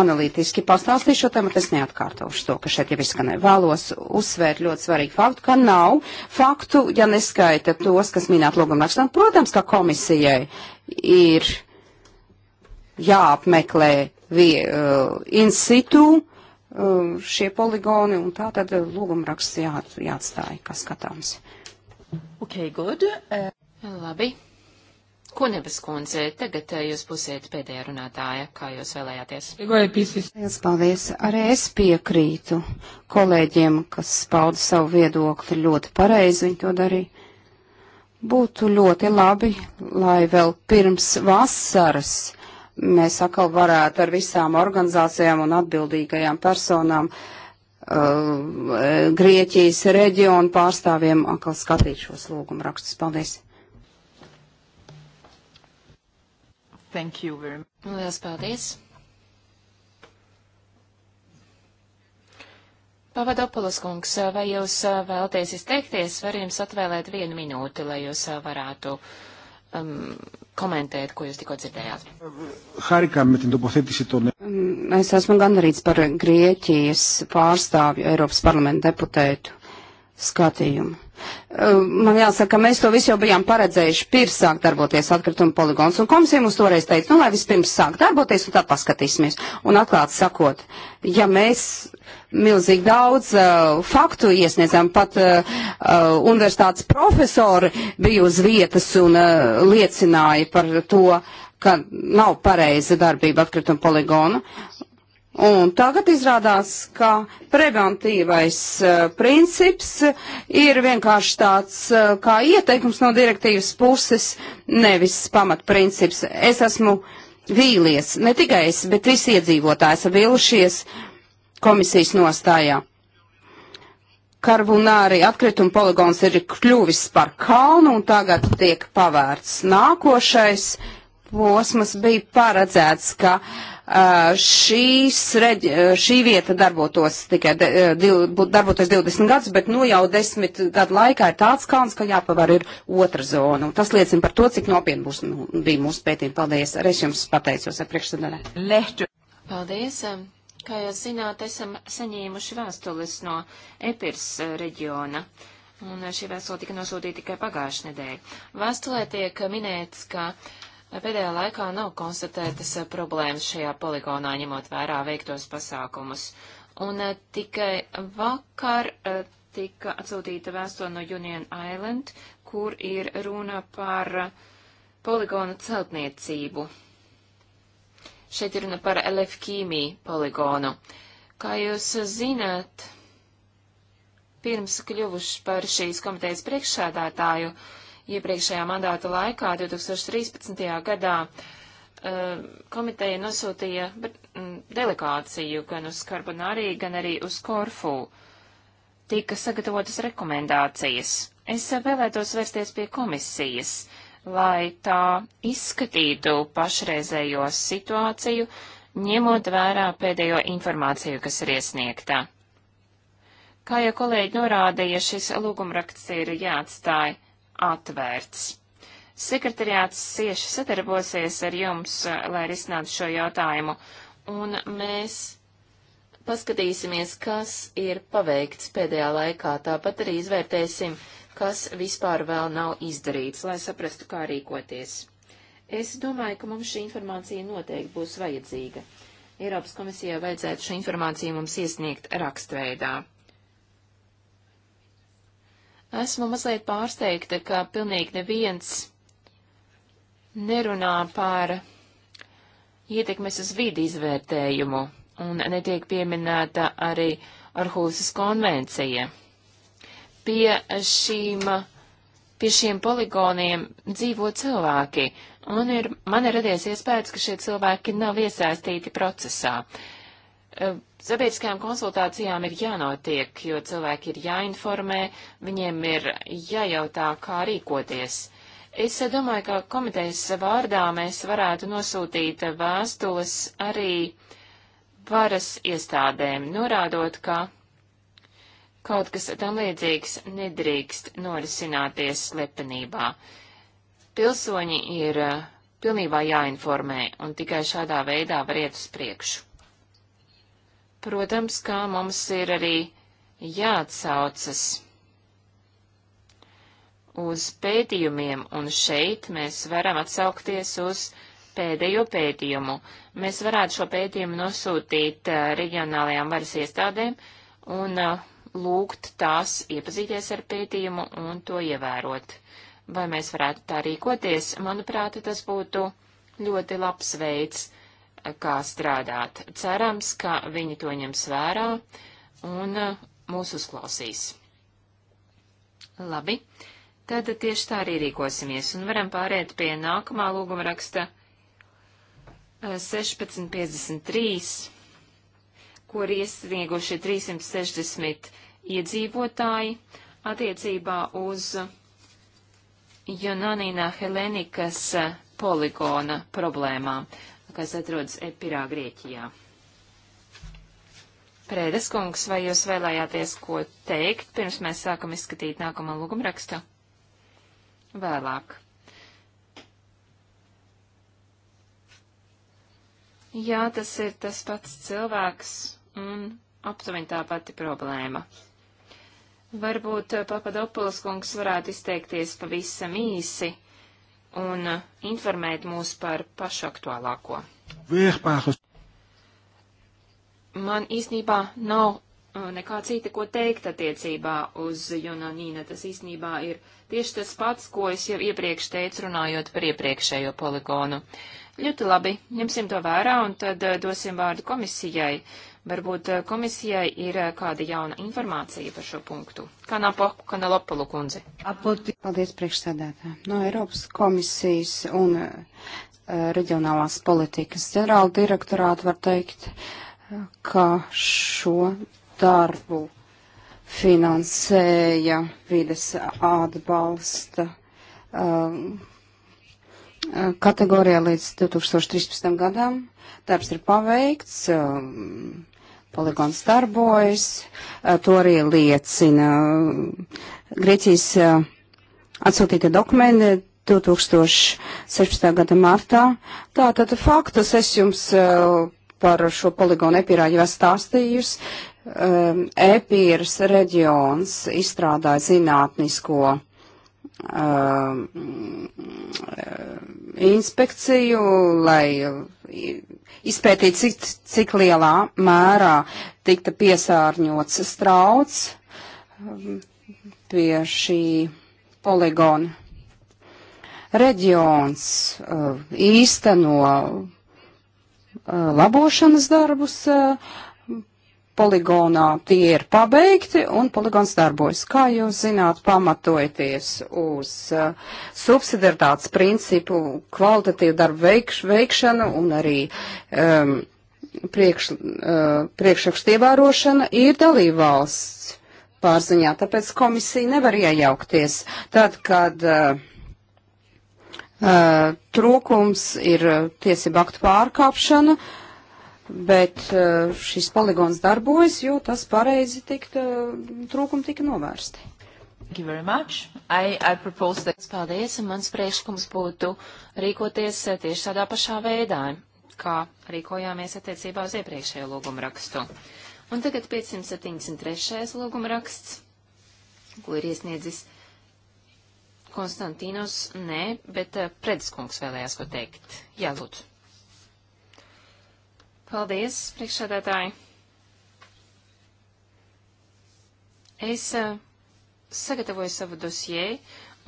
analītiski pastāstīja šo tēmu, es neatkārtošu to, ka šeit jau izskanē. Vēlos uzsvērt ļoti svarīgu faktu, ka nav faktu, ja neskaita tos, kas minēt logumrakstā. Protams, ka komisijai ir jāapmeklē vie, uh, in situ uh, šie poligoni, un tā tad lūgumraksts jā, jāatstāja, kas skatāms. Ok, good. Uh... Labi. Kunebas kundze, tagad eh, jūs būsiet pēdējā runātāja, kā jūs vēlējāties. Lielas paldies. Arī es piekrītu kolēģiem, kas pauda savu viedokli ļoti pareizi, viņi to darīja. Būtu ļoti labi, lai vēl pirms vasaras mēs atkal varētu ar visām organizācijām un atbildīgajām personām uh, Uh, Grieķijas reģionu pārstāvjiem atkal skatīt šos lūgumu rakstus. Paldies! Thank you very much. Lielas paldies! Pavadopulas kungs, vai jūs uh, vēlaties izteikties, var jums atvēlēt vienu minūti, lai jūs uh, varētu uh, um, komentēt, ko jūs tikko dzirdējāt. Mm, es esmu gandarīts par Grieķijas pārstāvju Eiropas parlamenta deputētu skatījumu. Uh, man jāsaka, mēs to visu jau bijām paredzējuši pirms sākt darboties atkrituma poligons, un komisija mums toreiz teica, nu lai vispirms sāk darboties un tad paskatīsimies. Un atklāti sakot, ja mēs milzīgi daudz uh, faktu iesniedzām. Pat uh, uh, universitātes profesori bija uz vietas un uh, liecināja par to, ka nav pareiza darbība atkrituma poligona. Un tagad izrādās, ka preventīvais uh, princips ir vienkārši tāds uh, kā ieteikums no direktīvas puses, nevis pamatprincips. Es esmu vīlies, ne tikai es, bet visi iedzīvotāji esam vīlušies. Uh, komisijas nostājā. Karbunāri atkrituma poligons ir kļuvis par kalnu un tagad tiek pavērts. Nākošais posms bija paredzēts, ka šīs, reģi, šī vieta darbotos tikai de, darbotos 20 gadus, bet nu jau 10 gadu laikā ir tāds kalns, ka jāpavar ir otra zona. Un tas liecina par to, cik nopietni būs, nu, bija mūsu pētījumi. Paldies, arī es jums pateicos ar priekšsēdētāju. Paldies. Kā jūs zināt, esam saņēmuši vēstules no Epirs eh, reģiona. Un eh, šī vēstule tika nosūtīta tikai pagājušajā nedēļā. Vēstulē tiek minēts, ka pēdējā laikā nav konstatētas eh, problēmas šajā poligonā, ņemot vērā veiktos pasākumus. Un tikai vakar tika atsūtīta vēstule no Union Island, kur ir runa par poligonu celtniecību Šeit ir runa par Elefkīmī poligonu. Kā jūs zināt, pirms kļuvuši par šīs komitejas priekšsēdētāju, iepriekšējā mandāta laikā, 2013. gadā, eh, komiteja nosūtīja delegāciju gan uz Karbonārī, gan arī uz Korfu. Tika sagatavotas rekomendācijas. Es vēlētos vērsties pie komisijas lai tā izskatītu pašreizējo situāciju, ņemot vērā pēdējo informāciju, kas ir iesniegtā. Kā jau kolēģi norādīja, šis lūgumraksts ir jāatstāj atvērts. Sekretariāts cieši sadarbosies ar jums, lai risinātu šo jautājumu, un mēs paskatīsimies, kas ir paveikts pēdējā laikā. Tāpat arī izvērtēsim kas vispār vēl nav izdarīts, lai saprastu, kā rīkoties. Es domāju, ka mums šī informācija noteikti būs vajadzīga. Eiropas komisijai vajadzētu šo informāciju mums iesniegt rakstveidā. Esmu mazliet pārsteigta, ka pilnīgi neviens nerunā par ietekmes uz vidi izvērtējumu, un netiek pieminēta arī Arhūsas konvencija pie šīm, pie šiem poligoniem dzīvo cilvēki, un ir, man ir radies iespējas, ka šie cilvēki nav iesaistīti procesā. Eh, sabiedriskajām konsultācijām ir jānotiek, jo cilvēki ir jāinformē, viņiem ir jājautā, kā rīkoties. Es domāju, ka komitejas vārdā mēs varētu nosūtīt vēstules arī varas iestādēm, norādot, ka Kaut kas tam līdzīgs nedrīkst norisināties slepenībā. Pilsoņi ir eh, pilnībā jāinformē, un tikai šādā veidā var iet uz priekšu. Protams, kā mums ir arī jāatsaucas uz pētījumiem, un šeit mēs varam atsaukties uz pēdējo pētījumu. Mēs varētu šo pētījumu nosūtīt uh, reģionālajām varas iestādēm, un uh, lūgt tās iepazīties ar pētījumu un to ievērot. Vai mēs varētu tā rīkoties? Manuprāt, tas būtu ļoti labs veids, eh, kā strādāt. Cerams, ka viņi to ņems vērā un eh, mūs uzklausīs. Labi, tad tieši tā arī rīkosimies un varam pāriet pie nākamā lūguma raksta 1653, kur iesnieguši 360 iedzīvotāji attiecībā uz Jonanīnā Helenikas eh, poligona problēmām, kas atrodas Epirā, Grieķijā. Prēdes kungs, vai jūs vēlējāties ko teikt, pirms mēs sākam izskatīt nākamo lūgumrakstu? Vēlāk. Jā, tas ir tas pats cilvēks un aptuveni tā pati problēma. Varbūt eh, Papadopulas kungs varētu izteikties pavisam īsi un eh, informēt mūs par pašu aktuālāko. Vienpār. Man īstenībā nav eh, nekā cita, ko teikt attiecībā uz Jonanīna. Tas īstenībā ir tieši tas pats, ko es jau iepriekš teicu, runājot par iepriekšējo poligonu. Ļoti labi, ņemsim to vērā un tad dosim vārdu komisijai. Varbūt eh, komisijai ir eh, kāda jauna informācija par šo punktu. Kā nav poku, kā nav lopalu kundze? Paldies priekšsēdētā. No Eiropas komisijas un uh, reģionālās politikas ģenerāla direktorāta var teikt, ka šo darbu finansēja vides atbalsta uh, kategorijā līdz 2013. gadam. Darbs ir paveikts. Uh, Poligons darbojas, to arī liecina Grieķijas atsūtītie dokumenti 2016. gada martā. Tātad faktus es jums par šo poligonu epirāģi vēl stāstījusi. Epīras reģions izstrādāja zinātnisko um, inspekciju, lai izpētītu, cik, cik lielā mērā tikta piesārņots strauts um, pie šī poligona. Reģions uh, īsteno uh, labošanas darbus, uh, poligonā tie ir pabeigti un poligons darbojas. Kā jūs zināt, pamatojoties uz uh, subsidiaritātes principu, kvalitatīvu darbu veikš, veikšanu un arī um, priekš, uh, priekšrakstu ievērošana ir dalībvalsts pārziņā, tāpēc komisija nevar iejaukties tad, kad uh, uh, trūkums ir tiesību aktu pārkāpšana. Uh, bet eh, šis poligons darbojas, jo tas pareizi tikt, eh, trūkumi tika novērsti. I, I that... Paldies, un mans priekšlikums būtu rīkoties eh, tieši tādā pašā veidā, kā rīkojāmies attiecībā uz iepriekšējo lūgumrakstu. Un tagad 573. lūgumraksts, ko ir iesniedzis Konstantīnos, nē, bet Predeskungs vēlējās ko teikt. Jā, lūdzu. Paldies, priekšsēdētāji. Es uh, sagatavoju savu dosieju,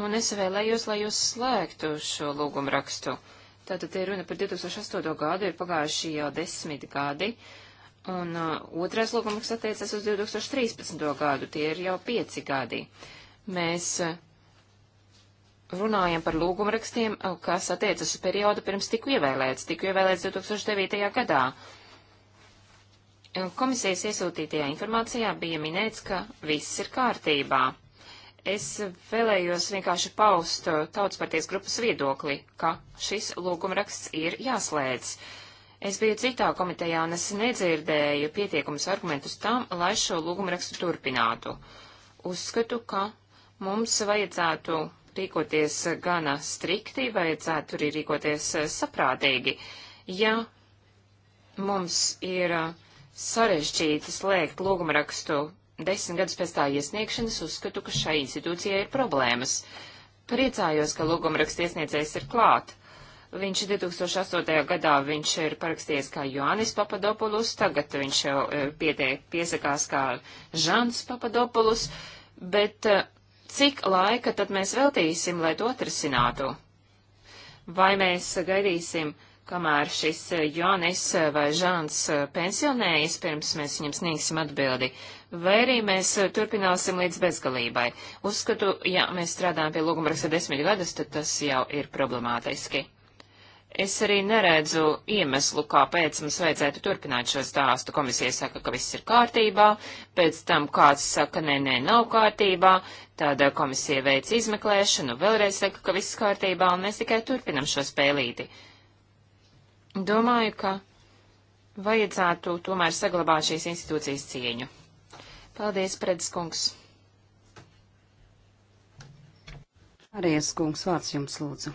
un es vēlējos, lai jūs slēgtu šo lūgumu rakstu. Tātad te runa par 2008. gadu, ir pagājuši jau desmit gadi, un uh, otrais lūgums attiecas uz 2013. gadu, tie ir jau pieci gadi. Mēs uh, runājam par lūgumrakstiem, eh, kas attiecas uz periodu pirms tiku ievēlēts, tiku ievēlēts 2009. gadā. Eh, komisijas iesūtītajā informācijā bija minēts, ka viss ir kārtībā. Es vēlējos vienkārši paust eh, tautsparties grupas viedokli, ka šis lūgumraksts ir jāslēdz. Es biju citā komitejā un es nedzirdēju pietiekumus argumentus tam, lai šo lūgumrakstu turpinātu. Uzskatu, ka mums vajadzētu rīkoties gana strikti, vajadzētu arī rīkoties eh, saprātīgi. Ja mums ir eh, sarežģīti slēgt lūgumrakstu desmit gadus pēc tā iesniegšanas, uzskatu, ka šai institūcijai ir problēmas. Priecājos, ka lūgumraksta iesniedzējs ir klāt. Viņš 2008. gadā viņš ir parakstījies kā Joannis Papadopoulos, tagad viņš jau eh, pietiek, piesakās kā Žans Papadopoulos, bet Cik laika tad mēs veltīsim, lai to atrisinātu? Vai mēs gaidīsim, kamēr šis Jonis vai Žants pensionējas, pirms mēs viņam sniegsim atbildi, vai arī mēs turpināsim līdz bezgalībai? Uzskatu, ja mēs strādājam pie lūguma raksta desmit gadus, tad tas jau ir problemātiski. Es arī neredzu iemeslu, kāpēc mums vajadzētu turpināt šo stāstu. Komisija saka, ka viss ir kārtībā, pēc tam kāds saka, nē, nē, nav kārtībā, tāda eh, komisija veic izmeklēšanu, vēlreiz saka, ka viss kārtībā, un mēs tikai turpinam šo spēlīti. Domāju, ka vajadzētu tomēr saglabāt šīs institūcijas cieņu. Paldies, Predeskungs! Arī es, kungs, vārds jums lūdzu.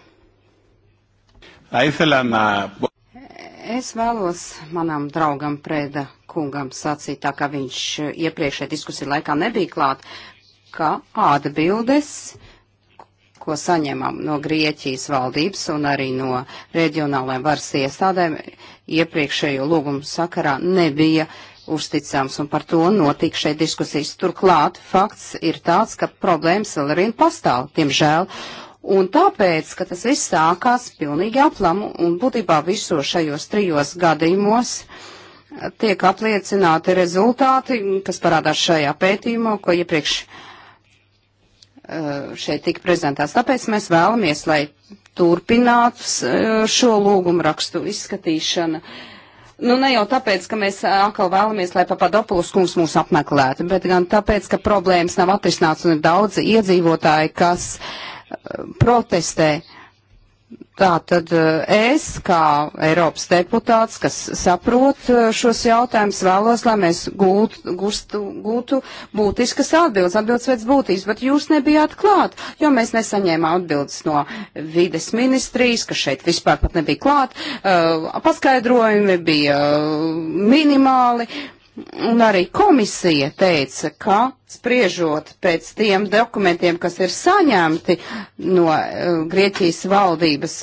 Es vēlos manam draugam Prēda kungam sacīt, tā kā viņš iepriekšē diskusiju laikā nebija klāt, ka atbildes, ko saņemam no Grieķijas valdības un arī no reģionālajiem varas iestādēm, iepriekšējo lūgumu sakarā nebija uzticams, un par to notika šeit diskusijas. Turklāt fakts ir tāds, ka problēmas vēl arvien pastāv, tiemžēl. Uh, Un tāpēc, ka tas viss sākās pilnīgi aplamu, un būtībā viso šajos trijos gadījumos tiek apliecināti rezultāti, kas parādās šajā pētījumā, ko iepriekš eh, šeit tika prezentēts. Tāpēc mēs vēlamies, lai turpinātu eh, šo lūgumu rakstu izskatīšanu. Nu, ne jau tāpēc, ka mēs eh, atkal vēlamies, lai Papadopoulos kungs mūs apmeklētu, bet gan tāpēc, ka problēmas nav atrisināts un ir daudzi iedzīvotāji, kas uh, protestē. Tā tad eh, es, kā Eiropas deputāts, kas saprot eh, šos jautājumus, vēlos, lai mēs gūt, gustu, gūtu būtiskas atbildes, atbildes pēc būtības, bet jūs nebijāt klāt, jo mēs nesaņēmām atbildes no vides ministrijas, kas šeit vispār pat nebija klāt, uh, paskaidrojumi bija uh, minimāli. Uh, Un arī komisija teica, ka spriežot pēc tiem dokumentiem, kas ir saņemti no uh, Grieķijas valdības,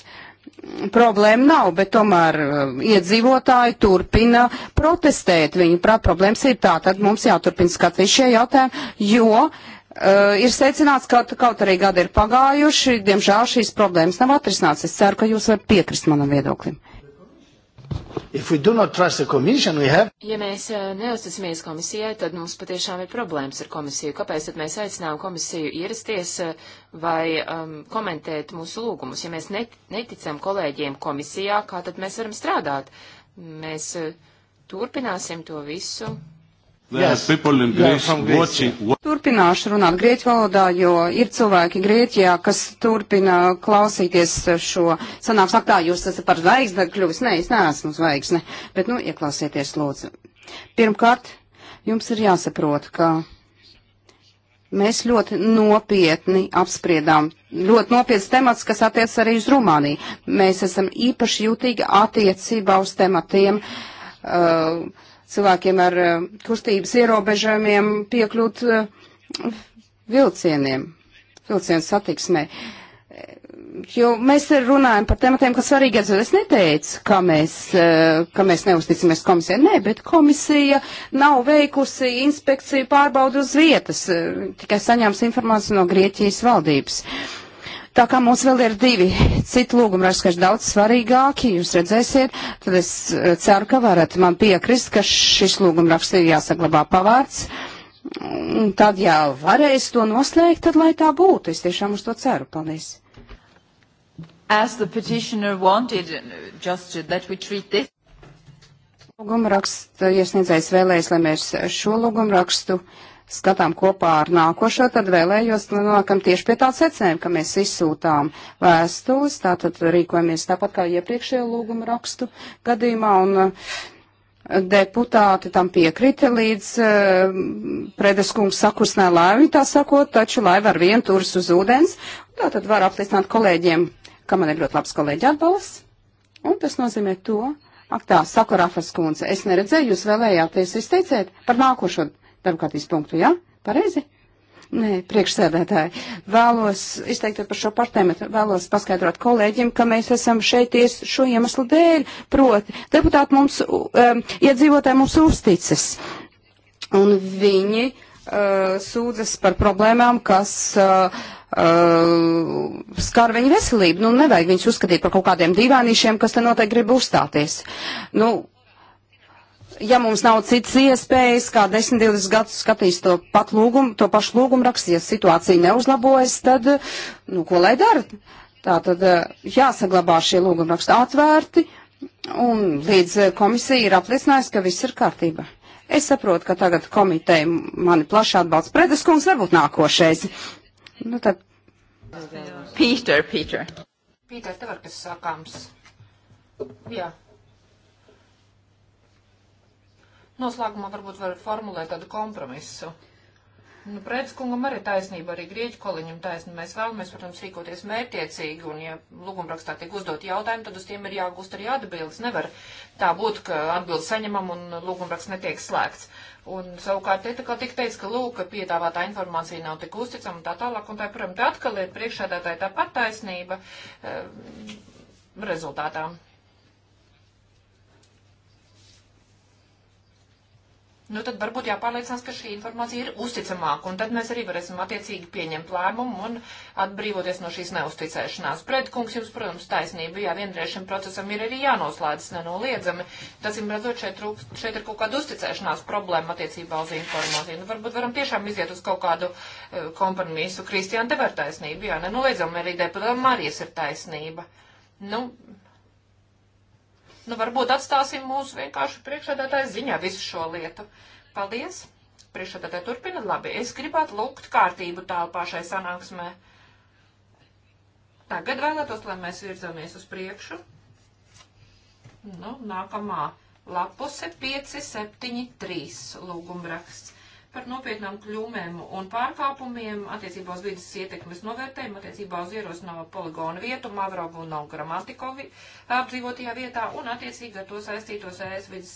problēma nav, bet tomēr uh, iedzīvotāji turpina protestēt. Viņu prāt problēmas ir tā, tad mums jāturpina skatīt šie jautājumi, jo uh, ir secināts, ka kaut arī gadi ir pagājuši, diemžēl šīs problēmas nav atrisināts. Es ceru, ka jūs varat piekrist manam viedoklim. Have... Ja mēs eh, neusticamies komisijai, tad mums patiešām ir problēmas ar komisiju. Kāpēc tad mēs aicinām komisiju ierasties eh, vai um, komentēt mūsu lūgumus? Ja mēs net, neticam kolēģiem komisijā, kā tad mēs varam strādāt? Mēs eh, turpināsim to visu Yes. Watching... Turpināšu runāt grieķu valodā, jo ir cilvēki Grieķijā, kas turpina klausīties šo sanāks aktā, jūs esat par zvaigzni kļuvis. Nē, es neesmu zvaigzne, bet, nu, ieklausieties, lūdzu. Pirmkārt, jums ir jāsaprot, ka mēs ļoti nopietni apspriedām, ļoti nopietns temats, kas attiec arī uz Rumāniju. Mēs esam īpaši jūtīgi attiecībā uz tematiem. Uh, cilvēkiem ar eh, kustības ierobežojumiem piekļūt eh, vilcieniem, vilcienu satiksmē. Eh, jo mēs runājam par tematiem, kas svarīgi atzīst. Es neteicu, ka mēs, ka mēs neusticamies komisijai. Nē, bet komisija nav veikusi inspekciju pārbaudu uz vietas, tikai saņēmusi informāciju no Grieķijas valdības. Uh, Tā kā mums vēl ir divi citi lūgumi, kas daudz svarīgāki, jūs redzēsiet, tad es eh, ceru, ka varat man piekrist, ka šis lūgumraksts ir jāsaglabā pavārds. Un tad, ja varēs to noslēgt, tad lai tā būtu. Es tiešām uz to ceru. Paldies. As the petitioner wanted, uh, just that we treat this. Lūgumraksta iesniedzējs vēlēs, lai mēs šo lūgumrakstu rakstu skatām kopā ar nākošo, tad vēlējos nonākam tieši pie tā secinājuma, ka mēs izsūtām vēstules, tātad rīkojamies tāpat kā iepriekšējo lūgumu rakstu gadījumā, un eh, deputāti tam piekrita līdz uh, eh, predeskums sakusnē laivi, tā sakot, taču laiva ar vienu turas uz ūdens, un tātad var apliecināt kolēģiem, ka man ir ļoti labs kolēģi atbalsts, un tas nozīmē to, Ak tā, saka Rafas kundze, es neredzēju, jūs vēlējāties izteicēt par nākošo darbkārtības punktu, jā? Ja? Pareizi? Nē, priekšsēdētāji, vēlos izteikt par šo partēmu, vēlos paskaidrot kolēģim, ka mēs esam šeit ties šo iemeslu dēļ, proti deputāti mums, um, iedzīvotāji mums uzticas, un viņi uh, sūdzas par problēmām, kas. Uh, Uh, skar viņu veselību. Nu, nevajag viņus uzskatīt par kaut kādiem divānīšiem, kas te noteikti grib uzstāties. Nu, ja mums nav citas iespējas, kā 10-20 gadus skatīs to, pat lūgumu, to pašu lūgumu rakstu, ja situācija neuzlabojas, tad, nu, ko lai dara? Tā tad eh, jāsaglabā šie lūgumu rakstu atvērti, un līdz eh, komisija ir apliecinājusi, ka viss ir kārtībā. Es saprotu, ka tagad komiteja mani plaši atbalsta. Predes kungs varbūt nākošais. Nu tad. Pīter, Pīter. Pīter, tev ir kas sakāms. Jā. Yeah. Noslēgumā varbūt var formulēt tādu kompromisu. Nu, Prēdiskungam arī taisnība, arī grieķu koliņam taisnība. Mēs vēlamies, protams, rīkoties mērķiecīgi, un ja lūgumrakstā tiek uzdot jautājumi, tad uz tiem ir jāgūst arī atbildes. Nevar tā būt, ka atbildes saņemam un lūgumraksts netiek slēgts. Un savukārt te kā tik teica, ka lūk, piedāvātā informācija nav tik uzticama un tā tālāk, un tā, protams, te atkal ir priekšādātāja tāpat taisnība e, rezultātā. nu tad varbūt jāpārliecinās, ka šī informācija ir uzticamāka, un tad mēs arī varēsim attiecīgi pieņemt lēmumu un atbrīvoties no šīs neusticēšanās. Pretkungs jums, protams, taisnība, jā, vienreiz šim procesam ir arī jānoslēdz nenoliedzami, tas, jums redzot, šeit, rūk, šeit ir kaut kāda uzticēšanās problēma attiecībā uz informāciju. Nu, varbūt varam tiešām iziet uz kaut kādu uh, kompromisu. Kristiāna, tev ir taisnība, jā, nenoliedzami arī deputātam Marijas ir taisnība. Nu, Nu, varbūt atstāsim mūsu vienkārši priekšādātāju ziņā visu šo lietu. Paldies! Priekšādātāji turpina. Labi, es gribētu lūgt kārtību tālpā šai sanāksmē. Tagad vēlētos, lai mēs virzamies uz priekšu. Nu, nākamā lapuse 573 lūgumraksts par nopietnām kļūmēm un pārkāpumiem attiecībā uz vidas ietekmes novērtējumu, attiecībā uz ierosināmo poligonu vietu Mavrovu un Gramatikovi apdzīvotajā vietā un attiecīgi ar to saistītos ES vidas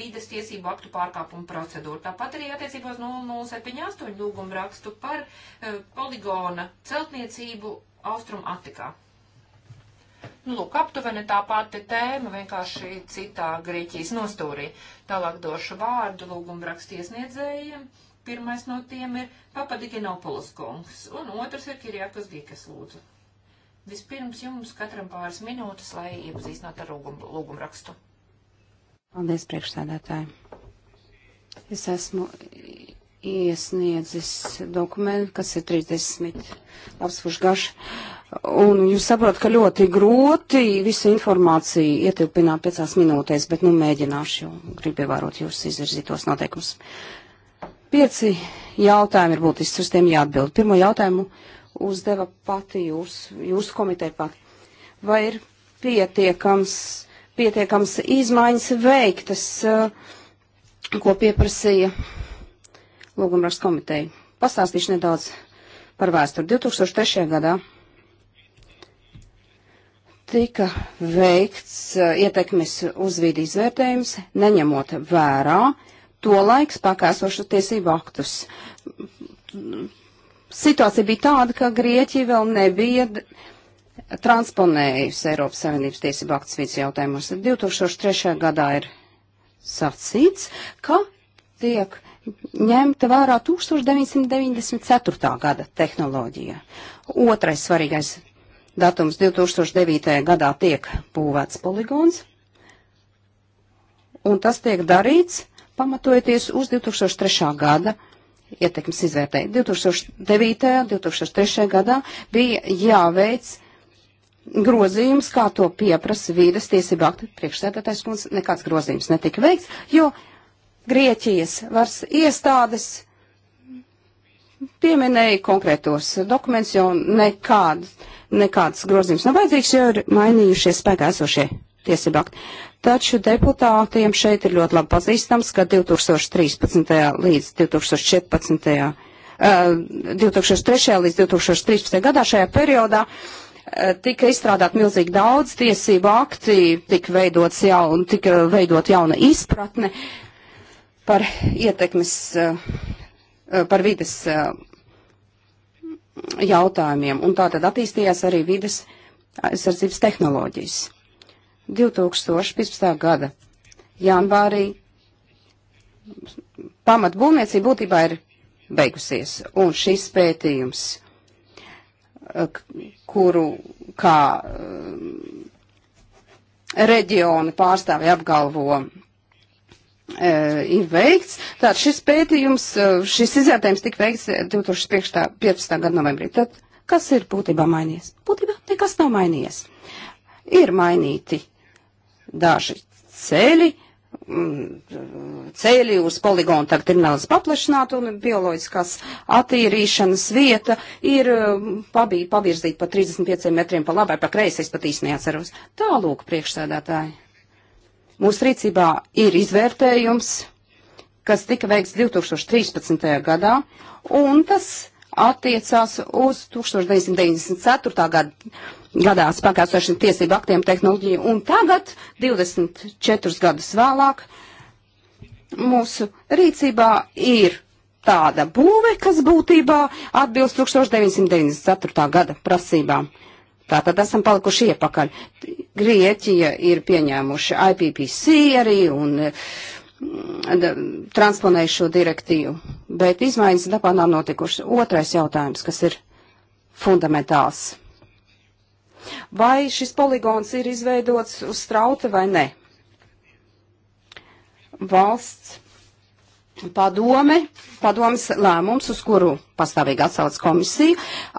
vides tiesību aktu pārkāpumu procedūru. Tāpat arī attiecībā uz 0078 lūgumu rakstu par e, poligona celtniecību Austrum Atikā. Nu, lūk, aptuveni tā pati tēma, vienkārši citā Grieķijas nostūrī. Tālāk došu vārdu lūgumu rakstiesniedzējiem. Pirmais no tiem ir Papadiginopolis kungs, un otrs ir Kirjākas Gikas lūdzu. Vispirms jums katram pāris minūtes, lai iepazīstinātu ar lūgumu, lūgumu rakstu. Paldies, priekšsēdētāji. Es esmu iesniedzis dokumentu, kas ir 30 lapspuši gaši Un jūs saprotat, ka ļoti grūti visu informāciju ietilpināt piecās minūtēs, bet nu mēģināšu, jo gribu ievērot jūsu izvirzītos noteikumus. Pieci jautājumi ir būtiski, uz tiem jāatbild. Pirmo jautājumu uzdeva pati jūs, jūsu komiteja pati. Vai ir pietiekams, pietiekams izmaiņas veiktas, uh, ko pieprasīja lūgumrakstu komiteja? Pastāstīšu nedaudz par vēsturi. 2003. gadā tika veikts eh, ietekmes uz vidi izvērtējums, neņemot vērā to laiks pakāsošu tiesību aktus. Situācija bija tāda, ka Grieķija vēl nebija transponējusi Eiropas Savienības tiesību aktus vidas jautājumos. 2003. gadā ir sacīts, ka tiek ņemta vērā 1994. gada tehnoloģija. Otrais svarīgais datums 2009. gadā tiek būvēts poligons, un tas tiek darīts pamatojoties uz 2003. gada ietekmes izvērtēju. 2009. 2003. gadā bija jāveic grozījums, kā to pieprasa vīdas tiesība akti priekšsēdētājs kundze, nekāds grozījums netika veikts, jo Grieķijas varas iestādes pieminēja konkrētos dokumentus, jo nekādas nekāds grozījums nav vajadzīgs, jo ir mainījušies spēkā esošie tiesību akti. Taču deputātiem šeit ir ļoti labi pazīstams, ka 2013. līdz 2014. Uh, 2003. līdz 2013. gadā šajā periodā uh, tika izstrādāt milzīgi daudz tiesību akti, tika veidots jaun, tika veidot jauna izpratne par ietekmes, uh, par vides jautājumiem, un tā tad attīstījās arī vides aizsardzības tehnoloģijas. 2015. gada janvārī pamatbūvniecība būtībā ir beigusies, un šis pētījums, eh, kuru kā eh, reģiona pārstāvi apgalvo E, ir veikts. Tātad šis pētījums, e, šis izvērtējums tika veikts 2015. gada novembrī. Tad kas ir būtībā mainījies? Būtībā nekas nav mainījies. Ir mainīti daži ceļi, ceļi uz poligonu tagad ir nedaudz paplašināti un bioloģiskās attīrīšanas vieta ir pavirzīta pa 35 metriem pa labai, pa kreisi, es pat īsti neatceros. Tālūk, priekšsēdētāji. Mūsu rīcībā ir izvērtējums, kas tika veikts 2013. gadā, un tas attiecās uz 1994. gadu gadā spēkā sošiem tiesību aktiem tehnoloģiju, un tagad, 24 gadus vēlāk, mūsu rīcībā ir tāda būve, kas būtībā atbilst 1994. gada prasībām. Tātad esam palikuši iepakaļ. Grieķija ir pieņēmuši IPPC arī un mm, transponējuši šo direktīvu, bet izmaiņas dabā nav notikušas. Otrais jautājums, kas ir fundamentāls. Vai šis poligons ir izveidots uz strauta vai ne? Valsts Padome, padomas lēmums, uz kuru pastāvīgi atsauc komisija,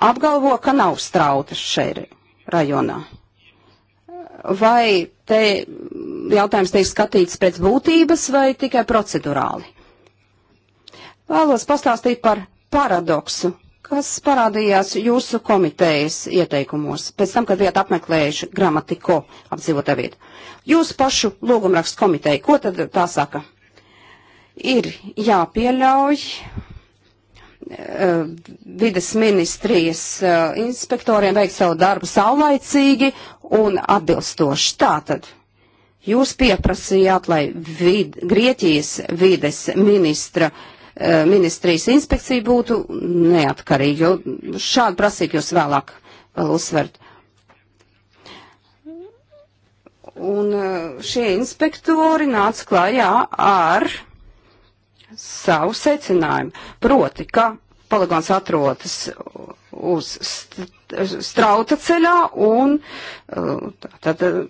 apgalvo, ka nav strautas šeit rajonā. Vai te jautājums tiek skatīts pēc būtības vai tikai procedurāli? Vēlos pastāstīt par paradoksu, kas parādījās jūsu komitejas ieteikumos, pēc tam, kad bijāt apmeklējuši gramatiko apdzīvotā vietu. Jūsu pašu lūgumrakstu komiteju, ko tad tā saka? ir jāpieļauj uh, vides ministrijas uh, inspektoriem veikt savu darbu saulaicīgi un atbilstoši. Tātad jūs pieprasījāt, lai vid, Grieķijas vides ministra uh, ministrijas inspekcija būtu neatkarīga, jo šādu prasību jūs vēlāk vēl uzsvert. Un šie inspektori nāca klājā ar uh, savu secinājumu, proti, ka poligons atrodas uz strauta ceļā un uh, tad uh,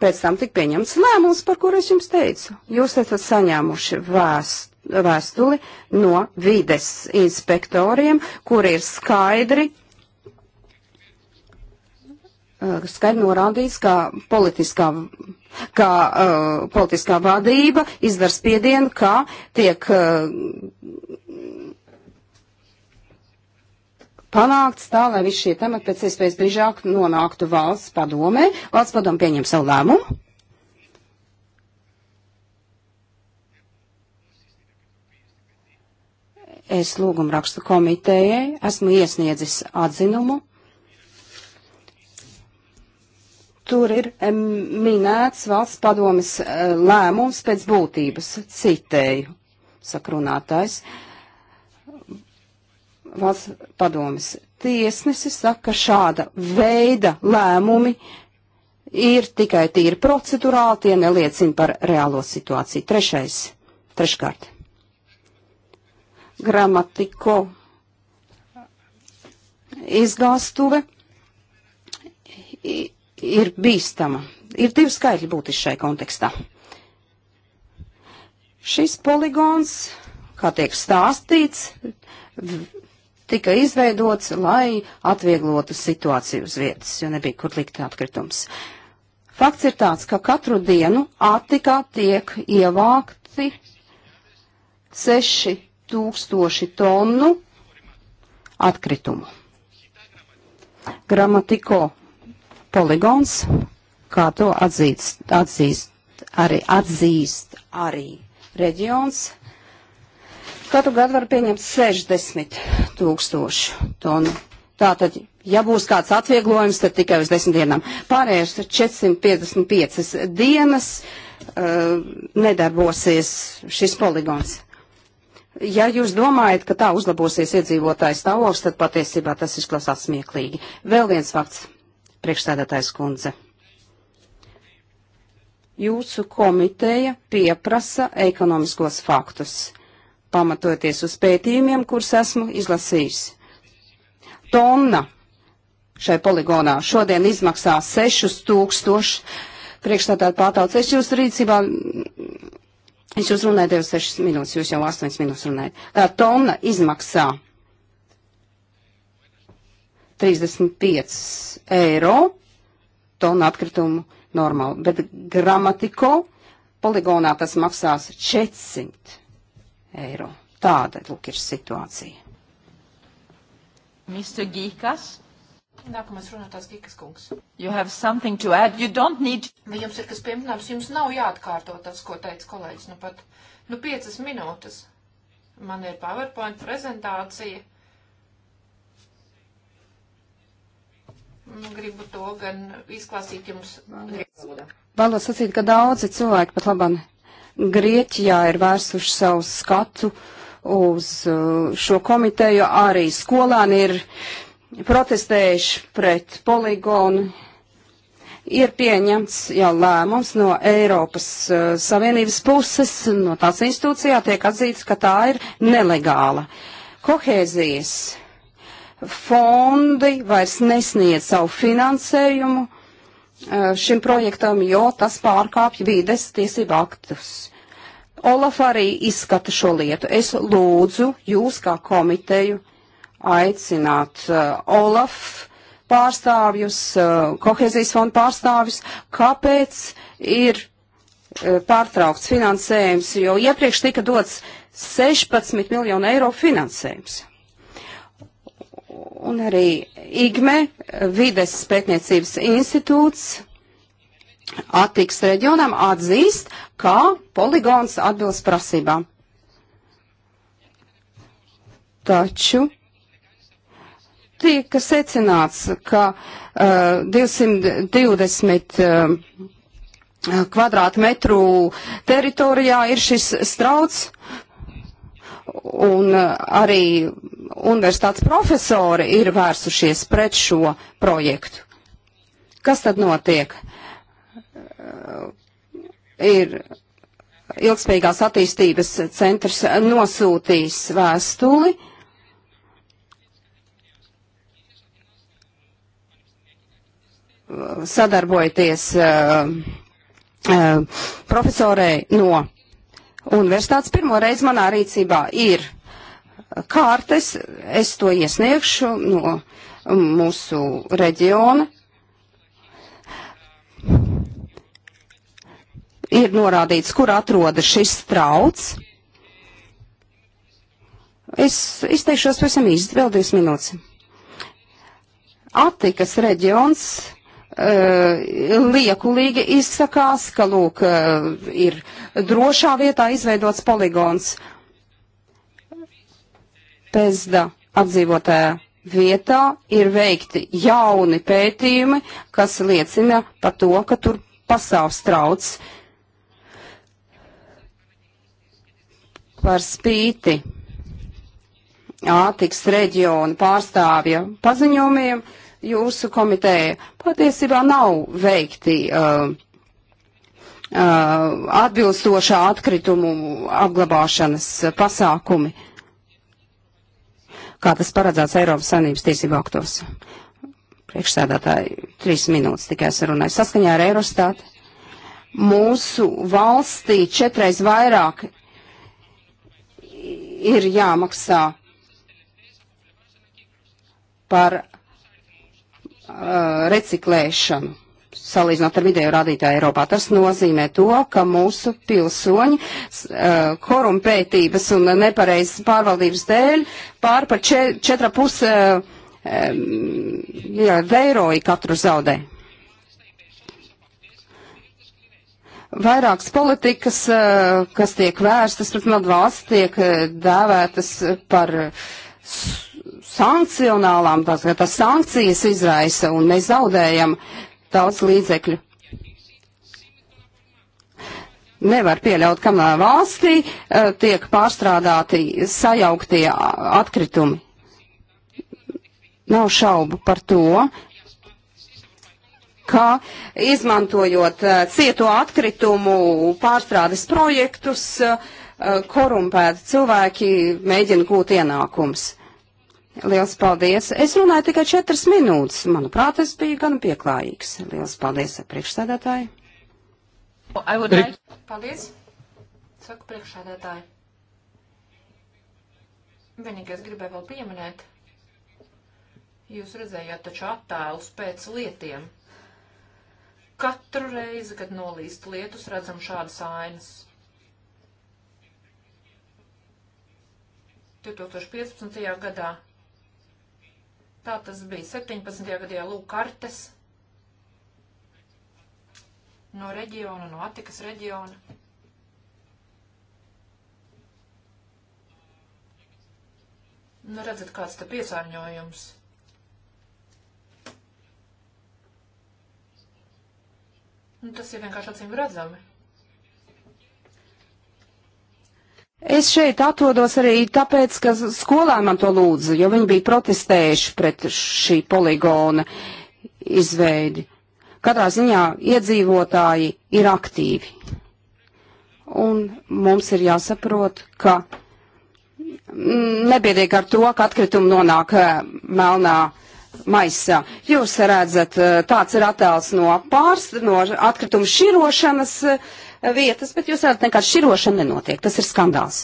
pēc tam tika pieņemts lēmums, par kur es jums teicu. Jūs esat saņēmuši vēst, vēstuli no vides inspektoriem, kur ir skaidri Eh, skaidri norādīts, ka politiskā, ka, uh, politiskā vadība izdara spiedienu, ka tiek uh, panākts tā, lai visi šie temati pēc iespējas brīžāk nonāktu valsts padomē. Valsts padome pieņem savu lēmumu. Es lūgumu rakstu komitējai, esmu iesniedzis atzinumu Tur ir minēts valsts padomis eh, lēmums pēc būtības, citēju, sakrunātājs. Valsts padomis tiesnesis saka, ka šāda veida lēmumi ir tikai tīri procedurāli, tie neliecina par reālo situāciju. Trešais, treškārt. Gramatiko izgāstuve ir bīstama. Ir divi skaitļi būtiski šai kontekstā. Šis poligons, kā tiek stāstīts, tika izveidots, lai atvieglotu situāciju uz vietas, jo nebija kur likt atkritums. Fakts ir tāds, ka katru dienu Ātikā tiek ievākti 6000 tonu atkritumu. Gramatiko poligons, kā to atzīst, atzīst arī atzīst arī reģions. Katru gadu var pieņemt 60 tūkstošu tonu. Tātad, ja būs kāds atvieglojums, tad tikai uz 10 dienām. Pārējais 455 dienas uh, nedarbosies šis poligons. Ja jūs domājat, ka tā uzlabosies iedzīvotājs stāvoklis, tad patiesībā tas izklausās smieklīgi. Vēl viens fakts priekšstādātājs kundze. Jūsu komiteja pieprasa ekonomiskos faktus, pamatoties uz pētījumiem, kurus esmu izlasījis. Tonna šai poligonā šodien izmaksā 6000 priekšstādāt pārtauc. Es jūsu rīcībā, es jūs runāju 26 minūtes, jūs jau 8 minūtes runājat. Tā tonna izmaksā 35 eiro tonu atkritumu normāli, bet gramatiko poligonā tas maksās 400 eiro. Tāda, lūk, ir situācija. Mr. Gīkas. Nākamais runātājs Gikas kungs. You have something to add, you don't need. Vai nu, jums ir kas pieminams, jums nav jāatkārto tas, ko teica kolēģis, nu pat, nu piecas minūtes. Man ir PowerPoint prezentācija Gribu to gan izklāstīt jums. Vēlos sacīt, ka daudzi cilvēki pat labam Grieķijā ir vērsuši savu skatu uz uh, šo komiteju. Arī skolāni ir protestējuši pret poligonu. Ir pieņemts jau lēmums no Eiropas uh, Savienības puses, no tās institūcijā tiek atzīts, ka tā ir nelegāla. Kohēzijas fondi vairs nesniedz savu finansējumu eh, šim projektam, jo tas pārkāpj vīdes tiesību aktus. Olaf arī izskata šo lietu. Es lūdzu jūs kā komiteju aicināt uh, Olaf pārstāvjus, uh, eh, kohezijas fonda pārstāvjus, kāpēc ir uh, pārtraukts finansējums, jo iepriekš tika dots 16 miljonu eiro finansējums un arī IGME, Vides pētniecības institūts, attiks reģionam atzīst, kā poligons atbilst prasībām. Taču tika secināts, ka uh, 220 uh, kvadrātmetru teritorijā ir šis strauts, Un eh, arī universitātes profesori ir vērsušies pret šo projektu. Kas tad notiek? Eh, ir ilgspējīgās attīstības centrs nosūtīs vēstuli. Sadarbojoties uh, uh, profesorei no Universitātes pirmo reizi manā rīcībā ir kārtas, es to iesniegšu no mūsu reģiona. Ir norādīts, kur atrodas šis trauc. Es izteikšos pavisam īsti, vēl divas minūtes. Atikas reģions Eh, liekulīgi izsakās, ka, lūk, eh, ir drošā vietā izveidots poligons Pezda apdzīvotājā vietā ir veikti jauni pētījumi, kas liecina par to, ka tur pasaules trauc par spīti Ātiks reģiona pārstāvja paziņojumiem. Uh, jūsu komiteja patiesībā nav veikti uh, uh, atbilstošā atkritumu apglabāšanas pasākumi, kā tas paredzēts Eiropas Sanības tiesību aktos. Priekšsēdētāji trīs minūtes tikai sarunāja saskaņā ar Eurostatu. Mūsu valstī četreiz vairāk ir jāmaksā par Uh, reciklēšanu salīdzinot ar vidēju rādītāju Eiropā. Tas nozīmē to, ka mūsu pilsoņi uh, korumpētības un nepareizas pārvaldības dēļ pār par 4,5 uh, um, eiroju katru zaudē. Vairākas politikas, uh, kas tiek vērstas pret manu valsts, tiek uh, dēvētas par sankcionālām, tās, ka tas sankcijas izraisa un mēs zaudējam daudz līdzekļu. Nevar pieļaut, kamēr valstī uh, tiek pārstrādāti sajauktie atkritumi. Nav šaubu par to, ka izmantojot uh, cieto atkritumu pārstrādes projektus, uh, korumpēti cilvēki mēģina gūt ienākums. Liels paldies! Es runāju tikai četras minūtes. Manuprāt, es biju gan pieklājīgs. Liels paldies, priekšsēdētāji! Like... Paldies! Saku priekšsēdētāji. Vienīgais gribēju vēl pieminēt. Jūs redzējāt taču attēlus pēc lietiem. Katru reizi, kad nolīst lietus, redzam šādas ainas. 2015. gadā Tā tas bija 17. gadījā lūk kartes no reģiona, no Atikas reģiona. Nu, redzat, kāds te piesārņojums. Nu, tas ir vienkārši acīm redzami. Es šeit atrodos arī tāpēc, ka skolā man to lūdza, jo viņi bija protestējuši pret šī poligona izveidi. Katrā ziņā iedzīvotāji ir aktīvi. Un mums ir jāsaprot, ka nepietiek ar to, ka atkritumi nonāk eh, melnā maisā. Jūs redzat, eh, tāds ir attēls no pārs, no atkrituma širošanas. Uh, vietas, bet jūs redzat, nekāda širošana nenotiek. Tas ir skandāls.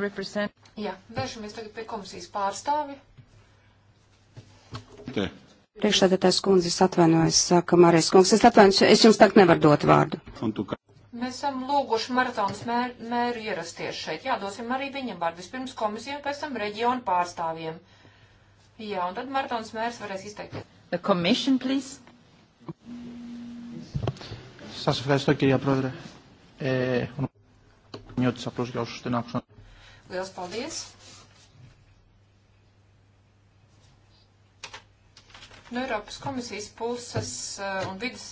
Represent... Jā, vēršamies tagad pie komisijas pārstāvi. Te. Priekšsēdētājs kundzes atvainojas, saka Marijas kungs. Es atvainojos, es jums tagad nevaru dot vārdu. Mēs esam lūguši maratons mēru, mēru ierasties šeit. Jā, dosim arī viņam vārdu. Vispirms komisijām, pēc tam reģionu pārstāvjiem. Jā, un tad maratons mērs varēs izteikt. The commission, please. Σας ευχαριστώ κυρία Πρόεδρε. Ε, Νιώτης απλώς για όσους δεν άκουσαν. Liels paldies! No Eiropas komisijas puses eh, un vidas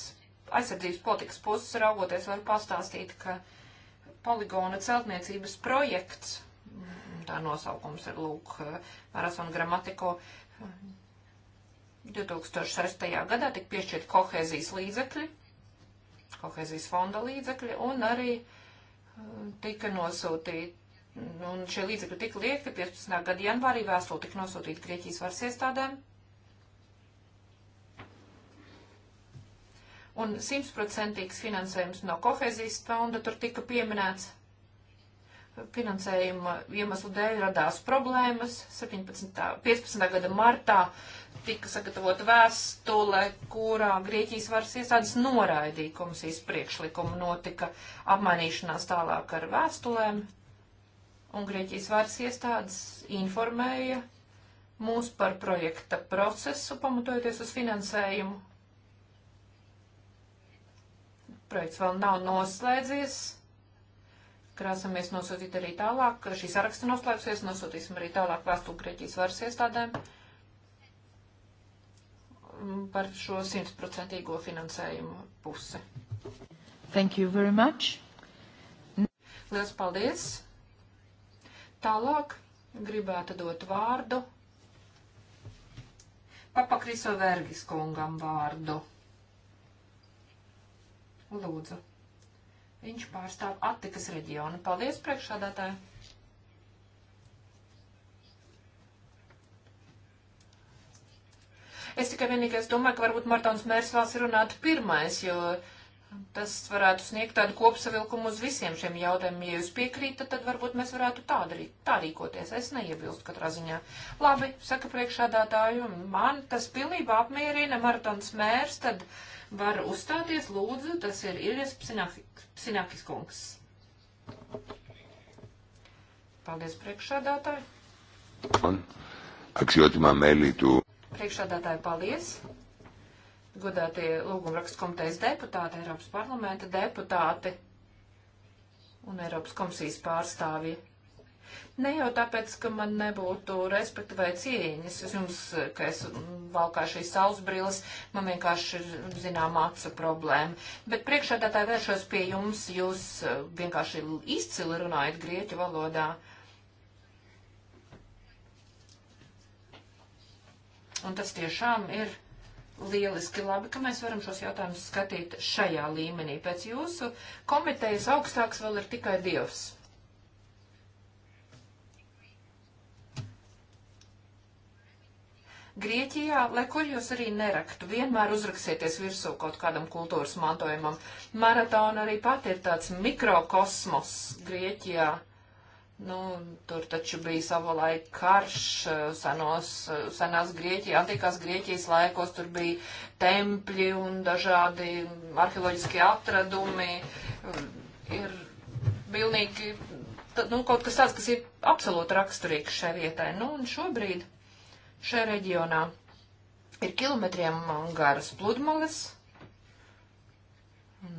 aizsardzības politikas puses raugoties var pastāstīt, ka poligona celtniecības projekts, mm, tā nosaukums ir lūk eh, Marasona gramatiko, eh, 2006. gadā tika piešķirt kohēzijas līdzekļi kohezijas fonda līdzekļi, un arī um, tika nosūtīti, un šie līdzekļi tika liekti, ka 15. gada janvārī vēstuli tika nosūtīti Grieķijas varas iestādēm. Un simtprocentīgs finansējums no kohezijas fonda tur tika pieminēts. Finansējuma iemeslu dēļ radās problēmas. 17, 15. gada martā uh, tika sagatavota vēstule, kurā Grieķijas varas iestādes noraidīja komisijas priekšlikumu, notika apmainīšanās tālāk ar vēstulēm, un Grieķijas varas iestādes informēja mūs par projekta procesu, pamatojoties uz finansējumu. Projekts vēl nav noslēdzies. Krāsamies nosūtīt arī tālāk, šī saraksta noslēgsies, nosūtīsim arī tālāk vēstuli Grieķijas varas iestādēm Mm, par šo simtprocentīgo finansējumu pusi. Thank you very much. Lielas paldies. Tālāk gribētu dot vārdu Papa Kriso Vergis kungam vārdu. Lūdzu. Viņš pārstāv Attikas reģionu. Paldies, priekšādātāji! Es tikai vienīgais domāju, ka varbūt Martons Mērs vēl ir runāt pirmais, jo tas varētu sniegt tādu kopsavilkumu uz visiem šiem jautājumiem. Ja jūs piekrītat, tad varbūt mēs varētu tā darīt, tā rīkoties. Es neiebilstu katrā ziņā. Labi, saka priekšādātāju, man tas pilnībā apmierina Martons Mērs, tad var uzstāties, lūdzu, tas ir Iljas Psinakis kungs. Paldies priekšādātāju. Un aksijotimā mēlī tu. Priekšādātāji, paldies! Godātie lūgumrakstu komitejas deputāti, Eiropas parlamenta deputāti un Eiropas komisijas pārstāvji. Ne jau tāpēc, ka man nebūtu respekta vai cieņas, es jums, ka es valkāju šīs saules brilles, man vienkārši ir zinām acu problēma. Bet priekšādātāji vēršos pie jums, jūs eh, vienkārši izcili runājat grieķu valodā. Un tas tiešām ir lieliski labi, ka mēs varam šos jautājumus skatīt šajā līmenī. Pēc jūsu komitejas augstāks vēl ir tikai Dievs. Grieķijā, lai kur jūs arī neraktu, vienmēr uzraksieties virsū kaut kādam kultūras mantojumam. Maratona arī pat ir tāds mikrokosmos Grieķijā. Nu, tur taču bija sava laika karš, eh, senos, eh, senās Grieķijas, antikās Grieķijas laikos tur bija tempļi un dažādi arheoloģiskie atradumi. Eh, ir pilnīgi, nu, kaut kas tāds, kas ir absolūti raksturīgs šai vietai. Nu, un šobrīd šajā reģionā ir kilometriem garas pludmales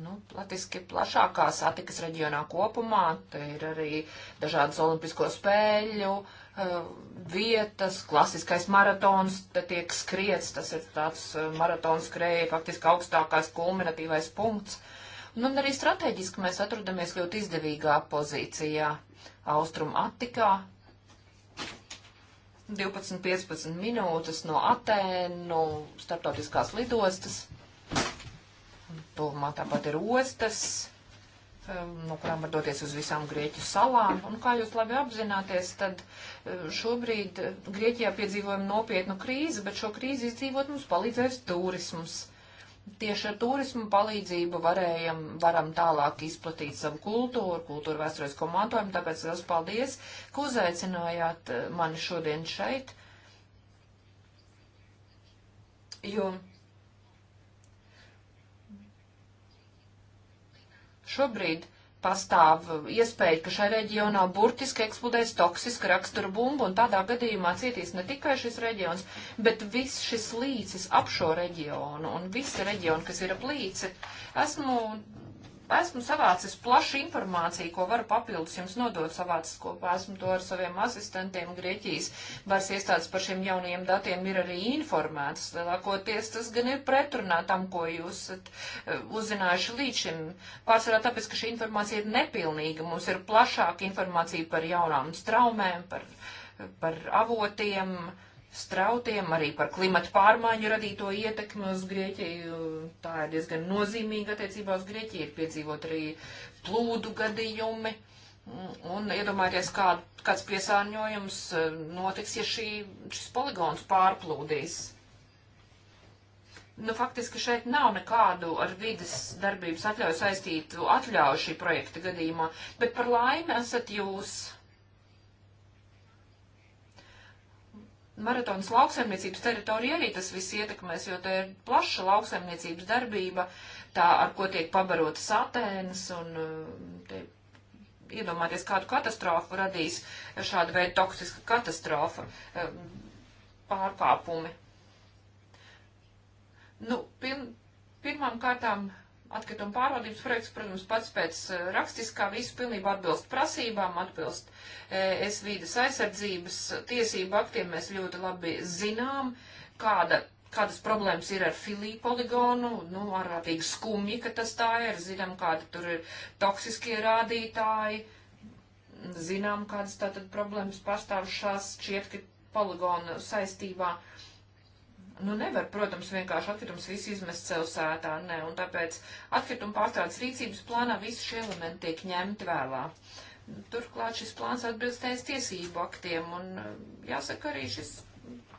nu, platiski plašākā satikas reģionā kopumā. Te ir arī dažādas olimpisko spēļu eh, vietas, klasiskais maratons, te tiek skriets, tas ir tāds eh, maratons skrēja, faktiski augstākais kulminatīvais punkts. Un, nu, un arī strateģiski mēs atrodamies ļoti izdevīgā pozīcijā Austrum Attikā, 12-15 minūtes no Atēnu starptautiskās lidostas. Tūmā tāpat ir ostas, eh, no kurām var doties uz visām Grieķu salām. Un kā jūs labi apzināties, tad eh, šobrīd eh, Grieķijā piedzīvojam nopietnu krīzi, bet šo krīzi izdzīvot mums palīdzēs turisms. Tieši ar turismu palīdzību varējam, varam tālāk izplatīt savu kultūru, kultūru vēstures komandojumu, tāpēc liels paldies, ka uzaicinājāt mani šodien šeit. Jo Šobrīd pastāv iespēja, ka šai reģionā burtiski eksplodēs toksiska rakstura bumba, un tādā gadījumā cietīs ne tikai šis reģions, bet viss šis līcis ap šo reģionu un visi reģioni, kas ir ap līci. Esmu Esmu savācis plašu informāciju, ko varu papildus jums nodot savācis kopā. Esmu to ar saviem asistentiem Grieķijas varas iestādes par šiem jaunajiem datiem ir arī informētas. Lielākoties tas gan ir pretrunā tam, ko jūs esat e, uzzinājuši līdz šim. Pārsvarā tāpēc, ka šī informācija ir nepilnīga. Mums ir plašāka informācija par jaunām straumēm, par, par avotiem. Uh, strautiem, arī par klimatu pārmaiņu radīto ietekmi uz Grieķiju. Tā ir diezgan nozīmīga attiecībā uz Grieķiju, ir piedzīvot arī plūdu gadījumi. Un iedomājieties, kā, kāds piesārņojums eh, notiks, ja šī, šis poligons pārplūdīs. Nu, faktiski šeit nav nekādu ar vidas darbības atļauju saistītu atļauju šī projekta gadījumā, bet par laimi esat jūs Maratons lauksaimniecības teritorija arī tas viss ietekmēs, jo te ir plaša lauksaimniecības darbība, tā ar ko tiek pabarotas Atēnas un uh, te, iedomāties, kādu katastrofu radīs šāda veida toksiska katastrofa um, pārkāpumi. Nu, pir, pirmām kārtām Atkrituma pārvaldības projekts, protams, pats pēc e, rakstiskā visu pilnībā atbilst prasībām, atbilst e, es vīdes aizsardzības tiesību aktiem. Mēs ļoti labi zinām, kāda kādas problēmas ir ar filiju poligonu, nu, ārkārtīgi skumji, ka tas tā ir, zinām, kāda tur ir toksiskie rādītāji, zinām, kādas tātad problēmas pastāv šās šķiet, ka poligona saistībā. Uh, Nu, nevar, protams, vienkārši atkritumus visu izmest sev sētā, nē, un tāpēc atkritumu pārstrādes rīcības plānā visi šie elementi tiek ņemti vēlā. Turklāt šis plāns atbilstēs tiesību aktiem, un eh, jāsaka arī šis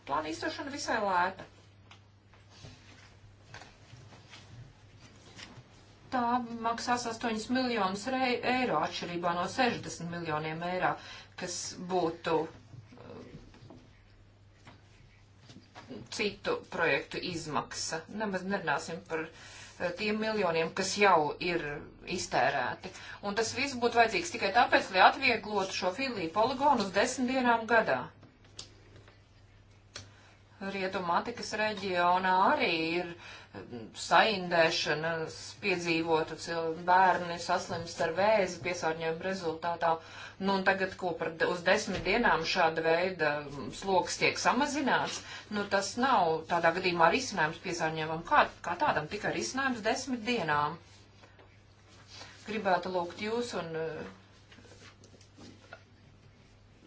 plāna īstošana visai lēta. Tā maksās 8 miljonus eiro atšķirībā no 60 miljoniem eiro, kas būtu citu projektu izmaksa. Nemaz nerunāsim par eh, tiem miljoniem, kas jau ir iztērēti. Un tas viss būtu vajadzīgs tikai tāpēc, lai atvieglotu šo filiju poligonu uz desmit dienām gadā. Rietumātikas reģionā arī ir uh, saindēšanas piedzīvotu bērni saslimst ar vēzi piesārņojumu rezultātā. Nu, un tagad, ko par uz desmit dienām šāda veida mm, sloks tiek samazināts, nu, tas nav tādā gadījumā risinājums piesārņojumam kā, kā tādam, tikai risinājums desmit dienām. Gribētu lūgt jūs un uh,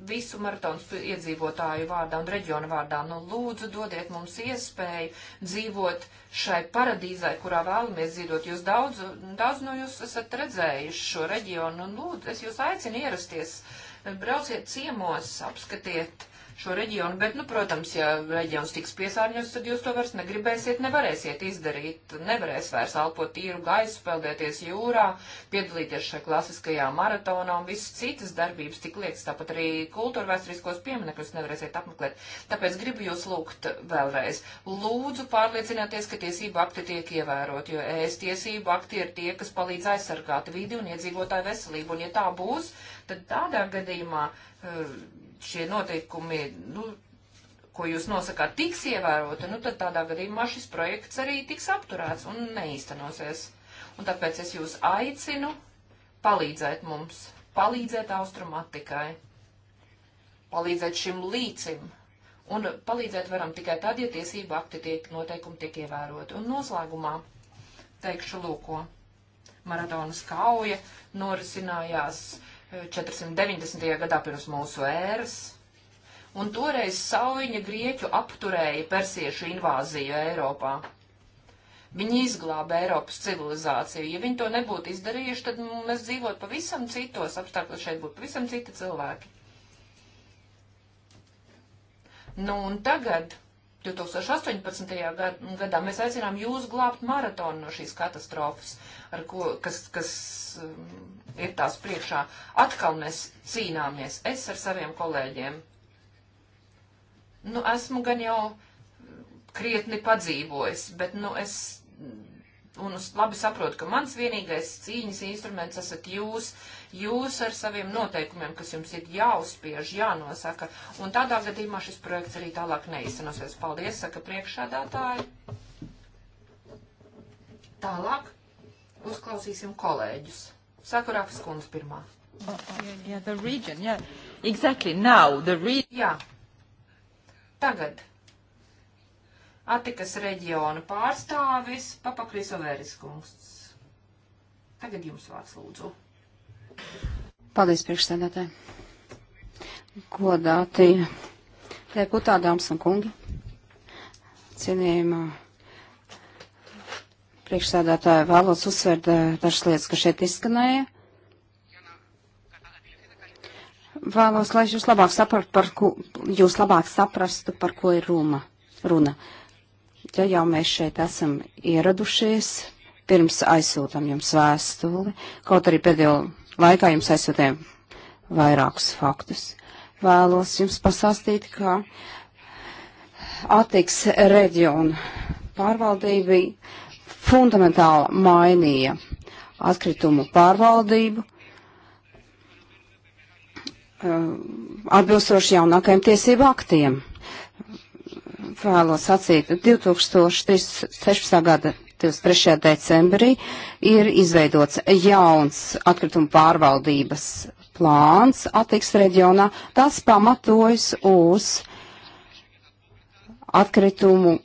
visu maratons iedzīvotāju vārdā un reģionu vārdā. Nu, lūdzu, dodiet mums iespēju dzīvot šai paradīzai, kurā vēlamies dzīvot. Jūs daudz, daudz no jūs esat redzējuši šo reģionu un lūdzu, es jūs aicinu ierasties, brauciet ciemos, apskatiet šo reģionu, bet, nu, protams, ja reģions tiks piesārņots, tad jūs to vairs negribēsiet, nevarēsiet izdarīt, nevarēs vairs alpot tīru gaisu, peldēties jūrā, piedalīties šajā klasiskajā maratonā un visas citas darbības tik liekas, tāpat arī kultūrvēsturiskos pieminekļus nevarēsiet apmeklēt. Tāpēc gribu jūs lūgt vēlreiz. Lūdzu pārliecināties, ka tiesību akti tiek ievērot, jo ēst tiesību akti ir tie, kas palīdz aizsargāt vidi un iedzīvotāju veselību. Un ja tā būs, tad tādā gadījumā uh, šie noteikumi, nu, ko jūs nosakāt, tiks ievēroti, nu tad tādā gadījumā šis projekts arī tiks apturēts un neīstenosies. Un tāpēc es jūs aicinu palīdzēt mums, palīdzēt austrumatikai, palīdzēt šim līcim. Un palīdzēt varam tikai tad, ja tiesība akti tiek noteikumi tiek ievēroti. Un noslēgumā teikšu lūko. Maratonas kauja norisinājās 490. gadā pirms mūsu ēras, un toreiz sauņa grieķu apturēja persiešu invāziju Eiropā. Viņi izglāba Eiropas civilizāciju. Ja viņi to nebūtu izdarījuši, tad mēs dzīvotu pavisam citos apstākļos, šeit būtu pavisam citi cilvēki. Nu, un tagad, 2018. gadā, mēs aicinām jūs glābt maratonu no šīs katastrofas, ar ko, kas, kas um, ir tās priekšā. Atkal mēs cīnāmies, es ar saviem kolēģiem. Nu, esmu gan jau krietni padzīvojis, bet, nu, es un labi saprotu, ka mans vienīgais cīņas instruments esat jūs, jūs ar saviem noteikumiem, kas jums ir jāuzspiež, jānosaka, un tādā gadījumā šis projekts arī tālāk neizsanosies. Paldies, saka priekšādātāji. Tālāk uzklausīsim kolēģus. Saka Rakskunds pirmā. Oh, oh, yeah, the region, yeah. Exactly, now, the region. Jā. Tagad. Atikas reģiona pārstāvis Papakrisovēris kungs. Tagad jums vārds lūdzu. Paldies, priekšsēdētāji. Godātie deputāti, dāmas un kungi, cienījumā priekšsēdētāja vēlos uzsvērt eh, dažas lietas, kas šeit izskanēja. Vēlos, lai jūs labāk, saprat, par ko, jūs labāk saprastu, par ko ir runa. runa. Ja jau mēs šeit esam ieradušies, pirms aizsūtam jums vēstuli, kaut arī pēdējo laikā jums aizsūtēm vairākus faktus. Vēlos jums pasāstīt, ka attiks reģionu pārvaldība fundamentāli mainīja atkritumu pārvaldību, eh, atbilstoši jaunākajiem tiesību aktiem. Vēlos sacīt, 2016. gada 23. decembrī ir izveidots jauns atkritumu pārvaldības plāns attiks reģionā. Tas pamatojas uz atkritumu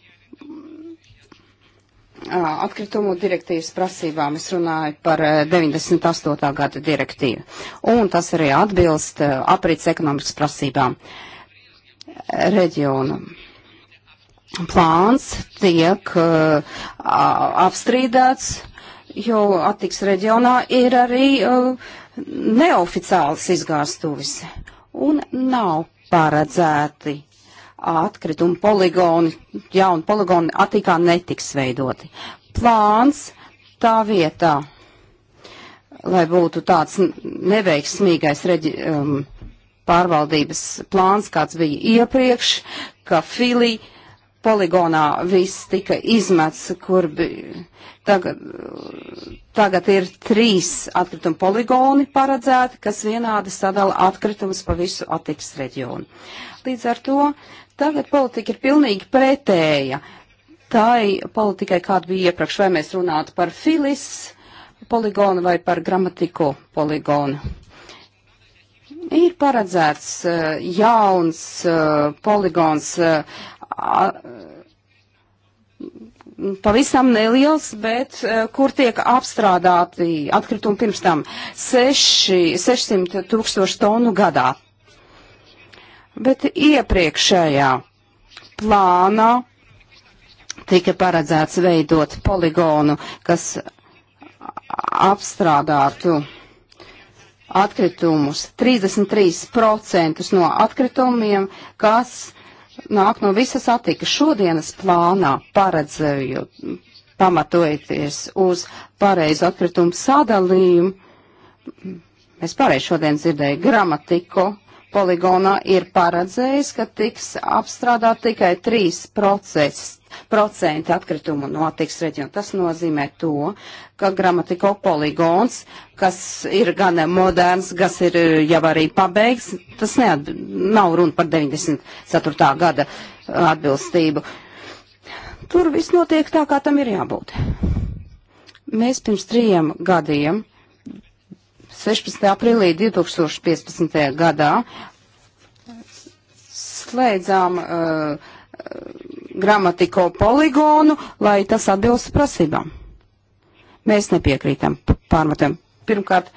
atkritumu direktīvas prasībām. Es runāju par 98. gada direktīvu. Un tas arī atbilst aprits ekonomikas prasībām reģionu. Plāns tiek uh, apstrīdēts, jo attiks reģionā ir arī uh, neoficiāls izgāstuvis. Un nav paredzēti atkritumu poligoni, jauni poligoni attīkā netiks veidoti. Plāns tā vietā, lai būtu tāds neveiksmīgais reģi, um, pārvaldības plāns, kāds bija iepriekš, ka filī poligonā viss tika izmets, kur bija. Tagad, tagad ir trīs atkrituma poligoni paredzēti, kas vienādi sadala atkritumus pa visu attiks reģionu. Līdz ar to Tagad politika ir pilnīgi pretēja. Tā ir politikai, kāda bija iepriekš, vai mēs runātu par filis poligonu vai par gramatiku poligonu. Ir paredzēts uh, jauns uh, poligons, uh, pavisam neliels, bet kur tiek apstrādāti atkritumi pirms tam 6, 600 tūkstoši tonu gadā bet iepriekšējā plānā tika paredzēts veidot poligonu, kas apstrādātu atkritumus, 33% no atkritumiem, kas nāk no visas attika šodienas plānā paredzējot, pamatojoties uz pareizu atkritumu sadalījumu. Es pareizi šodien dzirdēju gramatiko, poligonā ir paredzējis, ka tiks apstrādāt tikai 3% atkritumu no attīks reģiona. Tas nozīmē to, ka gramatiko poligons, kas ir gan moderns, kas ir e, jau arī pabeigts, tas neat, nav runa par 94. gada e, atbilstību. Tur viss notiek tā, kā tam ir jābūt. Mēs pirms trījiem gadiem 16. aprīlī 2015. gadā slēdzām uh, gramatiko poligonu, lai tas atbilstu prasībām. Mēs nepiekrītam pārmetam. Pirmkārt,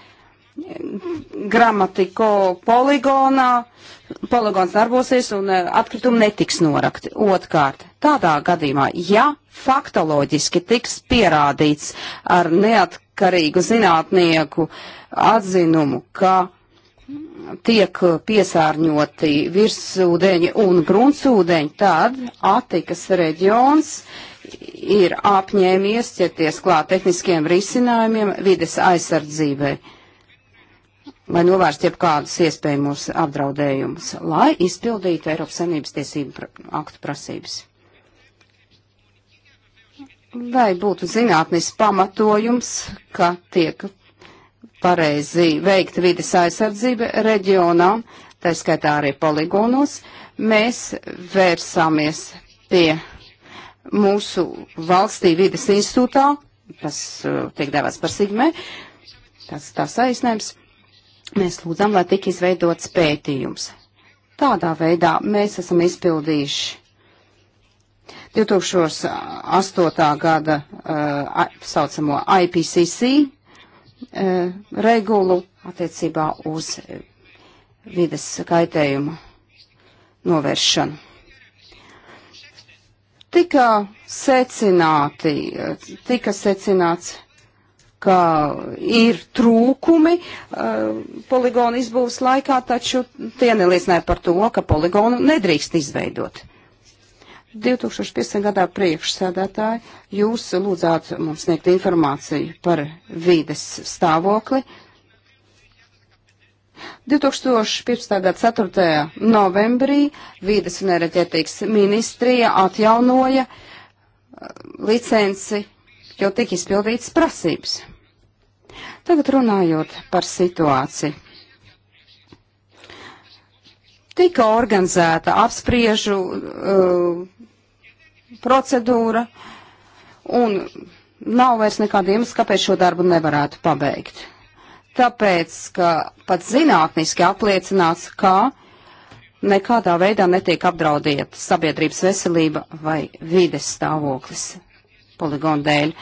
gramatiko poligonā, poligons darbosies un uh, atkritumi netiks norakti. Otkārt, tādā gadījumā, ja faktoloģiski tiks pierādīts ar neatkarīgu zinātnieku uh, atzinumu, ka tiek piesārņoti virsūdeņi un gruntsūdeņi, tad Atikas reģions ir apņēmies ķerties klāt tehniskiem risinājumiem vides aizsardzībai, lai novērstu jebkādus iespējamos apdraudējumus, lai izpildītu Eiropas Savienības tiesību aktu prasības. Vai būtu zinātnis pamatojums, ka tiek pareizi veikt vides aizsardzību reģionā, tā skaitā arī poligonos, mēs vērsāmies pie mūsu valstī vides institūtā, kas uh, tiek dēvēts par Sigmē, tāds tā saīsinājums, mēs lūdzam, lai tik izveidots pētījums. Tādā veidā mēs esam izpildījuši 2008. gada uh, saucamo IPCC E, regulu attiecībā uz vides kaitējumu novēršanu. Tika secināti, e, tika secināts, ka ir trūkumi uh, e, poligonu izbūves laikā, taču tie neliecināja par to, ka poligonu nedrīkst izveidot. Uh, 2015. gadā priekšsēdētāji jūs lūdzāt mums sniegt informāciju par vīdes stāvokli. 2015. gada 4. novembrī vīdes un enerģētikas ministrija atjaunoja uh, licenci, jo tika izpildītas prasības. Tagad runājot par situāciju tika organizēta apspriežu uh, procedūra, un nav vairs nekāda iemesla, kāpēc šo darbu nevarētu pabeigt. Tāpēc, ka pat zinātniski apliecināts, ka nekādā veidā netiek apdraudiet sabiedrības veselība vai vides stāvoklis poligonu dēļ.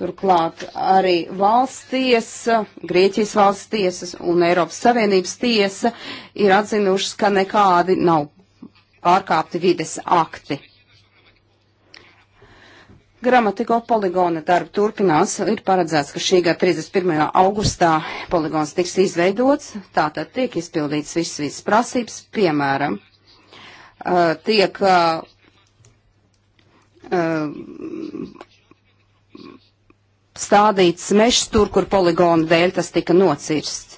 Turklāt arī valsts tiesa, Grieķijas valsts tiesas un Eiropas Savienības tiesa ir atzinušas, ka nekādi nav pārkāpti vides akti. Gramatiko poligona darba turpinās. Ir paredzēts, ka šī gada 31. augustā poligons tiks izveidots. Tātad tiek izpildīts viss visas prasības. Piemēram, uh, tiek uh, uh, stādīts mežs tur, kur poligona dēļ tas tika nocirsts.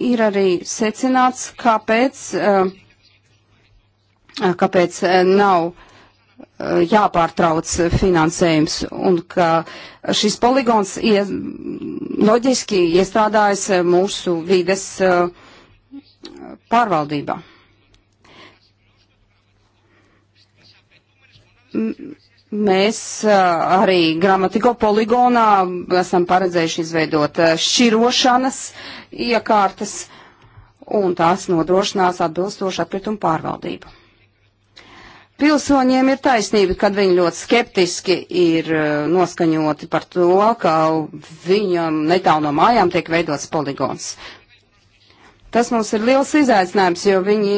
ir arī secināts, kāpēc, eh, eh, kāpēc eh, nav jāpārtrauc finansējums un ka šis poligons ie, loģiski iestrādājas mūsu vides pārvaldībā. M Mēs arī gramatiko poligonā esam paredzējuši izveidot šķirošanas iekārtas, un tās nodrošinās atbilstošu atkritumu pārvaldību. Pilsoņiem ir taisnība, kad viņi ļoti skeptiski ir noskaņoti par to, ka viņam netālu no mājām tiek veidots poligons. Tas mums ir liels izaicinājums, jo viņi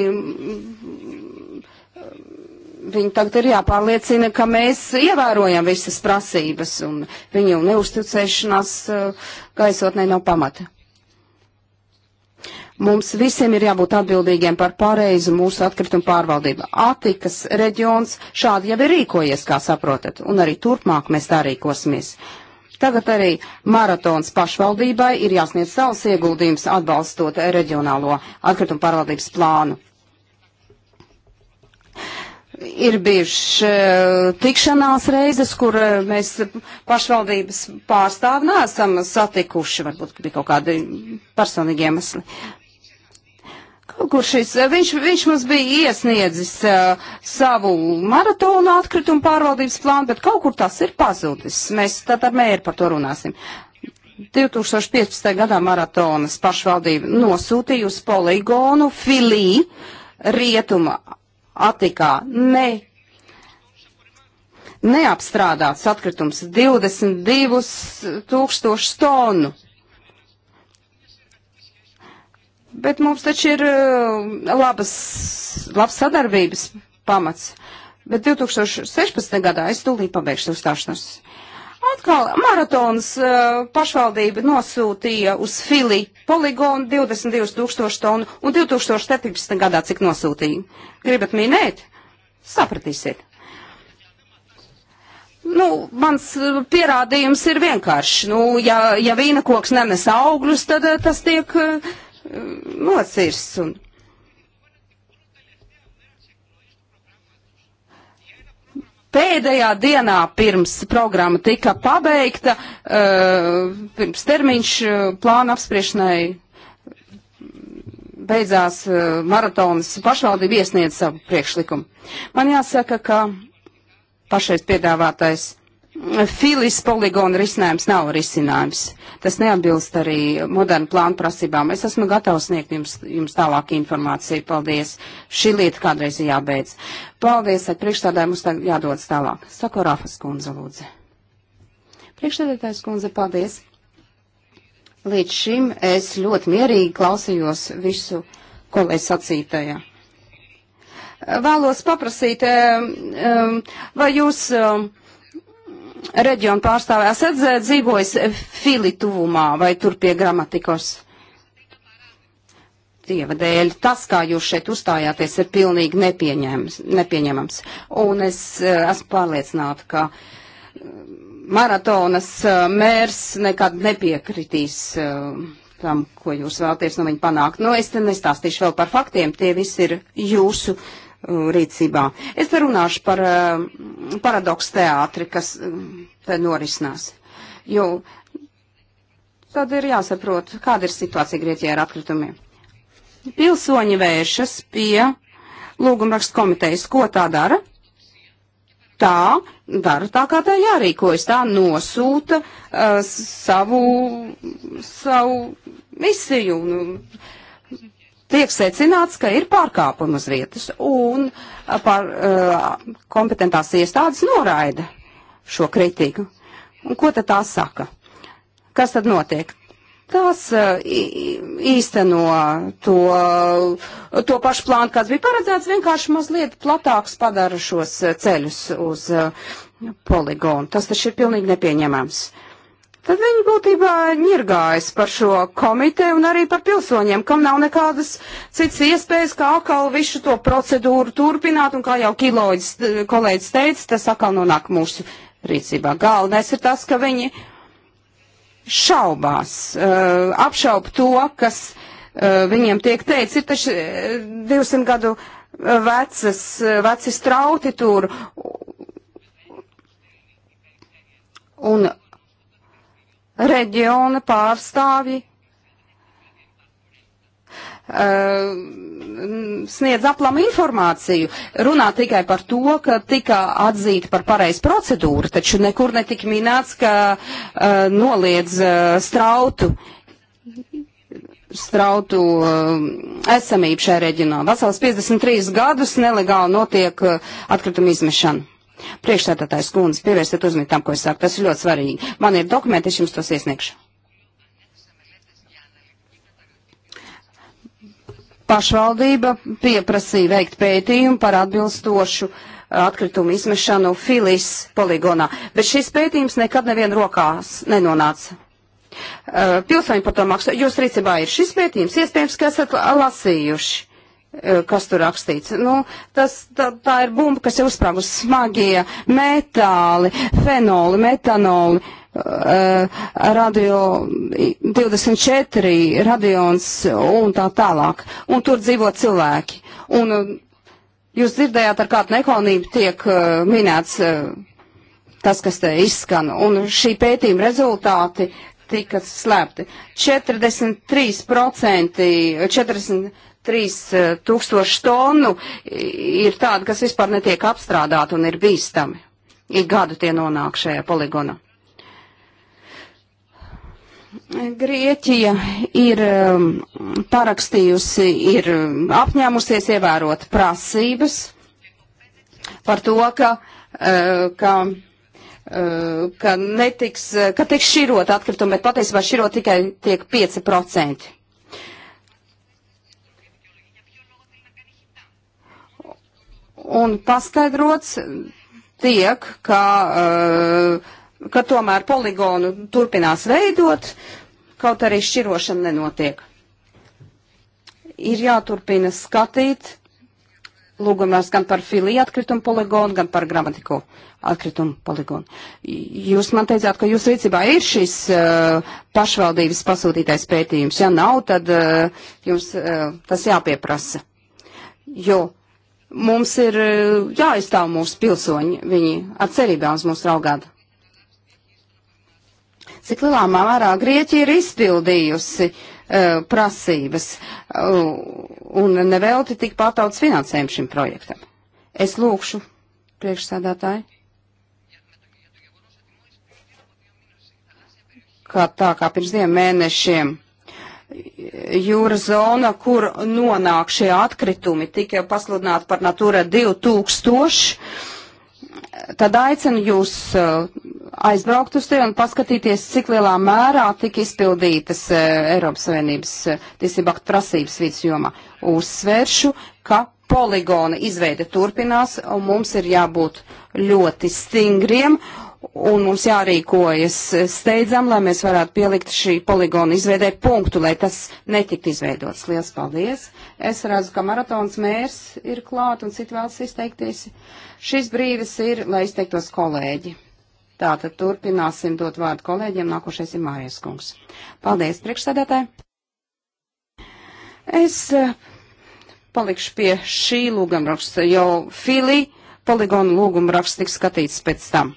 Viņi tagad ir jāpārliecina, ka mēs ievērojam visas prasības un viņu neusticēšanās eh, gaisotnē nav pamata. Mums visiem ir jābūt atbildīgiem par pareizu mūsu atkritumu pārvaldību. Atikas reģions šādi jau ir rīkojies, kā saprotat, un arī turpmāk mēs tā rīkosimies. Tagad arī maratons pašvaldībai ir jāsniedz savs ieguldījums atbalstot reģionālo atkritumu pārvaldības plānu ir bijušas eh, tikšanās reizes, kur eh, mēs pašvaldības pārstāvi neesam satikuši, varbūt bija kaut kādi personīgi iemesli. Kaut kur šis, eh, viņš, viņš mums bija iesniedzis uh, savu maratonu atkritumu pārvaldības plānu, bet kaut kur tas ir pazudis. Mēs tad ar mēru par to runāsim. 2015. gadā maratonas pašvaldība nosūtīja uz poligonu Filī rietuma Atikā ne, neapstrādāts atkritums 22 tūkstoši tonu. Bet mums taču ir eh, labas, labs sadarbības pamats. Bet 2016. gadā es tūlīt pabeigšu uzstāšanos. Uh, Atkal maratons eh, pašvaldība nosūtīja uz Fili poligonu 22 tūkstoši tonu un 2017. gadā cik nosūtīja. Gribat minēt? Sapratīsiet. Nu, mans eh, pierādījums ir vienkāršs. Nu, ja, ja vīna koks nenes augļus, tad eh, tas tiek nocirsts. Un... pēdējā dienā pirms programma tika pabeigta, uh, pirms termiņš uh, eh, plāna apspriešanai beidzās uh, maratons, pašvaldība iesniedz savu priekšlikumu. Man jāsaka, ka pašais piedāvātais Filis poligona risinājums nav risinājums. Tas neatbilst arī modernu plānu prasībām. Es esmu gatavs sniegt jums, jums tālāk informāciju. Paldies. Šī lieta kādreiz ir jābeidz. Paldies, ar priekšstādāju mums tagad jādodas tālāk. Sako Rafas kundze, lūdze. Priekšstādātājs kundze, paldies. Līdz šim es ļoti mierīgi klausījos visu, ko lai sacītajā. Vēlos paprasīt, eh, eh, vai jūs eh, reģionu pārstāvē esat dzīvojis Fili tuvumā vai tur pie gramatikos? Dieva dēļ, tas, kā jūs šeit uzstājāties, ir pilnīgi nepieņemams. Un es eh, esmu pārliecināta, ka mm, maratonas eh, mērs nekad nepiekritīs eh, tam, ko jūs vēlaties no viņa panākt. Nu, es te nestāstīšu vēl par faktiem, tie visi ir jūsu Uh, rīcībā. Es te runāšu par uh, paradoksu teātri, kas uh, te norisinās. Jo tad ir jāsaprot, kāda ir situācija Grieķijā ar atkritumiem. Pilsoņi vēršas pie lūgumrakstu komitejas. Ko tā dara? Tā dara tā, kā tā jārīkojas. Tā nosūta uh, savu, savu misiju. Nu, tiek secināts, ka ir pārkāpumi uz vietas, un par, uh, kompetentās iestādes noraida šo kritiku. Un ko tad tā saka? Kas tad notiek? Tās uh, īsteno to, to pašu plānu, kāds bija paredzēts, vienkārši mazliet platāks padara šos ceļus uz uh, poligonu. Tas taču ir pilnīgi nepieņemams. Uh, tad viņi būtībā ņirgājas par šo komiteju un arī par pilsoņiem, kam nav nekādas citas iespējas, kā atkal visu to procedūru turpināt, un kā jau kiloģis eh, kolēģis teica, tas atkal nonāk mūsu rīcībā. Galvenais ir tas, ka viņi šaubās, uh, eh, apšaub to, kas uh, viņiem tiek teicis. Ir taču 200 gadu vecas, veci strauti tur. Un reģiona pārstāvji eh, sniedz aplamu informāciju, runā tikai par to, ka tika atzīta par pareizu procedūru, taču nekur netika minēts, ka uh, noliedz uh, strautu, strautu uh, esamību šajā reģionā. Vesels 53 gadus nelegāli notiek uh, atkrituma izmešana. Priekšstādātājs kundze, pievērstiet uzmanību tam, ko es saku. Tas ir ļoti svarīgi. Man ir dokumenti, es jums tos iesniegšu. Pašvaldība pieprasīja veikt pētījumu par atbilstošu uh, atkritumu izmešanu Filis poligonā, bet šis pētījums nekad nevien rokās nenonāca. Uh, Pilsoņi par to maksā. Jūs rīcībā ir šis pētījums, iespējams, ka esat lasījuši. Eh, kas tur rakstīts. Nu, tas, tā, tā ir bumba, kas ir uzsprāgusi smagie metāli, fenoli, metanoli, uh, radio 24, radions un tā tālāk. Un tur dzīvo cilvēki. Un uh, jūs dzirdējāt, ar kādu nekaunību tiek uh, minēts tas, kas te izskan. Un šī pētījuma rezultāti tika slēpti. 43%, 40, 3000 tonu ir tādi, kas vispār netiek apstrādāti un ir bīstami. Ik gadu tie nonāk šajā poligonā. Grieķija ir um, parakstījusi, ir um, apņēmusies ievērot prasības par to, ka, uh, ka uh, ka netiks, ka tiks šķirot atkritumi, bet patiesībā šķirot tikai tiek 5%. un paskaidrots tiek, ka, eh, ka tomēr poligonu turpinās veidot, kaut arī šķirošana nenotiek. Ir jāturpina skatīt lūgumās gan par filiju atkritumu poligonu, gan par gramatiku atkritumu poligonu. Jūs man teicāt, ka jūs rīcībā ir šis uh, pašvaldības pasūtītais pētījums. Ja nav, tad uh, jums uh, tas jāpieprasa. Jo Mums ir eh, jāizstāv mūsu pilsoņi, viņi ar cerībām uz mūsu raugāt. Cik lielā mērā Grieķija ir izpildījusi uh, prasības uh, un nevelti tik patauts finansējumu šim projektam. Es lūkšu priekšsādātāju. Kā tā kā pirms diviem mēnešiem jūras zona, kur nonāk šie atkritumi, tika pasludināta par Natūra 2000, tad aicinu jūs eh, aizbraukt uz te un paskatīties, cik lielā mērā tika izpildītas eh, Eiropas Savienības eh, tiesībā prasības vidas jomā. Uzsvēršu, ka poligona izveide turpinās un mums ir jābūt ļoti stingriem un mums jārīkojas steidzam, lai mēs varētu pielikt šī poligona izveidē punktu, lai tas netiktu izveidots. Lielas paldies! Es redzu, ka maratons mērs ir klāt un citi vēlas izteikties. Šis brīdis ir, lai izteiktos kolēģi. Tātad turpināsim dot vārdu kolēģiem. Nākošais ir Mājas kungs. Paldies, priekšsēdētāji! Es eh, palikšu pie šī lūgumraksta, jo Fili poligonu lūgumraksts tiks skatīts pēc tam.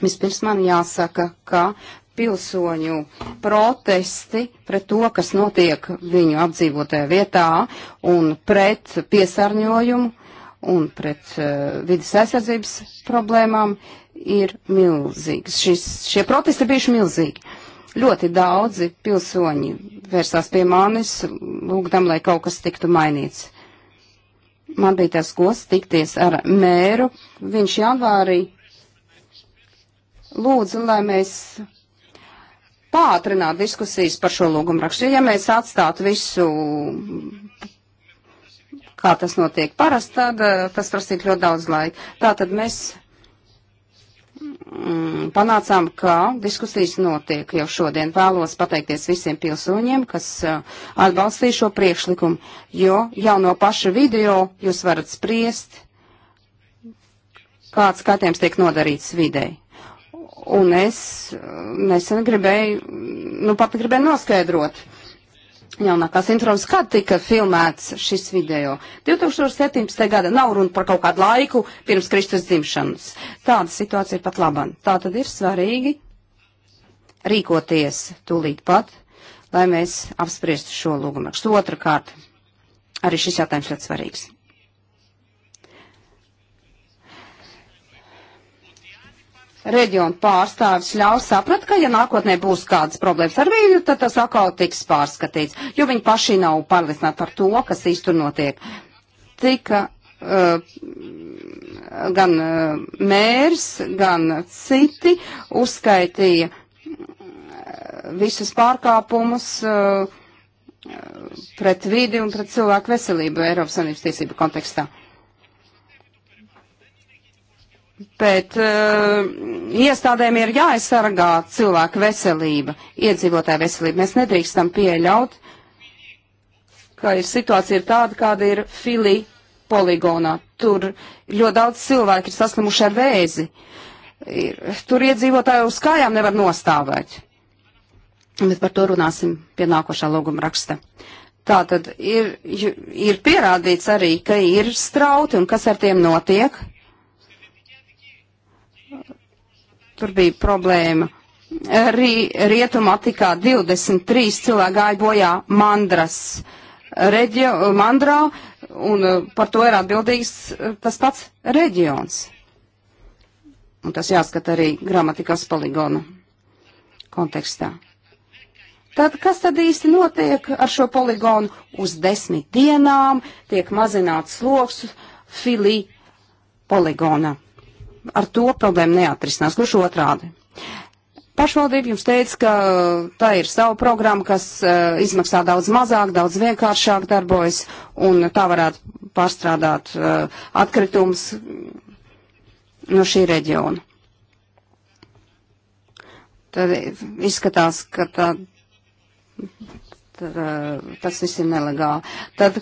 Vispirms man jāsaka, ka pilsoņu protesti pret to, kas notiek viņu apdzīvotajā vietā un pret piesārņojumu un pret uh, vidas aizsardzības problēmām ir milzīgs. Šis, šie protesti ir bijuši milzīgi. Ļoti daudzi pilsoņi vērsās pie manis, lūgdam, lai kaut kas tiktu mainīts. Man bija tas gods tikties ar mēru. Viņš janvārī lūdzu, lai mēs pātrināt diskusijas par šo lūgumrakstu. Ja mēs atstātu visu, kā tas notiek parasti, tad eh, tas prasītu ļoti daudz laika. Tātad mēs mm, panācām, ka diskusijas notiek jau šodien. Vēlos pateikties visiem pilsoņiem, kas eh, atbalstīja šo priekšlikumu, jo jau no paša video jūs varat spriest, kāds skatījums tiek nodarīts videi. Un es nesen gribēju, nu pat gribēju noskaidrot jaunākās intros, kad tika filmēts šis video. 2017. gada nav runa par kaut kādu laiku pirms Kristus dzimšanas. Tāda situācija ir pat laban. Tā tad ir svarīgi rīkoties tūlīt pat, lai mēs apspriestu šo lūgumu. Otrakārt, arī šis jautājums ļoti svarīgs. reģionu pārstāvis ļaus saprat, ka ja nākotnē būs kādas problēmas ar vīnu, tad tas atkal tiks pārskatīts, jo viņi paši nav pārliecināti par to, kas īsti notiek. Tika uh, gan uh, mērs, gan citi uzskaitīja eh, visus pārkāpumus uh, pret vidi un pret cilvēku veselību Eiropas Savienības tiesību kontekstā bet uh, iestādēm ir jāaizsargā cilvēku veselība, iedzīvotāja veselība. Mēs nedrīkstam pieļaut, ka ir situācija ir tāda, kāda ir Fili poligonā. Tur ļoti daudz cilvēku ir saslimuši ar vēzi. Ir, tur iedzīvotāju uz kājām nevar nostāvēt. Bet par to runāsim pie nākošā loguma raksta. Tātad ir, ir pierādīts arī, ka ir strauti un kas ar tiem notiek Tur bija problēma. Rī, rietuma attikā 23 cilvēki gāja bojā Mandras reģio, Mandrā, un uh, par to ir atbildīgs uh, tas pats reģions. Un tas jāskata arī gramatikas poligona kontekstā. Tad kas tad īsti notiek ar šo poligonu? Uz desmit dienām tiek mazināts sloks filī poligona ar to problēmu neatrisinās. Gluži otrādi. Pašvaldība jums teica, ka tā ir sava programma, kas uh, izmaksā daudz mazāk, daudz vienkāršāk darbojas, un tā varētu pārstrādāt uh, atkritumus no šī reģiona. Tad izskatās, ka tā, tad, eh, tas viss ir nelegāli. Tad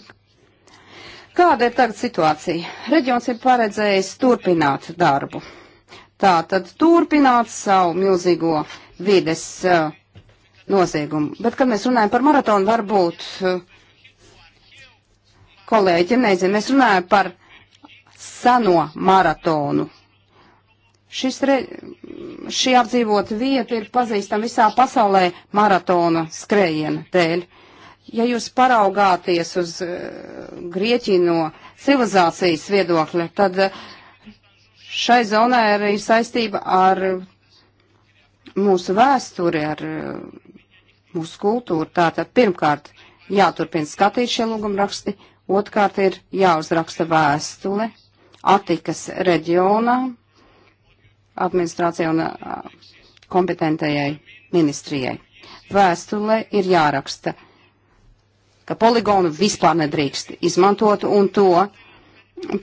Kāda ir tagad situācija? Reģions ir paredzējis turpināt darbu. Tā tad turpināt savu milzīgo vides uh, noziegumu. Bet, kad mēs runājam par maratonu, varbūt uh, kolēģi nezina, mēs runājam par seno maratonu. Šis re, šī apdzīvota vieta ir pazīstama visā pasaulē maratona skrējiena dēļ. Ja jūs paraugāties uz eh, Grieķiju no civilizācijas viedokļa, tad eh, šai zonai arī saistība ar mūsu vēsturi, ar eh, mūsu kultūru. Tātad pirmkārt jāturpina skatīt šie lūgumraksti, otrkārt ir jāuzraksta vēstule Atikas reģionā administrācijai un kompetentajai ministrijai. Vēstule ir jāraksta ka poligonu vispār nedrīkst izmantot un to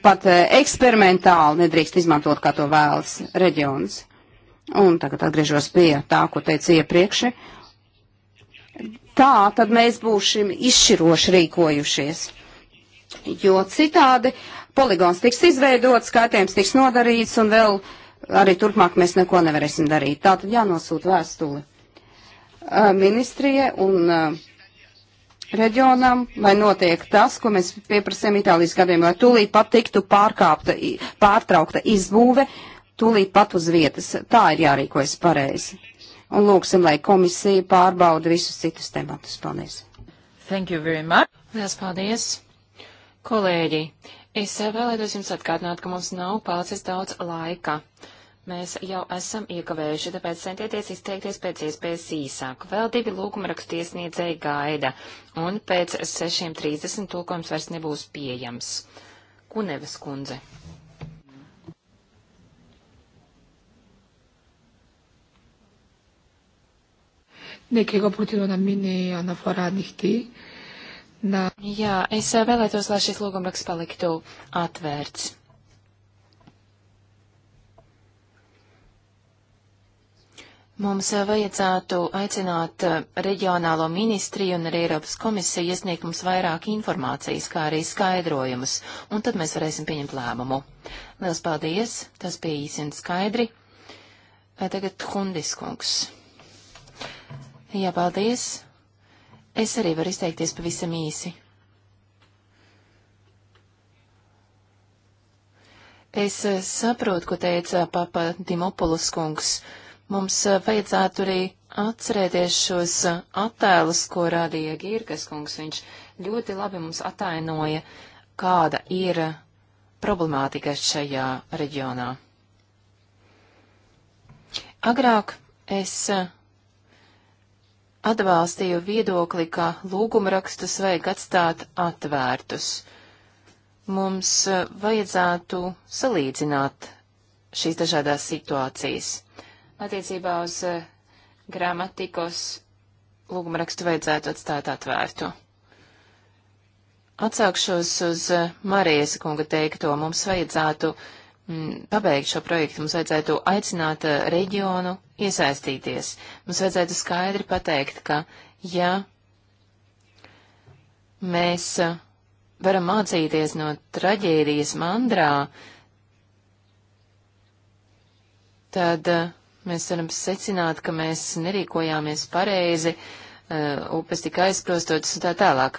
pat eh, eksperimentāli nedrīkst izmantot, kā to vēlas reģions. Un tagad atgriežos pie tā, ko teicu iepriekš. Tā tad mēs būsim izšķiroši rīkojušies, jo citādi poligons tiks izveidots, skaitījums tiks nodarīts un vēl arī turpmāk mēs neko nevarēsim darīt. Tā tad jānosūt vēstuli eh, ministrijai un uh, reģionam, lai notiek tas, ko mēs pieprasām Itālijas gadiem, lai tūlīt pat tiktu pārkāpta, pārtraukta izbūve, tūlīt pat uz vietas. Tā ir jārīkojas pareizi. Un lūksim, lai komisija pārbauda visus citus tematus. Paldies! Thank you very much! Lielas paldies! Kolēģi, es vēlētos jums atgādināt, ka mums nav palicis daudz laika. Mēs jau esam iekavējuši, tāpēc centieties izteikties pēc iespējas īsāk. Vēl divi lūguma rakstiesniedzēji gaida, un pēc 6.30 tulkojums vairs nebūs pieejams. Kunevas kundze. Ναι, και εγώ προτείνω να μείνει αναφορά ανοιχτή. Να... Jā, es vēlētos, lai šis lūgumraksts paliktu atvērts. Mums eh, vajadzētu aicināt eh, reģionālo ministriju un arī Eiropas komisiju iesniegt mums vairāk informācijas, kā arī skaidrojumus, un tad mēs varēsim pieņemt lēmumu. Liels paldies, tas bija īsi un skaidri. Tagad Hundis kungs. Jā, paldies. Es arī varu izteikties pavisam īsi. Es eh, saprotu, ko teica papa Dimopulus kungs Mums eh, vajadzētu arī atcerēties šos eh, attēlus, ko rādīja Gīrkas kungs. Viņš ļoti labi mums atainoja, kāda ir eh, problemātika šajā reģionā. Agrāk es atbalstīju viedokli, ka lūgumrakstus vajag atstāt atvērtus. Mums vajadzētu salīdzināt šīs dažādās situācijas attiecībā uz eh, gramatikos lūgumrakstu vajadzētu atstāt atvērtu. Atsaukšos uz eh, Marijas kunga teikto, mums vajadzētu m, mm, pabeigt šo projektu, mums vajadzētu aicināt eh, reģionu iesaistīties. Mums vajadzētu skaidri pateikt, ka ja mēs varam mācīties no traģēdijas mandrā, tad uh, Mēs varam secināt, ka mēs nerīkojāmies pareizi, e, upes tika aizprostotas un tā tālāk.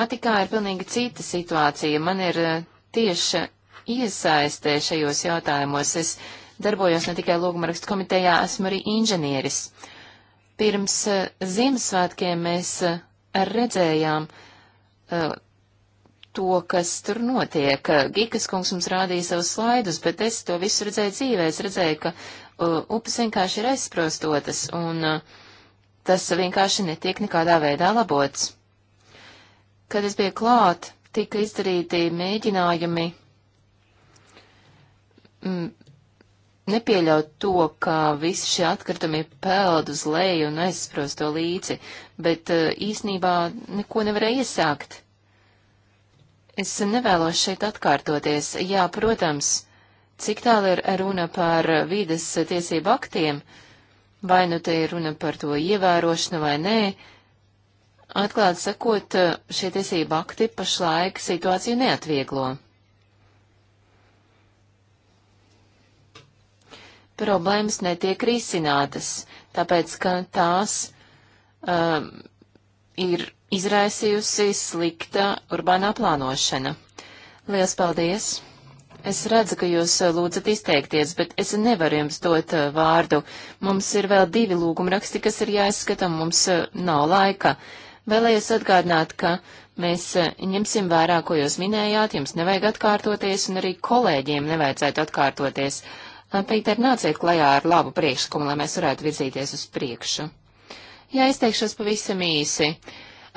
Atikā mm, ir pilnīgi cita situācija. Man ir e, tieša iesaistē šajos jautājumos. Es darbojos ne tikai lūgumarakstu komitejā, esmu arī inženieris. Pirms e, Ziemassvētkiem mēs redzējām to, kas tur notiek. Gikas kungs mums rādīja savus slaidus, bet es to visu redzēju dzīvē. Es redzēju, ka Uh, upes vienkārši ir aizsprostotas, un uh, tas vienkārši netiek nekādā veidā labots. Kad es biju klāt, tika izdarīti mēģinājumi mm, nepieļaut to, ka visi šie atkritumi peld uz leju un aizsprosto līdzi, bet uh, īsnībā neko nevarēja iesākt. Es nevēlos šeit atkārtoties. Jā, protams, Cik tālu ir runa par vīdes tiesību aktiem, vai nu te ir runa par to ievērošanu vai nē, atklāti sakot, šie tiesību akti pašlaik situāciju neatvieglo. Problēmas netiek risinātas, tāpēc, ka tās um, ir izraisījusi slikta urbānā plānošana. Lielas paldies! Es redzu, ka jūs eh, lūdzat izteikties, bet es nevaru jums dot eh, vārdu. Mums ir vēl divi lūgumraksti, kas ir jāizskata, mums eh, nav laika. Vēlējos atgādināt, ka mēs ņemsim vērā, ko jūs minējāt, jums nevajag atkārtoties, un arī kolēģiem nevajadzētu atkārtoties. Pīter, nāciet klajā ar labu priekšlikumu, lai mēs varētu virzīties uz priekšu. Jā, izteikšos pavisam īsi.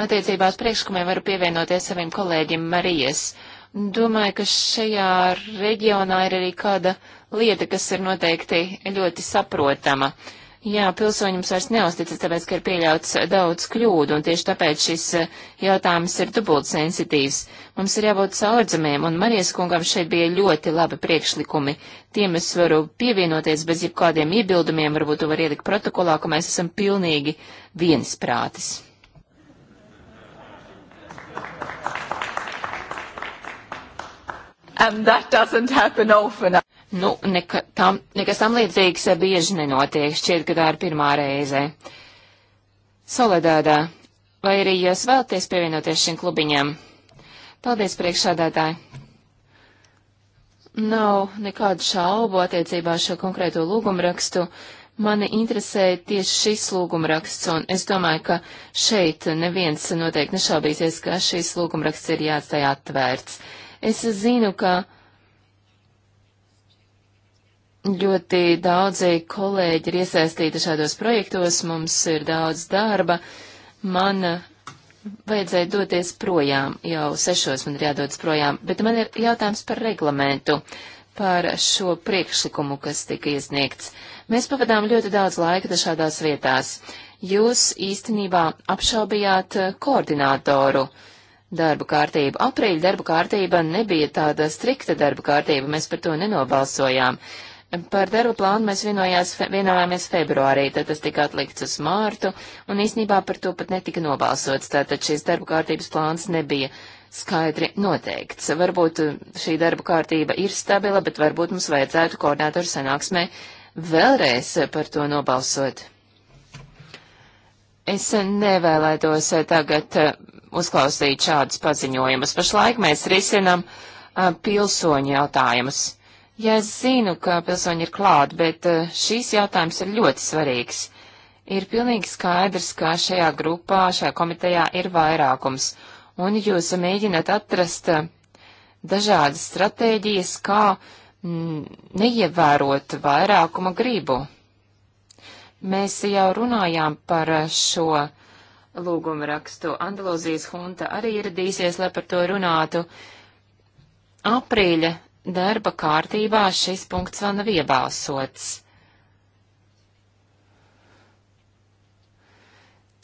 Attiecībās priekšlikumiem varu pievienoties saviem kolēģiem Marijas. Uh, Domāju, ka šajā reģionā ir arī kāda lieta, kas ir noteikti ļoti saprotama. Jā, pilsoņiem vairs neusticas, tāpēc, ka ir pieļauts daudz kļūdu, un tieši tāpēc šis eh, jautājums ir dubult sensitīvs. Mums ir jābūt saurdzamiem, un Marijas kungam šeit bija ļoti labi priekšlikumi. Tiem es varu pievienoties bez jebkādiem iebildumiem, varbūt to var ielikt protokolā, ka mēs esam pilnīgi viensprātis. and that doesn't happen often. Nu, neka, tam, nekas tam līdzīgs eh, bieži nenotiek, šķiet, ka tā ir pirmā reize. Soledādā, vai arī jūs vēlaties pievienoties šim klubiņam? Paldies, priekšādātāji! Nav nekādu šaubu attiecībā šo konkrēto lūgumrakstu. Mani interesē tieši šis lūgumraksts, un es domāju, ka šeit neviens noteikti nešaubīsies, ka šis lūgumraksts ir jāatstāj atvērts. Es zinu, ka ļoti daudzi kolēģi ir iesaistīti šādos projektos, mums ir daudz darba. Man vajadzēja doties projām, jau sešos man ir jādodas projām, bet man ir jautājums par reglamentu, par šo priekšlikumu, kas tika iesniegts. Mēs pavadām ļoti daudz laika dažādās vietās. Jūs īstenībā apšaubījāt eh, koordinātoru. Uh, darbu kārtību. Aprīļa darbu kārtība nebija tāda strikta darbu kārtība, mēs par to nenobalsojām. Par darbu plānu mēs fe, vienojāmies februārī, tad tas tika atlikts uz mārtu, un īsnībā par to pat netika nobalsots, tātad šis darbu kārtības plāns nebija skaidri noteikts. Varbūt šī darba kārtība ir stabila, bet varbūt mums vajadzētu koordinātoru sanāksmē vēlreiz par to nobalsot. Es nevēlētos tagad uzklausīt šādus paziņojumus. Pašlaik mēs risinam uh, pilsoņu jautājumus. Ja es zinu, ka pilsoņi ir klāt, bet uh, šīs jautājums ir ļoti svarīgs. Ir pilnīgi skaidrs, ka šajā grupā, šajā komitejā ir vairākums, un jūs mēģināt atrast uh, dažādas stratēģijas, kā mm, neievērot vairākuma gribu. Mēs jau runājām par šo lūgumu rakstu. Andalūzijas hunta arī ieradīsies, lai par to runātu. Aprīļa darba kārtībā šis punkts vēl nav iebalsots.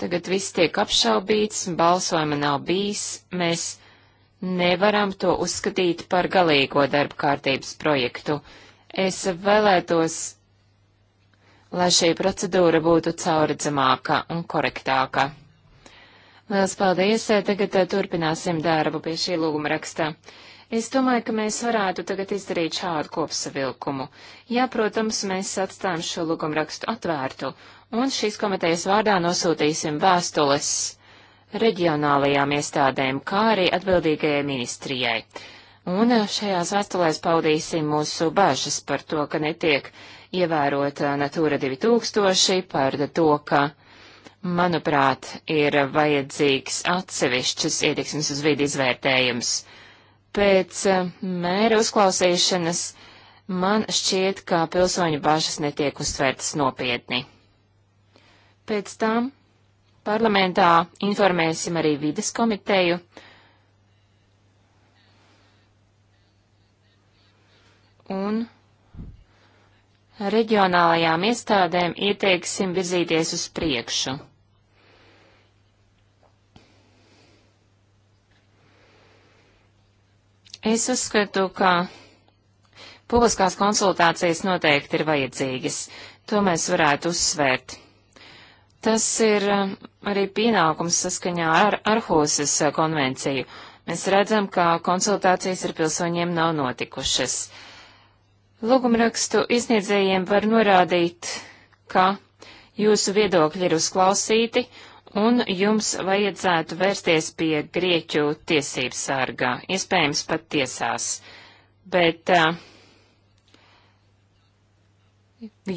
Tagad viss tiek apšaubīts, balsojuma nav bijis, mēs nevaram to uzskatīt par galīgo darba kārtības projektu. Es vēlētos, lai šī procedūra būtu cauredzamāka un korektāka. Lielas paldies! Eh, tagad eh, turpināsim darbu pie šī lūguma rakstā. Es domāju, ka mēs varētu tagad izdarīt šādu kopsavilkumu. Jā, protams, mēs atstājam šo lūgumrakstu atvērtu, un šīs komitejas vārdā nosūtīsim vēstules reģionālajām iestādēm, kā arī atbildīgajai ministrijai. Un eh, šajās vēstulēs paudīsim mūsu bažas par to, ka netiek ievērota Natūra 2000, par to, ka manuprāt, ir vajadzīgs atsevišķas ietiksmes uz vidi izvērtējums. Pēc eh, mēra uzklausīšanas man šķiet, ka pilsoņu bažas netiek uztvērtas nopietni. Pēc tam parlamentā informēsim arī vides komiteju. Un reģionālajām iestādēm ieteiksim virzīties uz priekšu. Es uzskatu, ka publiskās konsultācijas noteikti ir vajadzīgas. To mēs varētu uzsvērt. Tas ir um, arī pienākums saskaņā ar Arhūsas uh, konvenciju. Mēs redzam, ka konsultācijas ar pilsoņiem nav notikušas. Lūgumrakstu izniedzējiem var norādīt, ka jūsu viedokļi ir uzklausīti un jums vajadzētu vērsties pie Grieķu tiesības sārgā, iespējams pat tiesās, bet uh,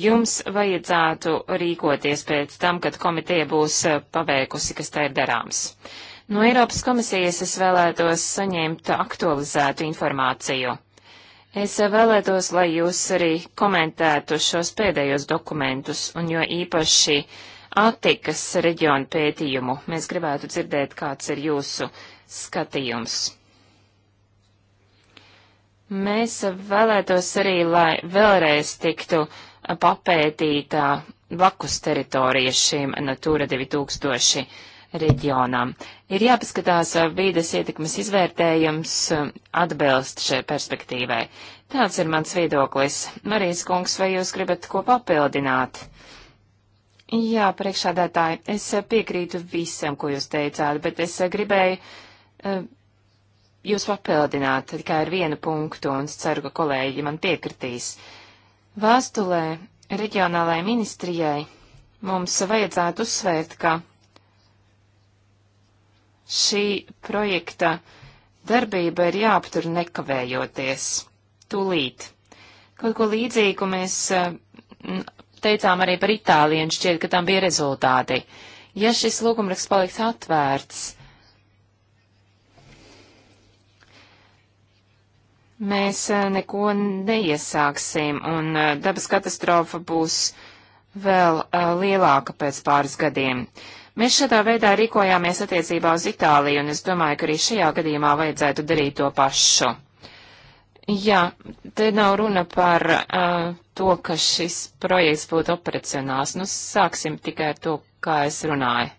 jums vajadzētu rīkoties pēc tam, kad komiteja būs uh, paveikusi, kas tā ir darāms. No Eiropas komisijas es vēlētos saņemt aktualizētu informāciju. Es vēlētos, lai jūs arī komentētu šos pēdējos dokumentus, un jo īpaši uh, Atikas reģionu pētījumu. Mēs gribētu dzirdēt, kāds ir jūsu skatījums. Mēs vēlētos arī, lai vēlreiz tiktu papētītā vakus teritorija šīm Natūra 2000 reģionām. Ir jāpaskatās vīdes ietekmes izvērtējums atbilst šai perspektīvai. Tāds ir mans viedoklis. Marijas kungs, vai jūs gribat ko papildināt? Uh, Jā, priekšādātāji, es eh, piekrītu visam, ko jūs teicāt, bet es eh, gribēju uh, jūs papildināt tikai ar vienu punktu, un es ceru, ka kolēģi man piekritīs. Vēstulē reģionālajai ministrijai mums vajadzētu uzsvērt, ka šī projekta darbība ir jāaptur nekavējoties, tūlīt. Kaut ko līdzīgu mēs uh, teicām arī par Itāliju, un šķiet, ka tam bija rezultāti. Ja šis lūgumraksts paliks atvērts, mēs eh, neko neiesāksim, un eh, dabas katastrofa būs vēl uh, lielāka pēc pāris gadiem. Mēs šādā veidā rīkojāmies attiecībā uz Itāliju, un es domāju, ka arī šajā gadījumā vajadzētu darīt to pašu. Jā, te nav runa par uh, to, ka šis projekts būtu operacionāls. Nu, sāksim tikai ar to, kā es runāju.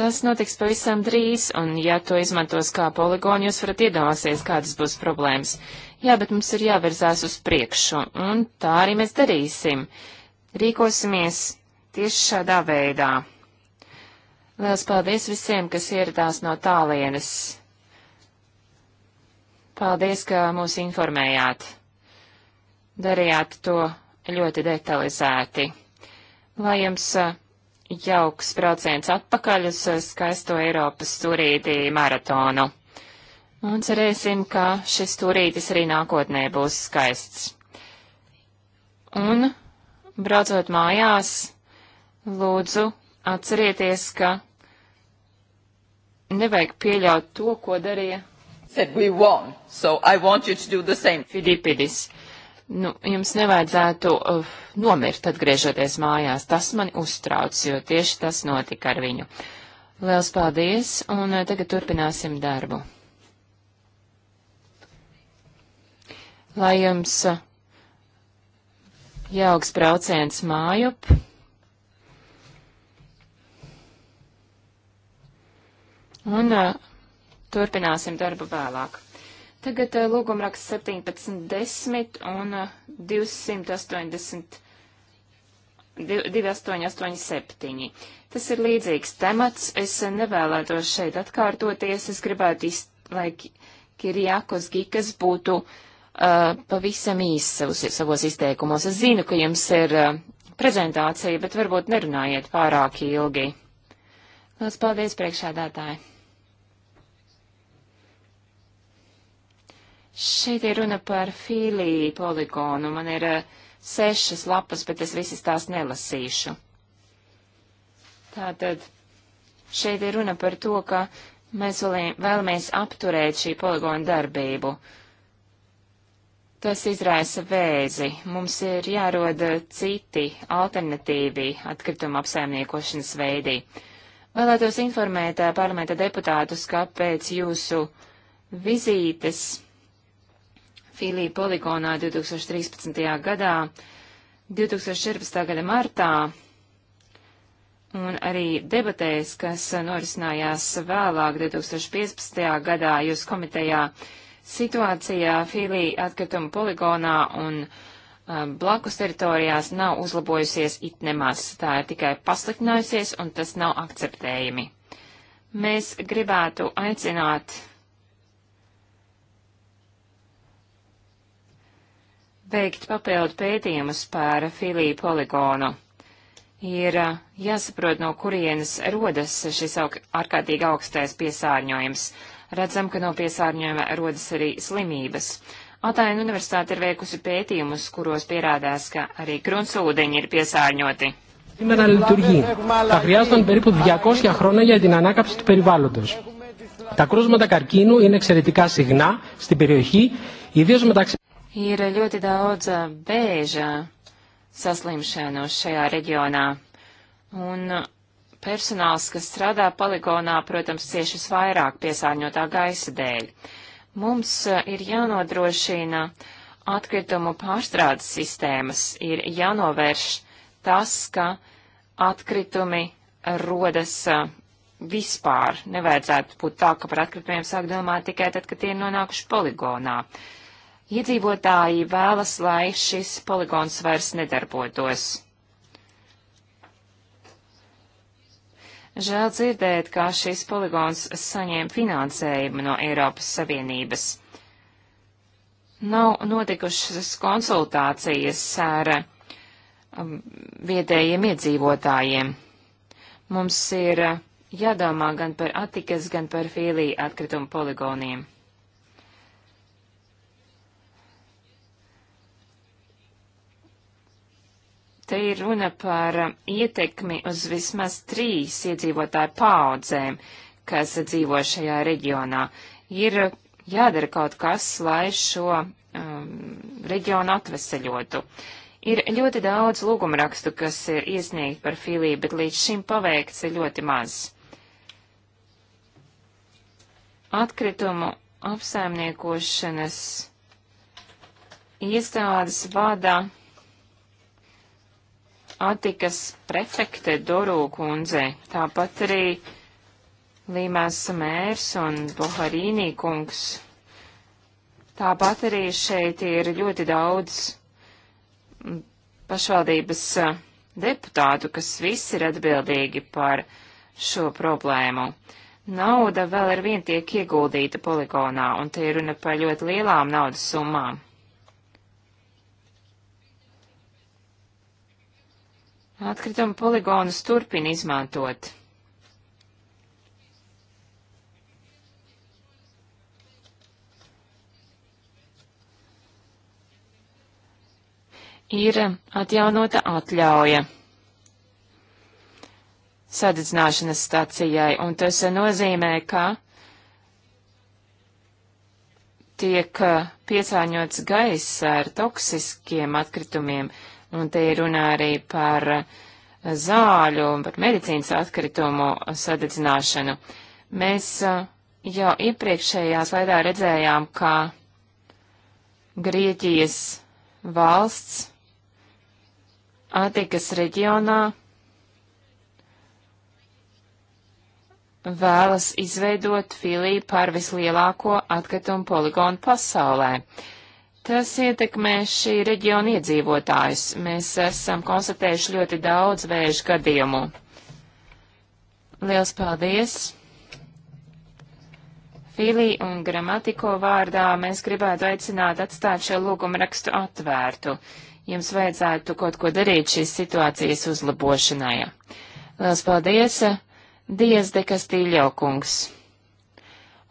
Tas notiks pavisam drīz, un ja to izmantos kā poligonu, jūs varat iedomāties, kādas būs problēmas. Jā, bet mums ir jāvirzās uz priekšu, un tā arī mēs darīsim. Rīkosimies tieši šādā veidā. Lielas paldies visiem, kas ieradās no tālienes. Paldies, ka mūs informējāt. Darījāt to ļoti detalizēti. Lai jums eh, jauks brauciens atpakaļ uz eh, skaisto Eiropas turītī maratonu. Un cerēsim, ka šis turītis arī nākotnē būs skaists. Un, braucot mājās, lūdzu atcerieties, ka nevajag pieļaut to, ko darīja. Said we won, so I want you to do the same. Filipidis. Nu, jums nevajadzētu uh, nomirt atgriežoties mājās. Tas mani uztrauc, jo tieši tas notika ar viņu. Liels paldies, un uh, tagad turpināsim darbu. Lai jums uh, jauks brauciens mājup. un uh, turpināsim darbu vēlāk. Tagad uh, lūgumraksts 1710 un uh, 280. 2887. Tas ir līdzīgs temats. Es nevēlētos šeit atkārtoties. Es gribētu, iz, lai Kirjākos Gikas būtu uh, pavisam īsi savus, savos izteikumos. Es zinu, ka jums ir uh, prezentācija, bet varbūt nerunājiet pārāk ilgi. Lielas paldies, priekšādātāji! Šeit ir runa par filiju poligonu. Man ir uh, sešas lapas, bet es visas tās nelasīšu. Tātad šeit ir runa par to, ka mēs vēlamies apturēt šī poligona darbību. Tas izraisa vēzi. Mums ir jāroda citi alternatīvi atkrituma apsaimniekošanas veidi. Vēlētos informēt parlamenta deputātus, ka pēc jūsu vizītes Filija poligonā 2013. gadā, 2014. gada martā un arī debatēs, kas norisinājās vēlāk 2015. gadā jūs komitejā, situācijā Filija atkrituma poligonā un uh, Um, blakus teritorijās nav uzlabojusies it nemaz. Tā ir tikai pasliktinājusies, un tas nav akceptējami. Mēs gribētu aicināt veikt papildu pētījumus par filiju poligonu. Ir uh, jāsaprot, no kurienes rodas šis aug, ārkārtīgi augstais piesārņojums. Redzam, ka no piesārņojuma rodas arī slimības. Atāina universitāte ir veikusi pētījumus, kuros pierādās, ka arī gruntsūdeņi ir piesārņoti. Σήμερα λειτουργεί. Θα χρειάζονταν περίπου 200 χρόνια για την ανάκαψη του περιβάλλοντος. Τα κρούσματα καρκίνου είναι εξαιρετικά συχνά στην περιοχή, ιδίως μεταξύ... Ir ļoti daudz bēža saslimšanu šajā reģionā. Un personāls, kas strādā poligonā, protams, cieši visvairāk piesārņotā gaisa dēļ. Mums eh, ir jānodrošina atkritumu pārstrādes sistēmas, ir jānovērš tas, ka atkritumi rodas eh, vispār. Nevajadzētu būt tā, ka par atkritumiem sāk domāt tikai tad, kad tie ir nonākuši poligonā. Iedzīvotāji vēlas, lai šis poligons vairs nedarbotos. Žēl dzirdēt, kā šis poligons saņēma finansējumu no Eiropas Savienības. Nav notikušas konsultācijas ar um, vietējiem iedzīvotājiem. Mums ir uh, jādomā gan par Atikas, gan par Fīlī atkritumu poligoniem. Te ir runa par um, ietekmi uz vismaz trīs iedzīvotāju paudzēm, kas dzīvo šajā reģionā. Ir uh, jādara kaut kas, lai šo um, reģionu atveseļotu. Ir ļoti daudz lūgumrakstu, kas ir iesniegti par filiju, bet līdz šim paveikts ir ļoti maz. Atkritumu apsaimniekošanas iestādes vada Atikas prefekte Dorū kundze, tāpat arī Līmēs mērs un Boharīnī kungs. Tāpat arī šeit ir ļoti daudz pašvaldības deputātu, kas visi ir atbildīgi par šo problēmu. Nauda vēl ar vien tiek ieguldīta poligonā, un te ir runa par ļoti lielām naudas summām. Atkrituma poligonus turpina izmantot. ir atjaunota atļauja sadedzināšanas stacijai, un tas nozīmē, ka tiek piesāņots gaiss ar toksiskiem atkritumiem, Un te ir runā arī par zāļu un par medicīnas atkritumu sadedzināšanu. Mēs jau iepriekšējā slaidā redzējām, ka Grieķijas valsts Atikas reģionā vēlas izveidot Filiju par vislielāko atkritumu poligonu pasaulē. Uh, Tas ietekmē šī reģiona iedzīvotājus. Mēs esam konstatējuši ļoti daudz vēža gadījumu. Liels paldies! Filī un gramatiko vārdā mēs gribētu aicināt atstāt šo lūgumu rakstu atvērtu. Jums vajadzētu kaut ko darīt šīs situācijas uzlabošanai. Liels paldies! Dievs de Kastīļo kungs!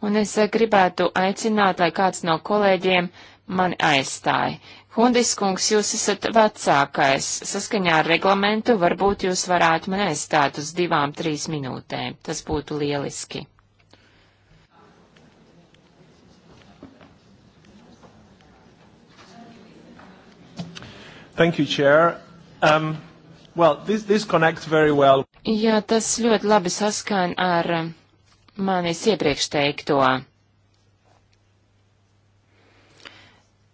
Un es gribētu aicināt, lai kāds no kolēģiem mani aizstāja. Hundis kungs, jūs esat vecākais. Saskaņā ar reglamentu varbūt jūs varētu mani aizstāt uz divām, trīs minūtēm. Tas būtu lieliski. Thank you, Chair. Um, well, this, this connects very well. Jā, tas ļoti labi saskan ar manis iepriekš teikto.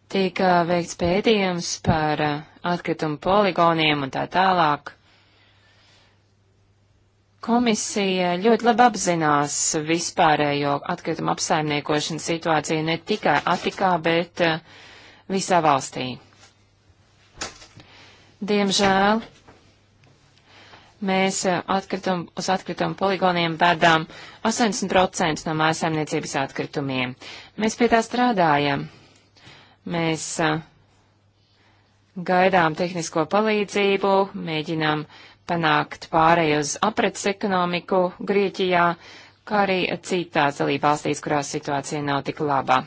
Tika veikts pētījums par uh, atkritumu poligoniem un tā tālāk. Komisija ļoti labi apzinās vispārējo atkritumu apsaimniekošanas situāciju ne tikai Atikā, bet uh, visā valstī. Diemžēl mēs uh, atkritumu, uz atkritumu poligoniem vedām 80% no mājasemniecības atkritumiem. Mēs pie tā strādājam. Mēs gaidām tehnisko palīdzību, mēģinām panākt pārēju uz aprets ekonomiku Grieķijā, kā arī citās dalībvalstīs, kurās situācija nav tik labā.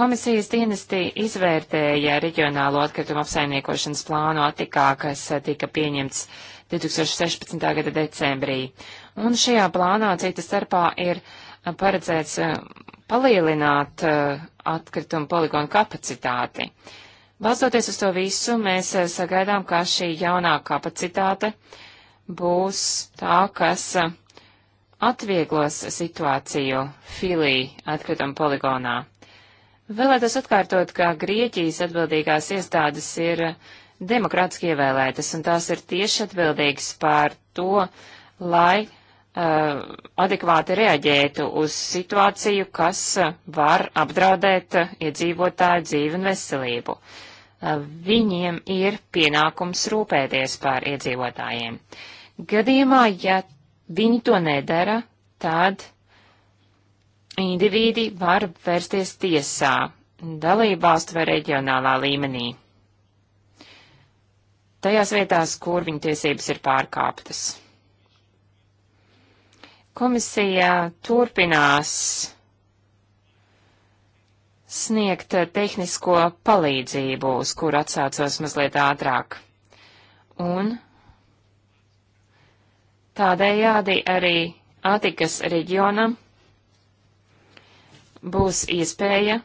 Komisijas dienesti izvērtēja reģionālo atkritumu apsaimniekošanas plānu Atikā, kas tika pieņemts 2016. gada decembrī. Un šajā plānā cita starpā ir paredzēts palielināt uh, atkritumu poligonu kapacitāti. Balstoties uz to visu, mēs uh, sagaidām, ka šī jaunā kapacitāte būs tā, kas uh, atvieglos situāciju Filī atkrituma poligonā. Vēlētos atkārtot, ka Grieķijas atbildīgās iestādes ir demokrātiski ievēlētas, un tās ir tieši atbildīgas par to, lai Uh, adekvāti reaģētu uz situāciju, kas var apdraudēt iedzīvotāju dzīvi un veselību. Uh, viņiem ir pienākums rūpēties par iedzīvotājiem. Gadījumā, ja viņi to nedara, tad indivīdi var vērsties tiesā, dalībvalstu vai reģionālā līmenī. Tajās vietās, kur viņu tiesības ir pārkāptas. Komisija turpinās sniegt tehnisko palīdzību, uz kuru atsācos mazliet ātrāk. Un tādējādi arī Atikas reģionam būs iespēja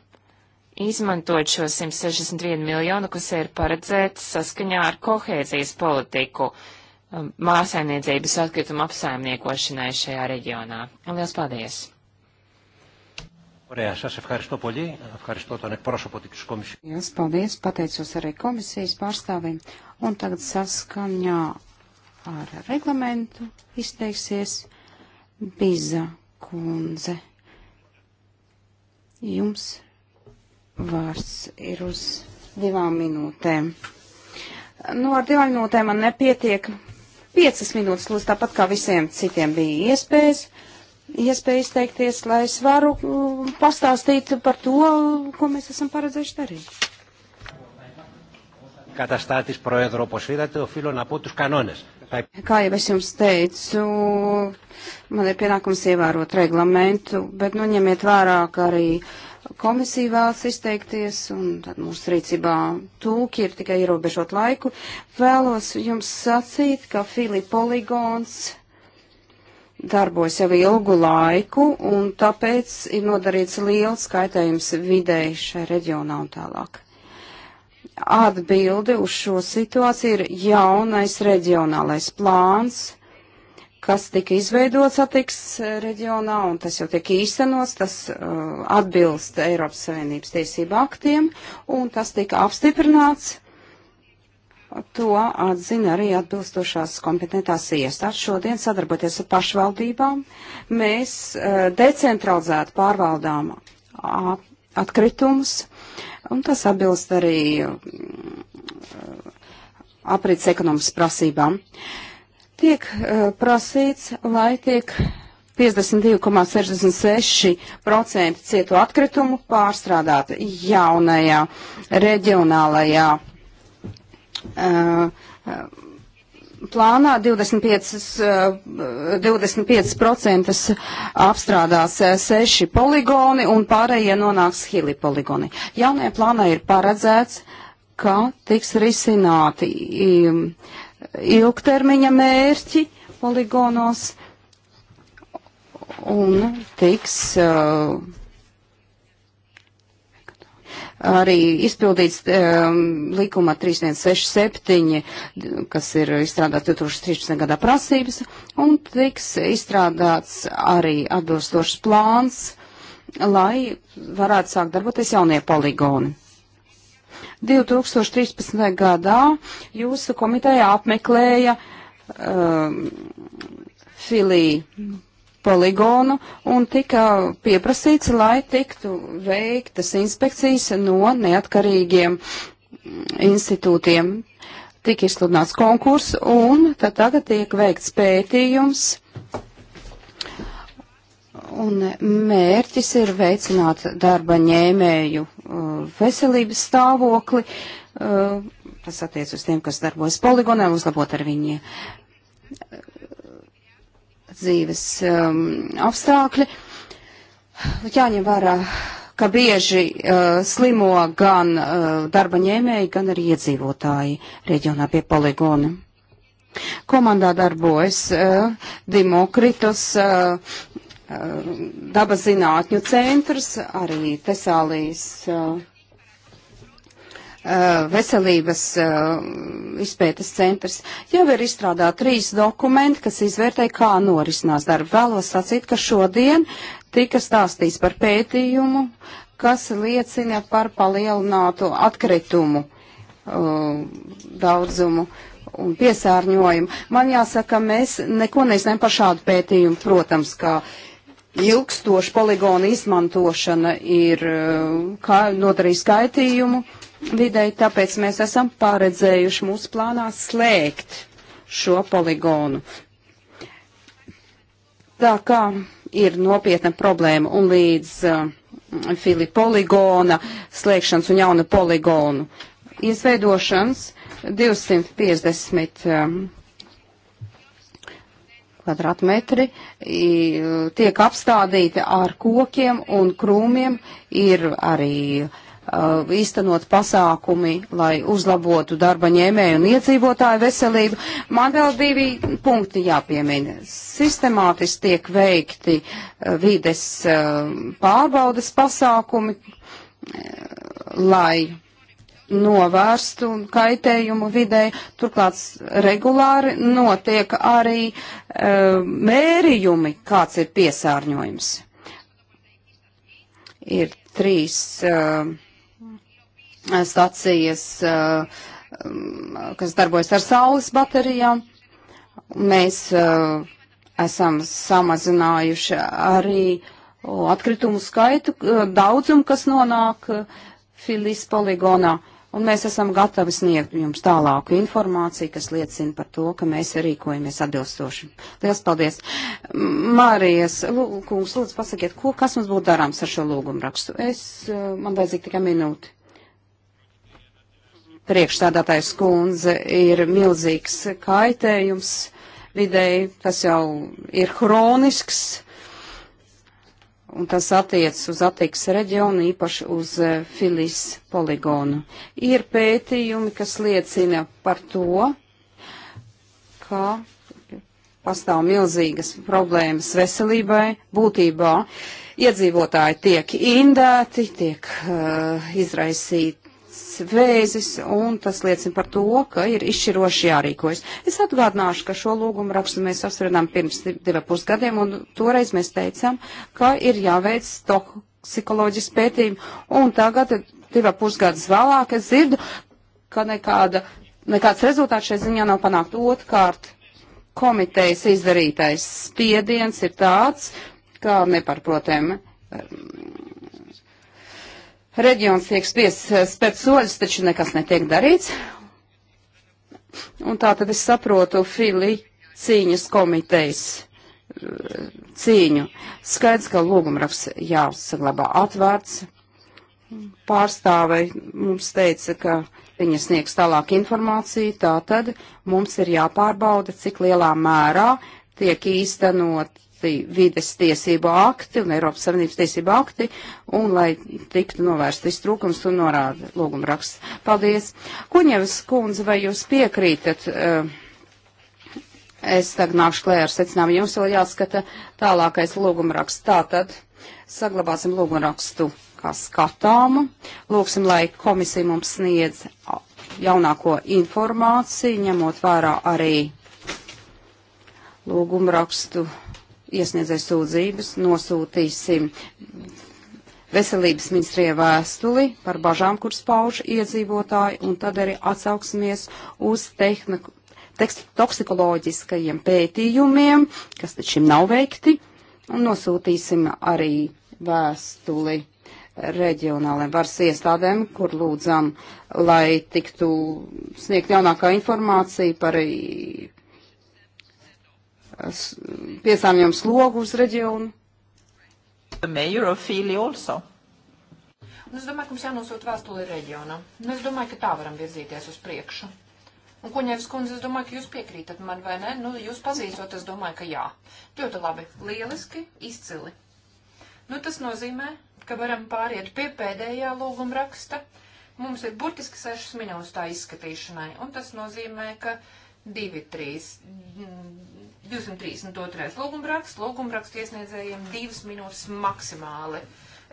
izmantot šo 161 miljonu, kas ir paredzēts saskaņā ar kohēzijas politiku Um, māsaimniecības atkrituma apsaimniekošanai šajā reģionā. Lielas paldies! Ωραία, σας ευχαριστώ πολύ. Ευχαριστώ τον εκπρόσωπο της Κομισijas. Jūs paldies, pateicos arī komisijas pārstāvim. Un tagad saskaņā ar reglamentu izteiksies Biza kundze. Jums vārds ir uz divām minūtēm. Nu, ar divām minūtēm man nepietiek. Piecas minūtes, lūdzu, tāpat kā visiem citiem bija iespējas, iespēja izteikties, lai es varu mm, pastāstīt par to, ko mēs esam paredzējuši darīt. Καταστάτης Πρόεδρο, όπως είδατε, οφείλω να πω τους κανόνες. Kā jau es jums teicu, man ir pienākums ievērot reglamentu, bet nu ņemiet vērā, ka arī komisija vēlas izteikties, un tad mūsu rīcībā tūki ir tikai ierobežot laiku. Vēlos jums sacīt, ka Filipa poligons darbojas jau ilgu laiku, un tāpēc ir nodarīts liels skaitējums vidēji šai reģionā un tālāk. Atbildi uz šo situāciju ir jaunais reģionālais plāns, kas tika izveidots attiks eh, reģionā, un tas jau tiek īstenots, tas uh, atbilst Eiropas Savienības tiesību aktiem, un tas tika apstiprināts. To atzina arī atbilstošās kompetentās iestādes. Šodien sadarboties ar pašvaldībām, mēs uh, eh, decentralizēti pārvaldām atkritumus, un tas atbilst arī mm, aprits ekonomikas prasībām. Tiek eh, prasīts, lai tiek 52,66% cietu atkritumu pārstrādāt jaunajā reģionālajā uh, plānā 25, 25% eh, apstrādās eh, seši poligoni un pārējie nonāks hili poligoni. Jaunajā plānā ir paredzēts, ka tiks risināti ilgtermiņa mērķi poligonos un tiks. Uh, arī izpildīts um, likuma 3167, kas ir izstrādāts 2013. gadā prasības, un tiks izstrādāts arī atbilstošs plāns, lai varētu sākt darboties jaunie poligoni. 2013. gadā jūsu komiteja apmeklēja um, Filiju poligonu un tika pieprasīts, lai tiktu veiktas inspekcijas no neatkarīgiem institūtiem. Tik izsludināts konkurs un tad tagad tiek veikts pētījums. Un mērķis ir veicināt darba ņēmēju uh, veselības stāvokli, uh, tas attiec uz tiem, kas darbojas poligonē, uzlabot ar viņiem dzīves um, apstākļi. Jāņem vērā, ka bieži uh, slimo gan uh, darba ņēmēji, gan arī iedzīvotāji reģionā pie poligona. Komandā darbojas uh, Dimokritus. Uh, uh Dabas zinātņu centrs, arī Tesālijas uh, Uh, veselības uh, izpētes centrs, jau ir izstrādāti trīs dokumenti, kas izvērtē, kā norisinās darbu. Vēlos sacīt, ka šodien tika stāstīts par pētījumu, kas liecina par palielinātu atkritumu uh, daudzumu un piesārņojumu. Man jāsaka, mēs neko nezinām par šādu pētījumu, protams, kā ilgstoša poligona izmantošana ir kā, notarīja skaitījumu videi, tāpēc mēs esam paredzējuši mūsu plānā slēgt šo poligonu. Tā kā ir nopietna problēma un līdz uh, fili poligona slēgšanas un jauna poligonu izveidošanas 250 um, kvadrātmetri i, tiek apstādīti ar kokiem un krūmiem, ir arī uh, Uh, īstenot pasākumi, lai uzlabotu darba ņēmēju un iedzīvotāju veselību. Man vēl divi punkti jāpiemina. Sistemātiski tiek veikti uh, vides uh, pārbaudes pasākumi, lai novērstu kaitējumu videi. Turklāt regulāri notiek arī mērījumi, kāds ir piesārņojums. Ir trīs uh, stacijas, eh, kas darbojas ar saules baterijām. Mēs eh, esam samazinājuši arī atkritumu skaitu, eh, daudzumu, kas nonāk Filijas poligonā. Un mēs esam gatavi sniegt jums tālāku informāciju, kas liecina par to, ka mēs rīkojamies atbilstoši. Lielas paldies! Mārijas, kungs, lūdzu pasakiet, ko, kas mums būtu darāms ar šo lūgumu rakstu? Es, man vajadzīga tikai minūte priekšstādātais kundze ir milzīgs kaitējums videi, tas jau ir hronisks, un tas attiec uz attīks reģionu, īpaši uz eh, Filis poligonu. Ir pētījumi, kas liecina par to, ka pastāv milzīgas problēmas veselībai, būtībā iedzīvotāji tiek indēti, tiek uh, izraisīti izplatīts vēzis, un tas liecina par to, ka ir izšķiroši jārīkojas. Es atgādināšu, ka šo lūgumu rakstu mēs apsvērnām pirms divi pusgadiem, un toreiz mēs teicām, ka ir jāveic toksikoloģijas pētījumi, un tagad divi pusgadus vēlāk es dzirdu, ka nekāda, nekāds rezultāts šai ziņā nav panākt otrkārt. Komitejas izdarītais spiediens ir tāds, ka neparprotami reģions tiek spiests eh, spērt soļus, taču nekas netiek darīts. Un tā tad es saprotu Fili cīņas komitejas eh, cīņu. Skaidrs, ka lūgumraks jāsaglabā atvērts. Pārstāve mums teica, ka viņa sniegs tālāk informāciju, tā tad mums ir jāpārbauda, cik lielā mērā tiek īstenot vides tiesību akti un Eiropas Savienības tiesību akti, un lai tiktu novērstis trūkums, tu norāda lūguma raksts. Paldies. Kuņevas kundze, vai jūs piekrītat? Eh, es tagad nākšu klē ar secinājumu. Jums vēl jāskata tālākais lūguma raksts. Tātad saglabāsim lūguma rakstu kā skatāmu. Lūksim, lai komisija mums sniedz jaunāko informāciju, ņemot vērā arī lūguma rakstu iesniedzēs sūdzības, nosūtīsim veselības ministrijai vēstuli par bažām, kuras pauž iedzīvotāji, un tad arī atsauksimies uz tehniku, tekstu toksikoloģiskajiem pētījumiem, kas taču nav veikti, un nosūtīsim arī vēstuli reģionālajiem varas iestādēm, kur lūdzam, lai tiktu sniegt jaunākā informācija par piesāņojumu slogu uz reģionu. Un nu, es domāju, ka mums jānosūta vēstuli reģionam. Un nu, es domāju, ka tā varam virzīties uz priekšu. Un, Kuņevs kundze, es domāju, ka jūs piekrītat man, vai ne? Nu, jūs pazīstot, es domāju, ka jā. Ļoti labi. Lieliski, izcili. Nu, tas nozīmē, ka varam pāriet pie pēdējā lūguma raksta. Mums ir burtiski sešas minūtes tā izskatīšanai, un tas nozīmē, ka divi, trīs, 232. lūgumraksts, lūgumraksts iesniedzējiem divas minūtes maksimāli.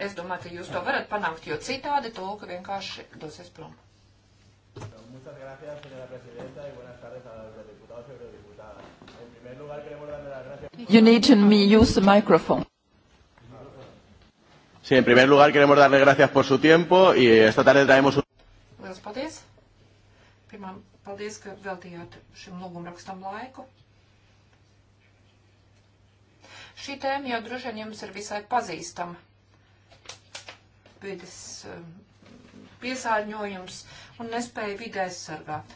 Es domāju, ka jūs to varat panākt, jo citādi tulka vienkārši dosies prom. Muchas gracias, señora presidenta, y buenas tardes a los diputados y eurodiputadas. En primer lugar, queremos darle las gracias. You need to me use the microphone. Sí, en primer lugar, queremos darle gracias por su tiempo y esta tarde traemos un. Lielas paldies. Pirmām, paldies, ka veltījāt šim lūgumrakstam laiku. Šī tēma jau droši vien jums ir visai pazīstama. Vides um, piesārņojums un nespēja vidi aizsargāt.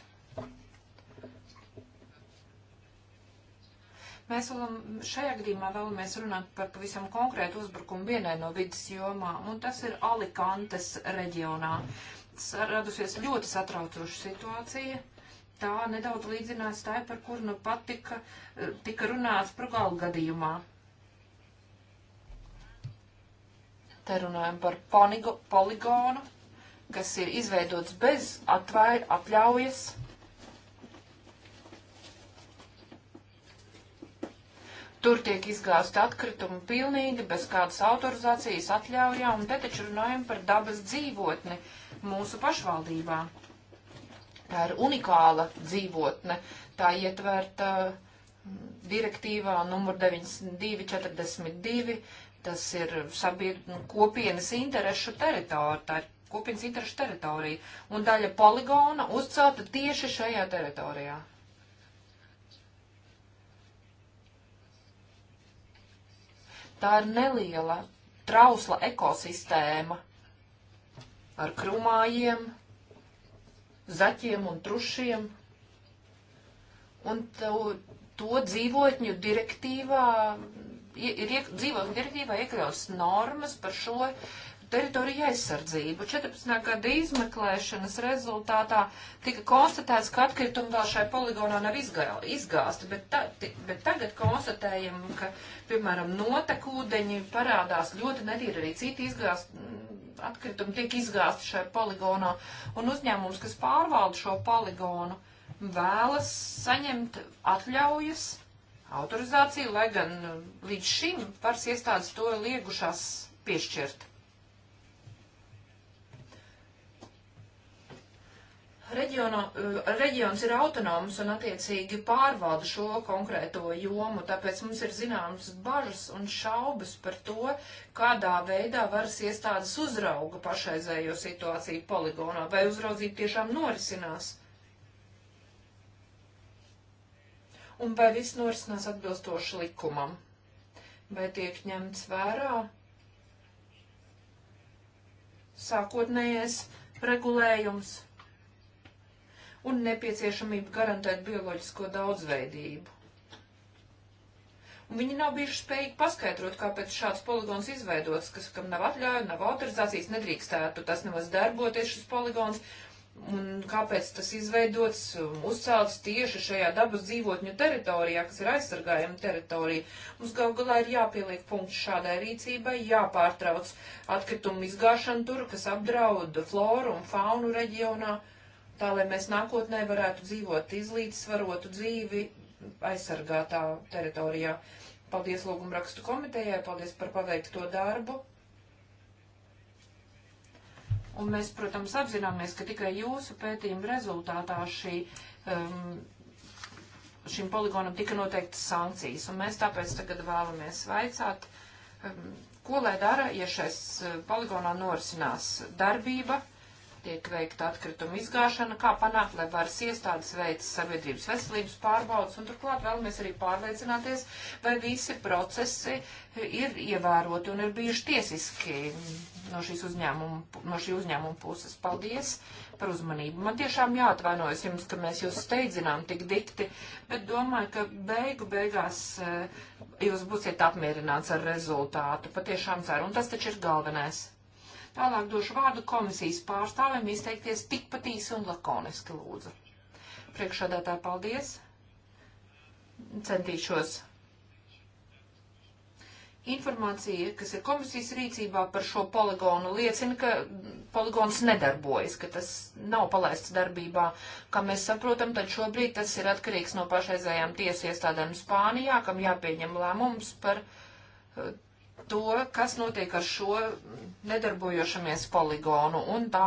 Mēs vēlam, šajā gadījumā vēlamies runāt par pavisam konkrētu uzbrukumu vienai no vidas jomām, un tas ir Alicantes reģionā. Radusies ļoti satraucoša situācija. Tā nedaudz līdzinās tā, par kuru nu pat tika, tika runāts Prugalu gadījumā. Te runājam par ponigo, poligonu, kas ir izveidots bez atvēr, atļaujas. Tur tiek izgāzti atkritumi pilnīgi bez kādas autorizācijas atļaujām, un te taču runājam par dabas dzīvotni mūsu pašvaldībā. Tā ir unikāla dzīvotne, tā ietverta mm, direktīvā numur 9242 Tas ir sabied, nu, kopienas interešu teritorija, tā ir kopienas interešu teritorija, un daļa poligona uzcelta tieši šajā teritorijā. Tā ir neliela, trausla ekosistēma ar krumājiem, zaķiem un trušiem. Un to, to dzīvotņu direktīvā ir iek, dzīvokļu direktīvā iekļauts normas par šo teritoriju aizsardzību. 14. gada izmeklēšanas rezultātā tika konstatēts, ka atkritumi vēl šai poligonā nav izgā, izgāsti, bet, ta, bet tagad konstatējam, ka, piemēram, notekūdeņi parādās ļoti netīri arī citi izgāsti, atkritumi tiek izgāsti šai poligonā, un uzņēmums, kas pārvalda šo poligonu, vēlas saņemt atļaujas autorizāciju, lai gan nu, līdz šim varas iestādes to liegušās piešķirt. Reģiono, eh, reģions ir autonoms un attiecīgi pārvalda šo konkrēto jomu, tāpēc mums ir zināmas bažas un šaubas par to, kādā veidā varas iestādes uzrauga pašreizējo situāciju poligonā, vai uzraudzība tiešām norisinās. un vai viss norisinās atbilstoši likumam? Vai tiek ņemts vērā sākotnējais regulējums un nepieciešamība garantēt bioloģisko daudzveidību? Un viņi nav bijuši spējīgi paskaidrot, kāpēc šāds poligons izveidots, kas, kam nav atļauja, nav autorizācijas, nedrīkstētu tas nemaz darboties šis poligons, un kāpēc tas izveidots, um, uzcelts tieši šajā dabas dzīvotņu teritorijā, kas ir aizsargājama teritorija. Mums gal galā ir jāpieliek punkts šādai rīcībai, jāpārtrauc atkritumu izgāšanu tur, kas apdraud floru un faunu reģionā, tā lai mēs nākotnē varētu dzīvot izlīdzsvarotu dzīvi aizsargātā teritorijā. Paldies lūgumrakstu komitejai, paldies par paveikto darbu. Un mēs, protams, apzināmies, ka tikai jūsu pētījuma rezultātā šī, um, šim poligonam tika noteiktas sankcijas. Un mēs tāpēc tagad vēlamies vaicāt, um, ko lai dara, ja šais uh, poligonā norisinās darbība tiek veikta atkrituma izgāšana, kā panākt, lai varas iestādes veic sabiedrības veselības pārbaudas, un turklāt vēlamies arī pārliecināties, vai visi procesi ir ievēroti un ir bijuši tiesiski no, uzņēmuma, no šī uzņēmuma puses. Paldies par uzmanību. Man tiešām jāatvainojas jums, ka mēs jūs steidzinām tik dikti, bet domāju, ka beigu beigās eh, jūs būsiet apmierināts ar rezultātu. Patiešām ceru, un tas taču ir galvenais. Tālāk došu vārdu komisijas pārstāvim izteikties tikpat īsi un lakoniski lūdzu. Priekšādātā paldies. Centīšos. Informācija, kas ir komisijas rīcībā par šo poligonu, liecina, ka poligons nedarbojas, ka tas nav palaists darbībā. Kā mēs saprotam, tad šobrīd tas ir atkarīgs no pašreizējām tiesu iestādēm Spānijā, kam jāpieņem lēmums par to, kas notiek ar šo nedarbojošamies poligonu un tā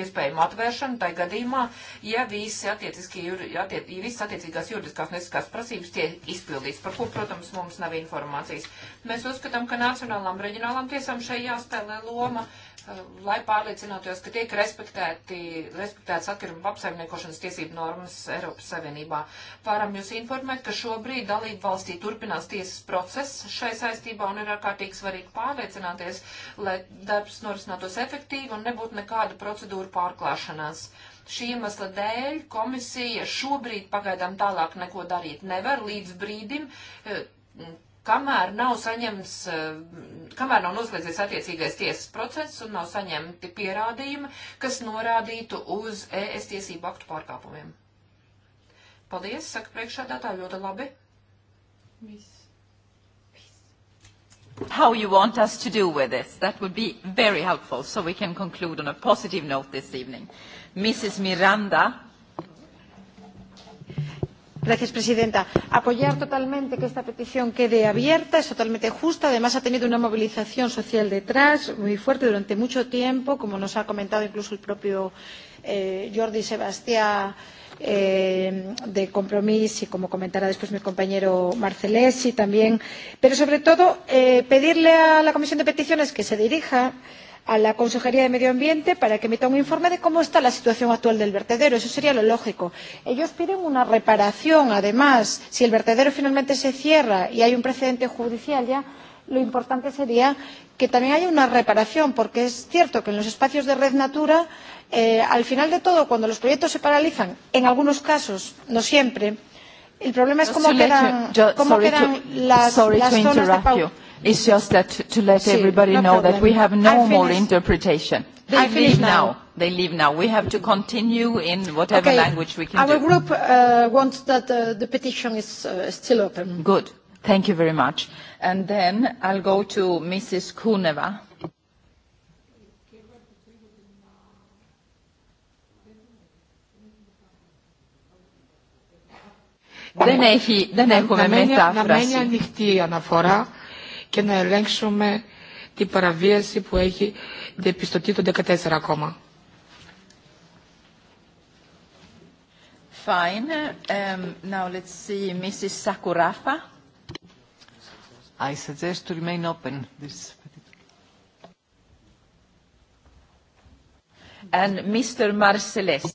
iespējamu atvēršanu tai gadījumā, ja visi attiet, ja visas attiecīgās juridiskās nesiskās prasības tiek izpildīts, par ko, protams, mums nav informācijas. Mēs uzskatām, ka nacionālām reģionālām tiesām šeit jāspēlē loma. Uh, lai pārliecinātos, ka tiek respektētas atkaruma apsaimniekošanas tiesību normas Eiropas Savienībā. Pāram jūs informēt, ka šobrīd dalību valstī turpinās tiesas process šai saistībā un ir ārkārtīgi svarīgi pārliecināties, lai darbs norisinātos efektīvi un nebūtu nekāda procedūra pārklāšanās. Šī iemesla dēļ komisija šobrīd pagaidām tālāk neko darīt nevar līdz brīdim, eh, kamēr nav saņemts eh, kamēr nav noslēdzies attiecīgais tiesas process un nav saņemti pierādījumi, kas norādītu uz ES tiesību aktu pārkāpumiem. Paldies, saka priekšādātā, ļoti labi. Viss. How you want us to do with this? That would be very helpful, so we can conclude on a positive note this evening. Mrs. Miranda Gracias, presidenta. Apoyar totalmente que esta petición quede abierta es totalmente justa. Además, ha tenido una movilización social detrás muy fuerte durante mucho tiempo, como nos ha comentado incluso el propio eh, Jordi Sebastián eh, de Compromís y como comentará después mi compañero Marcelés y también. Pero sobre todo, eh, pedirle a la Comisión de Peticiones que se dirija a la Consejería de Medio Ambiente para que emita un informe de cómo está la situación actual del vertedero. Eso sería lo lógico. Ellos piden una reparación, además. Si el vertedero finalmente se cierra y hay un precedente judicial ya, lo importante sería que también haya una reparación, porque es cierto que en los espacios de red natura, eh, al final de todo, cuando los proyectos se paralizan, en algunos casos, no siempre, el problema es cómo quedan, cómo quedan las, las zonas de pauta. It's just that to let sí, everybody no know problem. that we have normal interpretation. They I leave now. now. They leave now. We have to continue in whatever okay. language we can Our do. Our group uh, wants that uh, the petition is uh, still open. Good. Thank you very much. And then I'll go to Mrs. Kuneva. Δεν έχει, δεν έχουμε μετάφραση. Να μένει ανοιχτή η αναφορά και να ελέγξουμε την παραβίαση που έχει διαπιστωτεί το 14 ακόμα. Fine. Um, now let's see Mrs. Sakurafa. I suggest to remain open this and Mr. Marcellesi.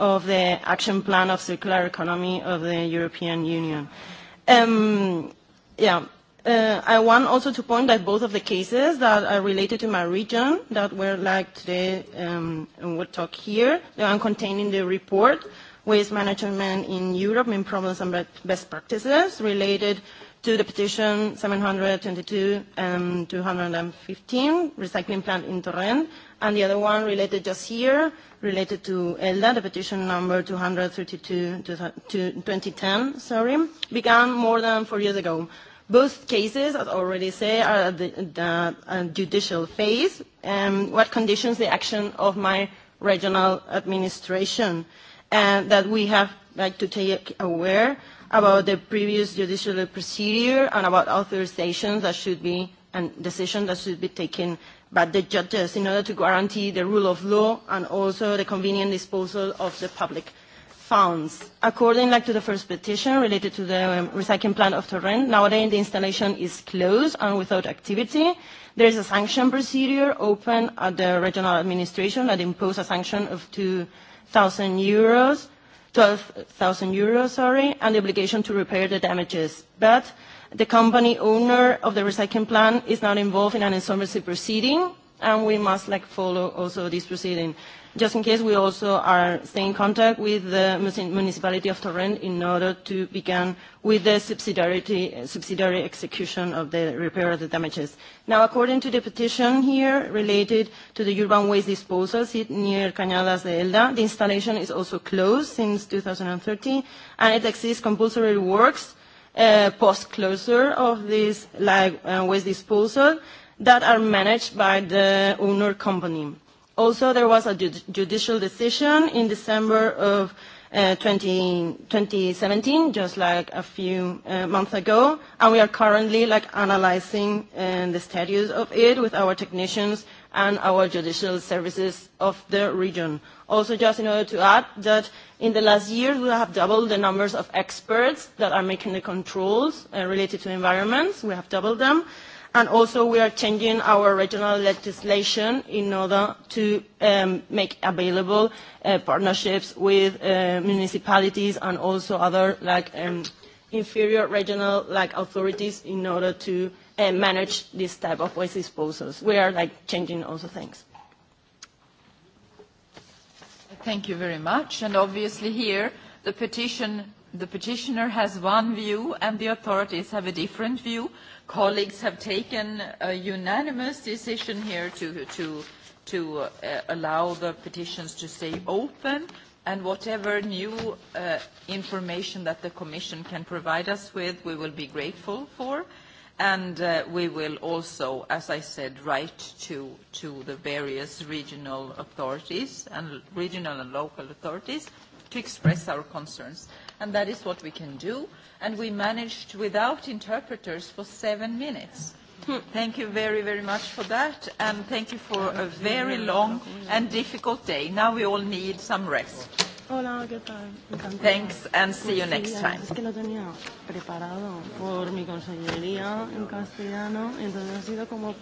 of the Action Plan of Circular Economy of the European Union. Um, yeah. Uh, I want also to point that both of the cases that are related to my region that were like today um, and we'll talk here, they are contained in the report, Waste Management in Europe, Main Problems and Best Practices, related to the petition 722 um, and 215, Recycling Plant in Torrent, and the other one related just here, related to ELDA, the petition number 232 to, to 2010, sorry, began more than four years ago. Both cases, as already said, are at the, the uh, judicial phase. Um, what conditions the action of my regional administration and uh, that we have like, to take aware about the previous judicial procedure and about authorizations that should be and decisions that should be taken but the judges in order to guarantee the rule of law and also the convenient disposal of the public funds. According like, to the first petition related to the um, recycling plant of Torrent, nowadays the installation is closed and without activity. There is a sanction procedure open at the regional administration that imposed a sanction of 2,000 euros, 12,000 euros, sorry, and the obligation to repair the damages. But The company owner of the recycling plant is not involved in an insolvency proceeding, and we must like follow also this proceeding. Just in case, we also are staying in contact with the municipality of Torrent in order to begin with the subsidiarity, subsidiary execution of the repair of the damages. Now, according to the petition here related to the urban waste disposal near Cañadas de Elda, the installation is also closed since 2013, and it exists compulsory works uh, post-closure of this like, uh, waste disposal that are managed by the owner company. Also, there was a jud judicial decision in December of uh, 20, 2017, just like a few uh, months ago, and we are currently like analyzing uh, the status of it with our technicians and our judicial services of the region. Also, just in order to add that in the last year, we have doubled the numbers of experts that are making the controls uh, related to environments. We have doubled them. And also, we are changing our regional legislation in order to um, make available uh, partnerships with uh, municipalities and also other like um, inferior regional like authorities in order to uh, uh, manage this type of waste disposals. We are like changing also things. Thank you very much. And obviously here, the, petition, the petitioner has one view and the authorities have a different view. Colleagues have taken a unanimous decision here to, to, to uh, allow the petitions to stay open and whatever new uh, information that the Commission can provide us with, we will be grateful for. And uh, we will also, as I said, write to, to the various regional authorities and regional and local authorities to express our concerns. And that is what we can do. And we managed without interpreters for seven minutes. Thank you very, very much for that. And thank you for a very long and difficult day. Now we all need some rest. Thanks and see you next time. Es que lo tenía preparado por mi consellería en castellano, entonces ha sido como